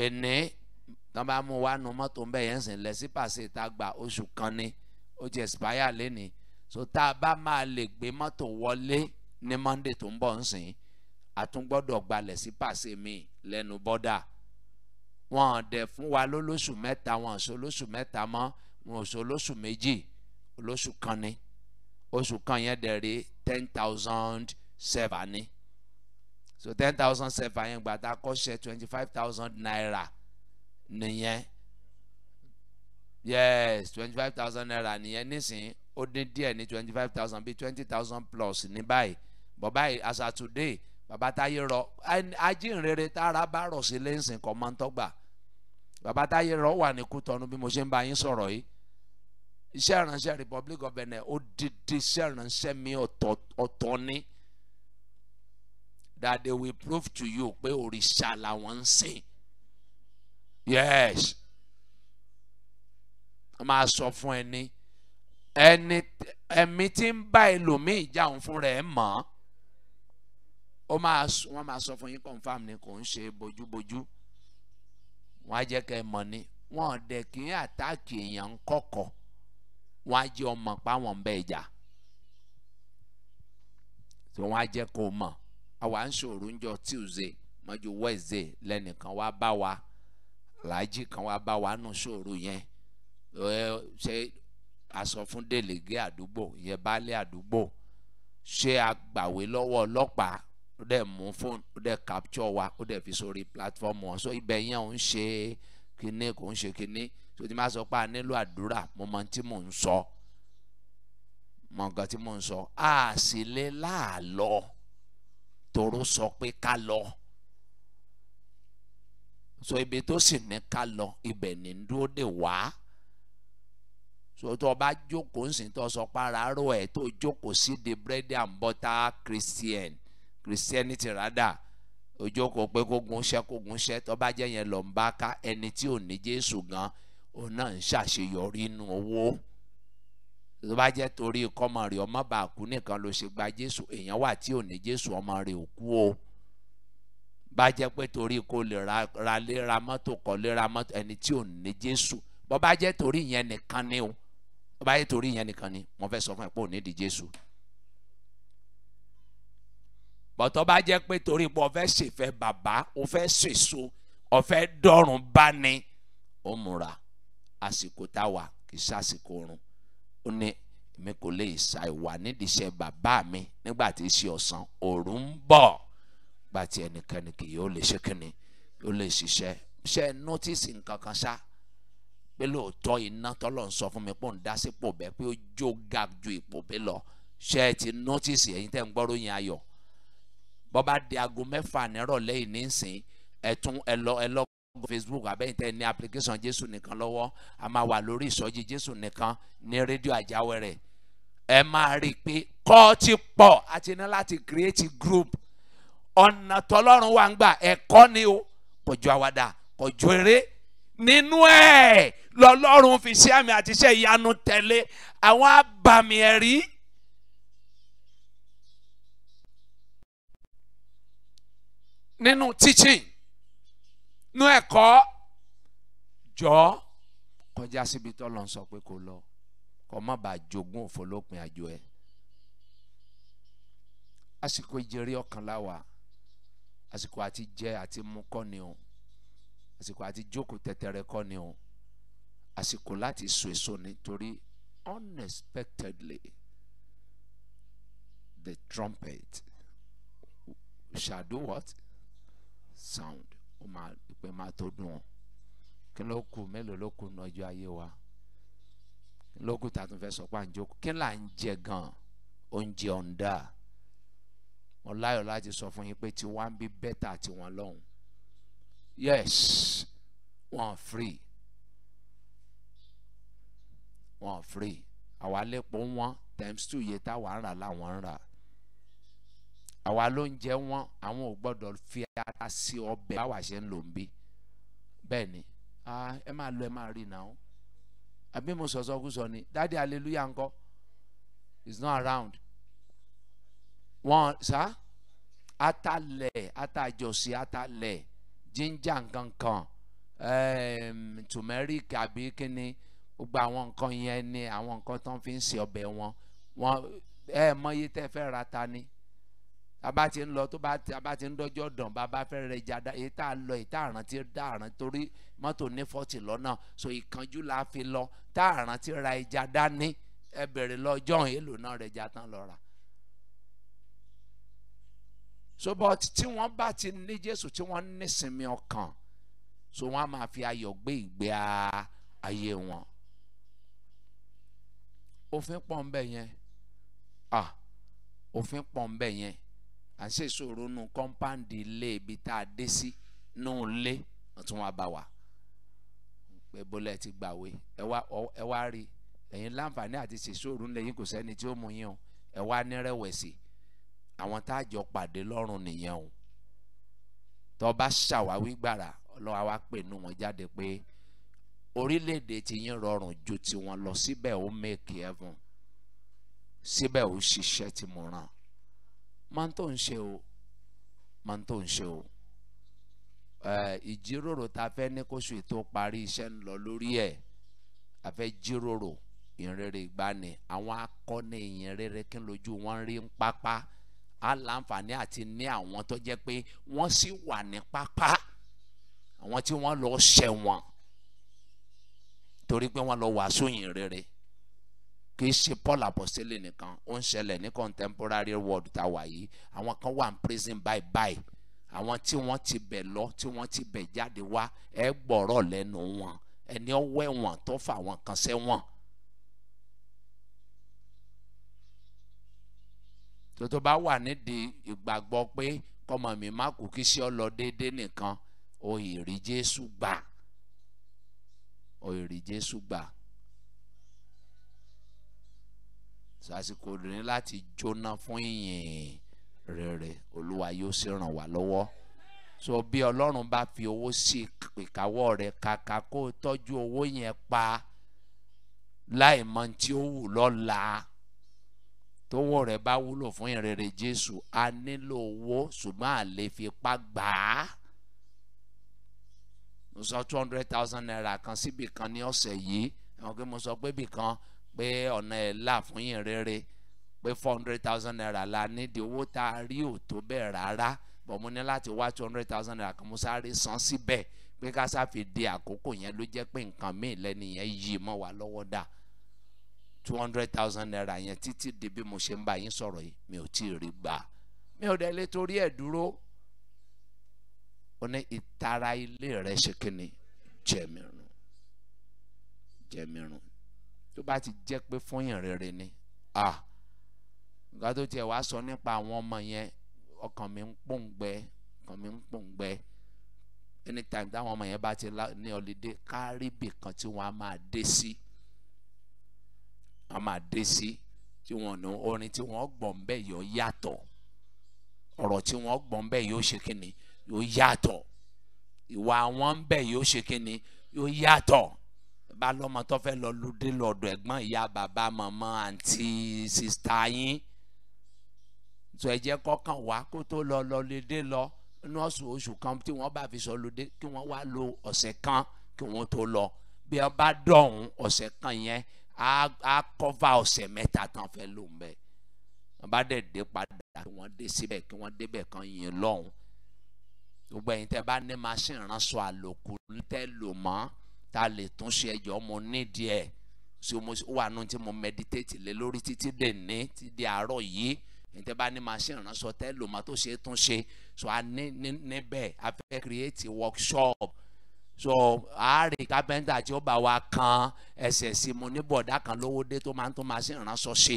ẹ̀ní tó bá mú wa nu mọ́tò ń bẹ̀ yẹn sìn lẹ́sìn pàṣẹ tá gbà oṣù kan ni ó ti expire lẹ́nìí so tá a bá máa lè gbé mọ́tò wọlé ní Monday tó ń bọ̀ ń sìn àtúngbọ́dọ̀ gbalẹ̀ sí pàṣẹ mi lẹ́nu bọ́dà wọn dẹ̀ fún wa lólóṣù mẹ́ta wọn sọ lóṣù mẹ́ta mọ́. So wọn sọ olóṣù méjì olóṣù kan ni oṣù kan yẹn dẹ̀ ten thousand seven ni so ten thousand seven yẹn gbà tá twenty five thousand naira nìyẹn yes twenty five thousand naira nìyẹn nísìnyí ó dín díẹ̀ ní twenty five thousand bíi twenty thousand plus ní báyìí but báyìí as at today bàbá táyé rọ ajínrere tára bá rọ̀ sí lẹ́sìn kọ́ máa ń tọ́gbà bàbá táyé rọ wà ní kútọ́nu bí mo ṣe ń bá yín sọ̀rọ̀ yìí iṣẹ́ ìránṣẹ́ Republic of Benin odidi iṣẹ́ ìránṣẹ́ mi ọ̀tọ̀ ni that they will prove to you pé òrìṣà làwọn ń sìn yes a máa sọ fún ẹni ẹni ẹ̀mí tí ń bá ẹlòmíì jà òun fún rẹ̀ mọ́ ó máa wọ́n máa sọ fún yín confam ni kò ń ṣe bójúbójú wọ́n á jẹ́ kẹ́ ẹ mọ̀ ni wọ́n dẹ̀ kí ń àtáàkì èèyàn kọ̀kọ̀ wọ́n á jẹ́ ọmọ pa wọ́n ń bẹ́ ẹja tí wọ́n á jẹ́ kó mọ̀ àwa ń ṣòro ń jọ Tuesday mọ́jú Wednesday lẹ́nìkan wá bá wa làájì kan wá bá wa nù ṣòro yẹn ṣe aṣọ fún délégué àdúgbò ìyẹn baálé àdúgbò ṣe agbàwé lọ́wọ́ ọlọ́pàá ó dẹ̀ mú fóònù ó dẹ̀ capture wa ó dẹ̀ fi sórí platform wọn so ibẹ̀ yẹn ò ń ṣe kinní kò ń ṣe kinní tó ti máa sọ pé a nílò àdúrà mo mọ tí mò ń sọ mọ nǹkan tí mò ń sọ a sì lè láàlọ toro sọ pé ká lọ so ibi tó sì ní ká lọ ibẹ̀ ní dúró dè wá so tó o bá jókòó nsìn tó o sọ páráró ẹ tó jókòó sí the bread and butter Christian Christianity rather ojókòó pé kógun ṣẹ́ kógun ṣẹ́ tó bá jẹ́ yẹn lọ́nba ká ẹni tí ò ní Jésù gan-an òun náà ń ṣàṣeyọrí inú owó tó bá jẹ́ torí kọ́mọ rẹ̀ ọmọ bá kú nìkan ló ṣe gba Jésù èèyàn wà tí ò ní Jésù ọmọ rẹ̀ ò kú o bá jẹ́ pé torí kò lè ra lé ra mọ́tò kọ́ lé ra mọ́tò ẹni tí ò ní Jésù bó bá jẹ́ torí yẹn nìkan ni o bó bá jẹ́ torí yẹn nìkan ni wọ́n fẹ́ sọ fún ẹ pé ò ní di Jésù bọ́tọ́ bá jẹ́ pé torí pé o fẹ́ ṣèfẹ́ bàbá o fẹ́ ṣèso o fẹ́ dọ́rùn bá ní ó múra àsìkò tá a wà kì í sàsìkò oorun ó ní èmi kò lè ṣàìwà nídìí iṣẹ́ bàbá mi nígbà tí í ṣe ọ̀sán oòrùn ń bọ̀ gba ti ẹnikẹ́ni kì yóò lè ṣe kíni yóò lè ṣiṣẹ́ ṣe nọ́tìsì nǹkan kan ṣá pé lóòótọ́ iná tọ́lọ̀ ń sọ fún mi pò ń dá sípò bẹ́ẹ̀ pé ó jó ga ju ipò mi lọ ṣe é ti nọ́tìsì ẹ̀yin tẹ́ ń gbọ́ ròyìn ayọ̀ bọ́ bá di aago mẹ́fà nírọ̀lẹ́ yìí nísìnyí ẹ̀tún ẹ̀lọ́ ẹ̀lọ́ facebook abẹ́yìn tẹ́ ní application jésù nìkan lọ́wọ́ a máa wà lórí ìsọjí jésù nìkan ní rédíò àjáwẹ̀rẹ̀ ẹ máa rí i pé kọ́ ti pọ̀ àti ní láti create group ọ̀nà tọ́lọ́run wà ń gbà ẹ̀kọ́ ni o kò ju àwàdà kò ju eré nínú ẹ̀ lọ́lọ́run fi sí àmì àti ìyanu tẹ̀lé àwọn abàmì ẹ̀rí. nínú teaching nú ẹ̀kọ́ jọ kọjá síbi tó lọ sọ pé kò lọ kó má bàa jogún òfò lópin àjò ẹ àsìkò ìjẹrí ọkàn láwa àsìkò àti jẹ àti mu kọ́ ni o àsìkò àti jókòó tẹtẹrẹ kọ́ ni o àsìkò láti so èso nítorí unexpectedly the trumpet shall do what sound ó máa pé máa tó dùn ọ́ kí ló kù mélòó ló kù nọjọ́ ayé wa kí ló kù sọ pé à ń jókòó kí là ń jẹ gan oúnjẹ ọ̀ǹda mo láyọ̀ láti sọ fún yín pé tí wọ́n bí bẹ́tà tí lọ́hùn yes wọ́n free wọ́n free àwa lẹ́pọ̀ wọn times two yẹ táwa ń rà láwọn ń rà àwa ló ń jẹ wọn àwọn ò gbọ́dọ̀ fi ata sí ọbẹ̀ báwa ṣe ń lò ń bí bẹ́ẹ̀ ni ẹ máa lọ ẹ máa rí náà àbí mo sọ̀sọ́ kú sọ ni dáàdi hallelujah ńkọ́ is not around wọn sá atalẹ̀ atajọsí atalẹ̀ ginger nkankan um, turmeric àbí kíni gbogbo àwọn nǹkan yẹn ni àwọn nǹkan tó ń fi ń ṣe ọbẹ̀ wọn wọn ẹ mọ iye tẹ́ ra ta ni bàbá ti ń lọ tó bá ti bàbá ti ń dọ́jọ́ dàn bàbá fẹ́ rẹ jà dá èyí tá a lọ èyí tá a rántí dá a rántí torí mọ́tò ní fọ́tì lọ́nà so ìkanjú la fi lọ tá a rántí ra ẹja dání ẹ bẹ̀rẹ̀ lọ́jọ́ èlò náà rẹ̀ jà lọ rà. so but tí wọ́n bá ti ní Jésù tí wọ́n ní sinmi ọkàn so wọ́n á máa fi ayọ̀ gbé ìgbé ayé wọn. òfin pọ̀ ń bẹ̀ yẹn ah òfin pọ̀ ń bẹ̀ yẹn à ń ṣe ìṣòro nu kọ́ńpáǹdì ilé ibi tá a dé sí nù ilé wọ́n tún wá bá wa pé bólẹ̀ ti gbàwé ẹ wá rí ẹ̀yin láǹfààní àti ṣèṣòro ńlẹ̀ yín kò sẹ́ni tí ó mú yín o ẹ wá nírẹ̀wẹ̀sì àwọn tá a jọ pàdé lọ́rùn nìyẹn o tó bá ṣàwáwí gbàrà ọlọ́wà wá pè nú wọn jáde pé orílẹ̀-èdè ti yín rọrùn ju tiwọn lọ síbẹ̀ ó mẹ́kì ẹ̀fọn síbẹ̀ ó ṣiṣẹ́ tí mo máa ń tó ń ṣe o máa ń tó ń ṣe o eh, ìjíròrò tá a fẹ́ ní kóṣù tó parí iṣẹ́ ń lọ lórí ẹ̀ a fẹ́ jíròrò ìrere ìgbani àwọn akọni ìyìnrere kí n lójú wọn rí ń pápá á láǹfààní àti ní àwọn tó jẹ́ pé wọ́n sì wà ní pápá àwọn tí wọ́n lọ ṣẹ̀wọ̀n torí pé wọ́n lọ wàásù ìyìnrere kì í ṣe Paul apostole nìkan ó ń ṣẹlẹ̀ ní contemporary world tá a wà yìí àwọn kan wà ní prison báyìí báyìí àwọn tí wọ́n ti bẹ̀ lọ tí wọ́n ti bẹ̀ jáde wá ẹ gbọ́rọ̀ lẹ́nu wọn ẹni ọwọ́ ẹ̀wọ̀n tó fà wọn kan sẹ́wọ̀n. tó bá wà nídìí ìgbàgbọ́ pé kọ́mọ mi má kú kí sí ọlọ déédéé nìkan òyìnrí Jésù gbà òyìnrí Jésù gbà. sàsìkò ní láti jóná fún ìyìn rere olúwa yóò sì ràn wá lọ́wọ́ so bí ọlọ́run bá fi owó sí ìkáwọ́ rẹ kàkà kó o tọ́jú owó yẹn pa láì mọ tí ó wù lọ́la tówó rẹ bá wúlò fún ìrere jésù a nílò owó ṣùgbọ́n a lè fi ipá gbà á mo sọ two hundred thousand naira kan síbì kan ní ọ̀sẹ̀ yìí mo sọ pé bì pé ọ̀nà ẹ̀ là fún yín rere pé four hundred thousand naira la nídìí owó tá a rí ò tó bẹ́ẹ̀ rárá bọ̀ mo ní láti wá two hundred thousand naira kan mo sáré san síbẹ̀ pé ká sáfi di àkókò yẹn ló jẹ́ pé nǹkan míì lẹ́nu yẹn yí mọ́ wa lọ́wọ́ dà two hundred thousand naira yẹn títí di bí mo ṣe ń bá yín sọ̀rọ̀ yìí mi ò tí ì rí gbà mi ò dẹ̀ lè torí ẹ̀ dúró ó ní ìtara ilé rẹ̀ ṣe kí ni jẹ̀mìrún jẹ̀mìrún tó bá ti jẹ́ pé fọyín rere ni ah nǹkan tó tiẹ̀ wá sọ nípa àwọn ọmọ yẹn ọkàn mi ń pòǹgbẹ ọkàn mi ń pòǹgbẹ anytime táwọn ọmọ yẹn bá ti ní ọlídé káríbì kan tí wọ́n á máa dé sí wọ́n á máa dé sí tí wọ́n ní orin tí wọ́n gbọ́ ń bẹ̀ yóò yàtọ̀ ọ̀rọ̀ tí wọ́n gbọ́ ń yóò ṣe kínni yóò yàtọ̀ ìwà wọn ń yóò ṣe kínni yóò yàtọ̀ bá lọ́mọ tó fẹ́ lọ lóde lọ́dọ̀ ẹ̀gbọ́n ìyá bàbá màmá àǹtí sista yín tó ẹ jẹ́ kọ́kàn wá kó tó lọ lọ lóde lọ nọ́ọ̀sì oṣù kan tí wọ́n bá fi sọ lóde kí wọ́n wá lo ọ̀sẹ̀ kan kí wọ́n tó lọ bí wọ́n bá dọ̀hún ọ̀sẹ̀ kan yẹn á kọ́fà ọ̀sẹ̀ mẹ́ta tán fẹ́ lò ń bẹ̀ wọ́n bá dẹ̀ dé padà kí wọ́n dé síbẹ̀ kí wọ́n débẹ̀ kan yìn lọ́hún gbogbo ẹ̀yin tẹ́ bá ní machine ránṣọ àlòkù tẹ́ lò mọ́ ta lè tún ṣe ẹjọ́ mo nídìí ẹ̀ ṣé mo wà nù tí mo meditate lé lórí títí dè ní ti di àárọ̀ yìí ǹtẹ́ bá ní máa ṣe ìránṣọ tẹ́lò máa tó ṣe é tún ṣe so a ní níbẹ̀ a fẹ́ create workshop so àárẹ̀ kápẹ́ńtà tí ó bá wa kan ẹsẹ̀ sí mo ní bọ̀dá kan lówó dé tó máa ń tún máa ṣe ìránṣọ ṣe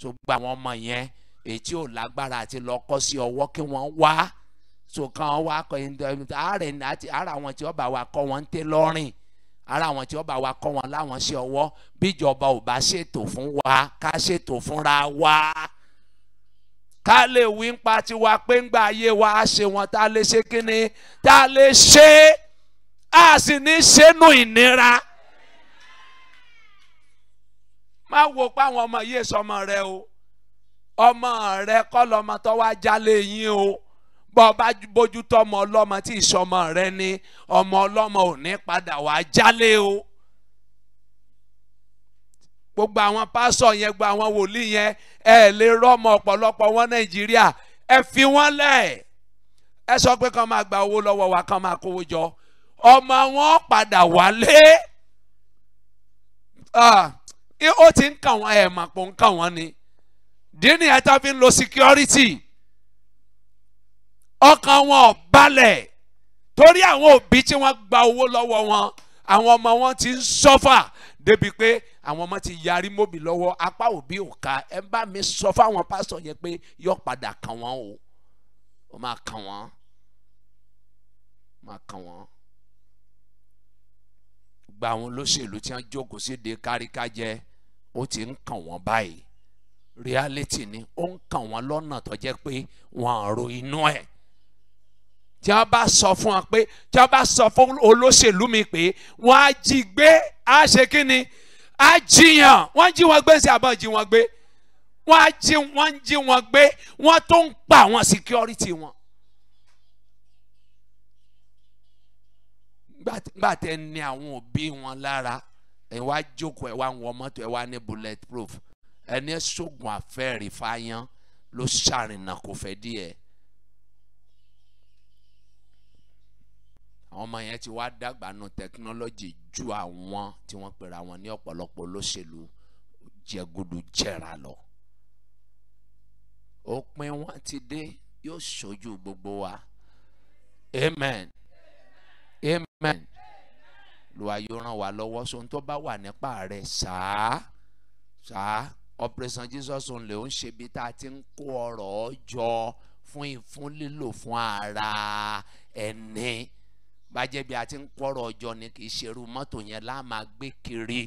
so gba àwọn ọmọ yẹn ètí ò lágbára àti lọ kọ́ sí ọwọ́ kí wọ́n wá so kan wá kọ́ àárẹ̀ àti àárẹ̀ àwọn tí ó bá wa kọ́ wọ́n ń tẹ́ lọ́rìn ara àwọn tí ó bá wa kọ́ wọn láwọn ṣe ọwọ́ bíjọba ò bá ṣètò fún wa ká ṣètò fúnra wa ká lè wí ń pa tiwa pé ń gba ayé wa á ṣe wọn tá a lè ṣe kíni tá a lè ṣe á sì ní ṣẹ́nu ìnira má wo pé àwọn ọmọ yìí sọmọ rẹ o ọmọ rẹ kọ́ lọmọ tó wá jálé yín o bọ́ ọ bá bójú tó ọmọ ọlọ́mọ tí ìsọmọ rẹ ní ọmọ ọlọ́mọ ò ní padà wá jálé o gbogbo àwọn pásọ yẹn gba àwọn wòlíì yẹn ẹ lè rọmọ ọ̀pọ̀lọpọ̀ wọn Nàìjíríà ẹ fi wọ́n lẹ̀ ẹ sọ pé kàn máa gba owó lọ́wọ́ wa kàn máa kówó jọ ọmọ wọn padà wálé ó ti ń kàn wọ́n ẹ̀ mà pò ń kàn wọ́n ni díẹ̀ ni ẹ ta fi ń lo security ọkàn wọn ò balẹ̀ torí àwọn òbí tí wọ́n gba owó lọ́wọ́ wọn àwọn ọmọ wọn ti ń sọ́fà débi pé àwọn ọmọ ti yarí mọ́bì lọ́wọ́ apá òbí ò ka ẹ bá mi sọ fáwọn pásítọ̀ yẹn pé yọ padà kàn wọ́n o ó máa kàn wọ́n máa kàn wọ́n gba àwọn olóṣèlú tí wọ́n jókòó síde káríkájẹ ó ti ń kàn wọ́n báyìí reality ni ó ń kàn wọ́n lọ́nà tó jẹ́ pé wọ́n àrò inú ẹ̀ tí wọ́n bá sọ fún wọn pé tí wọ́n bá sọ fún olóṣèlú mi pé wọ́n á jí gbé á ṣe kí ni á jiyàn wọ́n jí wọn gbé sí àbọ̀ jí wọn gbé wọ́n á jí wọ́n jí wọn gbé wọ́n tó ń pa àwọn security wọn. gbà tẹ ní àwọn òbí wọn lára ẹ wá jókòó ẹ wá ń wọ mọ́tò ẹ wá ní bullet proof ẹni ṣoògùn àfẹ́rìfáyán ló ṣàrìnà kò fẹ́ díẹ̀. àwọn ọmọ yẹn ti wá dàgbà nu tẹkinọ́lọ́jì ju àwọn tí wọ́n pera wọn ní ọ̀pọ̀lọpọ̀ olóṣèlú jẹgudu jẹra lọ òpin wọn ti dé yóò ṣojú gbogbo wa amen amen lùwà yóò ràn wá lọ́wọ́ sóhun tó bá wà nípa rẹ̀ ṣáá ṣáá operation jesus ń lè ń ṣe bí tá a ti ń kó ọ̀rọ̀ jọ fún ìfún lílò fún ara ẹni. E bàjẹ́ bí a ti ń kọ́rọ̀ ọjọ́ ni kì í ṣerú mọ́tò yẹn la máa gbé kiri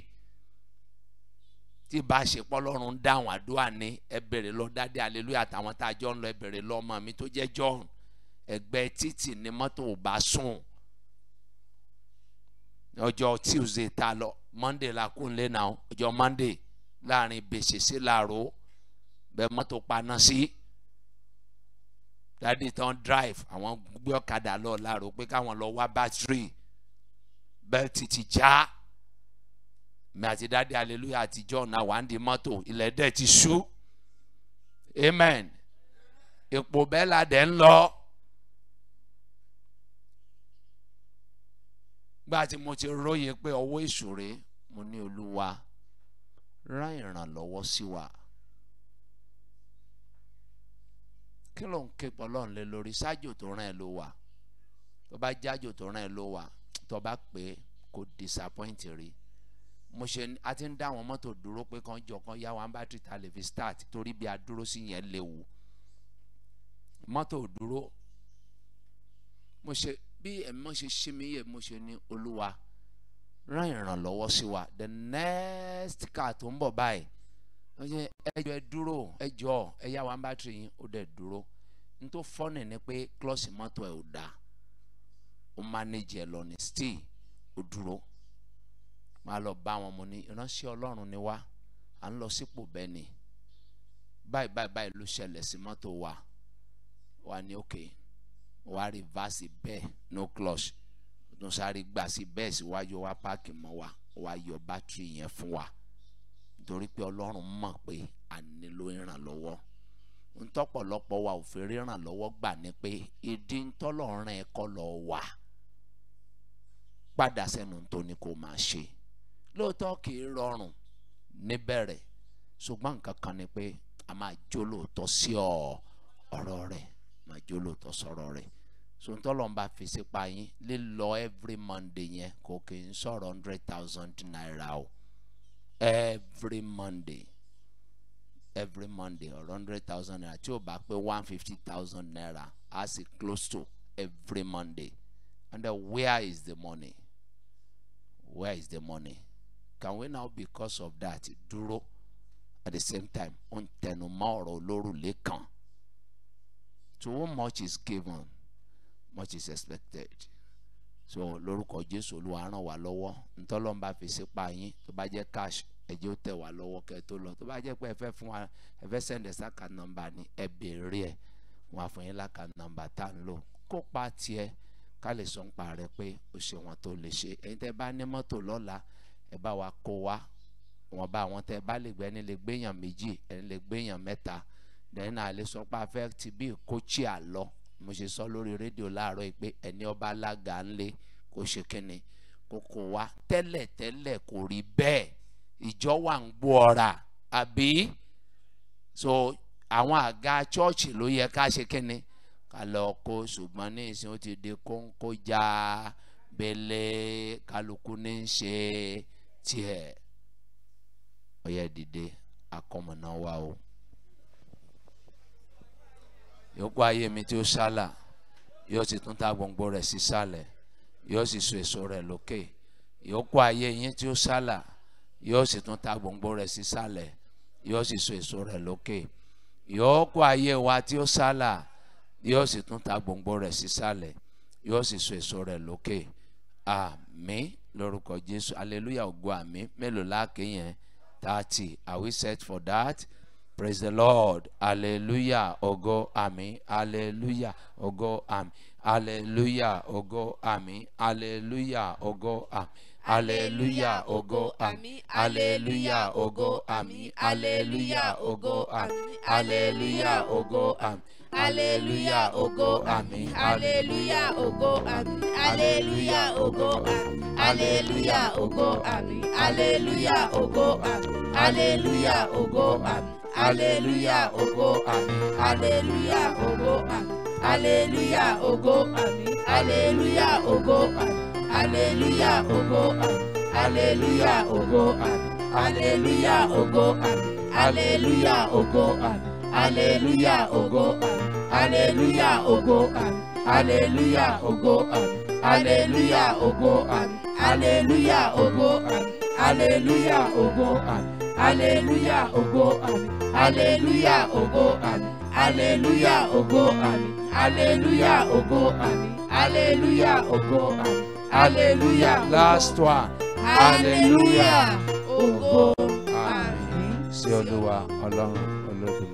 tí bá ṣe pọ́lọ́run dáhùn àdúrà ní ẹ lọ dáadé aleluya àtàwọn tá a jọ ń lọ ẹ bèrè lọ ọmọ mi tó jẹ́ john ẹgbẹ́ títì ni mọ́tò ò bá sùn ọjọ́ tuesday tá a lọ monday la kún lé náà ọjọ́ monday láàrin bèsè sí làárọ̀ bẹ́ẹ̀ mọ́tò paná sí. Si dáàdi tán drive àwọn gbé ọ̀kadà lọ láàrò pé káwọn lọ wá bátírì bẹ́ẹ̀tì ti já mi àti dáàdi hallelujah àti john náà wà ń di mọ́tò ilẹ̀ dẹ̀ ti ṣú amen ipò bẹ́ẹ̀ la dẹ̀ ń lọ. gbà tí mo ti ròyìn pé ọwọ́ ìṣòro mo ní olúwa rán ìrànlọ́wọ́ sí wa. Si kí ló ń ké pọlọ́n lé lórí ṣáájú tó rán ẹ ló wà tó bá jájò tó rán ẹ ló wà tó bá pé kò disappoint rí mo ṣe a ti ń dá àwọn mọ́tò dúró pé kan jọ kan yá wa ń bátìrì ta lè fi start torí bí a dúró sí yẹn léwu mọ́tò dúró mo ṣe bí ẹ̀mí mo ṣe ṣí mi yẹ mo ṣe ní olúwa rán ìrànlọ́wọ́ sí wa the next car tó ń bọ̀ báyìí ẹjọ́ ẹ dúró ẹjọ́ ẹ yá wa ń bátìrì yín ó dẹ̀ dúró n tó fọ́nì ni pé klọ́ọ̀sì mọ́tò ẹ̀ ò dáa ó mánéjì ẹ̀ lọ ní still ó dúró máa lọ bá wọn mo ní ìránṣẹ́ ọlọ́run ni wá à ń lọ sípò bẹ́ẹ̀ ni báyìí báyìí báyìí ló ṣẹlẹ̀ sí mọ́tò wa wà ní òkè wà rìvásì bẹ́ẹ̀ no clutch tó sáré gbà sí bẹ́ẹ̀ síwájú wa páàkì mọ́ wa wà yọ bátìrì yẹn fún wa. torí pé ọlọ́run mọ̀ pé a nílò ìrànlọ́wọ́ ntọ́pọ̀lọpọ̀ wa ò fẹ́ rí ìrànlọ́wọ́ gbà ní pé ìdí ntọ́lọ́run ẹ̀ kọ́ lọ wà padà sẹ́nu tó ní kó máa ṣe lóòótọ́ kì í rọrùn níbẹ̀rẹ̀ ṣùgbọ́n nǹkan kan ni pé a máa jó lóòótọ́ sí ọ̀rọ̀ rẹ̀ máa jó lóòótọ́ sọ̀rọ̀ rẹ̀ sontọlọnba fèsì pa yín lílọ every monday yẹn kò kì í sọ̀rọ̀ hundred thousand naira o. every Monday every Monday or hundred thousand naira tí o bá pé one fifty thousand naira as e close to every Monday and then where is the money where is the money can we now because of that dúró at the same time on ń tẹnumọ́ ọ̀rọ̀ olórùlé Too much is given much is expected so lórúkọ Jésù Olúwa ràn wá lọ́wọ́ ntọ́lọ́mbà fi sípa yín tó bá jẹ́ cash ẹ jẹ́ ó tẹ̀ wá lọ́wọ́ kẹ́ tó lọ tó bá jẹ́ pé ẹ fẹ́ fún wa ẹ fẹ́ sẹ́ndẹ̀ sáka nọ́mbà ni ẹ béèrè ẹ̀ wọ́n á fún yín láka nọ́mbà tá ń lò kópa tiẹ̀ ká lè sọ ń rẹ pé o ṣe wọn tó lè ṣe ẹ̀yin tẹ́ bá ní mọ́tò lọ́la ẹ bá wa kó wa wọn bá wọn tẹ́ bá lè gbé ẹni lè gbéyàn méjì ẹni lè gbéyàn mẹ́ta lẹ́yìn náà lè sọ pé a fẹ́ ti bí kóchì àlọ́ mo ṣe sọ lórí rédíò láàárọ̀ yìí pé ẹni ọba alága ńlẹ̀ kò ṣe kínni kókó wa tẹ́lẹ̀ tẹ́lẹ̀ kò rí bẹ́ẹ̀ ìjọ wà ń gbó ọ̀rà àbí so àwọn àga chọ́ọ̀chì ló yẹ ká ṣe kínni ká lọ kó ṣùgbọ́n ní ìsìn ó ti di kóńkó já bẹ́lẹ́ kálukú ní í ṣe tiẹ̀ ó yẹ dìde akọmọ̀nà wa o yòókù ayé mi tí ó sálà yóò sì tún ta gbòǹgbò rẹ̀ sísàlẹ̀ yóò sì so èso rẹ̀ lókè yòókù ayé yín tí ó sálà yóò sì tún ta gbòǹgbò rẹ̀ sísàlẹ̀ yóò sì so èso rẹ̀ lókè yóò kó ayé wa tí ó sálà yóò sì tún ta gbòǹgbò rẹ̀ sísàlẹ̀ yóò sì so èso rẹ̀ lókè àmín lórúkọ Jésù hallelujah ògo àmín mélòó láàkè yẹn thirty are we set for that praise the Lord hallelujah Ogo àmín hallelujah Ogo àmín hallelujah Ogo àmín hallelujah Ogo àmín. Aleluya ògo àmín. Aleluya ògo àmín. Aleluya ògo àmín. Aleluya ògo àmín. Aleluya ògo àmín. Aleluya ògo àmín. Aleluya ògo àmín. Aleluya ògo àmín. Aleluya ògo àmín. Aleluya ògo àmín hallelujah ògo àmín hallelujah ògo àmín hallelujah ògo àmín hallelujah ògo àmín hallelujah ògo àmín hallelujah ògo àmín hallelujah ògo àmín hallelujah ògo àmín hallelujah ògo àmín hallelujah ògo àmín hallelujah ògo àmín hallelujah ògo àmín hallelujah ògo àmín hallelujah ògo àmín aleluya ògo àmín aleluya ògo àmín aleluya ògo àmín aleluya ògo àmín aleluya ògo àmín aleluya. last one aleluya ògo àmín. sí olúwa ọlọ́run olódùmarè.